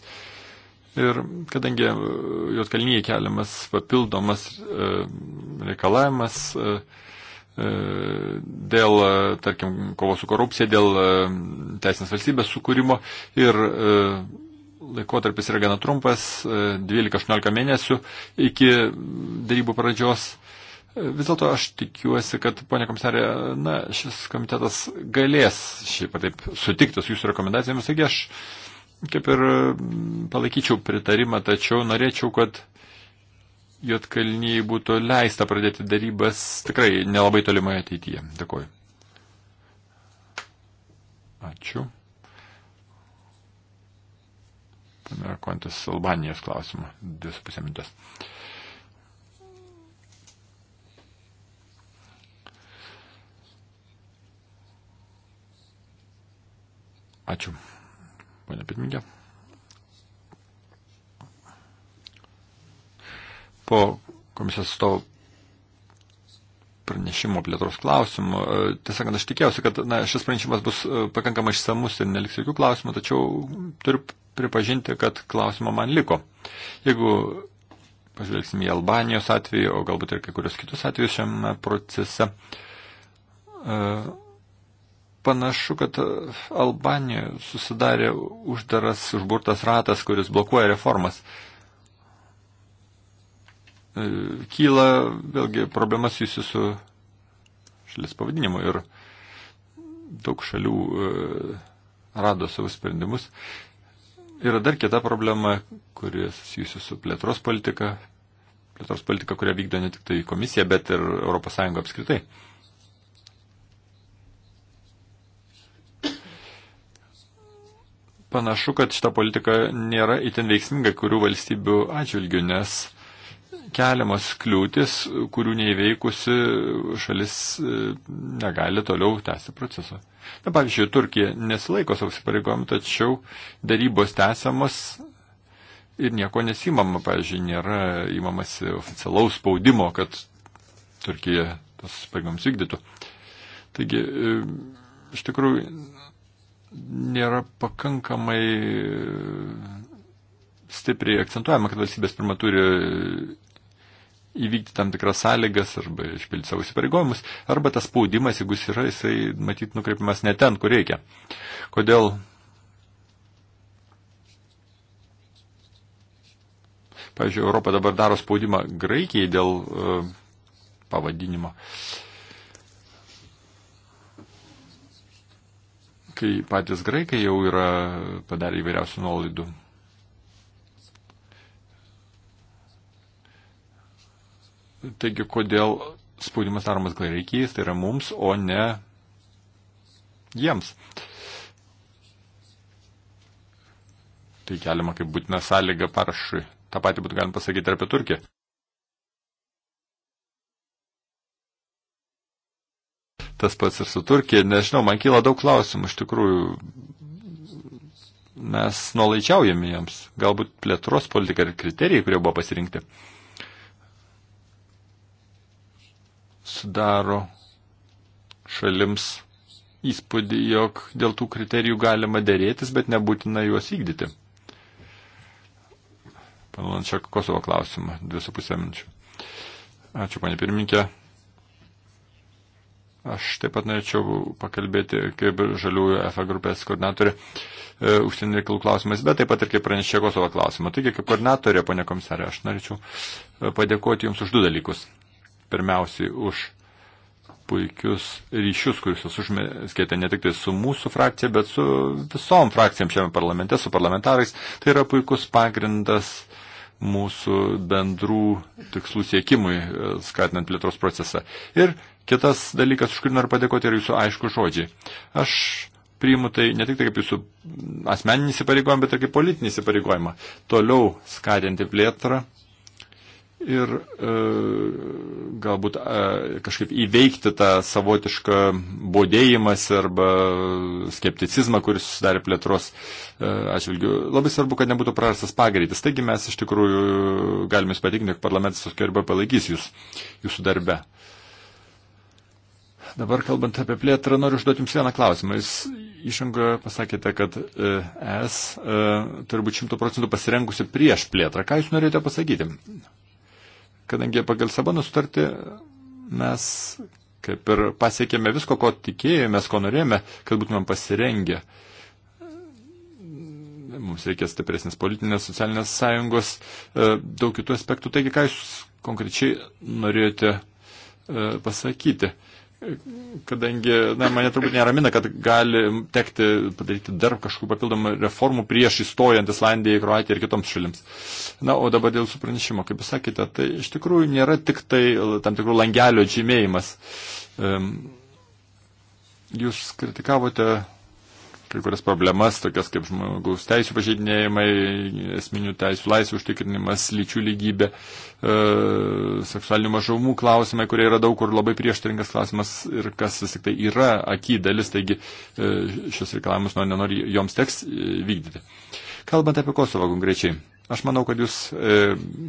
Ir kadangi e, jos kalnyje keliamas papildomas e, reikalavimas. E, E, dėl, e, tarkim, kovos su korupcija, dėl e, teisinės valstybės sukūrimo ir laikotarpis yra gana trumpas, 12-18 mėnesių iki darybų pradžios. Vis dėlto aš tikiuosi, kad, ponė komisarė, na, šis komitetas galės šiaip taip sutikti su jūsų rekomendacijomis, taigi aš kaip ir palaikyčiau pritarimą, tačiau norėčiau, kad Jotkalnyje būtų leista pradėti darybas tikrai nelabai tolimoje ateityje. Dėkuoju. Ačiū. Pamirkontis Albanijos klausimą. 2,5 minutės. Ačiū. Pane pirmininkė. po komisijos atstovų pranešimo plėtros klausimų. E, tiesą sakant, aš tikėjausi, kad na, šis pranešimas bus e, pakankamai išsamus ir neliks jokių klausimų, tačiau turiu pripažinti, kad klausimą man liko. Jeigu pažvelgsime į Albanijos atvejį, o galbūt ir kai kurios kitus atvejus šiame procese, e, panašu, kad Albanijoje susidarė uždaras, užburtas ratas, kuris blokuoja reformas. Uh, E, kyla vėlgi problemas jūsų su šalis pavadinimu ir daug šalių e, rado savo sprendimus. Yra dar kita problema, kuri susijusi su plėtros politika, plėtros politika, kurią vykdo ne tik tai komisija, bet ir ES apskritai. Panašu, kad šita politika nėra itin veiksminga kurių valstybių atžvilgių, nes keliamos kliūtis, kurių neįveikusi šalis e, negali toliau tęsti proceso. Na, pavyzdžiui, Turkija nesilaiko savo įsipareigojimų, tačiau darybos tęsiamas ir nieko nesimama. Pavyzdžiui, nėra įmamasi oficialaus spaudimo, kad Turkija tas įsipareigojimus vykdytų. Taigi, e, iš tikrųjų, nėra pakankamai e, stipriai akcentuojama, kad valstybės pirma turi įvykti tam tikras sąlygas arba išpildyti savo įsipareigojimus, arba tas spaudimas, jeigu jis yra, jisai matyt nukreipimas ne ten, kur reikia. Kodėl? Pavyzdžiui, Europa dabar daro spaudimą Graikijai dėl uh, pavadinimo. Kai patys graikai jau yra padarę įvairiausių nuolaidų Taigi, kodėl spaudimas daromas graikiais, tai yra mums, o ne jiems. Tai keliama kaip būtina sąlyga parašui. Ta pati būtų galima pasakyti ir apie Turkiją. Tas pats ir su Turkija. Nežinau, man kyla daug klausimų. Iš tikrųjų, mes nuolaičiaujame jiems. Galbūt plėtros politika ir kriterijai, kurie buvo pasirinkti. sudaro šalims įspūdį, jog dėl tų kriterijų galima dėrėtis, bet nebūtina juos vykdyti. Panalant čia Kosovo klausimą, dvi su pusė minčių. Ačiū, panė pirminkė. Aš taip pat norėčiau pakalbėti kaip žaliųjų EFA grupės koordinatorė e, užsienio reikalų klausimais, bet taip pat ir kaip pranešė Kosovo klausimą. Taigi, kaip koordinatorė, ponė komisarė, aš norėčiau e, padėkoti Jums už du dalykus pirmiausiai už puikius ryšius, kuriuos jūs užmėskėte ne tik tai su mūsų frakcija, bet su visom frakcijom šiame parlamente, su parlamentarais. Tai yra puikus pagrindas mūsų bendrų tikslų siekimui, e, skatinant plėtros procesą. Ir kitas dalykas, už kurį noriu padėkoti, yra jūsų aišku žodžiai. Aš priimu tai ne tik tai kaip jūsų asmeninį įsipareigojimą, bet ir kaip politinį įsipareigojimą. Toliau skatinti plėtrą ir e, galbūt e, kažkaip įveikti tą savotišką bodėjimas arba skepticizmą, kuris susidarė plėtros e, atžvilgių. Labai svarbu, kad nebūtų prarastas pagreitis. Taigi mes iš tikrųjų galime jūs patikinti, kad parlamentas tokia arba palaikys jūs, jūsų darbe. Dabar kalbant apie plėtrą, noriu užduoti Jums vieną klausimą. Jūs išangoje pasakėte, kad e, ES e, turi būti 100 procentų pasirengusi prieš plėtrą. Ką Jūs norėjote pasakyti? kadangi pagal Sabono sutartį mes kaip ir pasiekėme visko, ko tikėjomės, ko norėjome, kad būtumėm pasirengę. Mums reikia stipresnės politinės, socialinės sąjungos, e, daug kitų aspektų. Taigi, ką jūs konkrečiai norėjote e, pasakyti? kadangi, na, mane turbūt neramina, kad gali tekti padaryti dar kažkokių papildomų reformų prieš įstojant Islandijai, Kroatijai ir kitoms šalims. Na, o dabar dėl supranešimo, kaip jūs sakėte, tai iš tikrųjų nėra tik tai tam tikrų langelio žymėjimas. Jūs kritikavote kai kurias problemas, tokias kaip žmogaus teisų pažeidinėjimai, esminių teisų laisvų užtikrinimas, lyčių lygybė, e, seksualinių mažumų klausimai, kurie yra daug kur labai prieštaringas klausimas ir kas vis tik tai yra akydalis, taigi e, šios reikalavimus nori, nu, nenori joms teks e, vykdyti. Kalbant apie Kosovą konkrečiai. Aš manau, kad jūs e,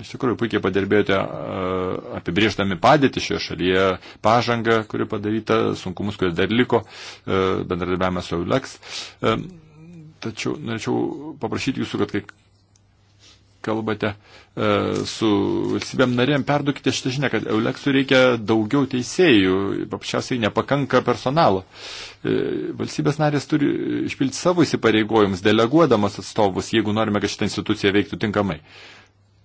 iš tikrųjų puikiai padirbėjote e, apibrieždami padėtį šioje šalyje, pažangą, kuri padaryta, sunkumus, kurie dar liko, e, bendradarbiavimas su EULEX. E, tačiau norėčiau paprašyti jūsų, kad kai kalbate e, su valstybėm narėm, perdukite šitą žinę, kad Euleksui reikia daugiau teisėjų, paprasčiausiai nepakanka personalo. E, valstybės narės turi išpilti savo įsipareigojimus, deleguodamas atstovus, jeigu norime, kad šitą instituciją veiktų tinkamai.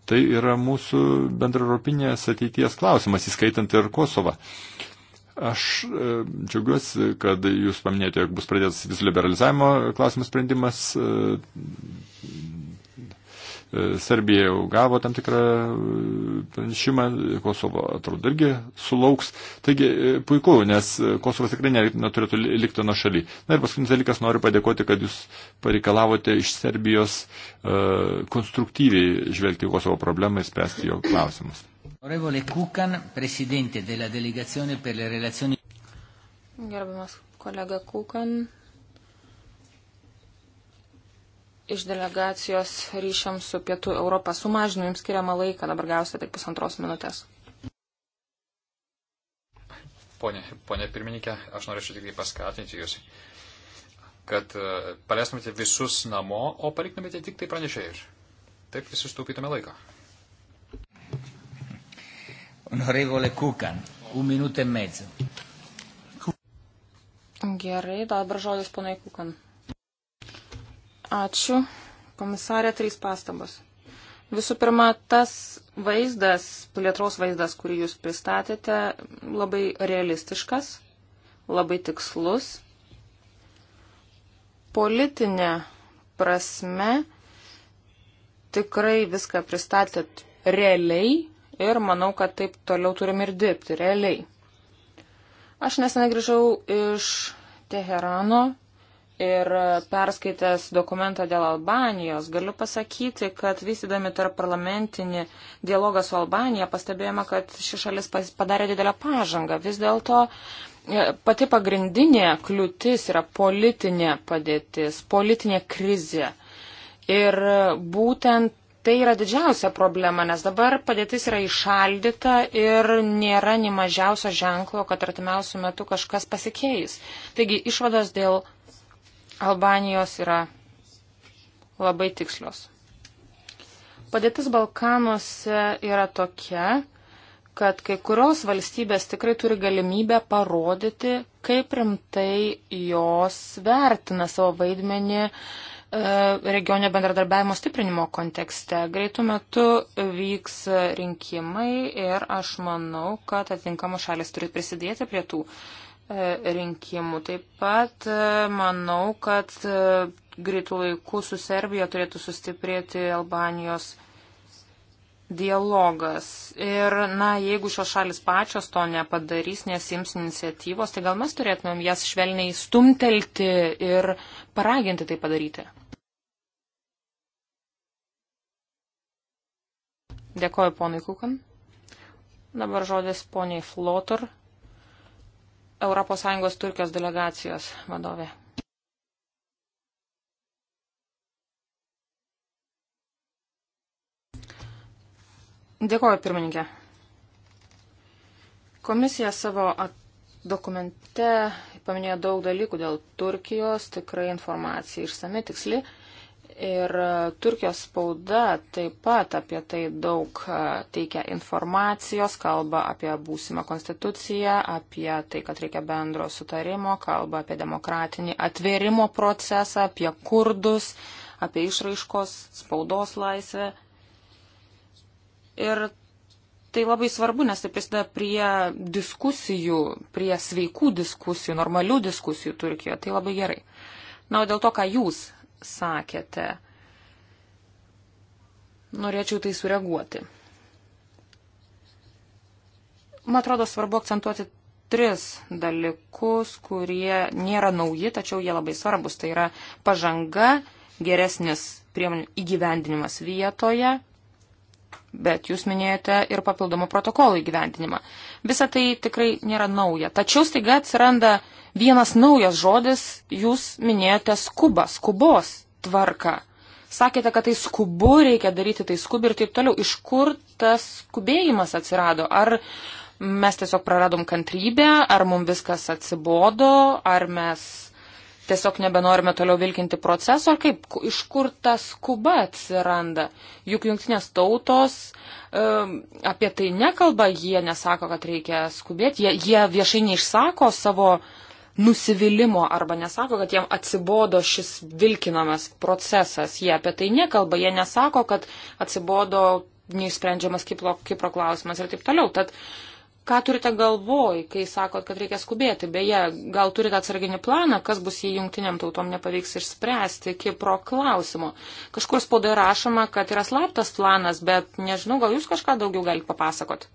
Tai yra mūsų bendraropinės ateities klausimas, įskaitant ir Kosovą. Aš e, džiaugiuosi, kad jūs paminėjote, jog bus pradėtas visų liberalizavimo klausimas sprendimas Serbija jau gavo tam tikrą e, pranešimą, Kosovo atrodo irgi sulauks. Taigi e, puiku, nes Kosovas tikrai neturėtų likti nuo šaly. Na ir paskutinis dalykas noriu padėkoti, kad jūs pareikalavote iš Serbijos uh, konstruktyviai žvelgti į Kosovo problemą ir spręsti jo klausimus. Gerbiamas kolega Kukan, iš delegacijos ryšiams su Pietų Europą sumažinu jums skiriamą laiką, dabar gausite tik pusantros minutės. Pone, pone pirmininkė, aš norėčiau tik tai paskatinti jūs, kad e, paleistumėte visus namo, o paliktumėte tik tai pranešėjus. Taip visi stūpytume laiką. Honorevole Kukan, un minutę e mezzo. Gerai, dabar žodis ponai Kukan. Ačiū. Komisarė, trys pastabos. Visų pirma, tas vaizdas, plėtros vaizdas, kurį jūs pristatėte, labai realistiškas, labai tikslus. Politinė prasme tikrai viską pristatėt realiai ir manau, kad taip toliau turim ir dirbti realiai. Aš nesenai grįžau iš Teherano ir perskaitęs dokumentą dėl Albanijos, galiu pasakyti, kad vystydami tarp parlamentinį dialogą su Albanija pastebėjome, kad ši šalis padarė didelę pažangą. Vis dėlto e, pati pagrindinė kliūtis yra politinė padėtis, politinė krizė. Ir būtent tai yra didžiausia problema, nes dabar padėtis yra išaldyta ir nėra ni mažiausio ženklo, kad artimiausių metų kažkas pasikeis. Taigi išvados dėl Albanijos yra labai tikslios. Padėtis Balkanuose yra tokia, kad kai kurios valstybės tikrai turi galimybę parodyti, kaip rimtai jos vertina savo vaidmenį e, regionio bendradarbiavimo stiprinimo kontekste. Greitų metų vyks rinkimai ir aš manau, kad atitinkamos šalis turi prisidėti prie tų uh, E, rinkimų. Taip pat e, manau, kad e, greitų laikų su Serbija turėtų sustiprėti Albanijos dialogas. Ir, na, jeigu šios šalis pačios to nepadarys, nesims iniciatyvos, tai gal mes turėtumėm jas švelniai stumtelti ir paraginti tai padaryti. Dėkoju ponui Kukan. Dabar žodis poniai Flotor. ES Turkijos delegacijos vadovė. Dėkuoju, pirmininkė. Komisija savo dokumente paminėjo daug dalykų dėl Turkijos, tikrai informacija išsame, tiksli. Ir e, Turkijos spauda taip pat apie tai daug e, teikia informacijos, kalba apie būsimą konstituciją, apie tai, kad reikia bendro sutarimo, kalba apie demokratinį atvėrimo procesą, apie kurdus, apie išraiškos spaudos laisvę. Ir tai labai svarbu, nes tai prisideda prie diskusijų, prie sveikų diskusijų, normalių diskusijų Turkijoje. Tai labai gerai. Na, o dėl to, ką jūs sakėte. Norėčiau tai sureaguoti. Man atrodo svarbu akcentuoti tris dalykus, kurie nėra nauji, tačiau jie labai svarbus. Tai yra pažanga, geresnis priemonių įgyvendinimas vietoje bet jūs minėjote ir papildomų protokolų įgyvendinimą. Visa tai tikrai nėra nauja. Tačiau staiga atsiranda vienas naujas žodis, jūs minėjote skubą, skubos tvarką. Sakėte, kad tai skubu, reikia daryti tai skubi ir taip toliau. Iš kur tas skubėjimas atsirado? Ar mes tiesiog praradom kantrybę, ar mums viskas atsibodo, ar mes tiesiog nebenorime toliau vilkinti proceso, ar kaip, iš kur ta skuba atsiranda. Juk jungtinės tautos um, apie tai nekalba, jie nesako, kad reikia skubėti, jie, jie viešai neišsako savo nusivylimų arba nesako, kad jiem atsibodo šis vilkinamas procesas, jie apie tai nekalba, jie nesako, kad atsibodo neišsprendžiamas Kipro, Kipro klausimas ir taip toliau. Tad uh, Ką turite galvoj, kai sakot, kad reikia skubėti? Beje, gal turite atsarginį planą, kas bus, jei jungtiniam tautom nepavyks išspręsti Kipro klausimo? Kažkur spaudoje rašoma, kad yra slaptas planas, bet nežinau, gal jūs kažką daugiau galite papasakot?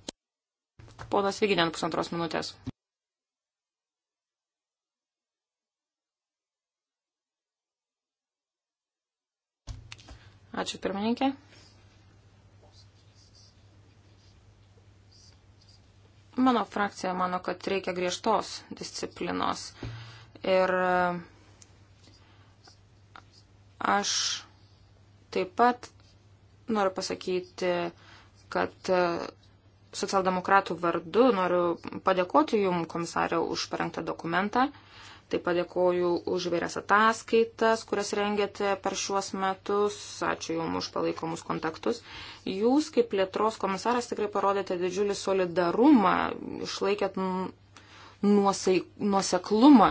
Ponas Viginien, pusantros minutės. Ačiū pirmininkė. Mano frakcija mano, kad reikia griežtos disciplinos. Ir e, aš taip pat noriu pasakyti, kad e, socialdemokratų vardu noriu padėkoti Jums, komisarė, už parengtą dokumentą. Taip pat dėkoju už vairias ataskaitas, kurias rengėte per šiuos metus. Ačiū Jums už palaikomus kontaktus. Jūs, kaip plėtros komisaras, tikrai parodėte didžiulį solidarumą, išlaikėt nuosaik, nuoseklumą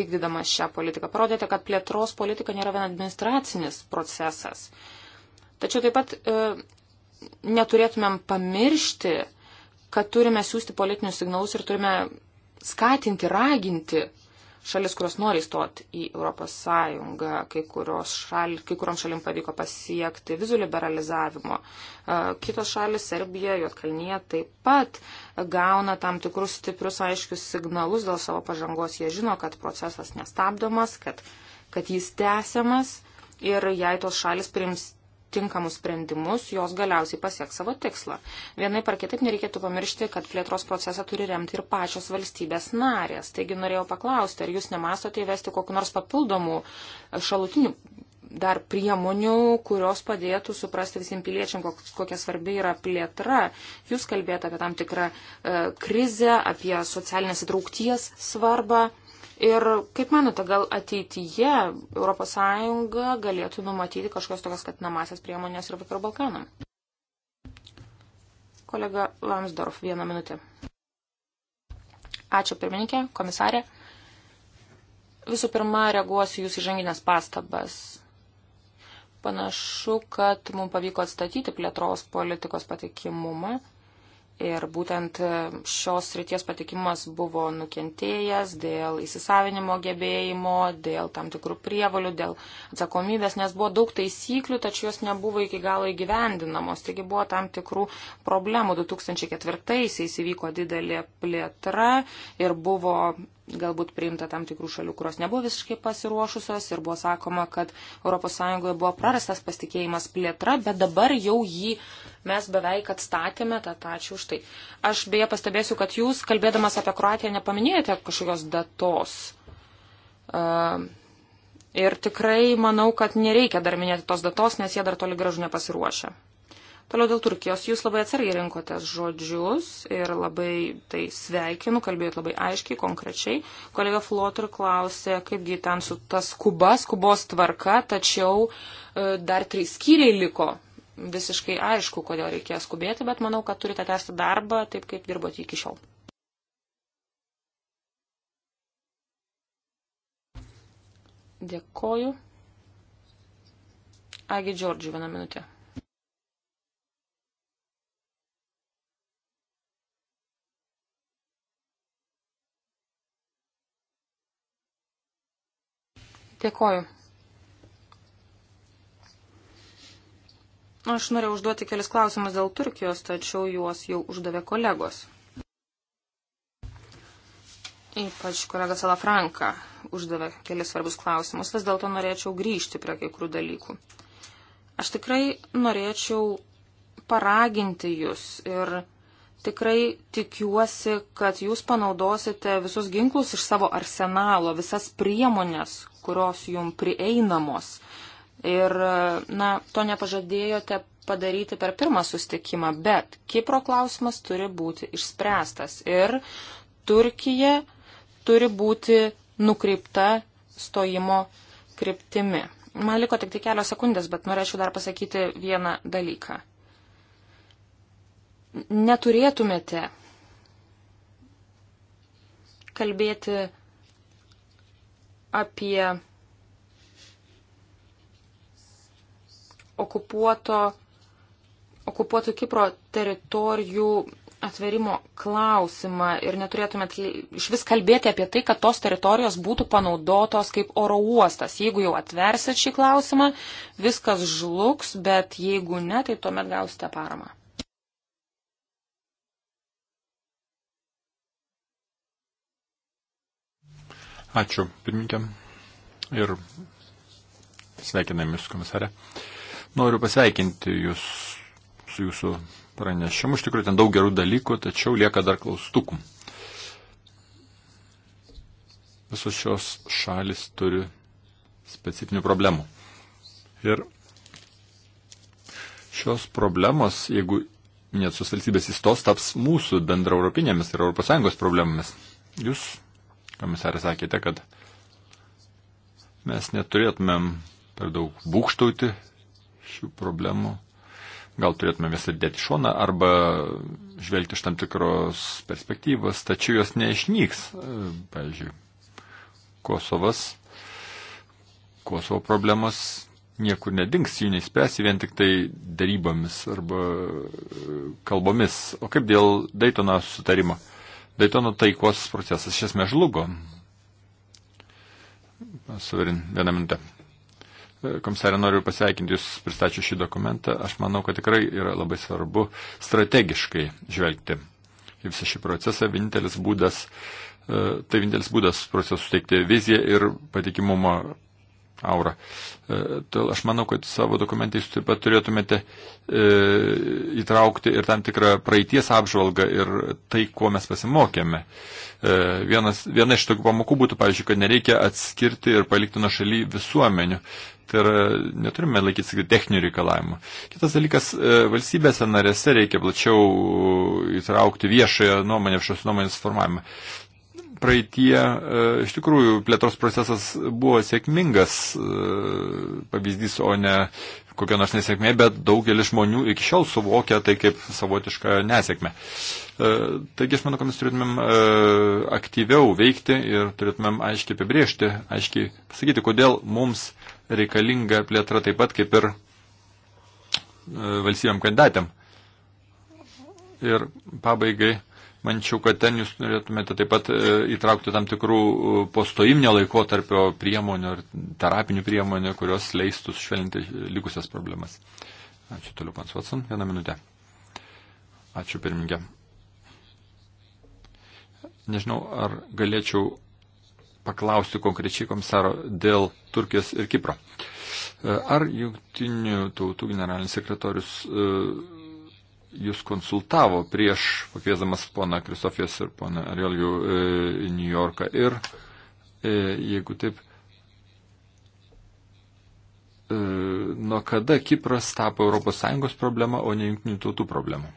vykdydamas šią politiką. Parodėte, kad plėtros politika nėra vien administracinis procesas. Tačiau taip pat e, neturėtumėm pamiršti, kad turime siūsti politinius signalus ir turime skatinti, raginti šalis, kurios nori įstoti į Europos Sąjungą, kai, šal, kai kuriuom šalim pavyko pasiekti vizų liberalizavimo. E, kitos šalis, Serbija, Jotkalnyje, taip pat gauna tam tikrus stiprius aiškius signalus dėl savo pažangos. Jie žino, kad procesas nestabdomas, kad, kad jis tęsiamas ir jei tos šalis priims tinkamus sprendimus, jos galiausiai pasieks savo tikslą. Vienai par kitaip nereikėtų pamiršti, kad plėtros procesą turi remti ir pačios valstybės narės. Taigi norėjau paklausti, ar jūs nemastote įvesti kokiu nors papildomų šalutinių dar priemonių, kurios padėtų suprasti visiems piliečiam, kokia svarbi yra plėtra. Jūs kalbėjote apie tam tikrą e, krizę, apie socialinės įtraukties svarbą. Ir kaip manote, gal ateityje ES galėtų numatyti kažkokios tokios skatinamasias priemonės ir vakarų Balkanam? Kolega Lamsdorf, vieną minutę. Ačiū pirmininkė, komisarė. Visų pirma, reaguosiu jūs įžanginės pastabas. Panašu, kad mums pavyko atstatyti plėtros politikos patikimumą Ir būtent šios ryties patikimas buvo nukentėjęs dėl įsisavinimo gebėjimo, dėl tam tikrų prievalių, dėl atsakomybės, nes buvo daug taisyklių, tačiau jos nebuvo iki galo įgyvendinamos. Taigi buvo tam tikrų problemų. 2004-aisiais įvyko didelė plėtra ir buvo galbūt priimta tam tikrų šalių, kurios nebuvo visiškai pasiruošusios ir buvo sakoma, kad ES buvo prarastas pasitikėjimas plėtra, bet dabar jau jį mes beveik atstatėme, tad ačiū už tai. Aš beje pastebėsiu, kad jūs, kalbėdamas apie Kroatiją, nepaminėjote kažkokios datos. Uh, ir tikrai manau, kad nereikia dar minėti tos datos, nes jie dar toli gražu nepasiruošę. Toliau dėl Turkijos. Jūs labai atsargiai rinkotės žodžius ir labai tai sveikinu, kalbėjot labai aiškiai, konkrečiai. Kolega Flotter klausė, kaipgi ten su tas kubas, kubos tvarka, tačiau e, dar trys skyriai liko. Visiškai aišku, kodėl reikės skubėti, bet manau, kad turite tęsti darbą taip, kaip dirbote iki šiol. Dėkoju. Agi Džordžiu, vieną minutę. Dėkoju. Aš norėjau užduoti kelis klausimus dėl Turkijos, tačiau juos jau uždavė kolegos. Ypač kolega Salafranka uždavė kelis svarbus klausimus. Vis dėlto norėčiau grįžti prie kai kurių dalykų. Aš tikrai norėčiau paraginti jūs ir Tikrai tikiuosi, kad jūs panaudosite visus ginklus iš savo arsenalo, visas priemonės, kurios jum prieinamos. Ir, na, to nepažadėjote padaryti per pirmą sustikimą, bet Kipro klausimas turi būti išspręstas. Ir Turkija turi būti nukreipta stojimo kryptimi. Man liko tik tai kelios sekundės, bet norėčiau dar pasakyti vieną dalyką neturėtumėte kalbėti apie okupuoto, okupuoto Kipro teritorijų atverimo klausimą ir neturėtumėt iš vis kalbėti apie tai, kad tos teritorijos būtų panaudotos kaip oro uostas. Jeigu jau atversit šį klausimą, viskas žlugs, bet jeigu ne, tai tuomet gausite paramą. Ačiū, pirmininkė. Ir sveikiname Jūs, komisarė. Noriu pasveikinti Jūs su Jūsų pranešimu. Iš tikrųjų, ten daug gerų dalykų, tačiau lieka dar klaustukų. Visos šios šalis turi specifinių problemų. Ir šios problemos, jeigu net sus valstybės įstos, taps mūsų bendraeuropinėmis ir ES problemomis. Jūs komisarė, sakėte, kad mes neturėtumėm per daug būkštauti šių problemų. Gal turėtume visą dėti šoną arba žvelgti iš tam tikros perspektyvos, tačiau jos neišnyks. Pavyzdžiui, Kosovas, Kosovo problemos niekur nedings, jų neįspręsi vien tik tai darybomis arba kalbomis. O kaip dėl Daytono sutarimo? Daytono nu, taikos procesas iš esmės žlugo. Suverin, vieną minutę. E, komisarė, noriu pasveikinti Jūs pristačiu šį dokumentą. Aš manau, kad tikrai yra labai svarbu strategiškai žvelgti į visą šį procesą. Vienintelis būdas, e, tai vienintelis būdas procesų suteikti viziją ir patikimumo aurą. E, todėl aš manau, kad savo dokumentai jūs taip pat turėtumėte e, įtraukti ir tam tikrą praeities apžvalgą ir tai, kuo mes pasimokėme. E, vienas, viena iš tokių pamokų būtų, pavyzdžiui, kad nereikia atskirti ir palikti nuo šaly visuomenių. Tai yra, neturime laikytis techninių reikalavimų. Kitas dalykas, valstybėse narėse reikia plačiau įtraukti viešąją nuomonę, viešos nuomonės formavimą praeitie e, iš tikrųjų plėtros procesas buvo sėkmingas e, pavyzdys, o ne kokia nors nesėkmė, bet daugelis žmonių iki šiol suvokia tai kaip savotišką nesėkmę. E, taigi aš manau, kad mes turėtumėm aktyviau veikti ir turėtumėm aiškiai apibriežti, aiškiai pasakyti, kodėl mums reikalinga plėtra taip pat kaip ir valstybėm kandidatėm. Ir pabaigai Mančiau, kad ten jūs norėtumėte taip pat e, įtraukti tam tikrų e, postoimnio laikotarpio priemonių ir terapinių priemonių, kurios leistų švelninti likusias problemas. Ačiū toliau, pans Watson. Vieną minutę. Ačiū pirmingė. Nežinau, ar galėčiau paklausti konkrečiai komisaro dėl Turkijos ir Kipro. E, ar jungtinių tautų generalinis sekretorius uh, jūs konsultavo prieš pakviesdamas poną Kristofijas ir poną Arielijų e, į New Yorką. Ir e, jeigu taip, e, nuo kada Kipras tapo ES problema, o ne jungtinių tautų problema?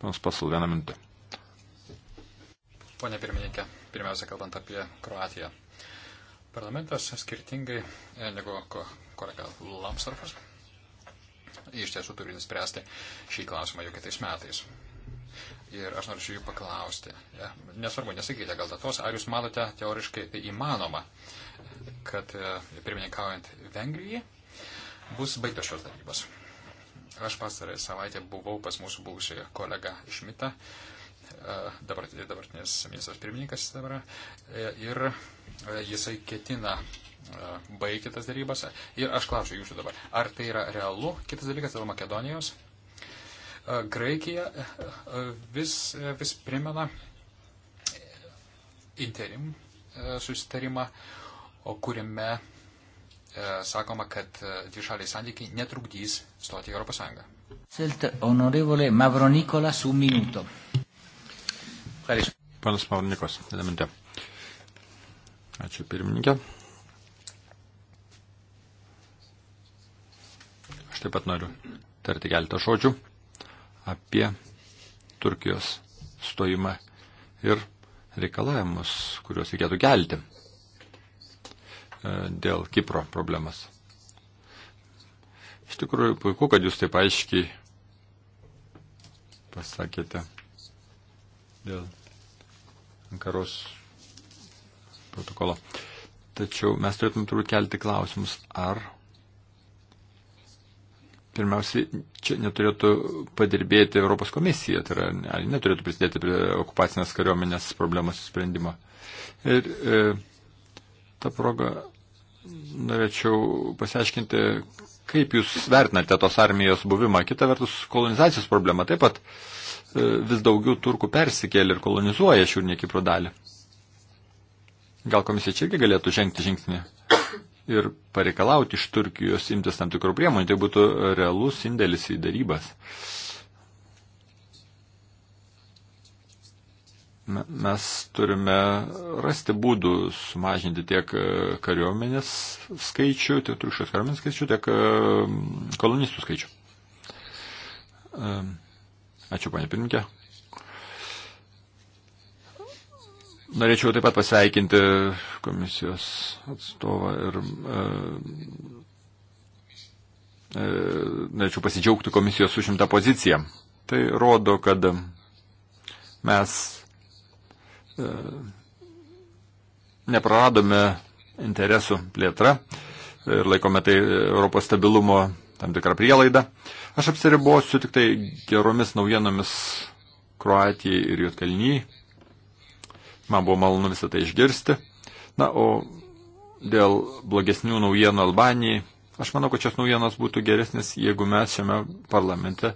Panas Pasal, vieną minutę. Pone pirmininkė, pirmiausia, kalbant apie Kroatiją. Parlamentas skirtingai e, negu kolega Lamsarfas iš tiesų turi spręsti šį klausimą jau kitais metais. Ir aš noriu jų paklausti. Ja, nesvarbu, nesakykite gal datos, ar jūs matote teoriškai tai įmanoma, kad e, pirmininkaujant Vengrijai bus baigtos šios darybos. Aš pastarąją savaitę buvau pas mūsų buvusį kolegą Šmitą, e, dabartinis ministras pirmininkas dabar, ir E, jisai ketina e, baigti tas darybas. Ir aš klausiu jūsų dabar, ar tai yra realu? Kitas dalykas dėl Makedonijos. E, Graikija vis, vis primena interim susitarimą, kuriame sakoma, kad dvišaliai santykiai netrukdys stoti į Europos Sąjungą. Panas Mavronikos, elemente. Ačiū pirmininkė. Aš taip pat noriu tarti keletą žodžių apie Turkijos stojimą ir reikalavimus, kuriuos reikėtų kelti e, dėl Kipro problemas. Iš tikrųjų, puiku, kad jūs taip aiškiai pasakėte dėl Ankaros protokolo. Tačiau mes turėtume turbūt kelti klausimus, ar pirmiausiai čia neturėtų padirbėti Europos komisija, tai yra, ar neturėtų prisidėti prie okupacinės kariuomenės problemos sprendimo. Ir e, tą progą norėčiau pasiaiškinti, kaip jūs vertinate tos armijos buvimą. Kita vertus, kolonizacijos problema taip pat e, vis daugiau turkų persikėlė ir kolonizuoja šiurnį Kipro dalį. Gal komisija čia irgi galėtų žengti žingsnį ir pareikalauti iš Turkijos imtis tam tikrų priemonių, tai būtų realus indėlis į darybas. Mes turime rasti būdų sumažinti tiek e, kariuomenės skaičių, tiek turkščios kariuomenės skaičių, tiek e, kolonistų skaičių. E, ačiū, panė pirmininkė. Norėčiau taip pat pasveikinti komisijos atstovą ir e, e, norėčiau pasidžiaugti komisijos užimtą poziciją. Tai rodo, kad mes e, nepraradome interesų plėtrą ir laikome tai Europos stabilumo tam tikrą prielaidą. Aš apsiribosiu tik tai geromis naujienomis Kroatijai ir Jotkalnyjai Man buvo malonu visą tai išgirsti. Na, o dėl blogesnių naujienų Albanijai, aš manau, kad šios naujienos būtų geresnės, jeigu mes šiame parlamente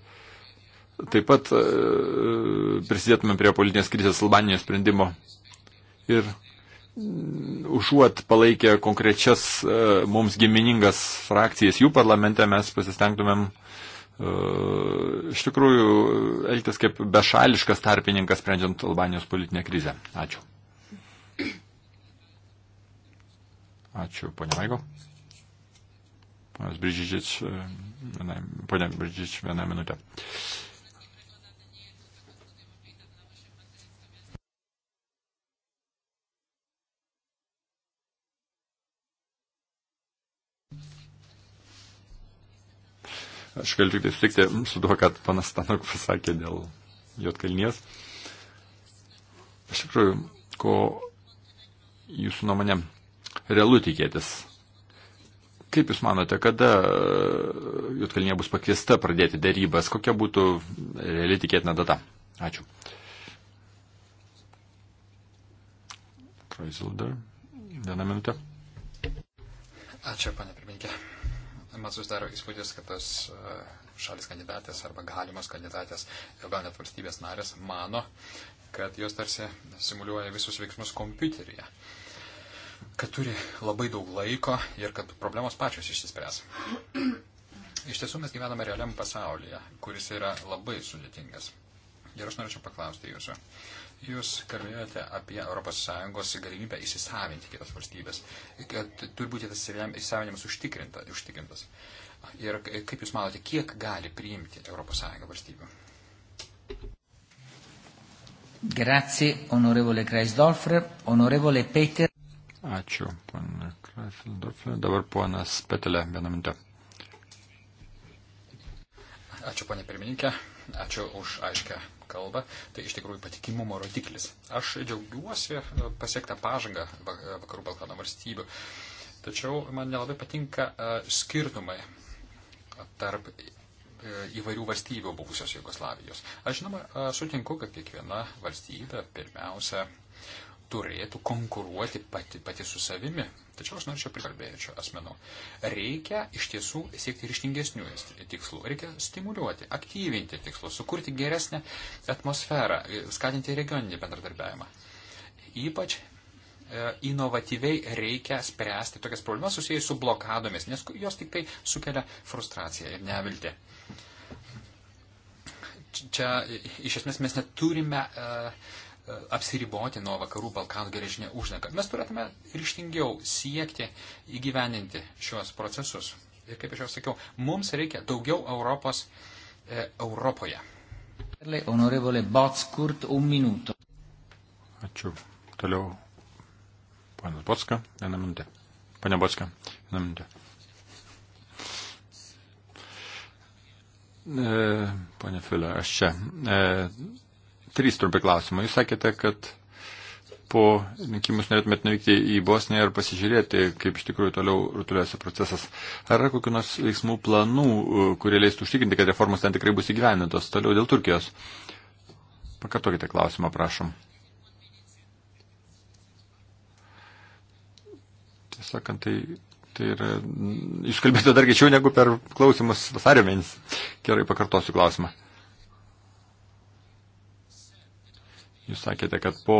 taip pat e, prisidėtume prie politinės krizės Albanijos sprendimo. Ir mm, užuot palaikę konkrečias e, mums giminingas frakcijas jų parlamente, mes pasistengtumėm e, iš tikrųjų elgtis kaip bešališkas tarpininkas, sprendžiant Albanijos politinę krizę. Ačiū. Ačiū, ponia Vaigo. Ponas Bridžičič, ponia Bridžičič, vieną minutę. Uh, Aš galiu tik tai sutikti su tuo, kad panas Stanok pasakė dėl Jotkalnies. Iš tikrųjų, ko jūsų nuomonė realu tikėtis? Kaip Jūs manote, kada Jotkalnie bus pakviesta pradėti darybas? Kokia būtų realiai tikėtina data? Ačiū. Kreisilder, vieną minutę. Ačiū, panė pirmininkė man susidaro įspūdis, kad tas e, šalis kandidatės arba galimas kandidatės, gal net valstybės narės, mano, kad jos tarsi simuliuoja visus veiksmus kompiuteryje, kad turi labai daug laiko ir kad problemos pačios išsispręs. Iš tiesų mes gyvename realiam pasaulyje, kuris yra labai sudėtingas. Ir aš norėčiau paklausti jūsų, Jūs kalbėjote apie ES galimybę įsisavinti kitas valstybės, kad turi būti tas įsisavinimas užtikrintas. Ir kaip Jūs manote, kiek gali priimti ES valstybių? Grazie, onorevole Kreisdorfer, onorevole Peter. Ačiū, pana Kreisdorfer. Dabar ponas Petelė, vieną minutę. Ačiū, ponė pirmininkė. Ačiū už aiškę kalbą, tai iš tikrųjų patikimumo rodiklis. Aš džiaugiuosi e, pasiektą pažangą e, vakarų Balkano valstybių, tačiau man nelabai patinka e, skirtumai tarp įvairių valstybių buvusios Jugoslavijos. Aš žinoma sutinku, kad kiekviena valstybė pirmiausia turėtų konkuruoti pati, pati su savimi. Tačiau aš norėčiau prikalbėjučio asmenų. Reikia iš tiesų siekti ryštingesnių tikslų. Reikia stimuliuoti, aktyvinti tikslus, sukurti geresnę atmosferą, skatinti regioninį bendradarbiavimą. Ypač e, inovatyviai reikia spręsti tokias problemas susijęs su blokadomis, nes jos tik tai sukelia frustraciją ir neviltį. Čia e, iš esmės mes neturime uh, apsiriboti nuo vakarų Balkanų geležinė uždanga. Mes turėtume ryštingiau siekti įgyveninti šios procesus. Ir kaip aš jau sakiau, mums reikia daugiau Europos e, Europoje. Honorevole Botskurt, un minuto. Ačiū. Toliau. Panas Botska, vieną minutę. Pane Botska, vieną minutę. E, Pane Filė, aš čia. E, trys trumpi klausimai. Jūs sakėte, kad po rinkimus norėtumėt nuvykti į Bosniją ir pasižiūrėti, kaip iš tikrųjų toliau rutuliuosi procesas. Ar yra kokių nors veiksmų planų, uh, kurie leistų užtikrinti, kad reformos ten tikrai bus įgyvenintos toliau dėl Turkijos? Pakartokite klausimą, prašom. Tiesąkant, tai, tai yra iškalbėta dar greičiau negu per klausimus vasario mėnesį. Gerai, pakartosiu klausimą. Jūs sakėte, kad po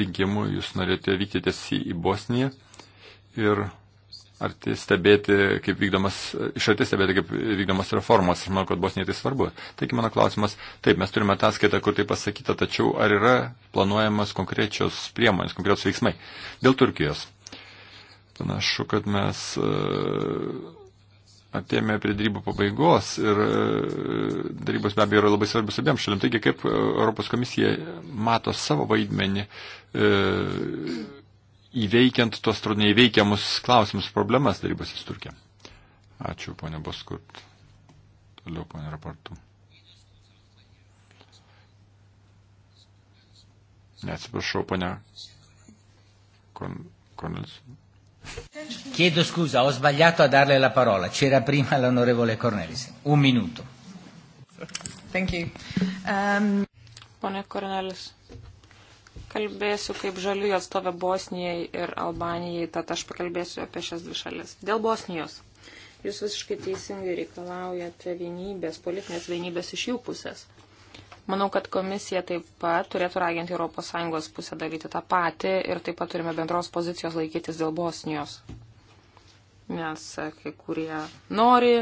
rinkimų jūs norėjote vykti tiesiai į Bosniją ir ar tai stebėti, kaip vykdomas, iš arti stebėti, kaip vykdomas reformos. Aš manau, kad Bosnijai tai svarbu. Taigi mano klausimas, taip, mes turime ataskaitą, kur tai pasakyta, tačiau ar yra planuojamas konkrečios priemonės, konkrečios veiksmai dėl Turkijos? Panašu, kad mes. Uh, atėjome prie darybų pabaigos ir e, darybos be abejo yra labai svarbios abiems šalim. Taigi, kaip Europos komisija mato savo vaidmenį e, įveikiant tuos trudniai įveikiamus klausimus problemas darybos į Turkiją. Ačiū, ponė Boskurt. Toliau, ponė raportų. Neatsiprašau, ponė Kon Konelis. Chiedo scusa, ho sbagliato a darle la parola. C'era prima l'onorevole Cornelisen. Un minuto. Thank you. Um... Pone Kornelis, kalbėsiu kaip žaliųjų atstovė Bosnijai ir Albanijai, tad aš pakalbėsiu apie šias dvi šalis. Dėl Bosnijos. Jūs visiškai teisingai reikalaujate vienybės, politinės vienybės iš jų pusės. Manau, kad komisija taip pat turėtų raginti ES pusę daryti tą patį ir taip pat turime bendros pozicijos laikytis dėl Bosnijos. Nes e, kai kurie nori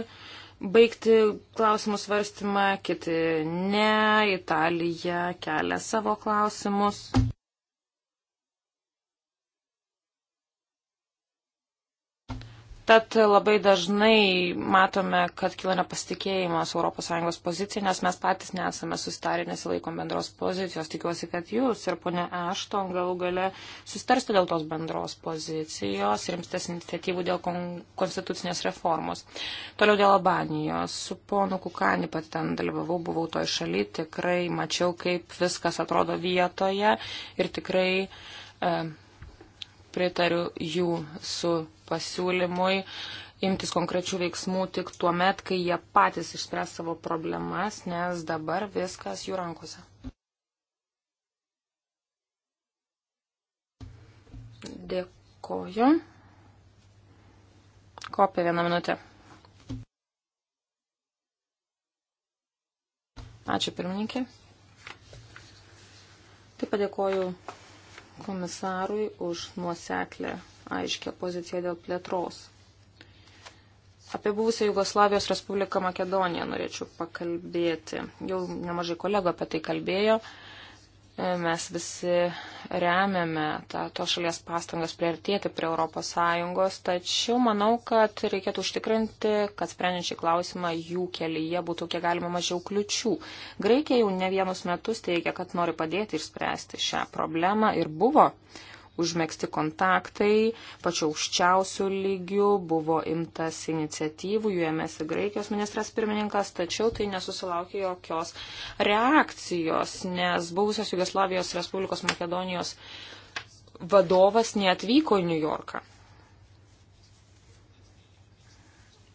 baigti klausimų svarstymą, kiti ne, Italija kelia savo klausimus. Tad labai dažnai matome, kad kyla nepasitikėjimas ES pozicija, nes mes patys nesame susitarę, nesilaikom bendros pozicijos. Tikiuosi, kad jūs ir ponė Ašton galų gale susitarsite dėl tos bendros pozicijos ir imstės iniciatyvų dėl kon konstitucinės reformos. Toliau dėl Albanijos. Su ponu Kukani pati ten dalyvavau, buvau toj šaly, tikrai mačiau, kaip viskas atrodo vietoje ir tikrai e, pritariu jų su pasiūlymui imtis konkrečių veiksmų tik tuo met, kai jie patys išspręs savo problemas, nes dabar viskas jų rankose. Dėkoju. Kopė vieną minutę. Ačiū pirmininkė. Taip padėkoju komisarui už nuoseklę aiškę poziciją dėl plėtros. Apie buvusią Jugoslavijos Respubliką Makedoniją norėčiau pakalbėti. Jau nemažai kolegų apie tai kalbėjo. E, mes visi remiame tą, to šalies pastangas priartėti prie ES, tačiau manau, kad reikėtų užtikrinti, kad sprendžiant šį klausimą jų kelyje būtų kiek galima mažiau kliučių. Graikija jau ne vienus metus teigia, kad nori padėti išspręsti šią problemą ir buvo uh, užmėgsti kontaktai, pačiu aukščiausių lygių buvo imtas iniciatyvų, jų ėmėsi Graikijos ministras pirmininkas, tačiau tai nesusilaukė jokios reakcijos, nes buvusios Jugoslavijos Respublikos Makedonijos vadovas neatvyko į New Yorką.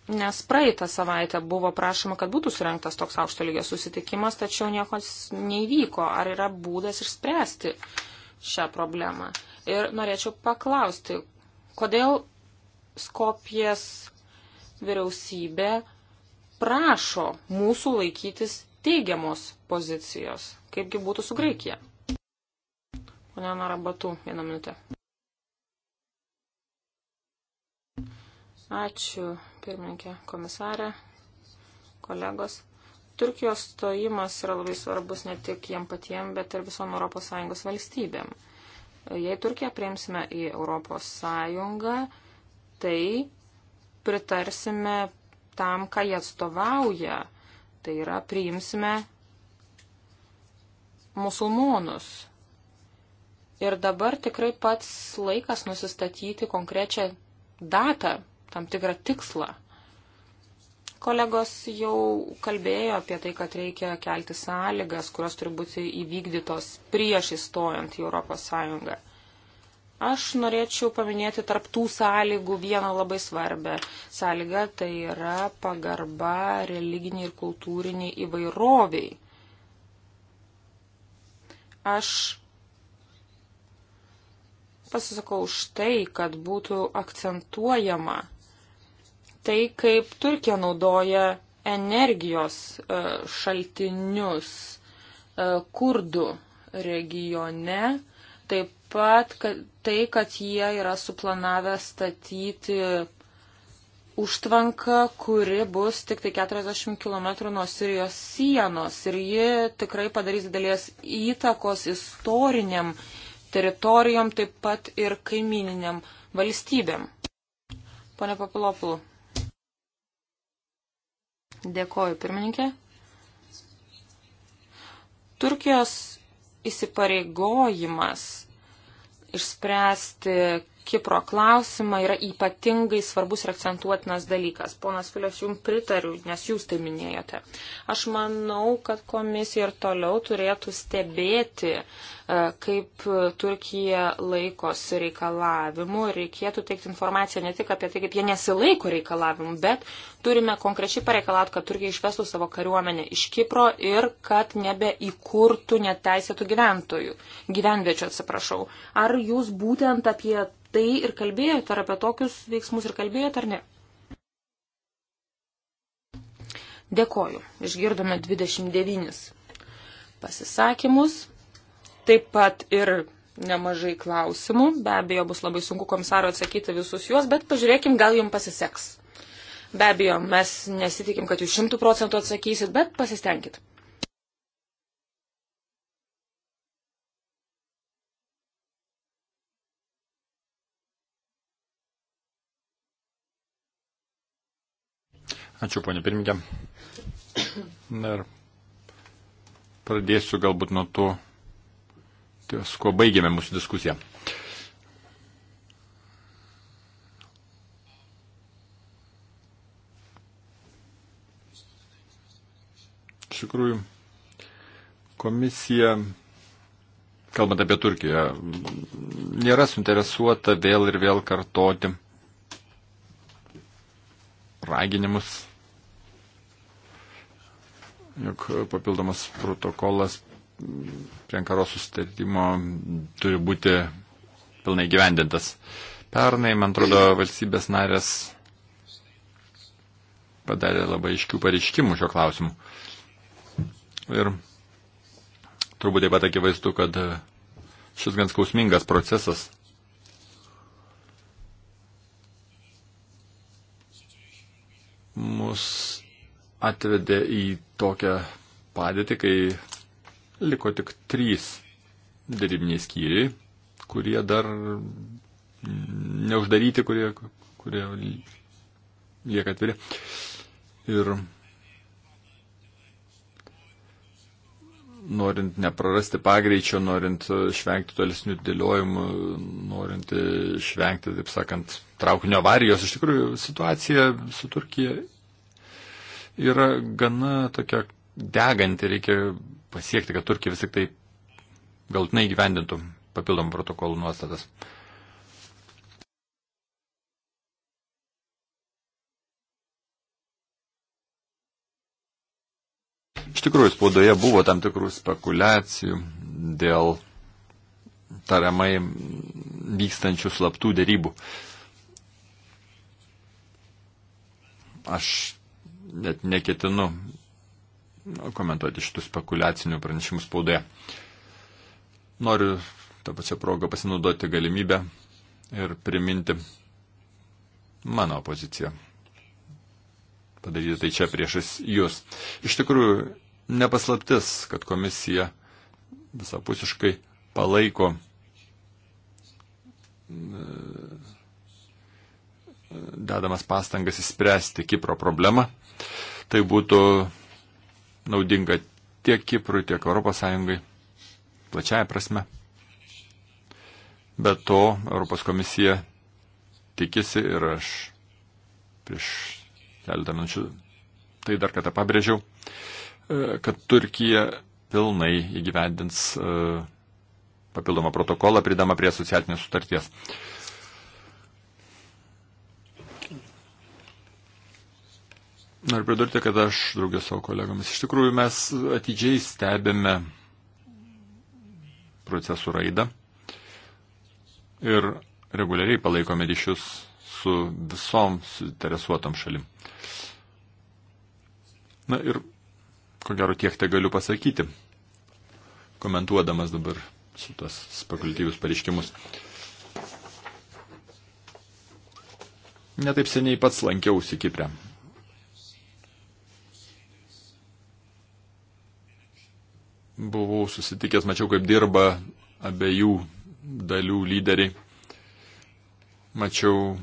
Nes praeitą savaitę buvo prašoma, kad būtų surinktas toks aukšto lygio susitikimas, tačiau nieko neįvyko. Ar yra būdas išspręsti šią problemą? ir norėčiau paklausti, kodėl Skopijas vyriausybė prašo mūsų laikytis teigiamos pozicijos, kaipgi būtų su Graikija. Pone Narabatu, vieną minutę. Ačiū, pirmininkė komisarė, kolegos. Turkijos stojimas yra labai svarbus ne tik jiem patiem, bet ir visom ES valstybėm. Jei Turkiją priimsime į Europos Sąjungą, tai pritarsime tam, ką jie atstovauja. Tai yra priimsime musulmonus. Ir dabar tikrai pats laikas nusistatyti konkrečią datą, tam tikrą tikslą. Kolegos jau kalbėjo apie tai, kad reikia kelti sąlygas, kurios turi būti įvykdytos prieš įstojant į Europos Sąjungą. Aš norėčiau paminėti tarptų sąlygų vieną labai svarbę sąlygą, tai yra pagarba religiniai ir kultūriniai įvairoviai. Aš pasisakau už tai, kad būtų akcentuojama tai, kaip Turkija naudoja energijos e, šaltinius e, kurdų regione, taip pat kad, tai, kad jie yra suplanavę statyti užtvanką, kuri bus tik tai 40 km nuo Sirijos sienos ir ji tikrai padarys didelės įtakos istoriniam teritorijom, taip pat ir kaimininiam valstybėm. Pone Papilopulu. Dėkoju, pirmininkė. Turkijos įsipareigojimas išspręsti Kipro klausimą yra ypatingai svarbus ir akcentuotinas dalykas. Ponas Filios, jums pritariu, nes jūs tai minėjote. Aš manau, kad komisija ir toliau turėtų stebėti, e, kaip Turkija laikosi reikalavimų. Reikėtų teikti informaciją ne tik apie tai, kaip jie nesilaiko reikalavimų, bet turime konkrečiai pareikalauti, kad Turkija išvestų savo kariuomenę iš Kipro ir kad nebeįkurtų neteisėtų gyventojų, gyvenviečių atsiprašau. Ar jūs būtent apie tai ir kalbėjote, ar apie tokius veiksmus ir kalbėjote, ar ne? Dėkoju. Išgirdome 29 pasisakymus, taip pat ir nemažai klausimų. Be abejo, bus labai sunku komisaro atsakyti visus juos, bet pažiūrėkim, gal jums pasiseks. Be abejo, mes nesitikim, kad jūs šimtų procentų atsakysit, bet pasistengit. Ačiū, ponė pirmininkė. Na ir pradėsiu galbūt nuo to, ties kuo baigėme mūsų diskusiją. Iš tikrųjų, komisija, kalbant apie Turkiją, nėra suinteresuota vėl ir vėl kartoti raginimus jog papildomas protokolas prie Ankaros sustarimo turi būti pilnai gyvendintas. Pernai, man atrodo, valstybės narės padarė labai iškių pareiškimų šio klausimu. Ir turbūt taip pat akivaizdu, kad šis gan skausmingas procesas mus atvedė į tokią padėtį, kai liko tik trys dėrybiniai skyriai, kurie dar neuždaryti, kurie, kurie lieka atviri. Ir norint neprarasti pagreičio, norint išvengti tolesnių dėliojimų, norint išvengti, taip sakant, traukinio avarijos, iš tikrųjų situacija su Turkija yra gana tokia deganti, reikia pasiekti, kad Turkija vis tik tai galtinai gyvendintų papildomų protokolų nuostatas. Iš tikrųjų, spaudoje buvo tam tikrų spekulacijų dėl tariamai vykstančių slaptų dėrybų. Aš net neketinu nu, komentuoti šitų spekulacinių pranešimų spaudoje. Noriu tą pačią progą pasinaudoti galimybę ir priminti mano poziciją. Padaryti tai čia priešas jūs. Iš tikrųjų, nepaslaptis, kad komisija visapusiškai palaiko dedamas pastangas įspręsti Kipro problemą. Tai būtų naudinga tiek Kiprui, tiek ES plačiaja prasme. Be to, Europos komisija tikisi ir aš prieš keletą minučių tai dar kartą pabrėžiau, e, kad Turkija pilnai įgyvendins e, papildomą protokolą pridama prie socialinės sutarties. Noriu pridurti, kad aš draugės savo kolegomis. Iš tikrųjų, mes atidžiai stebime procesų raidą ir reguliariai palaikome ryšius su visom suinteresuotam šalim. Na ir ko gero tiek te galiu pasakyti, komentuodamas dabar šitas spekuliatyvius pareiškimus. Netaip seniai pats lankiausi Kiprę. buvau susitikęs, mačiau, kaip dirba abiejų dalių lyderiai. Mačiau,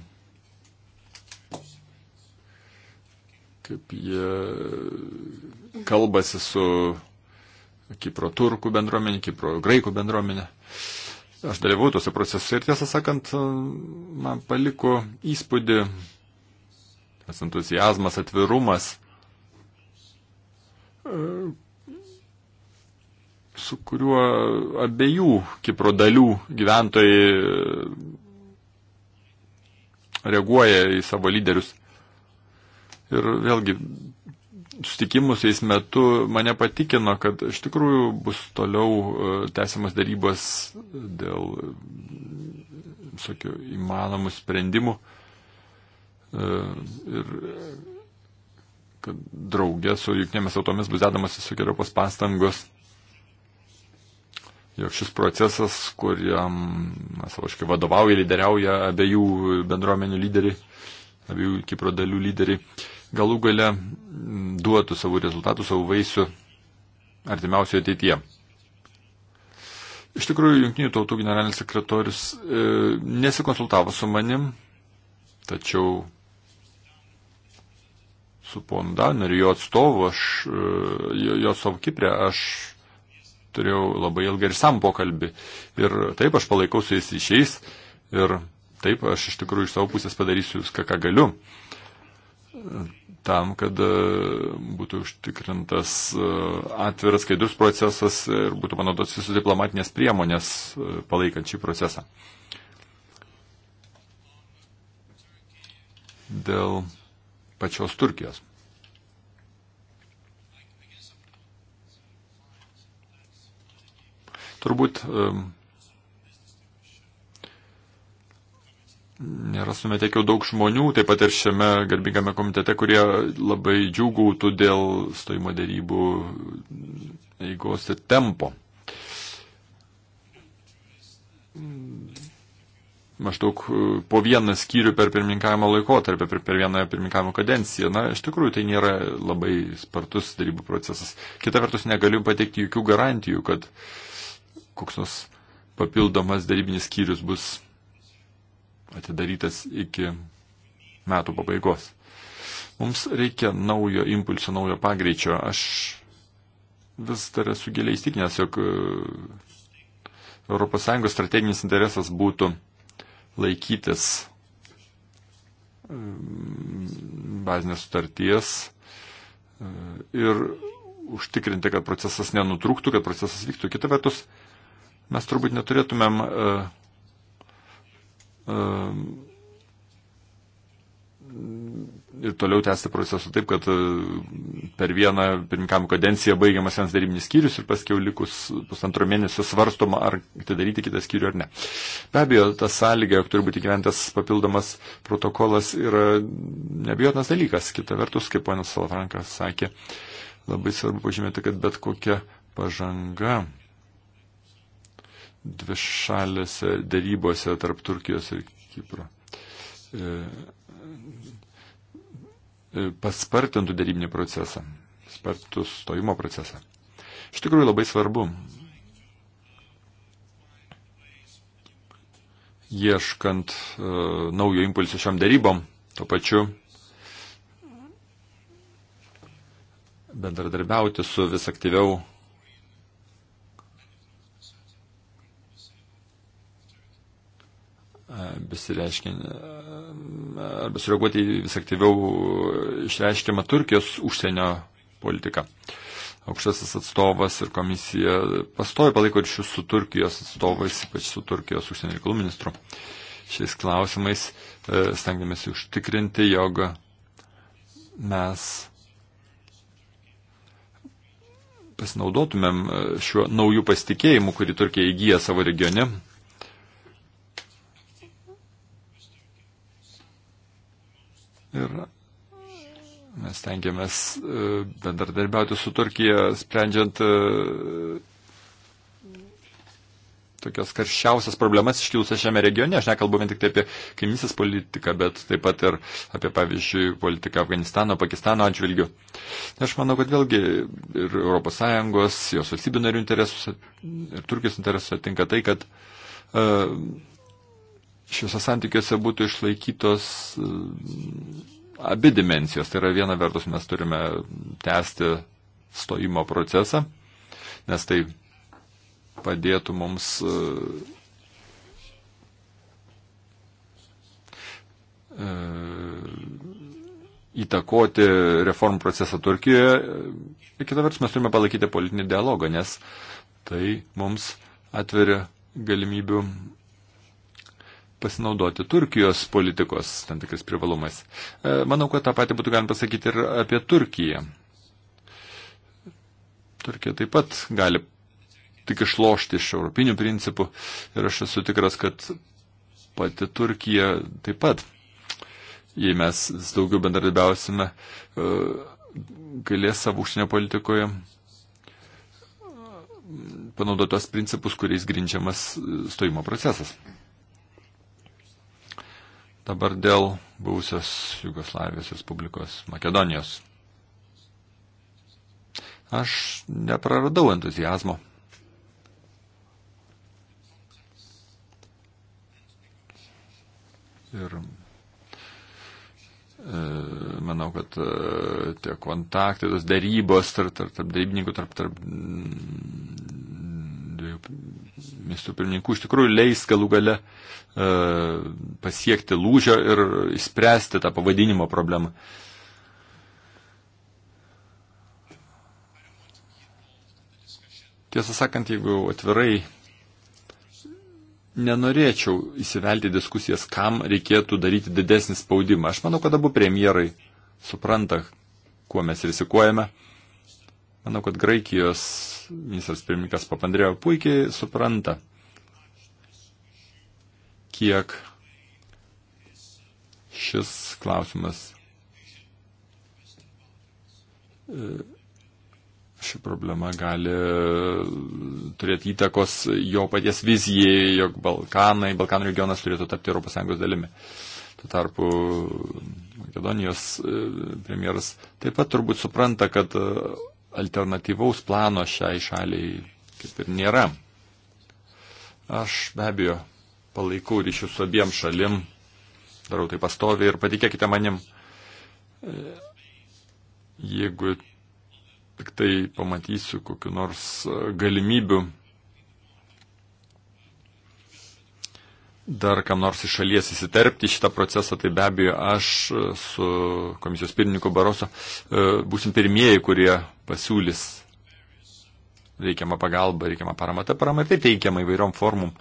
kaip jie kalbasi su Kipro turkų bendruomenė, Kipro graikų bendruomenė. Aš dalyvau tuose procesuose ir tiesą sakant, man paliko įspūdį, tas entuzijazmas, atvirumas, su kuriuo abiejų Kipro dalių gyventojai e, reaguoja į savo lyderius. Ir vėlgi, sustikimus jais metu mane patikino, kad iš tikrųjų bus toliau e, tęsiamas darybos dėl e, visokių įmanomų sprendimų. Ir kad draugė su juknėmis automis bus dedamas visokiojopas pastangos jog šis procesas, kuriam, savoškai, vadovauja, lyderiauja abiejų bendruomenių lyderiai, abiejų Kipro dalių lyderiai, galų gale duotų savo rezultatų, savo vaisių artimiausioje ateityje. Iš tikrųjų, Junktinių tautų generalinis sekretorius e, nesikonsultavo su manim, tačiau su ponu Daniu ir jo atstovu, aš, e, jo atstovu Kiprė, aš turėjau labai ilgą ir sam pokalbį. Ir taip aš palaikau su jais išeis ir taip aš iš tikrųjų iš savo pusės padarysiu viską, ką galiu, tam, kad e, būtų užtikrintas e, atviras, skaidrus procesas ir būtų panaudotas visus diplomatinės priemonės e, palaikant šį procesą. Dėl pačios Turkijos. Turbūt nerasime tiek jau daug žmonių, taip pat ir šiame garbingame komitete, kurie labai džiūgautų dėl stojimo dėrybų eigos ir tempo. Maždaug e, po vieną skyrių per pirmininkavimo laikotarpį, per, per vieną pirmininkavimo kadenciją. Na, iš tikrųjų, tai nėra labai spartus darybų procesas. Kita vertus, negaliu pateikti jokių garantijų, kad uh, koks nors papildomas darybinis skyrius bus atidarytas iki metų pabaigos. Mums reikia naujo impulso, naujo pagreičio. Aš vis dar esu giliai įstikinęs, jog ES strateginis interesas būtų laikytis e, bazinės sutarties e, ir užtikrinti, kad procesas nenutrūktų, kad procesas vyktų. Kita vertus, Mes turbūt neturėtumėm uh, uh, ir toliau tęsti procesą taip, kad e, per vieną pirmkam kadenciją baigiamas vienas darybinis skyrius ir paskiau likus pusantro mėnesio svarstoma, ar atidaryti kitą skyrių ar ne. Be abejo, ta sąlyga, jog turi būti gyventas papildomas protokolas, yra nebijotinas dalykas. Kita vertus, kaip ponas Salafrankas sakė, labai svarbu pažymėti, kad bet kokia pažanga dvišalėse dėrybose tarp Turkijos ir Kipro. E, e, paspartintų dėrybinį procesą, spartų stojimo procesą. Iš tikrųjų labai svarbu, ieškant uh, naujo impulsio šiam darybom, tuo pačiu bendradarbiauti su vis aktyviau besireiškinį arba sureaguoti į vis aktyviau išreiškiamą Turkijos užsienio politiką. Aukštasis atstovas ir komisija pastovi palaiko ryšius su Turkijos atstovais, ypač su Turkijos užsienio reikalų ministru. Šiais klausimais e, stengiamės užtikrinti, jog mes pasinaudotumėm e, šiuo naujų pasitikėjimu, kurį Turkija įgyja savo regione Ir mes tengiamės e, bendradarbiauti su Turkija, sprendžiant e, tokias karščiausias problemas iškilusias šiame regione. Aš nekalbu vien tik tai apie kaimysis politiką, bet taip pat ir apie, pavyzdžiui, politiką Afganistano, Pakistano atžvilgių. Aš manau, kad vėlgi ir ES, jos valstybių narių interesus, ir Turkijos interesus atinka tai, kad uh, šiuose santykiuose būtų išlaikytos e, abi dimensijos. Tai yra viena vertus mes turime tęsti stojimo procesą, nes tai padėtų mums e, e, įtakoti reformų procesą Turkijoje. Ir kita vertus, mes turime palaikyti politinį dialogą, nes tai mums atveria galimybių pasinaudoti Turkijos politikos tam tikras privalumais. E, manau, kad tą patį būtų galima pasakyti ir apie Turkiją. Turkija taip pat gali tik išlošti iš europinių principų ir aš esu tikras, kad pati Turkija taip pat, jei mes daugiau bendradarbiausime, e, galės savo užsienio politikoje panaudotos principus, kuriais grindžiamas stojimo procesas. Dabar dėl buvusios Jugoslavijos Respublikos Makedonijos. Aš nepraradau entuzijazmo. Ir e, manau, kad e, tie kontaktai, tos darybos tarp, tarp, tarp darybininkų, tarp, tarp dviejų miestų pirmininkų iš tikrųjų leis galų gale e, pasiekti lūžio ir išspręsti tą pavadinimo problemą. Tiesą sakant, jeigu atvirai nenorėčiau įsivelti diskusijas, kam reikėtų daryti didesnį spaudimą. Aš manau, kad abu premjerai supranta, kuo mes rizikuojame. Manau, kad Graikijos ministras pirmininkas Papandrėjo puikiai supranta, kiek šis klausimas, e, ši problema gali turėti įtakos jo paties vizijai, jog Balkanai, Balkanų regionas turėtų tapti ES dalimi. Tuo tarpu Makedonijos e, premjeras taip pat turbūt supranta, kad e, alternatyvaus plano šiai šaliai kaip ir nėra. Aš be abejo palaikau ryšius su abiem šalim, darau tai pastovi ir patikėkite manim, jeigu tik tai pamatysiu kokiu nors galimybiu dar kam nors iš šalies įsiterpti šitą procesą, tai be abejo aš e, su komisijos pirmininku Baroso e, būsim pirmieji, kurie pasiūlys reikiamą pagalbą, reikiamą paramą. Ta parama ir taip teikiama įvairiom formom.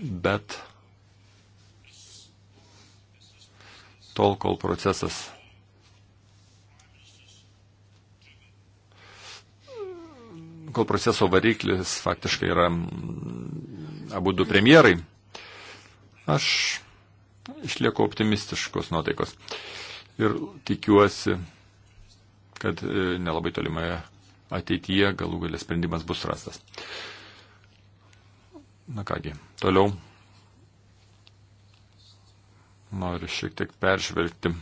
Bet tol, kol procesas kol proceso variklis faktiškai yra abu du premjerai, Aš išlieku optimistiškos nuotaikos ir tikiuosi, kad e, nelabai tolimoje ateityje galų galės sprendimas bus rastas. Na kągi, toliau noriu šiek tiek peržvelgti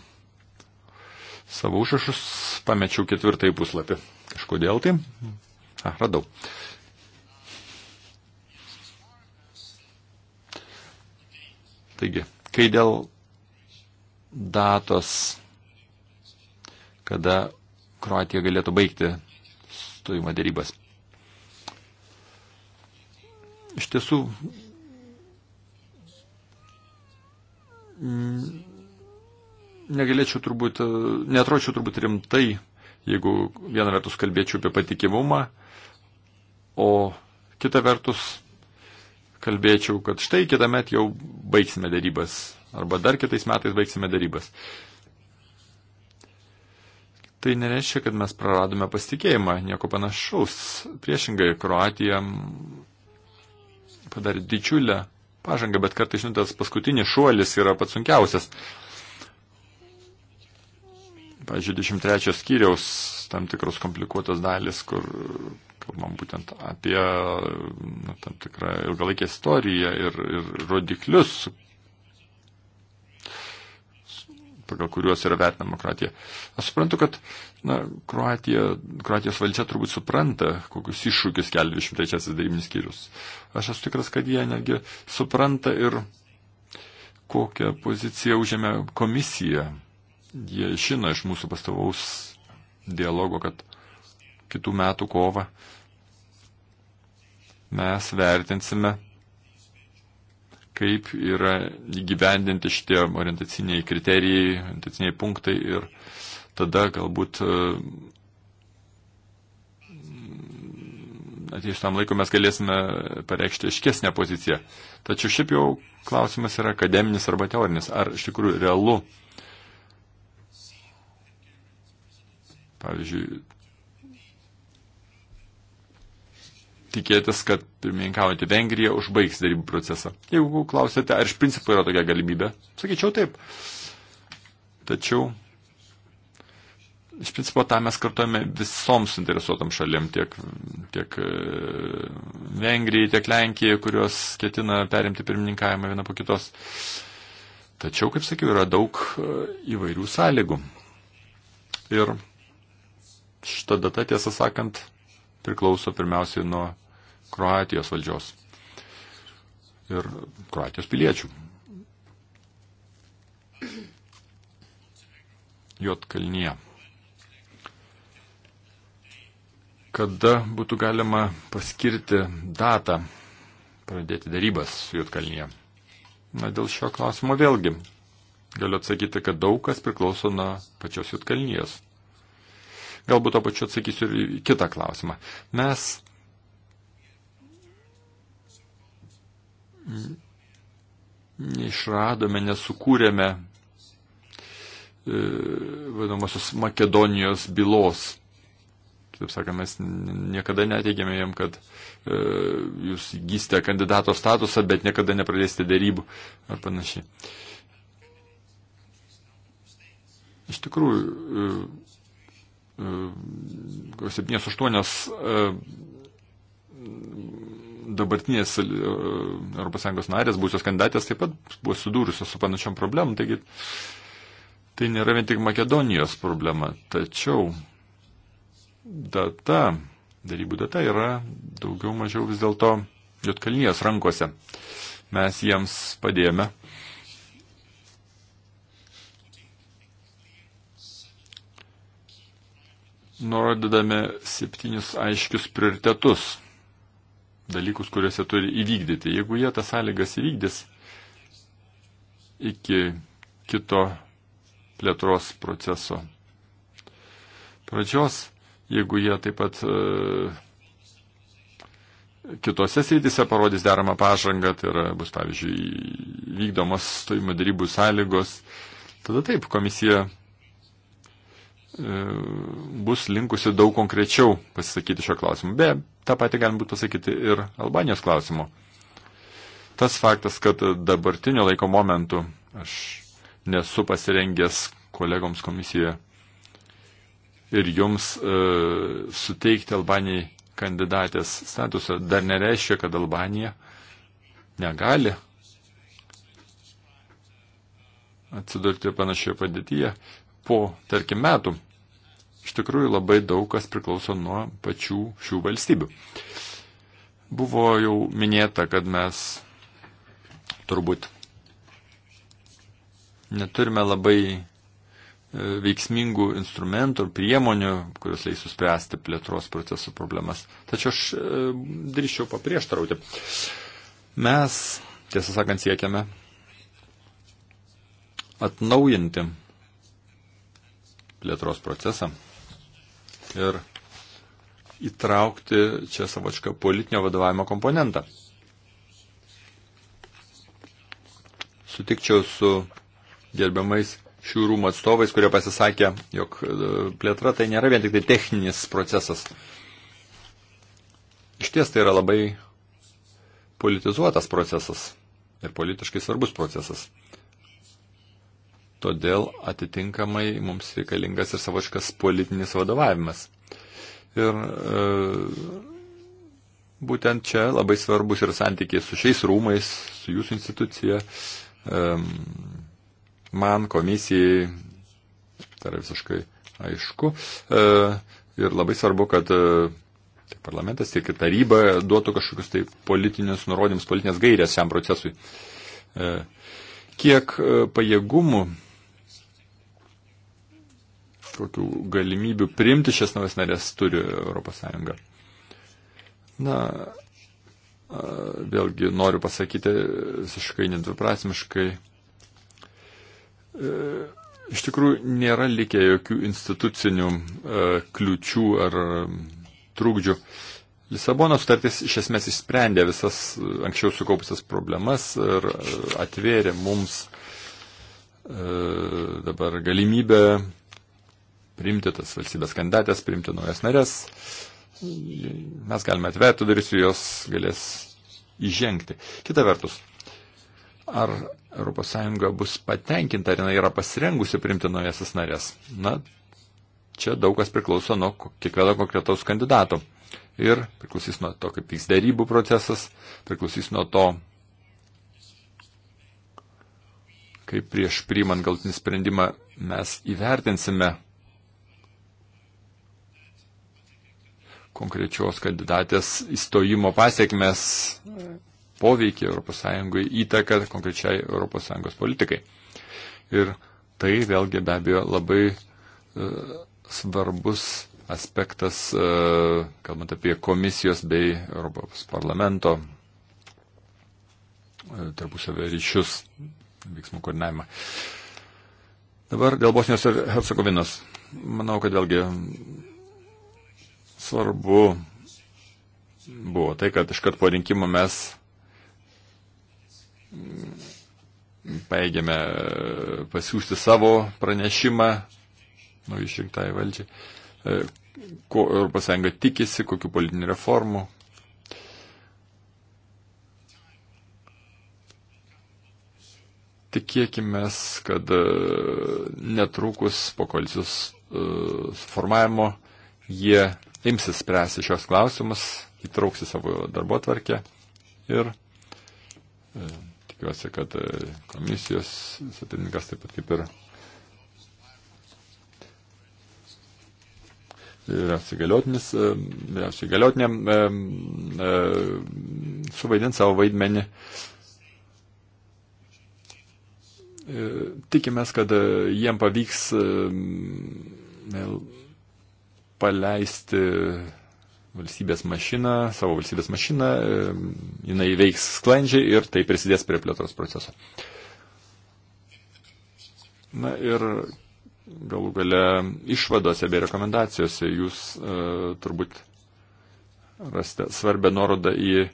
savo užrašus, pamečiau ketvirtąjį puslapį. Kažkodėl tai? A, radau. Taigi, kai dėl datos, kada Kroatija galėtų baigti stojimo dėrybas. Iš tiesų, negalėčiau turbūt, netročiau turbūt rimtai, jeigu vieną vertus kalbėčiau apie patikimumą, o kitą vertus kalbėčiau, kad štai kitą metą jau baigsime darybas arba dar kitais metais baigsime darybas. Tai nereiškia, kad mes praradome pasitikėjimą, nieko panašaus. Priešingai, Kroatija padarė didžiulę pažangą, bet kartais, žinot, tas paskutinis šuolis yra pats sunkiausias. Pavyzdžiui, 23 skyriaus tam tikros komplikuotos dalis, kur kalbam būtent apie na, tam tikrą ilgalaikę istoriją ir, ir rodiklius, pagal kuriuos yra vertinama Kroatija. Aš suprantu, kad na, Kroatija, Kroatijos valdžia turbūt supranta, kokius iššūkius kelia 23 darybinis skyrius. Aš esu tikras, kad jie netgi supranta ir kokią poziciją užėmė komisija. Jie žino iš mūsų pastovaus dialogo, kad kitų metų kovą mes vertinsime, kaip yra įgyvendinti šitie orientaciniai kriterijai, orientaciniai punktai ir tada galbūt e, atėjus tam laiko mes galėsime pareikšti aiškesnę poziciją. Tačiau šiaip jau klausimas yra akademinis arba teorinis. Ar iš tikrųjų realu, pavyzdžiui, tikėtis, kad pirmininkaujantį Vengriją užbaigs darybų procesą. Jeigu klausėte, ar iš principo yra tokia galimybė, sakyčiau taip. Tačiau iš principo tą mes kartuojame visoms suinteresuotam šalim, tiek, tiek e, Vengrijai, tiek Lenkijai, kurios ketina perimti pirmininkavimą vieną po kitos. Tačiau, kaip sakiau, yra daug e, įvairių sąlygų. Ir šita data, tiesą sakant, priklauso pirmiausiai nuo Kroatijos valdžios ir Kroatijos piliečių. Jotkalnyje. Kada būtų galima paskirti datą pradėti darybas su Jotkalnyje? Na, dėl šio klausimo vėlgi galiu atsakyti, kad daug kas priklauso nuo pačios Jotkalnyjas. Galbūt to pačiu atsakysiu ir kitą klausimą. Mes neišradome, nesukūrėme e, vadinamosios Makedonijos bylos. Taip sakant, mes niekada neteigėme jam, kad e, jūs gysite kandidato statusą, bet niekada nepradėsite dėrybų ar panašiai. Iš tikrųjų, e, e, 7-8 e, dabartinės ES narės, būsios kandidatės taip pat buvo sudūrusios su panašiom problemom, taigi tai nėra vien tik Makedonijos problema, tačiau data, darybų data yra daugiau mažiau vis dėlto Jotkalnijos rankose. Mes jiems padėjome. nurodydami septynis aiškius prioritetus dalykus, kuriuose turi įvykdyti. Jeigu jie tas sąlygas įvykdys iki kito plėtros proceso pradžios, jeigu jie taip pat e, kitose srityse parodys deramą pažangą, tai yra, bus pavyzdžiui vykdomos stojimo darybų sąlygos, tada taip komisija E, bus linkusi daug konkrečiau pasisakyti šio klausimu. Be, tą patį galim būtų pasakyti ir Albanijos klausimu. Tas faktas, kad dabartinio laiko momentu aš nesu pasirengęs kolegoms komisijoje ir jums e, suteikti Albanijai kandidatės statusą, dar nereiškia, kad Albanija negali atsidurti panašioje padėtyje po, tarkim, metų. Iš tikrųjų labai daug kas priklauso nuo pačių šių valstybių. Buvo jau minėta, kad mes turbūt neturime labai e, veiksmingų instrumentų ir priemonių, kurios leisų spręsti plėtros procesų problemas. Tačiau aš e, drįščiau paprieštarauti. Mes, tiesą sakant, siekiame atnaujinti plėtros procesą ir įtraukti čia savočką politinio vadovavimo komponentą. Sutikčiau su gerbiamais šių rūmų atstovais, kurie pasisakė, jog e, plėtra tai nėra vien tik tai techninis procesas. Iš ties tai yra labai politizuotas procesas ir politiškai svarbus procesas. Todėl atitinkamai mums reikalingas ir savočkas politinis vadovavimas. Ir e, būtent čia labai svarbus yra santykiai su šiais rūmais, su jūsų institucija, e, man komisijai, tai yra visiškai aišku. E, ir labai svarbu, kad e, tiek parlamentas, tiek ir taryba duotų kažkokius tai politinius nurodymus, politinės gairės šiam procesui. E, kiek e, pajėgumų kokių galimybių priimti šias naujas narės turi ES. Na, vėlgi noriu pasakyti visiškai nedviprasmiškai. E, iš tikrųjų, nėra likę jokių institucinių e, kliučių ar trūkdžių. Lisabono sutartis iš esmės išsprendė visas anksčiau sukaupusias problemas ir atvėrė mums e, dabar galimybę priimti tas valstybės kandidatės, priimti naujas narės. Mes galime atverti duris, jos galės įžengti. Kita vertus, ar ES bus patenkinta, ar jinai yra pasirengusi priimti naujasis narės? Na, čia daug kas priklauso nuo kiekvieno konkretaus kandidato. Ir priklausys nuo to, kaip vyks darybų procesas, priklausys nuo to, kaip prieš priimant galtinį sprendimą mes įvertinsime konkrečios kandidatės įstojimo pasiekmes poveikį ES, įtaką konkrečiai ES politikai. Ir tai vėlgi be abejo labai e, svarbus aspektas, e, kalbant apie komisijos bei Europos parlamento e, tarpusavio ryšius, veiksmų koordinavimą. Dabar dėl Bosnijos ir Hercegovinos. Manau, kad vėlgi svarbu buvo tai, kad iškart po rinkimų mes paėgėme pasiūsti savo pranešimą nu, išrinktai valdžiai, e, ko Europos Sąjunga tikisi, kokiu politiniu reformu. Tikėkime, kad e, netrukus po koalicijos e, formavimo jie imsis spręsti šios klausimus, įtrauks į savo darbo tvarkę ir e, tikiuosi, kad e, komisijos sapininkas taip pat kaip ir vyriausiai galiotinis, vyriausiai e, galiotinėm e, e, suvaidint savo vaidmenį. E, tikimės, kad e, jiem pavyks e, paleisti valstybės mašiną, savo valstybės mašiną, e, jinai veiks sklandžiai ir tai prisidės prie plėtros proceso. Na ir galų gale išvadose bei rekomendacijose jūs e, turbūt rasite svarbę nuorodą į e,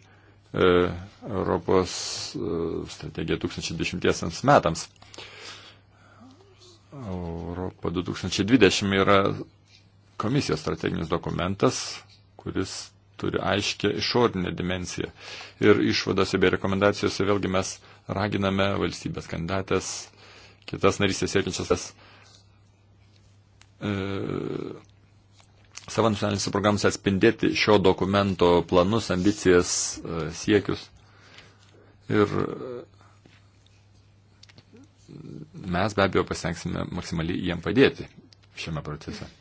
Europos e, strategiją 2010 metams. Europa 2020 yra komisijos strateginis dokumentas, kuris turi aiškę išorinę dimenciją. Ir išvadose bei rekomendacijose vėlgi mes raginame valstybės kandidatės, kitas narystės siekiančias e, savo nacionalinėse programose atspindėti šio dokumento planus, ambicijas, e, siekius. Ir mes be abejo pasieksime maksimaliai jiem padėti šiame procese. Mm.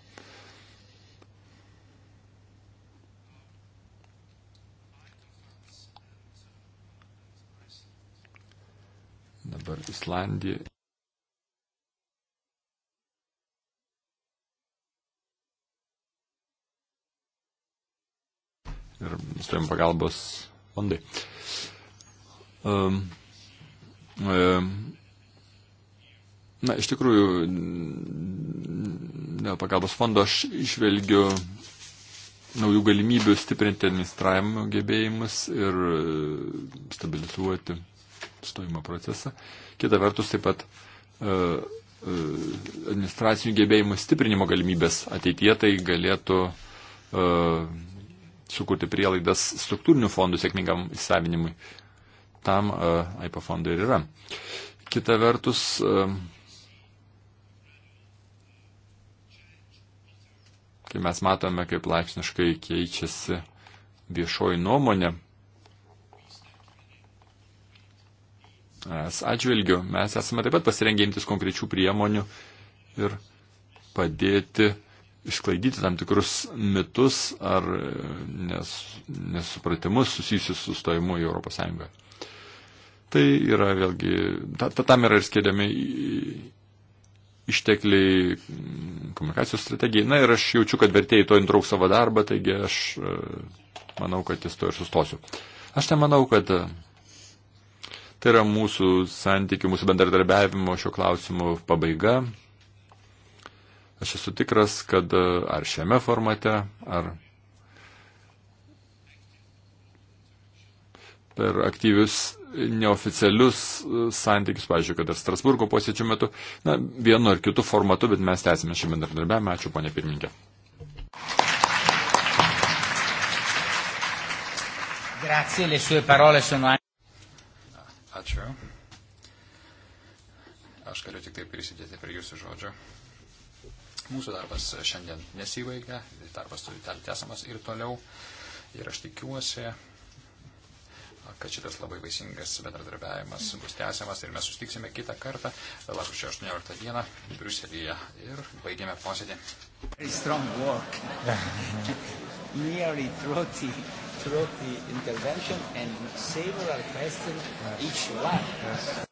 dabar Islandija. Ir stovim pagalbos fondai. Um, um, na, iš tikrųjų, dėl pagalbos fondo aš išvelgiu naujų galimybių stiprinti administravimo gebėjimus ir stabilizuoti stojimo procesą. Kita vertus taip pat e, e, administracinių gebėjimų stiprinimo galimybės ateityje tai galėtų e, sukurti prielaidas struktūrinių fondų sėkmingam įsavinimui. Tam AIPA fondai ir yra. Kita vertus, kai mes matome, kaip laipsniškai keičiasi viešoji nuomonė, atžvilgių mes esame taip pat pasirengę imtis konkrečių priemonių ir padėti išklaidyti tam tikrus mitus ar e, nes, nesupratimus susijusius su stojimu į ES. Tai yra vėlgi, ta, ta, tam yra ir skiriami ištekliai mm, komunikacijos strategijai. Na ir aš jaučiu, kad vertėjai to intrauk savo darbą, taigi aš e, manau, kad ties to ir sustosiu. Aš nemanau, kad e, Tai yra mūsų santykių, mūsų bendradarbiavimo šio klausimu pabaiga. Aš esu tikras, kad e, ar šiame formate, ar per aktyvius neoficialius e, santykius, pavyzdžiui, kad ir Strasburgo posėdžių metu, na, vienu ar kitu formatu, bet mes tęsime šį bendradarbiavimą. Ačiū, ponė pirmininkė. Grazie, le sue parole sono Ačiū. Aš galiu tik tai prisidėti prie jūsų žodžio. Mūsų darbas šiandien nesibaigia, darbas turi tęsiamas ir toliau. Ir aš tikiuosi, kad šitas labai vaisingas bendradarbiavimas bus tęsiamas ir mes sustiksime kitą kartą, lapkričio 18 dieną, Briuselėje ir baigėme posėdį. nearly 30, 30 interventions and several questions yes. each one. Yes.